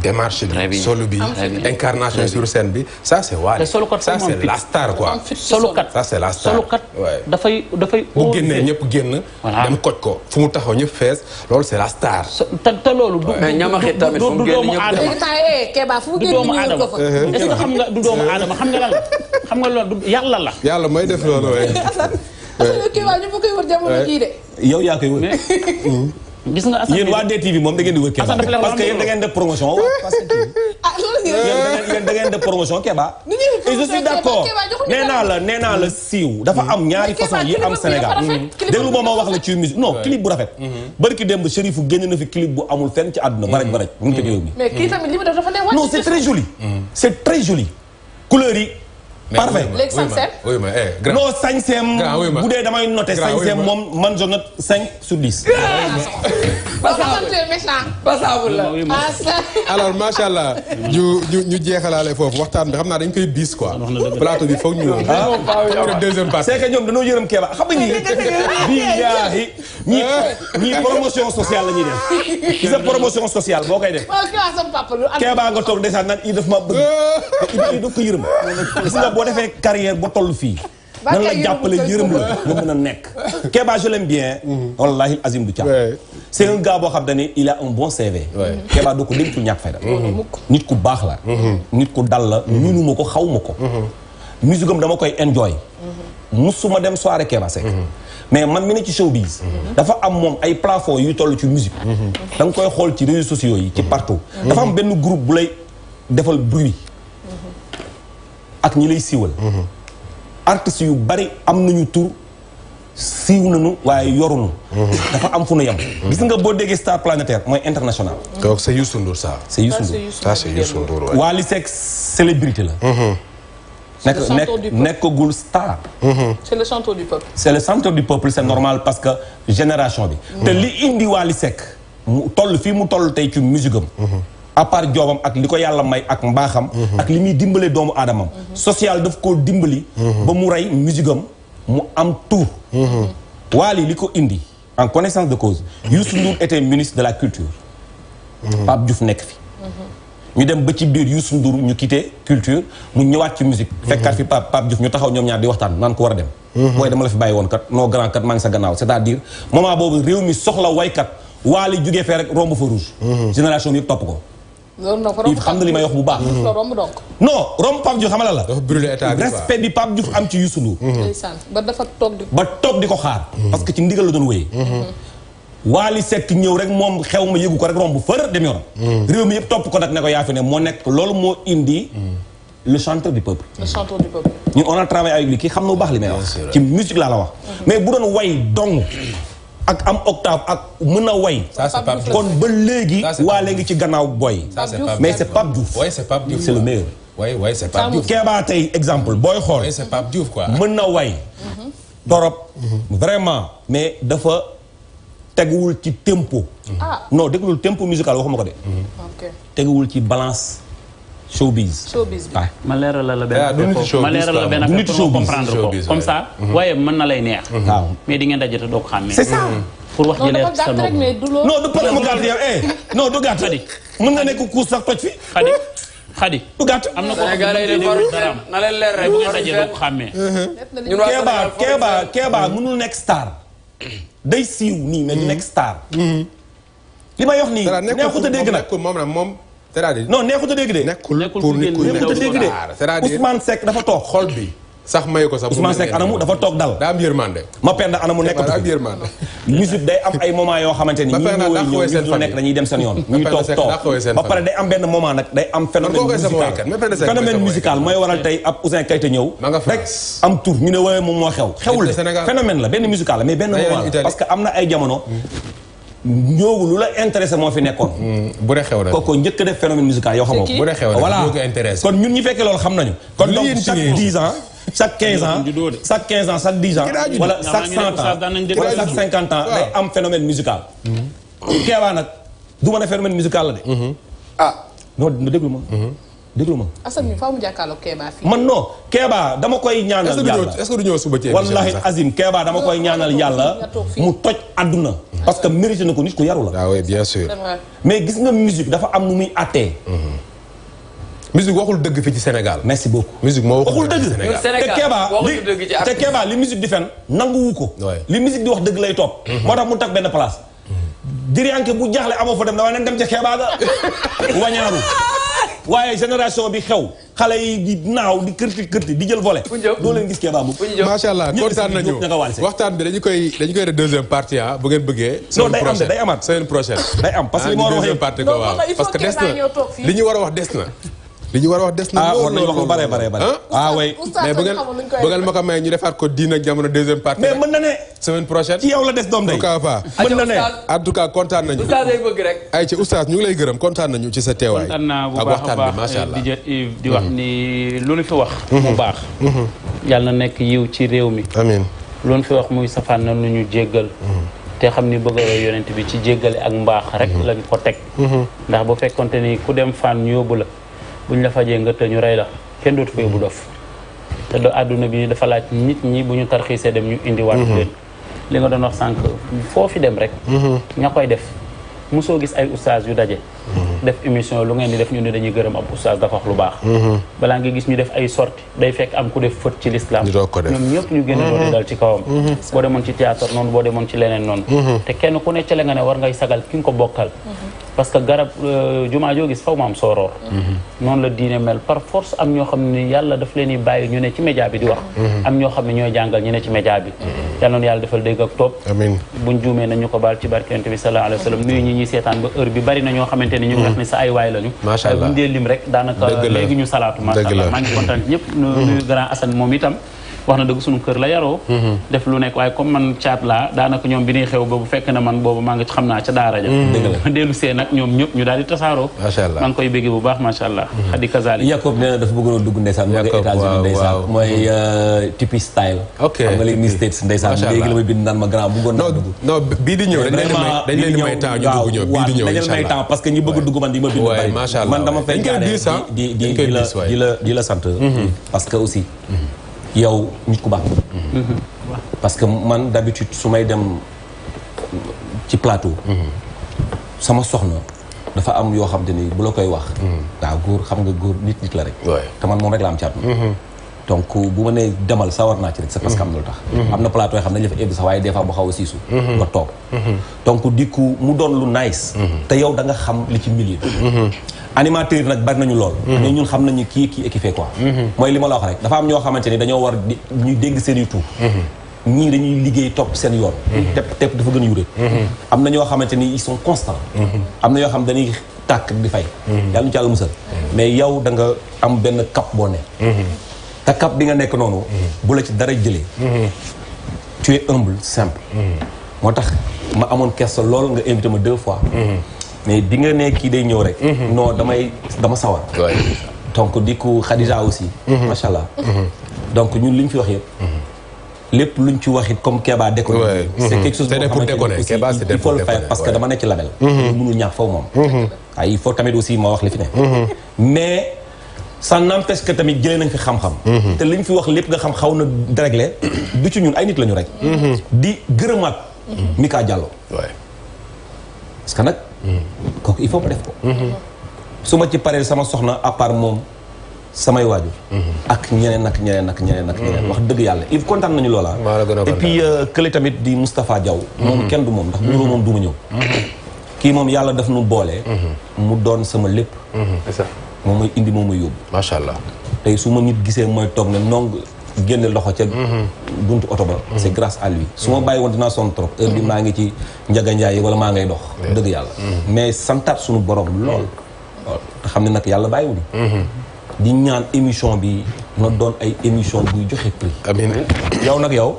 démarche bi solo bi incarnation sur scène bi ça c'est Wally ça c'est la star quoi solukat ça c'est la star solukat dafay dafay bu génnee ñëpp génn dem koj ko fu mu taxaw ñëpp fees loolu c'est la star te loolu du ñamaxit tamit doomu aadama xam nga du doomu lan la yàlla la yàlla may def loolu waaye asan asan kii waa ñu koy wër jamono jii de yow yaa koy wër <laughs> hmm. gis nga Assane yéen waa DTV moom da ngeen di wër Keba parce que yéen da ngeen def promotion. <laughs> ah yéen naa la nee naa la siiw. dafa am ñaari façon yi am Sénégal. Mm-hmm. déglu moom ma wax la ci musique non clip bu rafet. Mm-hmm. barki démb Chérif génn na fi clip bu amul fenn ci àdduna baraj mm-hmm. baraj. mu ngi tëj réew mi mais kii tamit li mu def dafa neex. non c' est très joli. c' est très joli couleur yi. parfait léegi sañseem oui ma oui eh, non sañseem. bu dee damay noté sañseem moom man je note cinq sur dix. alors macha allah ñu ñu ñu jeexalaale foofu waxtaan bi xam naa dañ koy bis quoi. plateau bi foog ñu. ah après deuxième partie. c'est que ñoom dañoo yërëm Kéba xam nga ñii. billaahi ñii ñii eh. promotion sociale la ñuy def. gis nga promotion sociale boo koy de Kéba nga toog ndeysaan naan i daf ma bëgg. Eh. i daf ko yërëm boo defee carrière ba toll fii. nan la jàppale yërëm la nga mën a nekk. Kéba je l'aime bien. wallaahi Azim du caax. c'est un gars boo xam ne il a un bon CV. Kéba du ko denc ñàkk fayda. Mm-hmm. nit ku baax la. Mm-hmm. nit ku dal la. Mm-hmm. miinu ma ko xaw ma ko. musique am dama koy enjoy. musuma dem soirée Kéba Seck. mais man mi ne ci showbiz. dafa am moom ay plafond yuy toll ci musique. da nga koy xool ci réseaux sociaux yi ci partout. dafa am benn groupe bu lay defal bruit. ak ñi lay siiwal. artistes yu bari am nañu tur siiw nañu waaye yorunu dafa am fu nu yem. gis nga boo déggee star planétaire mooy international. donc c'est Youssou Ndour ça. c'est Youssou Ndour ça c'est Youssou célébrité la. Mm-hmm. c'est nekk centre du peuple nekkagul star. Mm-hmm. c'est le centre du peuple. c'est normal parce que génération bi. Mm-hmm. te li indi Wally Seck mu toll fii mu toll tey ci musique am. à part joobam ak li ko yàlla may ak mbaaxam ak li muy dimbalee doomu aadamam social daf ko dimbali ba mu rey musigam mu am tour Wally li ko indi en connaissance de cause Youssou Ndour était ministre de la culture Pape Diouf nekk fi ñu dem ba ci biir Youssou Ndour ñu quitté culture mu ñëwaat ci musique fekkaat fi Pape Pape ñu taxaw ñoom ñaar di waxtaan naan ko war a dem booy dama la fi bàyyi woon kat non grand kat maa ngi sa gannaaw c'est-à-dire moment boobu réew mi soxla waykat Wally jugee fee rek romb fa rouge mhm. génération bi yëpp ko loolu nag romb li may romb donc. non romb Pape Diouf xamala la. dafa brûlé état bi respect bi Pape Diouf am ci Youssou Ndour. Mm-hmm. ba dafa toog di. ko xaar. Mm-hmm. parce que ci ndigal la doon wéyee. Mm-hmm. Waly Seck ñëw rek moom xew ma yëgu ko rek romb fër dem yoon. réew mi yëpp topp ko nag ne ko yaa ne moo nekk loolu moo indi. le chanteur du peuple. le chanteur du peuple. ñun on a travaillé avec lui kii xam na baax li may wax. ci musique laa la wax. mais bu doon way dong. ak am octave ak mën a way. kon ba léegi. waa léegi ci gannaaw boy. mais c'est Pape Diouf. oui c'est Pape Diouf c'est le meilleur. oui oui c'est Pape tey exemple booy xool. oui c'est Pape Diouf quoi. mën na way. torop vraiment mais dafa teguwul ci tempo. Ah. non déglul tempo musical waxuma ko de. teguwul ci balance. showbiz. showbiz bi ma leeral la benn. Ah, ma leeral la benn affaire pour comprendre ko comme ça. waaye mën na lay neex. Mm-hmm. waaw mais di ngeen daje te doo ko xàmmee. c'est ça. Mm-hmm. pour wax ji leer sa nopp non du problème mu gàtt yow eh, eh non du gàtt. xadi mën nga nekk kuus sax toj fi. xadi xadi. Hmm? du gàtt am na ko na leen leer rek bu ngeen daje doo ko xàmmee. Hmm. Kéba Kéba Kéba mënul hmm. nekk star. day siiw nii mais du nekk star. li may wax nii neexut a dégg nag moom c'est-à-dire dégg de. nekkul pour dafa toog xol bi. sax mayu ko sax Ousmane Seck anamu dafa toog dal. daa am yërmande. ma penda anamu nekk am yërmande. day am ay moment yoo xamante ni ñi ñu ñu nekk dañuy dem seen yoon. ñuy toog toog ba pare day am benn moment nag day am phénomène musical. phénomène musical mooy waral tey ab Ouzin Keita ñëw. rek am tur ñu ne waaye moom moo xew. xewul phénomène la benn musical la mais benn moment la parce que am na ay jamono. Hmm. njoogu lu la intéressé moo fi nekkoon. Hmm, bu dee xew la kooku njëkk def phénomène musical yoo xamoo. bu kon ñun ñu fekkee loolu xam nañu. kon donc chaque 10 ans. chaque 15 ans chaque 15 ans chaque 10 ans. wala chaque 100 ans wala am phénomène musical. Hmm. Keba du ma ne phénomène musical la de. Hmm. ah non déglu ma. déglu ma. Assane mi faaw mu jàkkaarloog Kéba man non Kéba dama koy ñaanal yàlla est-ce que du ñëw suba ci wallahi Azim Kéba dama mu toj àdduna parce que mérité na ko nit ku yaru la. Ah mais gis nga musique dafa am mu muy àttee. Mm-hmm. musique waxul dëgg fii ci Sénégal. merci beaucoup musique moo waxul dëgg. te Kéba li te Kéba li di fen nanguwu ko. li musique di wax dëgg lay topp. Mm-hmm. moo tax mu tag benn place. Mm-hmm. diriyànke bu jaaxle amoo fa dem dama leen dem ca Kéba la <laughs> wañaaru waaye génération bi xew xale yi di naaw di kërti kërti di jël volet. doo leen gis Kéba bu macha allah kontaan nañu waxtaan bi dañu koy dañu koy def deuxième partie ah bu ngeen bëggee. non day am day amaat semaine prochaine. day am parce que war ah, a wax parce que des na li ñu war a wax des na. li ñu war a wax des na. loolu loolu loolu ma ko may ñu defaat ko diin jamono deuxième partie. mais mën na ne. semaine prochaine ci yow la des doom day. en mën na ne en tout kontaan nañu. oustaz day bëgg ci kontaan nañu ci sa teewaay. ak waxtaan bi macha allah kontaan naa bu di wax mhm. ni lu ñu fi wax. mu mhm. baax. Mhm. yàlla na nekk yiw ci réew mi. amiin lu ñu fi wax muy safaan na nu ñu jéggal. te xam ni bëgg a yonent bi ci jéggale ak mbaax rek lañ ko teg. ndax bu fekkonte ni ku dem fànn yóbbu la buñ la fajee nga te ñu rey la kenn dootu ko yóbbu dof te do àdduna bi dafa laaj nit ñi bu ñu tarxiisee dem ñu indi waat mhm. li nga doon wax sànq foo fi dem rek mhm. ña koy def mosoo gis ay oustaz yu daje def émission lu ngeen di def ñu ne dañuy gërëm ab oustaz dafa wax lu baax mhm. balaa nga gis ñu def ay sorti day fekk am ku def fët ci l'islam ñoom mhm. mhm. ko bokkal euh, ma am sooroor noonu la diine mel par force am ñoo xam ne yàlla daf leen bàyyi ñu ne ci média bi di wax am ñoo xam ne ñooy jàngal ñu ne ci média bi yàlla noonu yàlla defal dégg ak topp amiin juumee nañu ko baal ci barke bi sallallahu alayhi wa sallam nuyu ñi seetaan ba heure bi bari na ñoo xamante xamante ni ñu mm. nga xam ne sa ay waay lañu buñ dee lim rek daanaka léegi ñu salaatu macha allah maa ngi kontaan ñëpp <laughs> nuyu grand Assane moom itam wax na dëgg suñu kër la yaroo mhm. def lu nekk waaye comme man caat laa daanaka ñoom bi ñuy xew boobu fekk na man boobu maa ngi xam naa ca daara ja ma mhm. <laughs> dellu see nag ñoom ñëpp ñu daal di tasaaroo macha maa ngi koy bégge bu baax macha allah mhm. xadi kazali Yacob nee na dafa bëggoon a euh, ma grand bëggoon naa dugg non bii di ñëw dañ leen di may ñëw bii ñëw parce que ñu bëgg dugg man di ma bind bari man dama fay ah. di la di la sant parce que aussi yow nit ku baax mm-hmm. parce que man d'habitude su may dem ci plateau mm-hmm. sama soxna dafa am yoo xam te ni bu la koy wax mm-hmm. waaw góor xam nga góor nit la rek te man moom rek la am ci àdduna donc bu ma nee demal sawar naa ci rek c'est parce que am na lu tax am na plateau yoo xam ne dañu dafa ebb sax waaye des fois bu xaw a siisu nga toog donc di mu doon lu nice te yow da xam li ci milieu animateur nag bari nañu lool mhm. mais ñun xam nañu kii kii équipé quoi mhm. mooy li ma la wax rek dafa am ñoo xamante ni dañoo war ñuy dégg seen yu tout mhm. ñii dañuy liggéey topp seen yoon tepp tepp dafa gën a yuré am na ñoo xamante ni ils sont constants am na yoo xam dañuy tàkk di fay yàlla ñu ci àlla musal mais yow danga am benn cap boo ne te cap bi nga nekk noonu bu la ci dara jële tu es humble simple moo tax ma amoon kersa lool nga invité ma deux fois mais bi nga ne kii day ñëw rek. Mhm. non damay dama sawar. donc di ko Khadija aussi. Mhm. macha allah. Mhm. donc ñun lu ñu fi wax yëpp. lépp luñ ci wax it comme Kéba déconné. c' est quelque chose boo xamante ne aussi il faut que dama nekk ci label. moom. waaye ah, il tamit aussi ma wax li fi ne. mais ça n' empêche que tamit jëlee nañ fi xam-xam. te liñ fi wax lépp nga xam xaw na déréglé du ci ñun ay nit lañu rek. di gërëmaat. Mika Diallo. parce que nag. kooku il faut ma def ko su ma ci paree sama soxna à part moom samay waajur ak ñeneen ak ñeneen ak ñeneen ak ñeneen wax dëgg yàlla il kontaan nañu loola et puis euh, tamit di Moustapha Diaw moom kenn du moom ndax bureau moom du ñëw kii moom yàlla daf nu boole mu doon sama lépp moom mooy indi moom mooy yóbbu macha allah tey su ma nit gisee mooy toog ne nong génne loxo ca mhm. buntu oto ba mhm. c' est grâce à lui su ma mhm. bàyyi woon dina sonn trop heure bi maa ngi ci njaganjaay yi wala maa ngay dox dëgg yàlla mais santaat suñu borom lool te xam ne nag yàlla bàyyiwul di ñaan émission bi na doon ay émission buy joxe prix amiin yow nag yow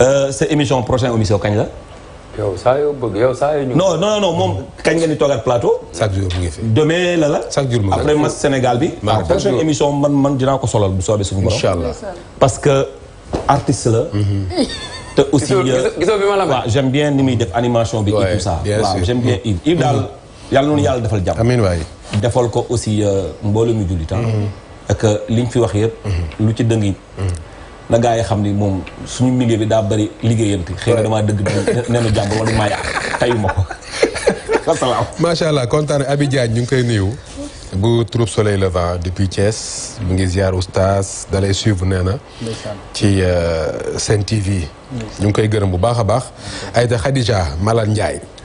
euh, sa émission prochain émission kañ la yow saa yoo bëgg yow saa ñu. non non moom kañ ngeen di toogaat plateau. chaque jour ngi fi. demain la la. chaque jour mu après match Sénégal bi. waaw prochaine émission man man dinaa ko solal bu soobee suñu borom. incha allah parce que artiste la. Mm-hmm. te aussi gisoo euh, bi bien ni muy def animation bi. et tout ça waaw j'aime daal mm-hmm. yàlla noonu yàlla defal jàmm. amiin waay. defal ko aussi euh, mbooloo mi jullit ah. mm-hmm. ak euh, li liñ fi wax yëpp. lu ci dëng na gaa xam ni moom suñu milieu bi daa bëri liggéeyante xëy na damaa dëgg nenu jàmbur wala maa yàq tayuma ko <laughs> asalaam macha allah kontaan Abi ñu ngi koy nuyu bu troupe soleil levant depuis Thiès mu ngi ziar oustaz da lay nee na ci euh, Sen ñu ngi koy gërëm bu baax a baax Aïda Khadija Malal Ndiaye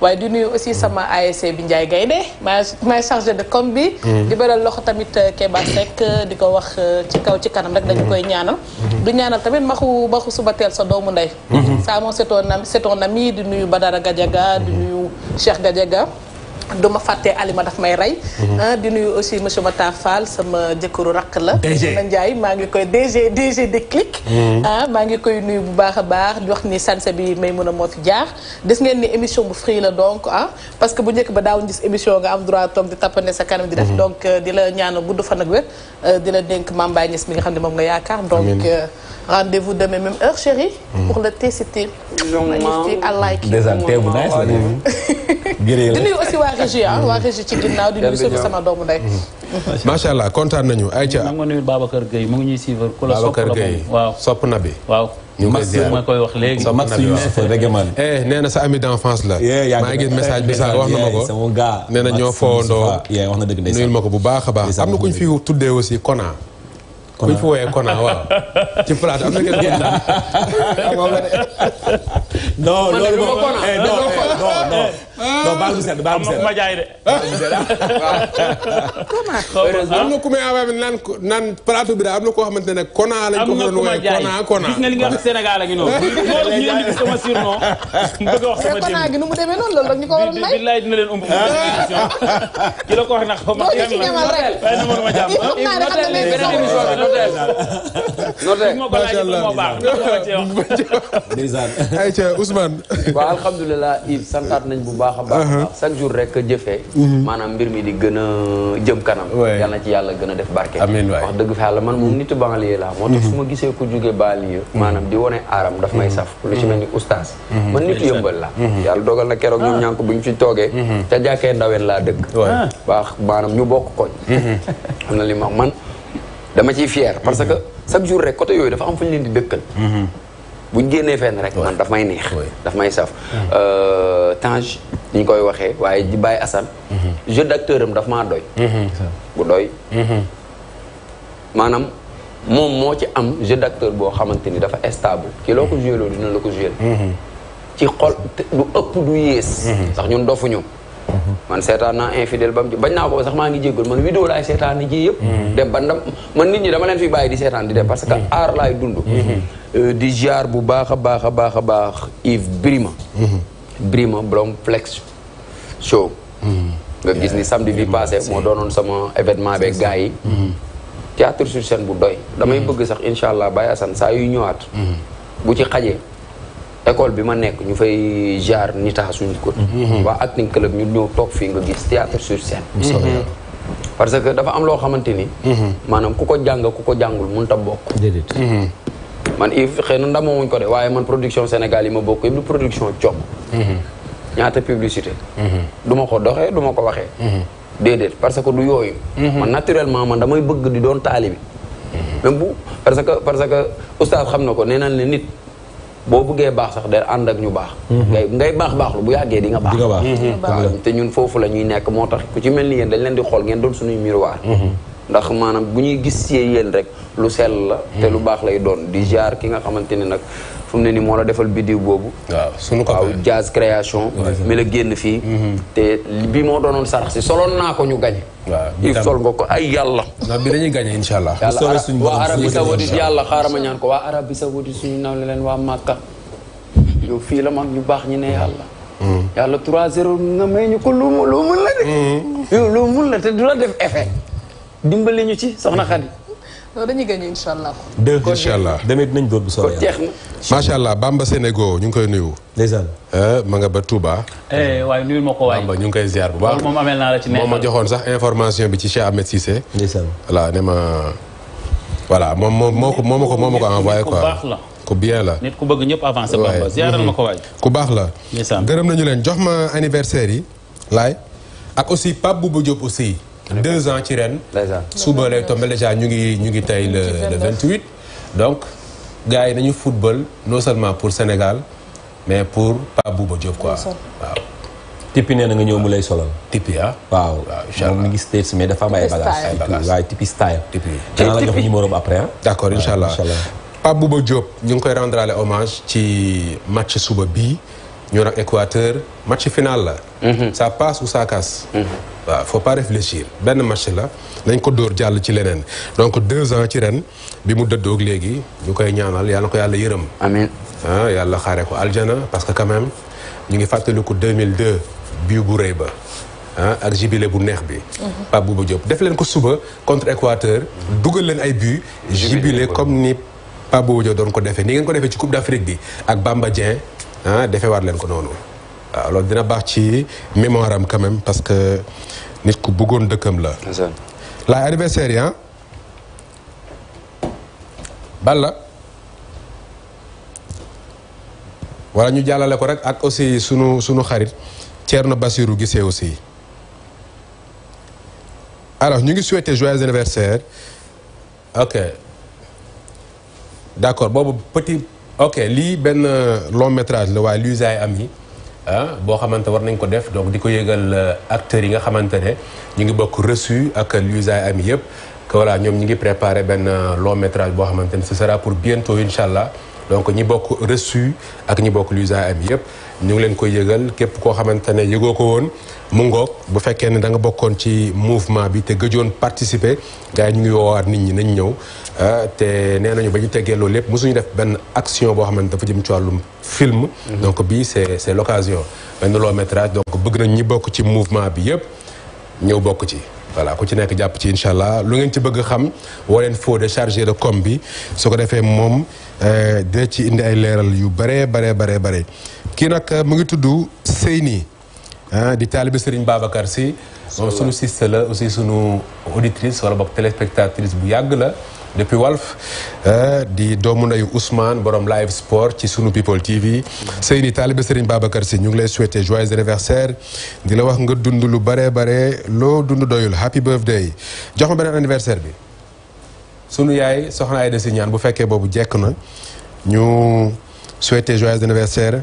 waaye di nuyu aussi sama ASC bi Ndiaye Gaynde maa may chargé de com bi mm-hmm. di beral loxo tamit euh, Kéba Seck euh, di ko wax euh, ci kaw ci kanam rek dañu mm-hmm. koy ñaanal mm-hmm. du ñaanal tamit maxu maxu suba teel sa doomu ndey saa moom c'est ton ami c'est ton ami di nuyu Badara Gadiaga di nuyu Cheikh Gadiaga du ma fàtte Alima daf may rey. Mhm. Ah, di nuyu aussi monsieur Matar Fall sama jëkkëru rakk la. DG Ndiaye maa ngi koy DG DG de clic. Mhm. ah maa ngi koy nuyu bu baax a baax di wax ni sanse bi may mën a moo fi jaar. des ngeen ni émission bu free la donc ah parce que bu njëkk ba daawuñu gis émission nga am droit toog di tappane sa kanam di def. Mhm. donc euh, di la ñaan gudd fa nag wér euh, di la dénk Mame Baye mi nga xam ne moom nga yaakaar donc. Rendez-vous demain même heure, chérie, hmm. pour le thé, c'était magnifique. I like thé vous <laughs> aussi waa régie ah hmm. waa régie ci ginnaaw hmm. allah Aïcha. vous Babacar Gueye suivre. ma koy wax Max eh nee sa ami d'enfance la eh, maa ngi message bi vous wax na ma Je nee na ñoo foondoo nuyul a baax kuñ fa wooyee kona waaw ci plate am na ngeen génn <laughs> ah, non loolu eh, eh, non non non Ah. non baal bu sedd baal bu sedd ma jaay de. comment. Ah. am na ah. ku may envoyé naan naan plateau bi daal am na koo xamante ne Kona lañ ko mën a woowee Kona Kona. gis nga li nga wax Sénégal ak ñu noonu. loolu <laughs> ñu indi sama surnom. <laughs> bëgg a wax sama démb Kona gi nu mu demee noonu loolu la ñu ko waroon may. billaay dina leen umb. ki la ko wax nag xaw ma kenn la waaye nu ma jàmm. beneen émission bi notel. notel macha allah. ndeysaan. ayca Ousmane. waaw alhamdulilah Yves santaat nañ bu baax. baax a uh-huh. baax chaque jour rek jëfee mm-hmm. maanaam mbir mi di gën a jëm kanam yal ci yàlla gën a def barke amiin waay wax dëgg fa yàlla man moom mm-hmm. nitu banlieue laa moo tax mm-hmm. su ma gisee ku jóge banlieue maanaam di wone aaram daf may na keroog ñoom ah. ñànk bu ñu ci toogee ca jàkkee ndaween laa dëgg baax ah. maanaam ñu bokk koñ am na li ma man dama ciy fier parce que chaque jour rek côté yooyu dafa am fu ñu leen di dëkkal bu génnee fenn rek man daf may neex daf may saf mm-hmm. euh, Tange ñu koy waxee waaye di bàyyi Assane mm-hmm. jeu d'acteur am daf maa doy mm-hmm. bu doy maanaam moom moo ci am jeu d'acteur boo xamante ni dafa stable ki loo ko joué loolu dina la ko joué ci xol du ëpp du yées sax ñun dofuñu man setan na infidèle eh, bam bañ na ko sax ma ngi djegul man vidéo setan ni ji yëpp dem ba ndam man nit ñi dama leen fi bayyi di setan hmm. hmm. eh, di dem parce que aar laay dund di jiar bu baakha baakha baakha baax Yves Brima hmm. Brima Blom Flex show nga gis ni samedi bi passé mo donon sama événement avec gaay théâtre sur scène bu doy damay bëgg sax inshallah Baye Assane sa yu ñëwaat bu ci xajé école bima nek ñu fay jaar mhm. ni tax suñu ko wa acting club ñu ñu tok fi nga gis théâtre sur scène mhm. parce que dafa am lo xamanteni manam mhm. kuko jang kuko jangul mën ta bok dedet man if xëy na ndamoo wuñ ko de waye man production Sénégal yi ma bok yëpp du production cob ñaata publicité du ma ko doxé duma ma ko waxee dedet parce que du yoy man naturellement man damay bëgg di doon taali même bu parce que parce que oustad xamna ko nee né nit boo bëggee baax sax day ànd ak ñu baax. Mhm. ngay ngay baax baaxlu bu yàggee di nga baax. Mhm. di nga baax te ñun foofu la ñuy nekk moo tax ku ci mel ni yéen dañ leen di xool ngeen doon suñuy miroir. Mhm. ndax maanaam bu ñuy gis si yéen rek lu sell la te lu baax lay doon di jaar ki nga xamante ne nag fu mu ne nii moo la defal biddiw boobu waaw sunu ko waaw jazz création mi la génn fii mm-hmm. te bi moo doonoon sarax si soloon naa ko ñu gañ waaw sol nga ko ay yàlla ndax bi dañuy gañe insha allah waa Arabie Saoudite yàlla xaarama ñaan ko waa Arabie Saoudite suñu nawle leen waa Màkka yow fii la mag ñu baax ñi ne yàlla mm-hmm. yàlla 3 0 nga may ñu ko lu mu lu mun la de yow mm-hmm. mun la te du la def effet dimbali ñu ci soxna Khady. loolu dañuy gagné incha allah. deux incha allah demee dinañ dóor bu soobee yàlla. macha allah Bamba Sénégo ñu ngi koy nuyu. ndeysaan. Eh, ma nga ba Touba. Eh, waaye nuyul ma ko waay Bamba ñu ngi koy ziar bu baax. moom amel naa la ci ma joxoon sax information bi ci Cheikh Ahmed Cissé. ndeysaan voilà moom moo ko moo ma ko moo ma ko envoyé quoi. ku bien la nit ku bëgg ñëpp avancé. Bamba ma ko waay. <laughs> ku baax la. ndeysaan gërëm nañu leen jox ma anniversaire yi. laay ak aussi Pape Bouba Diop aussi. deux ans ci ren. tombé déjà ñu le le 28. donc gars yi football non seulement pour Sénégal mais pour Pabou Bouba Diop quoi waaw. na nga ah. mais style. jox numéro après hein? D'accord, Inch'Allah. Pabou incha nous rendre hommage ci match souba B, Équateur match final mhm. ça passe ou ça casse. Mhm waaw bah, faut pas réfléchir Ben match la nañ ko dóor jàll ci leneen donc deux ans ci ren bi mu dëddoog léegi ñu koy ñaanal yàlla na ko yàlla yërëm. amiin ah yàlla xaaree ko aljana parce que quand même ñu ngi fàttaliku 2002 bii bu rëy ba. ah ak jubilé bu neex bi. Mhm. Pape Bouba Diop def leen ko suba contre Équateur dugal leen ay buts. jubilé comme ni Pape Bouba Diop doon ko defee ni ngeen ko defee ci Coupe d'Afrique bi ak Bamba Dieng ah defee waat leen ko noonu. waaw loolu dina baax ci mémoire quand même parce que nit ku bëggoon dëkkam la. laay anniversaire yi ah. Balla wala ñu jàllale ko rek ak aussi sunu sunu xarit Thierno Basirou gisee aussi. alors ñu ngi souhaiter joyeux anniversaire ok d'accord accord petit ok lii benn long métrage la waaye lui ay ah boo xamante war nañ ko def donc di ko yëgal euh, acteur yi nga xamante ne ñu ngi bokk reçu ak l'usaay am yëpp que voilà ñoom ñi ngi préparer benn euh, long métrage boo xamante ne ce sera pour bientôt incha allah donc ñi bokk reçu ak ñi bokk l'usaay ami yëpp ñu ngi leen koy yëgal képp koo xamante ne yëgoo ko woon mu ngoog bu fekkee ne da nga bokkoon ci movement bi te gëjoon participer gars yi ñu ngi woowaat nit ñi nañ ñëw Euh, te nee nañu ba ñu teggee loolu lépp mosuñu def benn action boo xamante dafa jëm ci wàllum film. Mhm. donc bii c' est c' est l' occasion. benn long métrage donc bëgg nañ ñi bokk ci mouvement bi yëpp ñëw bokk ci. voilà ku ci nekk jàpp ci incha allah lu ngeen ci bëgg xam woo foo de chargé de com bi su ko defee moom euh, dina ci indi ay leeral yu bëree baree baree bare kii nag euh, mu ngi tudd Seyni ah di taalibe Serigne Babacar si. suñu siste la aussi suñu auditrice wala boog téléspectatrice bu yàgg la. depuis Walf euh, di doomu ndeyu Ousmane borom live sport ci sunu people TV Seyni taalibe Serigne Babacar Sy ñu ngi lay souhaiter joyeux anniversaire di la wax nga dund lu bare bare loo dund doyul happy birthday jox ma beneen anniversaire bi sunu yaay soxna Aïda Sy ñaan bu fekkee boobu jekk na ñu souhaiter joyeux anniversaire.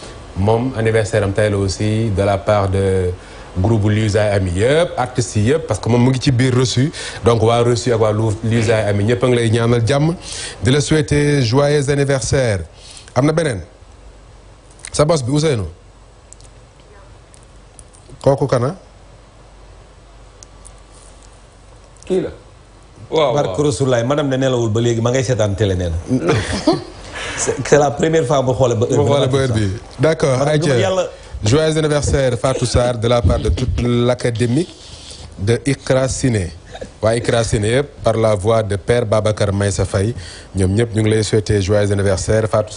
Mon anniversaire am aussi de la part de groupe Lusa Ami acte artistes parce que mon suis reçu donc wa reçu ak wa Lusa Ami ñaanal le souhaiter joyeux anniversaire amna Benen, sa boss bi Quoi kana kila wa madame ne ba ma ngay <laughs> c'est la première fois que je vois le D'accord, D'accord. joyeux anniversaire Fatou de la part de toute l'académie de IKRA Sine. par la voix de père Baba Maïssa Faye Nous, nous ñu joyeux anniversaire Fatou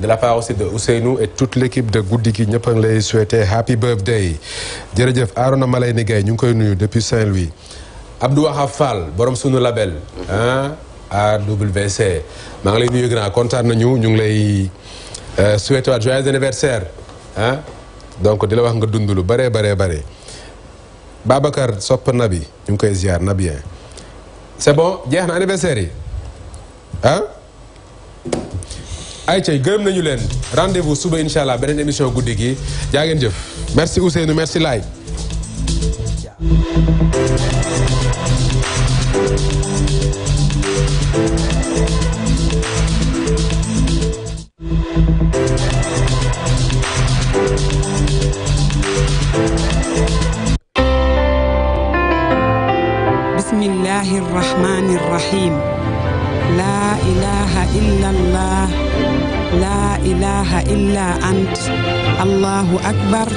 de la part aussi de Ousseynou et toute l'équipe de Goudiki nous avons souhaité souhaiter happy birthday jërëjëf Arona Malay Nigay ñu nous koy depuis Saint-Louis Abdou Fall borom sunu label hein AWC maa ngi lay nuyu grand kontaan nañu ñu ngi lay euh, souhaité waat joyeux anniversaire ah donc di la wax nga dund lu bëree bëree bëri Babacar sopp Nabi ñu ngi koy ziar na bien c'est bon jeex na anniversaire yi ah. ay cay gërëm nañu leen rendez-vous suba incha allah beneen émission guddi gi jàngeen ngeen jëf merci Ousseynou merci lay الله الرحمن الرحيم لا إله إلا الله لا إله إلا أنت الله أكبر